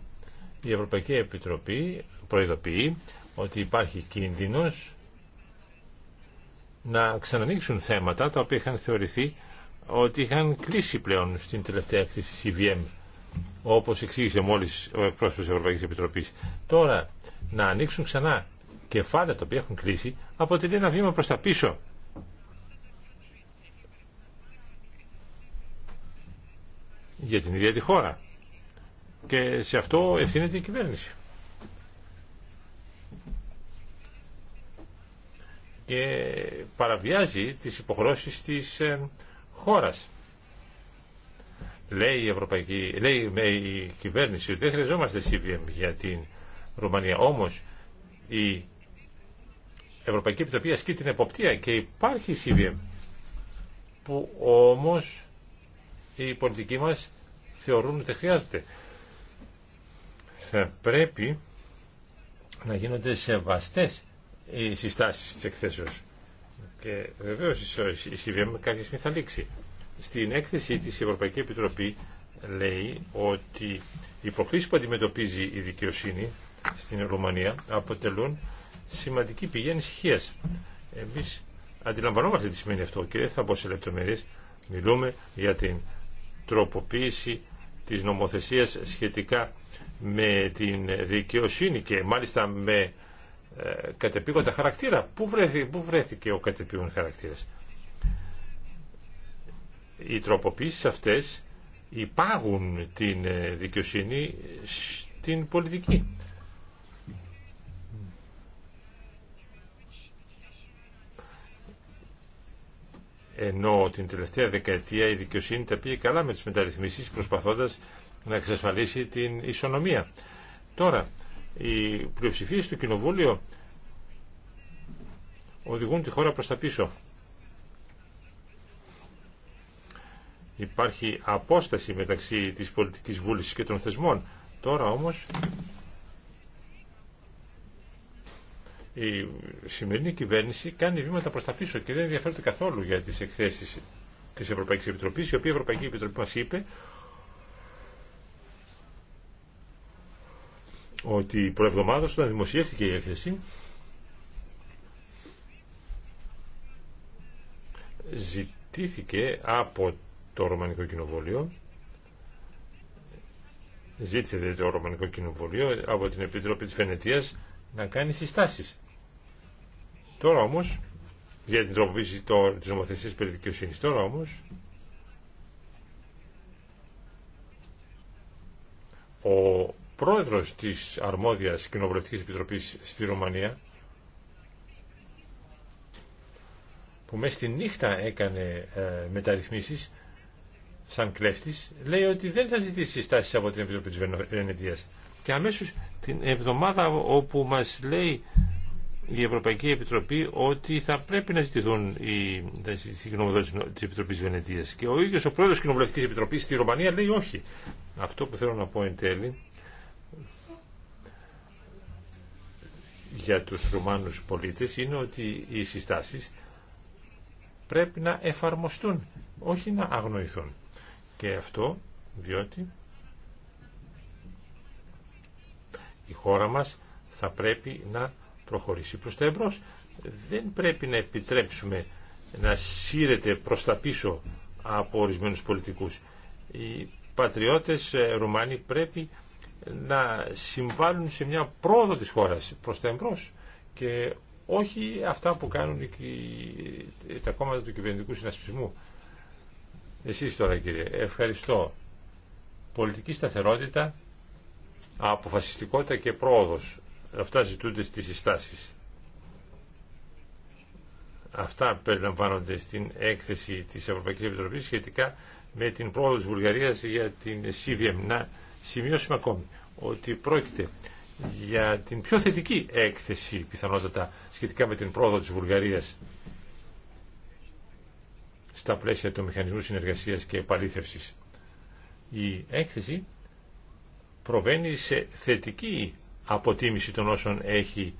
η Ευρωπαϊκή Επιτροπή προειδοποιεί ότι υπάρχει κίνδυνος να ξανανοίξουν θέματα τα οποία είχαν θεωρηθεί ότι είχαν κλείσει πλέον στην τελευταία έκθεση CVM όπως εξήγησε μόλις ο εκπρόσωπος της Ευρωπαϊκής Επιτροπής. Τώρα να ανοίξουν ξανά κεφάλαια τα οποία έχουν κλείσει αποτελεί ένα βήμα προς τα πίσω. για την ίδια τη χώρα και σε αυτό ευθύνεται η κυβέρνηση. και παραβιάζει τις υποχρώσεις της ε, χώρας. Λέει η, Ευρωπαϊκή, λέει η κυβέρνηση ότι δεν χρειαζόμαστε CVM για την Ρουμανία. Όμως η Ευρωπαϊκή Επιτροπή ασκεί την εποπτεία και υπάρχει CVM που όμως οι πολιτικοί μας θεωρούν ότι χρειάζεται θα πρέπει να γίνονται σεβαστές οι συστάσεις της εκθέσεως. Και βεβαίως η CVM κάποια στιγμή θα λήξει. Στην έκθεση της Ευρωπαϊκή Επιτροπή λέει ότι οι προκλήσεις που αντιμετωπίζει η δικαιοσύνη στην Ρουμανία αποτελούν σημαντική πηγή ανησυχία. Εμείς αντιλαμβανόμαστε τι σημαίνει αυτό και θα πω σε λεπτομέρειες. Μιλούμε για την τροποποίηση της νομοθεσίας σχετικά με την δικαιοσύνη και μάλιστα με ε, κατεπήγοντα χαρακτήρα. Πού, βρέθηκε, ο κατεπήγον χαρακτήρας. Οι τροποποίησεις αυτές υπάγουν την ε, δικαιοσύνη στην πολιτική. ενώ την τελευταία δεκαετία η δικαιοσύνη τα πήγε καλά με τις μεταρρυθμίσεις προσπαθώντας να εξασφαλίσει την ισονομία. Τώρα, οι πλειοψηφίε του Κοινοβούλιο οδηγούν τη χώρα προς τα πίσω. Υπάρχει απόσταση μεταξύ της πολιτικής βούλησης και των θεσμών. Τώρα όμως η σημερινή κυβέρνηση κάνει βήματα προς τα πίσω και δεν ενδιαφέρεται καθόλου για τις εκθέσεις της Ευρωπαϊκής Επιτροπής, η οποία η Ευρωπαϊκή Επιτροπή μας είπε ότι προεβδομάδος όταν δημοσιεύτηκε η έκθεση ζητήθηκε από το Ρωμανικό Κοινοβούλιο ζήτησε το Ρωμανικό Κοινοβούλιο από την Επιτροπή της Φενετίας να κάνει συστάσεις. Τώρα όμως, για την τροποποίηση της νομοθεσίας περί δικαιοσύνης, τώρα όμως, ο πρόεδρος της αρμόδιας κοινοβουλευτικής επιτροπής στη Ρουμανία που μέσα στη νύχτα έκανε ε, μεταρρυθμίσεις σαν κλέφτης λέει ότι δεν θα ζητήσει στάσεις από την Επιτροπή της Βενετίας και αμέσως την εβδομάδα όπου μας λέει η Ευρωπαϊκή Επιτροπή ότι θα πρέπει να ζητηθούν οι, θα ζητηθεί τη Επιτροπή Βενετία. Και ο ίδιο ο πρόεδρο τη Κοινοβουλευτική Επιτροπή στη Ρουμανία λέει όχι. Αυτό που θέλω να πω εν τέλει για τους Ρουμάνους πολίτες είναι ότι οι συστάσεις πρέπει να εφαρμοστούν, όχι να αγνοηθούν. Και αυτό διότι η χώρα μας θα πρέπει να προχωρήσει προς τα εμπρός. Δεν πρέπει να επιτρέψουμε να σύρεται προς τα πίσω από ορισμένους πολιτικούς. Οι πατριώτες ε, Ρουμάνοι πρέπει να συμβάλλουν σε μια πρόοδο της χώρας προς τα εμπρός και όχι αυτά που κάνουν τα κόμματα του κυβερνητικού συνασπισμού. Εσείς τώρα κύριε, ευχαριστώ. Πολιτική σταθερότητα, αποφασιστικότητα και πρόοδος. Αυτά ζητούνται στις συστάσεις. Αυτά περιλαμβάνονται στην έκθεση της Ευρωπαϊκής Επιτροπής σχετικά με την πρόοδο της Βουλγαρίας για την CVM. Σημειώσουμε ακόμη ότι πρόκειται για την πιο θετική έκθεση πιθανότατα σχετικά με την πρόοδο της Βουλγαρίας στα πλαίσια του Μηχανισμού Συνεργασίας και Επαλήθευσης. Η έκθεση προβαίνει σε θετική αποτίμηση των όσων έχει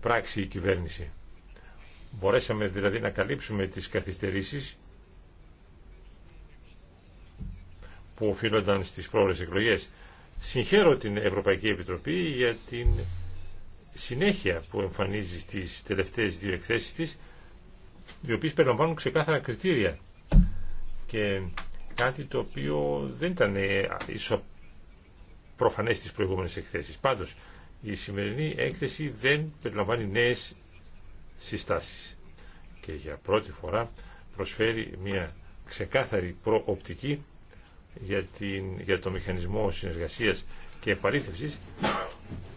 πράξει η κυβέρνηση. Μπορέσαμε δηλαδή να καλύψουμε τις καθυστερήσεις που οφείλονταν στις πρόορες εκλογές. Συγχαίρω την Ευρωπαϊκή Επιτροπή για την συνέχεια που εμφανίζει στις τελευταίες δύο εκθέσεις της, οι οποίες περιλαμβάνουν ξεκάθαρα κριτήρια και κάτι το οποίο δεν ήταν ε, ίσως προφανές στις προηγούμενες εκθέσεις. Πάντως, η σημερινή έκθεση δεν περιλαμβάνει νέες συστάσεις και για πρώτη φορά προσφέρει μια ξεκάθαρη προοπτική για, την, για το μηχανισμό συνεργασίας και επαλήθευσης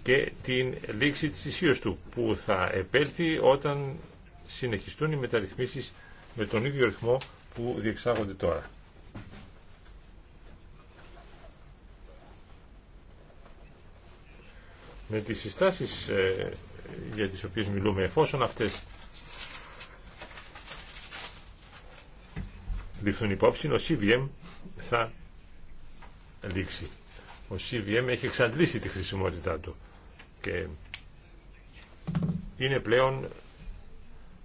και την λήξη της ισχύω του που θα επέλθει όταν συνεχιστούν οι μεταρρυθμίσεις με τον ίδιο ρυθμό που διεξάγονται τώρα. Με τις συστάσεις ε, για τις οποίες μιλούμε εφόσον αυτές ληφθούν υπόψη, ο CVM θα λήξει. Ο CVM έχει εξαντλήσει τη χρησιμότητά του και είναι πλέον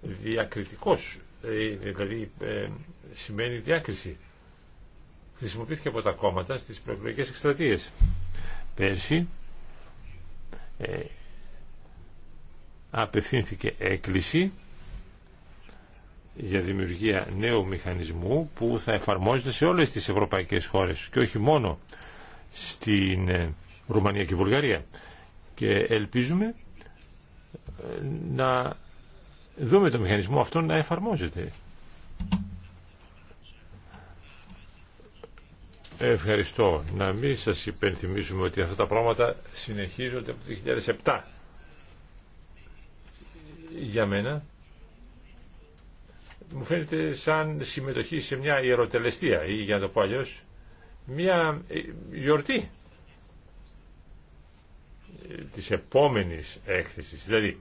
διακριτικός, ε, δηλαδή ε, σημαίνει διάκριση. Χρησιμοποιήθηκε από τα κόμματα στις προεκλογικές εκστρατείες. Πέρσι ε, απευθύνθηκε έκκληση για δημιουργία νέου μηχανισμού που θα εφαρμόζεται σε όλες τις ευρωπαϊκές χώρες και όχι μόνο στην ε, Ρουμανία και Βουλγαρία. Και ελπίζουμε ε, να δούμε το μηχανισμό αυτό να εφαρμόζεται. Ευχαριστώ. Να μην σας υπενθυμίσουμε ότι αυτά τα πράγματα συνεχίζονται από το 2007. Για μένα μου φαίνεται σαν συμμετοχή σε μια ιεροτελεστία ή για να το πω μια ε, γιορτή της επόμενης έκθεσης. Δηλαδή,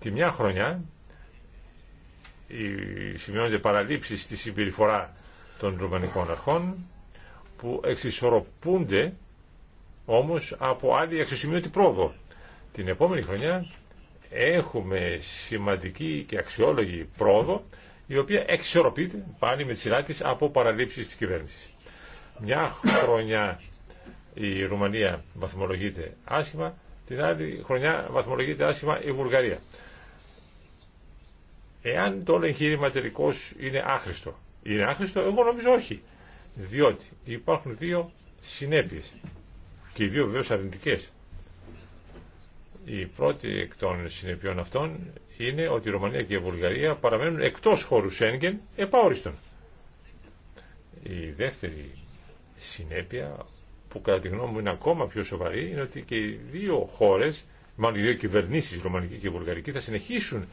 τη μια χρονιά σημειώνονται παραλήψη στη συμπεριφορά των ρουμανικών αρχών που εξισορροπούνται όμως από άλλη αξιοσημείωτη πρόοδο. Την επόμενη χρονιά έχουμε σημαντική και αξιόλογη πρόοδο η οποία εξορροπείται πάλι με τη σειρά από παραλήψεις της κυβέρνησης. Μια χρονιά η Ρουμανία βαθμολογείται άσχημα, την άλλη χρονιά βαθμολογείται άσχημα η Βουλγαρία. Εάν το εγχείρημα είναι άχρηστο. Είναι άχρηστο, εγώ νομίζω όχι. Διότι υπάρχουν δύο συνέπειες και οι δύο βεβαίω αρνητικές. Η πρώτη εκ των συνεπειών αυτών είναι ότι η Ρωμανία και η Βουλγαρία παραμένουν εκτός χώρου Σέγγεν επαόριστον. Η δεύτερη συνέπεια που κατά τη γνώμη μου είναι ακόμα πιο σοβαρή είναι ότι και οι δύο χώρες, μάλλον οι δύο κυβερνήσεις, η Ρωμανική και η Βουλγαρική, θα συνεχίσουν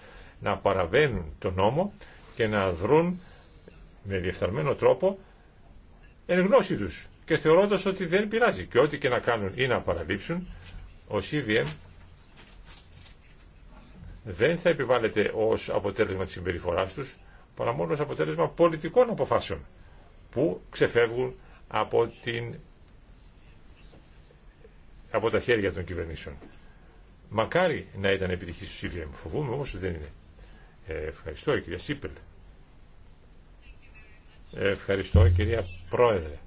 να παραβαίνουν τον νόμο και να δρουν με διεφθαρμένο τρόπο εν γνώση τους και θεωρώντας ότι δεν πειράζει και ό,τι και να κάνουν ή να παραλείψουν ο δεν θα επιβάλλεται ως αποτέλεσμα της συμπεριφοράς τους, παρά μόνο ως αποτέλεσμα πολιτικών αποφάσεων που ξεφεύγουν από, την... από τα χέρια των κυβερνήσεων. Μακάρι να ήταν επιτυχή στο μου Φοβούμαι όμως ότι δεν είναι. Ε, ευχαριστώ κυρία Σίπελ. Ευχαριστώ κυρία Πρόεδρε.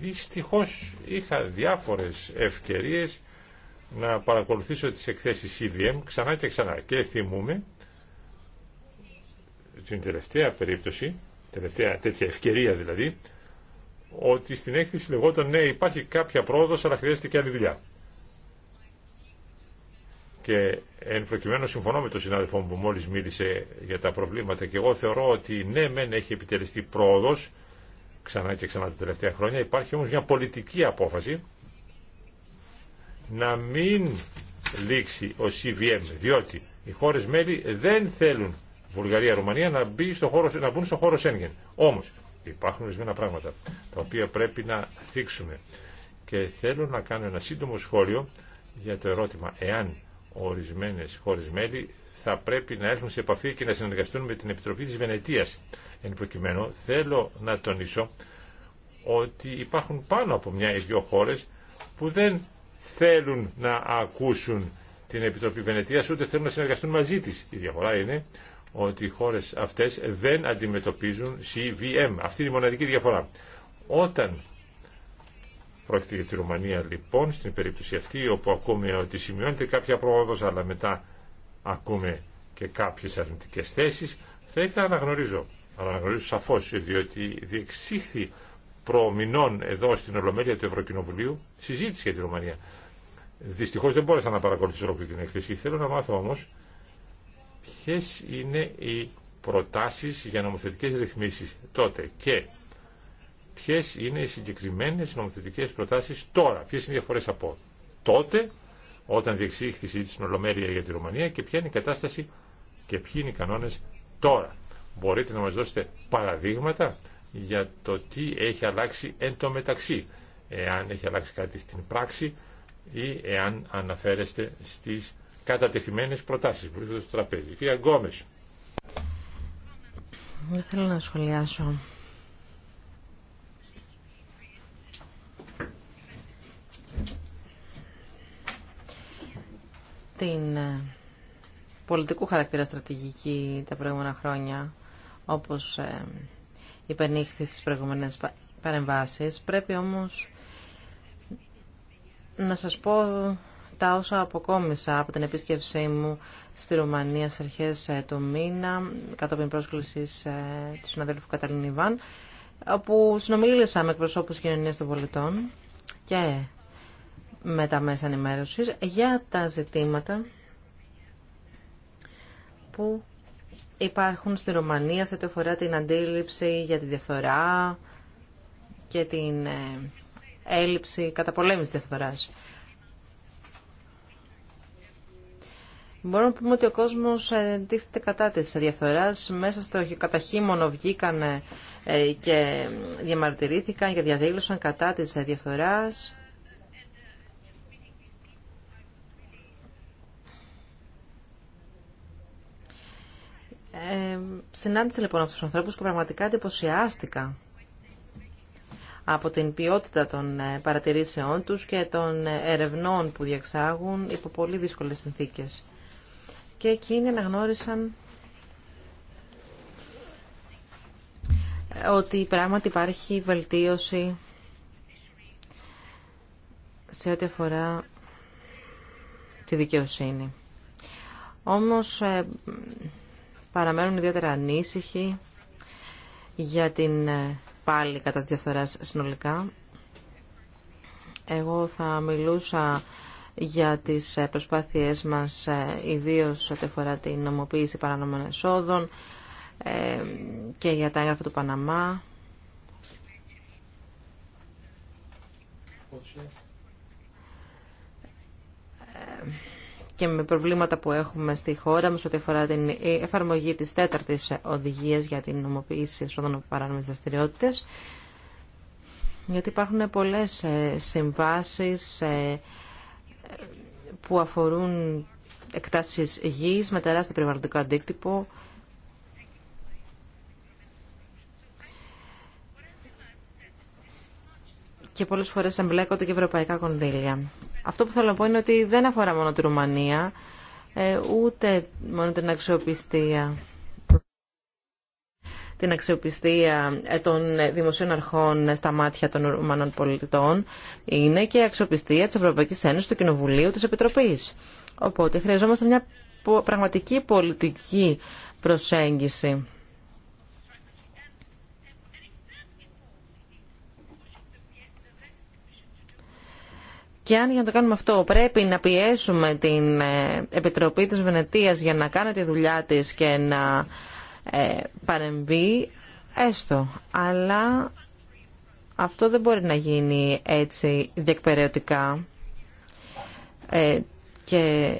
Δυστυχώς είχα διάφορες ευκαιρίε να παρακολουθήσω τις εκθέσεις CVM e ξανά και ξανά και θυμούμε την τελευταία περίπτωση, τελευταία τέτοια ευκαιρία δηλαδή, ότι στην έκθεση λεγόταν ναι υπάρχει κάποια πρόοδος αλλά χρειάζεται και άλλη δουλειά. Και εν προκειμένου συμφωνώ με τον συνάδελφό μου που μόλις μίλησε για τα προβλήματα και εγώ θεωρώ ότι ναι μεν έχει επιτελεστεί πρόοδος ξανά και ξανά τα τελευταία χρόνια υπάρχει όμως μια πολιτική απόφαση να μην λήξει ο CVM, διότι οι χώρες μέλη δεν θέλουν Βουλγαρία, Ρουμανία να, μπει στο χώρο, να μπουν στο χώρο Σέγγεν. Όμως υπάρχουν ορισμένα πράγματα τα οποία πρέπει να θίξουμε. Και θέλω να κάνω ένα σύντομο σχόλιο για το ερώτημα εάν ορισμένες χώρες μέλη θα πρέπει να έρθουν σε επαφή και να συνεργαστούν με την Επιτροπή της Βενετίας. Εν προκειμένου θέλω να τονίσω ότι υπάρχουν πάνω από μια ή δύο χώρες που δεν θέλουν να ακούσουν την Επιτροπή Βενετίας, ούτε θέλουν να συνεργαστούν μαζί της. Η διαφορά είναι ότι οι χώρες αυτές δεν αντιμετωπίζουν CVM. Αυτή είναι η μοναδική διαφορά. Όταν πρόκειται για τη Ρουμανία λοιπόν, στην περίπτωση αυτή όπου ακούμε ότι σημειώνεται κάποια πρόοδο, αλλά μετά ακούμε και κάποιες αρνητικές θέσεις, θα ήθελα να γνωρίζω, να αναγνωρίζω σαφώς, διότι διεξήχθη προμηνών εδώ στην Ολομέλεια του Ευρωκοινοβουλίου συζήτηση για τη Ρουμανία. Δυστυχώ δεν μπόρεσα να παρακολουθήσω ολόκληρη την εκθέση. Θέλω να μάθω όμω, ποιε είναι οι προτάσει για νομοθετικέ ρυθμίσει τότε και ποιε είναι οι συγκεκριμένε νομοθετικέ προτάσει τώρα, ποιε είναι οι διαφορέ από τότε όταν διεξήχθη η συζήτηση για τη Ρουμανία και ποια είναι η κατάσταση και ποιοι είναι οι κανόνε τώρα. Μπορείτε να μα δώσετε παραδείγματα για το τι έχει αλλάξει εν τω μεταξύ, εάν έχει αλλάξει κάτι στην πράξη ή εάν αναφέρεστε στις κατατεθειμένες προτάσεις που βρίσκονται στο τραπέζι. Κυρία Γκόμες. θέλω να σχολιάσω. Την ε, πολιτικού χαρακτήρα στρατηγική τα προηγούμενα χρόνια, όπως ε, υπενήχθη στις προηγούμενες παρεμβάσεις, πρέπει όμως να σας πω τα όσα αποκόμισα από την επίσκεψή μου στη Ρουμανία στις αρχές ε, του μήνα, κατόπιν πρόσκλησης ε, του συναδέλφου Καταλήν Ιβάν, όπου συνομίλησα με εκπροσώπους κοινωνίας των πολιτών και με τα μέσα ενημέρωσης για τα ζητήματα που υπάρχουν στη Ρουμανία σε ό,τι αφορά την αντίληψη για τη διαφθορά και την ε, έλλειψη καταπολέμησης διαφθοράς. Μπορούμε να πούμε ότι ο κόσμος ε, εντύχεται κατά της διαφθοράς. Μέσα στο καταχύμωνο βγήκαν ε, και διαμαρτυρήθηκαν και διαδήλωσαν κατά της ε, διαφθοράς. Ε, συνάντησα λοιπόν αυτούς τους ανθρώπους και πραγματικά εντυπωσιάστηκα από την ποιότητα των ε, παρατηρήσεών τους και των ε, ερευνών που διεξάγουν υπό πολύ δύσκολες συνθήκες. Και εκείνοι αναγνώρισαν ε, ότι πράγματι υπάρχει βελτίωση σε ό,τι αφορά τη δικαιοσύνη. Όμως παραμένουν ιδιαίτερα ανήσυχοι για την πάλι κατά τη διαφθορά συνολικά. Εγώ θα μιλούσα για τις ε, προσπάθειές μας, ε, ιδίως ό,τι αφορά την νομοποίηση παρανομών εσόδων ε, και για τα έγγραφα του Παναμά. και με προβλήματα που έχουμε στη χώρα μας ό,τι αφορά την εφαρμογή της τέταρτης οδηγίας για την νομοποίηση εσόδων από παράνομες δραστηριότητε. γιατί υπάρχουν πολλές ε, συμβάσεις ε, που αφορούν εκτάσεις γης με τεράστιο περιβαλλοντικό αντίκτυπο και πολλές φορές εμπλέκονται και ευρωπαϊκά κονδύλια. Αυτό που θέλω να πω είναι ότι δεν αφορά μόνο τη Ρουμανία, ε, ούτε μόνο την αξιοπιστία την αξιοπιστία ε, των δημοσίων αρχών στα μάτια των Ρουμανών πολιτών, είναι και η αξιοπιστία της Ευρωπαϊκής Ένωσης, του Κοινοβουλίου, της Επιτροπής. Οπότε χρειαζόμαστε μια πραγματική πολιτική προσέγγιση Και αν για να το κάνουμε αυτό πρέπει να πιέσουμε την ε, Επιτροπή της Βενετίας για να κάνει τη δουλειά της και να ε, παρεμβεί, έστω. Αλλά αυτό δεν μπορεί να γίνει έτσι διεκπαιρεωτικά ε, και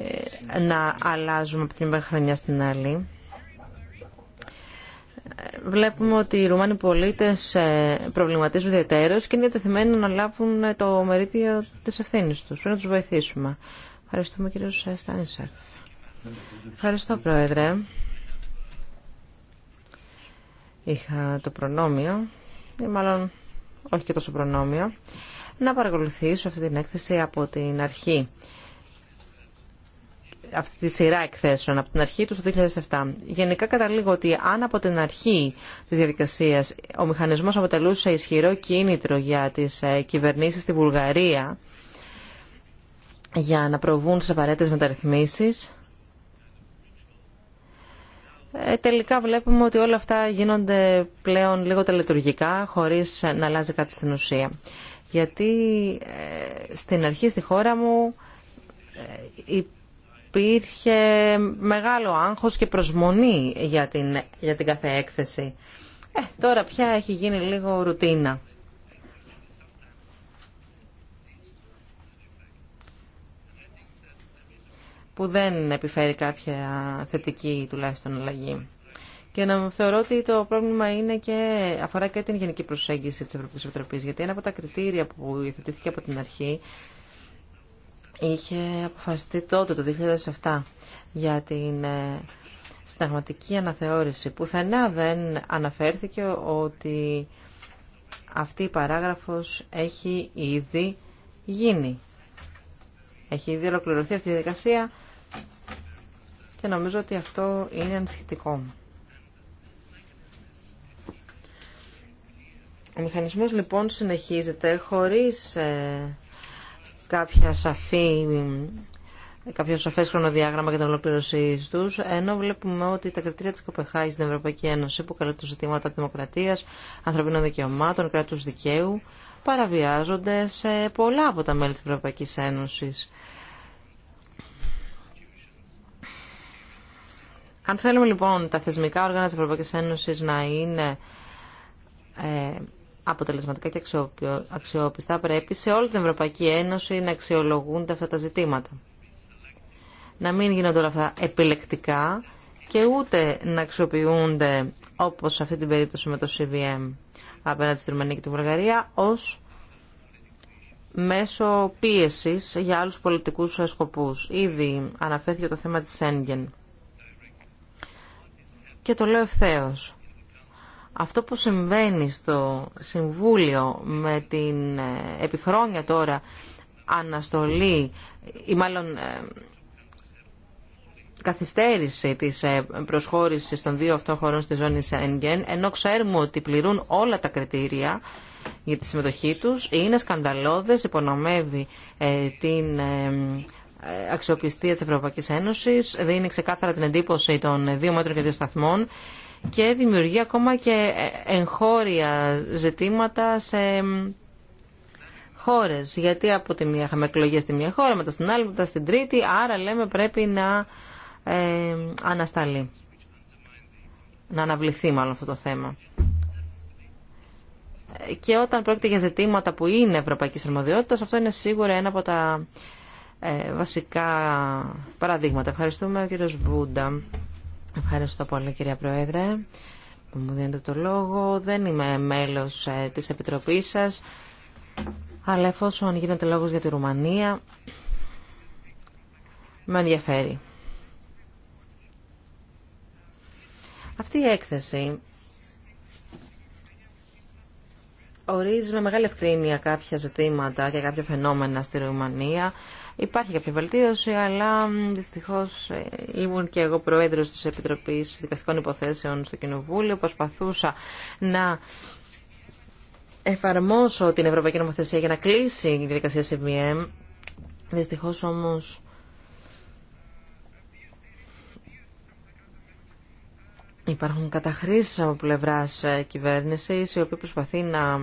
να αλλάζουμε από την μια χρονιά στην άλλη βλέπουμε ότι οι Ρουμάνοι πολίτε προβληματίζουν ιδιαίτερω και είναι διατεθειμένοι να λάβουν ε, το μερίδιο τη ευθύνη του Πρέπει να του βοηθήσουμε. Ευχαριστούμε κύριο ε, Στάνισερ. Ευχαριστώ Πρόεδρε. Είχα το προνόμιο, ή μάλλον όχι και τόσο προνόμιο, να παρακολουθήσω αυτή την έκθεση από την αρχή αυτή τη σειρά εκθέσεων από την αρχή του το 2007. Γενικά καταλήγω ότι αν από την αρχή της διαδικασίας ο μηχανισμός αποτελούσε ισχυρό κίνητρο για τις ε, κυβερνήσεις στη Βουλγαρία για να προβούν τις απαραίτητες μεταρρυθμίσεις, ε, τελικά βλέπουμε ότι όλα αυτά γίνονται πλέον λίγο τελετουργικά, χωρίς να αλλάζει κάτι στην ουσία. Γιατί ε, στην αρχή στη χώρα μου υπήρχε μεγάλο άγχος και προσμονή για την, για την κάθε έκθεση. Ε, τώρα πια έχει γίνει λίγο ρουτίνα. που δεν επιφέρει κάποια θετική τουλάχιστον αλλαγή. Και να θεωρώ ότι το πρόβλημα είναι και, αφορά και την γενική προσέγγιση της Ευρωπαϊκής Επιτροπής, γιατί ένα από τα κριτήρια που υιοθετήθηκε από την αρχή είχε αποφασιστεί τότε, το 2007, για την ε, συνταγματική αναθεώρηση. Πουθενά δεν αναφέρθηκε ότι αυτή η παράγραφος έχει ήδη γίνει. Έχει ήδη ολοκληρωθεί αυτή η διαδικασία και νομίζω ότι αυτό είναι ανησυχητικό. Ο μηχανισμός λοιπόν συνεχίζεται χωρίς ε, κάποια σαφή κάποιο σαφές χρονοδιάγραμμα για την ολοκλήρωσή του, ενώ βλέπουμε ότι τα κριτήρια τη Κοπεχάη στην Ευρωπαϊκή Ένωση που καλύπτουν ζητήματα δημοκρατία, ανθρωπίνων δικαιωμάτων, κράτου δικαίου, παραβιάζονται σε πολλά από τα μέλη τη Ευρωπαϊκή Ένωση. Αν θέλουμε λοιπόν τα θεσμικά όργανα της Ευρωπαϊκής Ένωσης να είναι ε, αποτελεσματικά και αξιόπιστα πρέπει σε όλη την Ευρωπαϊκή Ένωση να αξιολογούνται αυτά τα ζητήματα. Να μην γίνονται όλα αυτά επιλεκτικά και ούτε να αξιοποιούνται όπως σε αυτή την περίπτωση με το CVM απέναντι στη Ρουμανία και τη Βουλγαρία ως μέσω πίεσης για άλλους πολιτικούς σκοπούς. Ήδη αναφέρθηκε το θέμα της Σέγγεν. Και το λέω ευθέως. Αυτό που συμβαίνει στο Συμβούλιο με την ε, επιχρόνια τώρα αναστολή ή μάλλον ε, καθυστέρηση της ε, προσχώρησης των δύο αυτών χωρών στη ζώνη Σέγγεν, ενώ ξέρουμε ότι πληρούν όλα τα κριτήρια για τη συμμετοχή τους, είναι σκανδαλώδες, υπονομεύει την αξιοπιστία της Ευρωπαϊκής Ένωσης, δίνει ξεκάθαρα την εντύπωση των δύο μέτρων και δύο σταθμών και δημιουργεί ακόμα και εγχώρια ζητήματα σε χώρες. Γιατί από τη μία είχαμε εκλογέ στη μία χώρα, μετά στην άλλη, μετά στην τρίτη, άρα λέμε πρέπει να ε, ανασταλεί. Να αναβληθεί μάλλον αυτό το θέμα. Και όταν πρόκειται για ζητήματα που είναι ευρωπαϊκή αρμοδιότητα, αυτό είναι σίγουρα ένα από τα ε, βασικά παραδείγματα. Ευχαριστούμε ο κύριος Βούντα. Ευχαριστώ πολύ κυρία Πρόεδρε που μου δίνετε το λόγο. Δεν είμαι μέλος ε, της Επιτροπής σας, αλλά εφόσον γίνεται λόγος για τη Ρουμανία, με ενδιαφέρει. Αυτή η έκθεση ορίζει με μεγάλη ευκρίνεια κάποια ζητήματα και κάποια φαινόμενα στη Ρουμανία Υπάρχει κάποια βελτίωση, αλλά δυστυχώς ε, ήμουν και εγώ Πρόεδρο τη Επιτροπή Δικαστικών Υποθέσεων στο Κοινοβούλιο. Προσπαθούσα να εφαρμόσω την Ευρωπαϊκή Νομοθεσία για να κλείσει η διαδικασία CBM. Δυστυχώς όμως... Υπάρχουν καταχρήσεις από πλευράς ε, κυβέρνησης, η οποία προσπαθεί να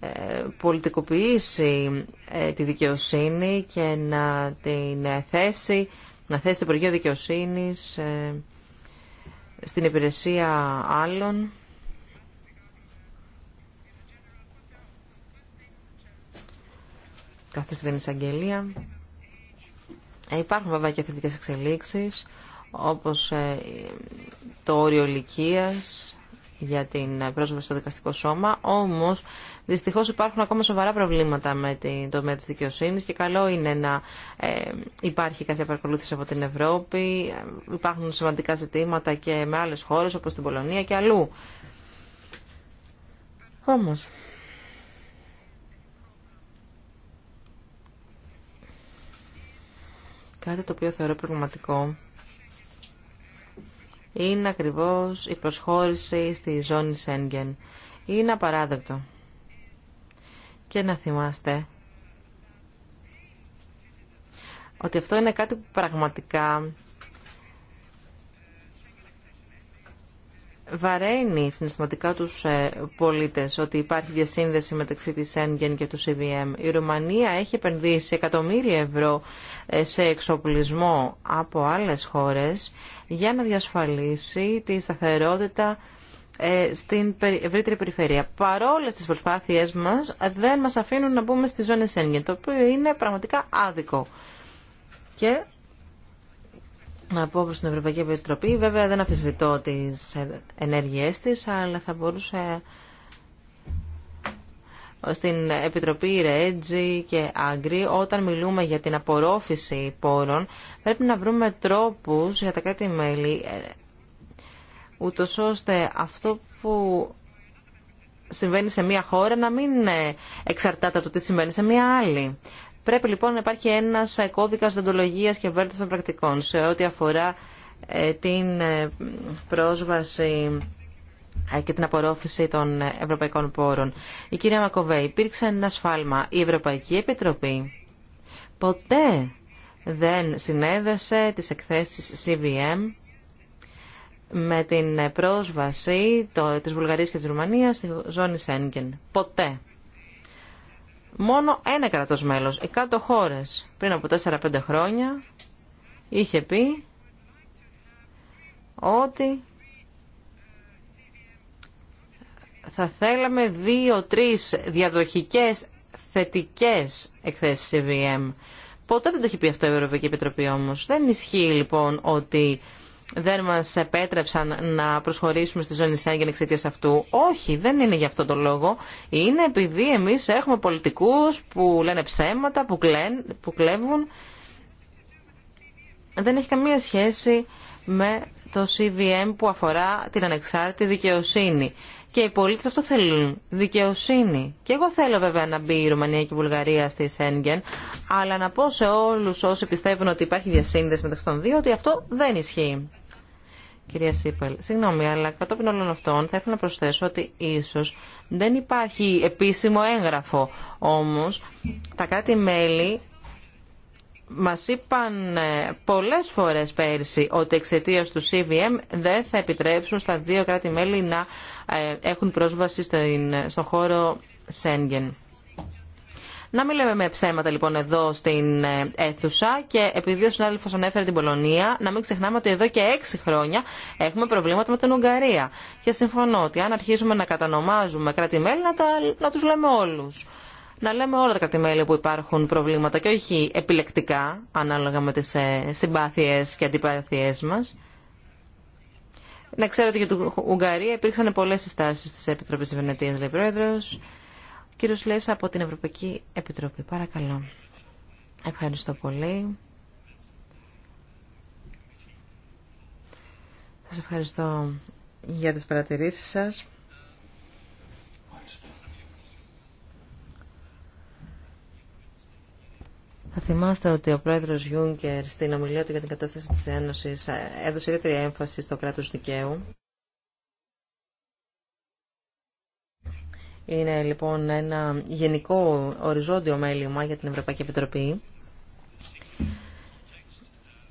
ε, πολιτικοποιήσει ε, τη δικαιοσύνη και να την θέσει, να θέσει το Υπουργείο Δικαιοσύνης ε, στην υπηρεσία άλλων. καθώς και την εισαγγελία. Υπάρχουν βέβαια και θετικές εξελίξεις, όπως το όριο ηλικίας, για την πρόσβαση στο δικαστικό σώμα, όμως δυστυχώς υπάρχουν ακόμα σοβαρά προβλήματα με την τομέα τη δικαιοσύνη. και καλό είναι να ε, υπάρχει κάποια παρακολούθηση από την Ευρώπη, υπάρχουν σημαντικά ζητήματα και με άλλες χώρες όπως την Πολωνία και αλλού. Όμως, κάτι το οποίο θεωρώ πραγματικό είναι ακριβώς η προσχώρηση στη ζώνη Σέγγεν. Είναι απαράδεκτο. Και να θυμάστε ότι αυτό είναι κάτι που πραγματικά βαραίνει συναισθηματικά τους ε, πολίτες ότι υπάρχει διασύνδεση μεταξύ τη ΕΝΓΕΝ και του CVM. Η Ρουμανία έχει επενδύσει εκατομμύρια ευρώ ε, σε εξοπλισμό από άλλες χώρες για να διασφαλίσει τη σταθερότητα ε, στην ευρύτερη περιφέρεια. Παρόλε τι προσπάθειές μας δεν μα αφήνουν να μπούμε στι ζώνη ΕΝΓΕΝ, το οποίο είναι πραγματικά άδικο. Και να πω προς την Ευρωπαϊκή Επιτροπή. Βέβαια δεν αφισβητώ τις ενέργειές της, αλλά θα μπορούσε στην Επιτροπή Ρέτζι και Αγρί όταν μιλούμε για την απορρόφηση πόρων, πρέπει να βρούμε τρόπους για τα κάτι μέλη, ε, ούτως ώστε αυτό που συμβαίνει σε μία χώρα να μην ε, εξαρτάται από το τι συμβαίνει σε μία άλλη. Πρέπει λοιπόν να υπάρχει ένας κώδικα δοντολογία και βέλτιση των πρακτικών σε ό,τι αφορά ε, την ε, πρόσβαση ε, και την απορρόφηση των ευρωπαϊκών πόρων. Η κυρία Μακοβέ, υπήρξε ένα σφάλμα. Η Ευρωπαϊκή Επιτροπή ποτέ δεν συνέδεσε τις εκθέσεις CVM με την πρόσβαση της Βουλγαρίας και της Ρουμανίας στη ζώνη Σένγκεν. Ποτέ. Μόνο ένα κρατός μέλος, 100 χώρες, πριν από 4-5 χρόνια, είχε πει ότι θα θέλαμε 2-3 διαδοχικές θετικές εκθέσεις CVM. Ποτέ δεν το έχει πει αυτό η Ευρωπαϊκή Επιτροπή όμως. Δεν ισχύει λοιπόν ότι δεν μα επέτρεψαν να προσχωρήσουμε στη ζώνη Σέγγεν εξαιτία αυτού. Όχι, δεν είναι γι' αυτό το λόγο. Είναι επειδή εμεί έχουμε πολιτικού που λένε ψέματα, που, κλέν, που κλέβουν. Δεν έχει καμία σχέση με το CVM που αφορά την ανεξάρτητη δικαιοσύνη. Και οι πολίτε αυτό θέλουν, δικαιοσύνη. Και εγώ θέλω βέβαια να μπει η Ρουμανία και η Βουλγαρία στη Σέγγεν, αλλά να πω σε όλου όσοι πιστεύουν ότι υπάρχει διασύνδεση μεταξύ των δύο ότι αυτό δεν ισχύει. Κυρία Σίπελ, συγγνώμη, αλλά κατόπιν όλων αυτών θα ήθελα να προσθέσω ότι ίσως δεν υπάρχει επίσημο έγγραφο. Όμως, τα κράτη-μέλη μας είπαν ε, πολλές φορές πέρσι ότι εξαιτία του CVM δεν θα επιτρέψουν στα δύο κράτη-μέλη να ε, έχουν πρόσβαση στον χώρο Σέγγεν. Να μην λέμε με ψέματα λοιπόν εδώ στην ε, αίθουσα και επειδή ο συνάδελφο ανέφερε την Πολωνία, να μην ξεχνάμε ότι εδώ και έξι χρόνια έχουμε προβλήματα με την Ουγγαρία. Και συμφωνώ ότι αν αρχίσουμε να κατανομάζουμε κράτη-μέλη, να, να τους λέμε όλου. Να λέμε όλα τα κράτη-μέλη που υπάρχουν προβλήματα και όχι επιλεκτικά, ανάλογα με τις ε, συμπάθειε και αντιπάθειές μα. Να ξέρω ότι για την Ουγγαρία υπήρξαν πολλέ συστάσει τη Επιτροπή Βενετία, λέει ο Κύριος Λέσα από την Ευρωπαϊκή Επιτροπή. Παρακαλώ. Ευχαριστώ πολύ. Σας ευχαριστώ για τις παρατηρήσεις σας. Θα θυμάστε ότι ο πρόεδρος Γιούγκερ στην ομιλία του για την κατάσταση της Ένωσης ε, έδωσε ιδιαίτερη έμφαση στο κράτος δικαίου. Είναι λοιπόν ένα γενικό οριζόντιο μέλημα για την Ευρωπαϊκή Επιτροπή.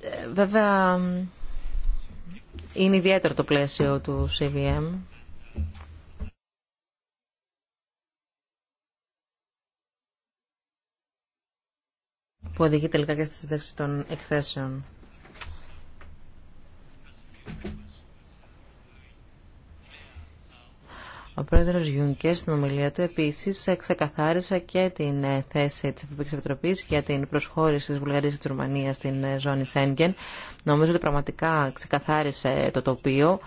Ε, βέβαια, είναι ιδιαίτερο το πλαίσιο του CVM. που οδηγεί τελικά και στη συνδέξη των εκθέσεων. Ο πρόεδρο Γιούνκερ στην ομιλία του επίση ξεκαθάρισε και την ε, θέση τη Ευρωπαϊκή Επιτροπή για την προσχώρηση τη Βουλγαρίας και τη Ρουμανία στην ε, ζώνη Σέγγεν. Νομίζω ότι πραγματικά ξεκαθάρισε το τοπίο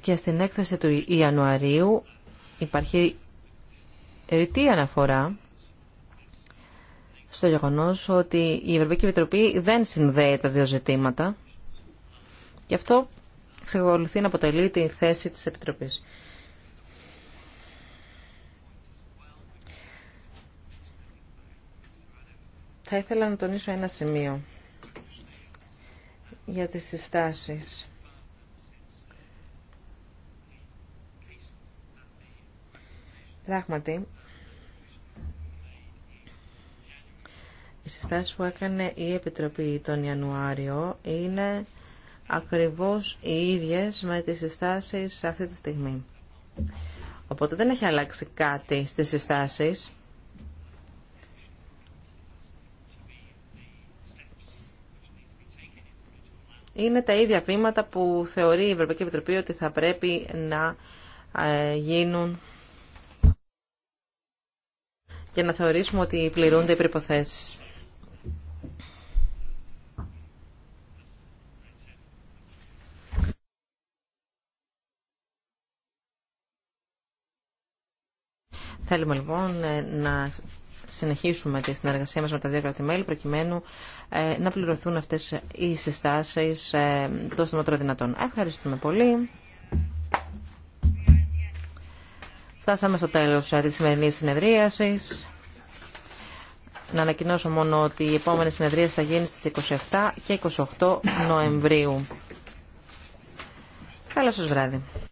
και στην έκθεση του Ιανουαρίου υπάρχει ρητή αναφορά στο γεγονός ότι η Ευρωπαϊκή Επιτροπή δεν συνδέει τα δύο ζητήματα. Γι' αυτό εξακολουθεί να αποτελεί τη θέση της Επιτροπής. θα ήθελα να τονίσω ένα σημείο για τις συστάσεις. Πράγματι, οι συστάσεις που έκανε η Επιτροπή τον Ιανουάριο είναι ακριβώς οι ίδιες με τις συστάσεις αυτή τη στιγμή. Οπότε δεν έχει αλλάξει κάτι στις συστάσεις. είναι τα ίδια βήματα που θεωρεί η Ευρωπαϊκή Επιτροπή ότι θα πρέπει να ε, γίνουν για να θεωρήσουμε ότι πληρούνται οι προϋποθέσεις. Θέλουμε λοιπόν ε, να συνεχίσουμε τη συνεργασία μας με τα δύο κράτη-μέλη προκειμένου ε, να πληρωθούν αυτές οι συστάσεις ε, το συντομότερο δυνατόν. Ευχαριστούμε πολύ. Φτάσαμε στο τέλος ε, της σημερινής συνεδρίασης. Να ανακοινώσω μόνο ότι η επόμενη συνεδρία θα γίνει στις 27 και 28 Νοεμβρίου. Καλό σας βράδυ.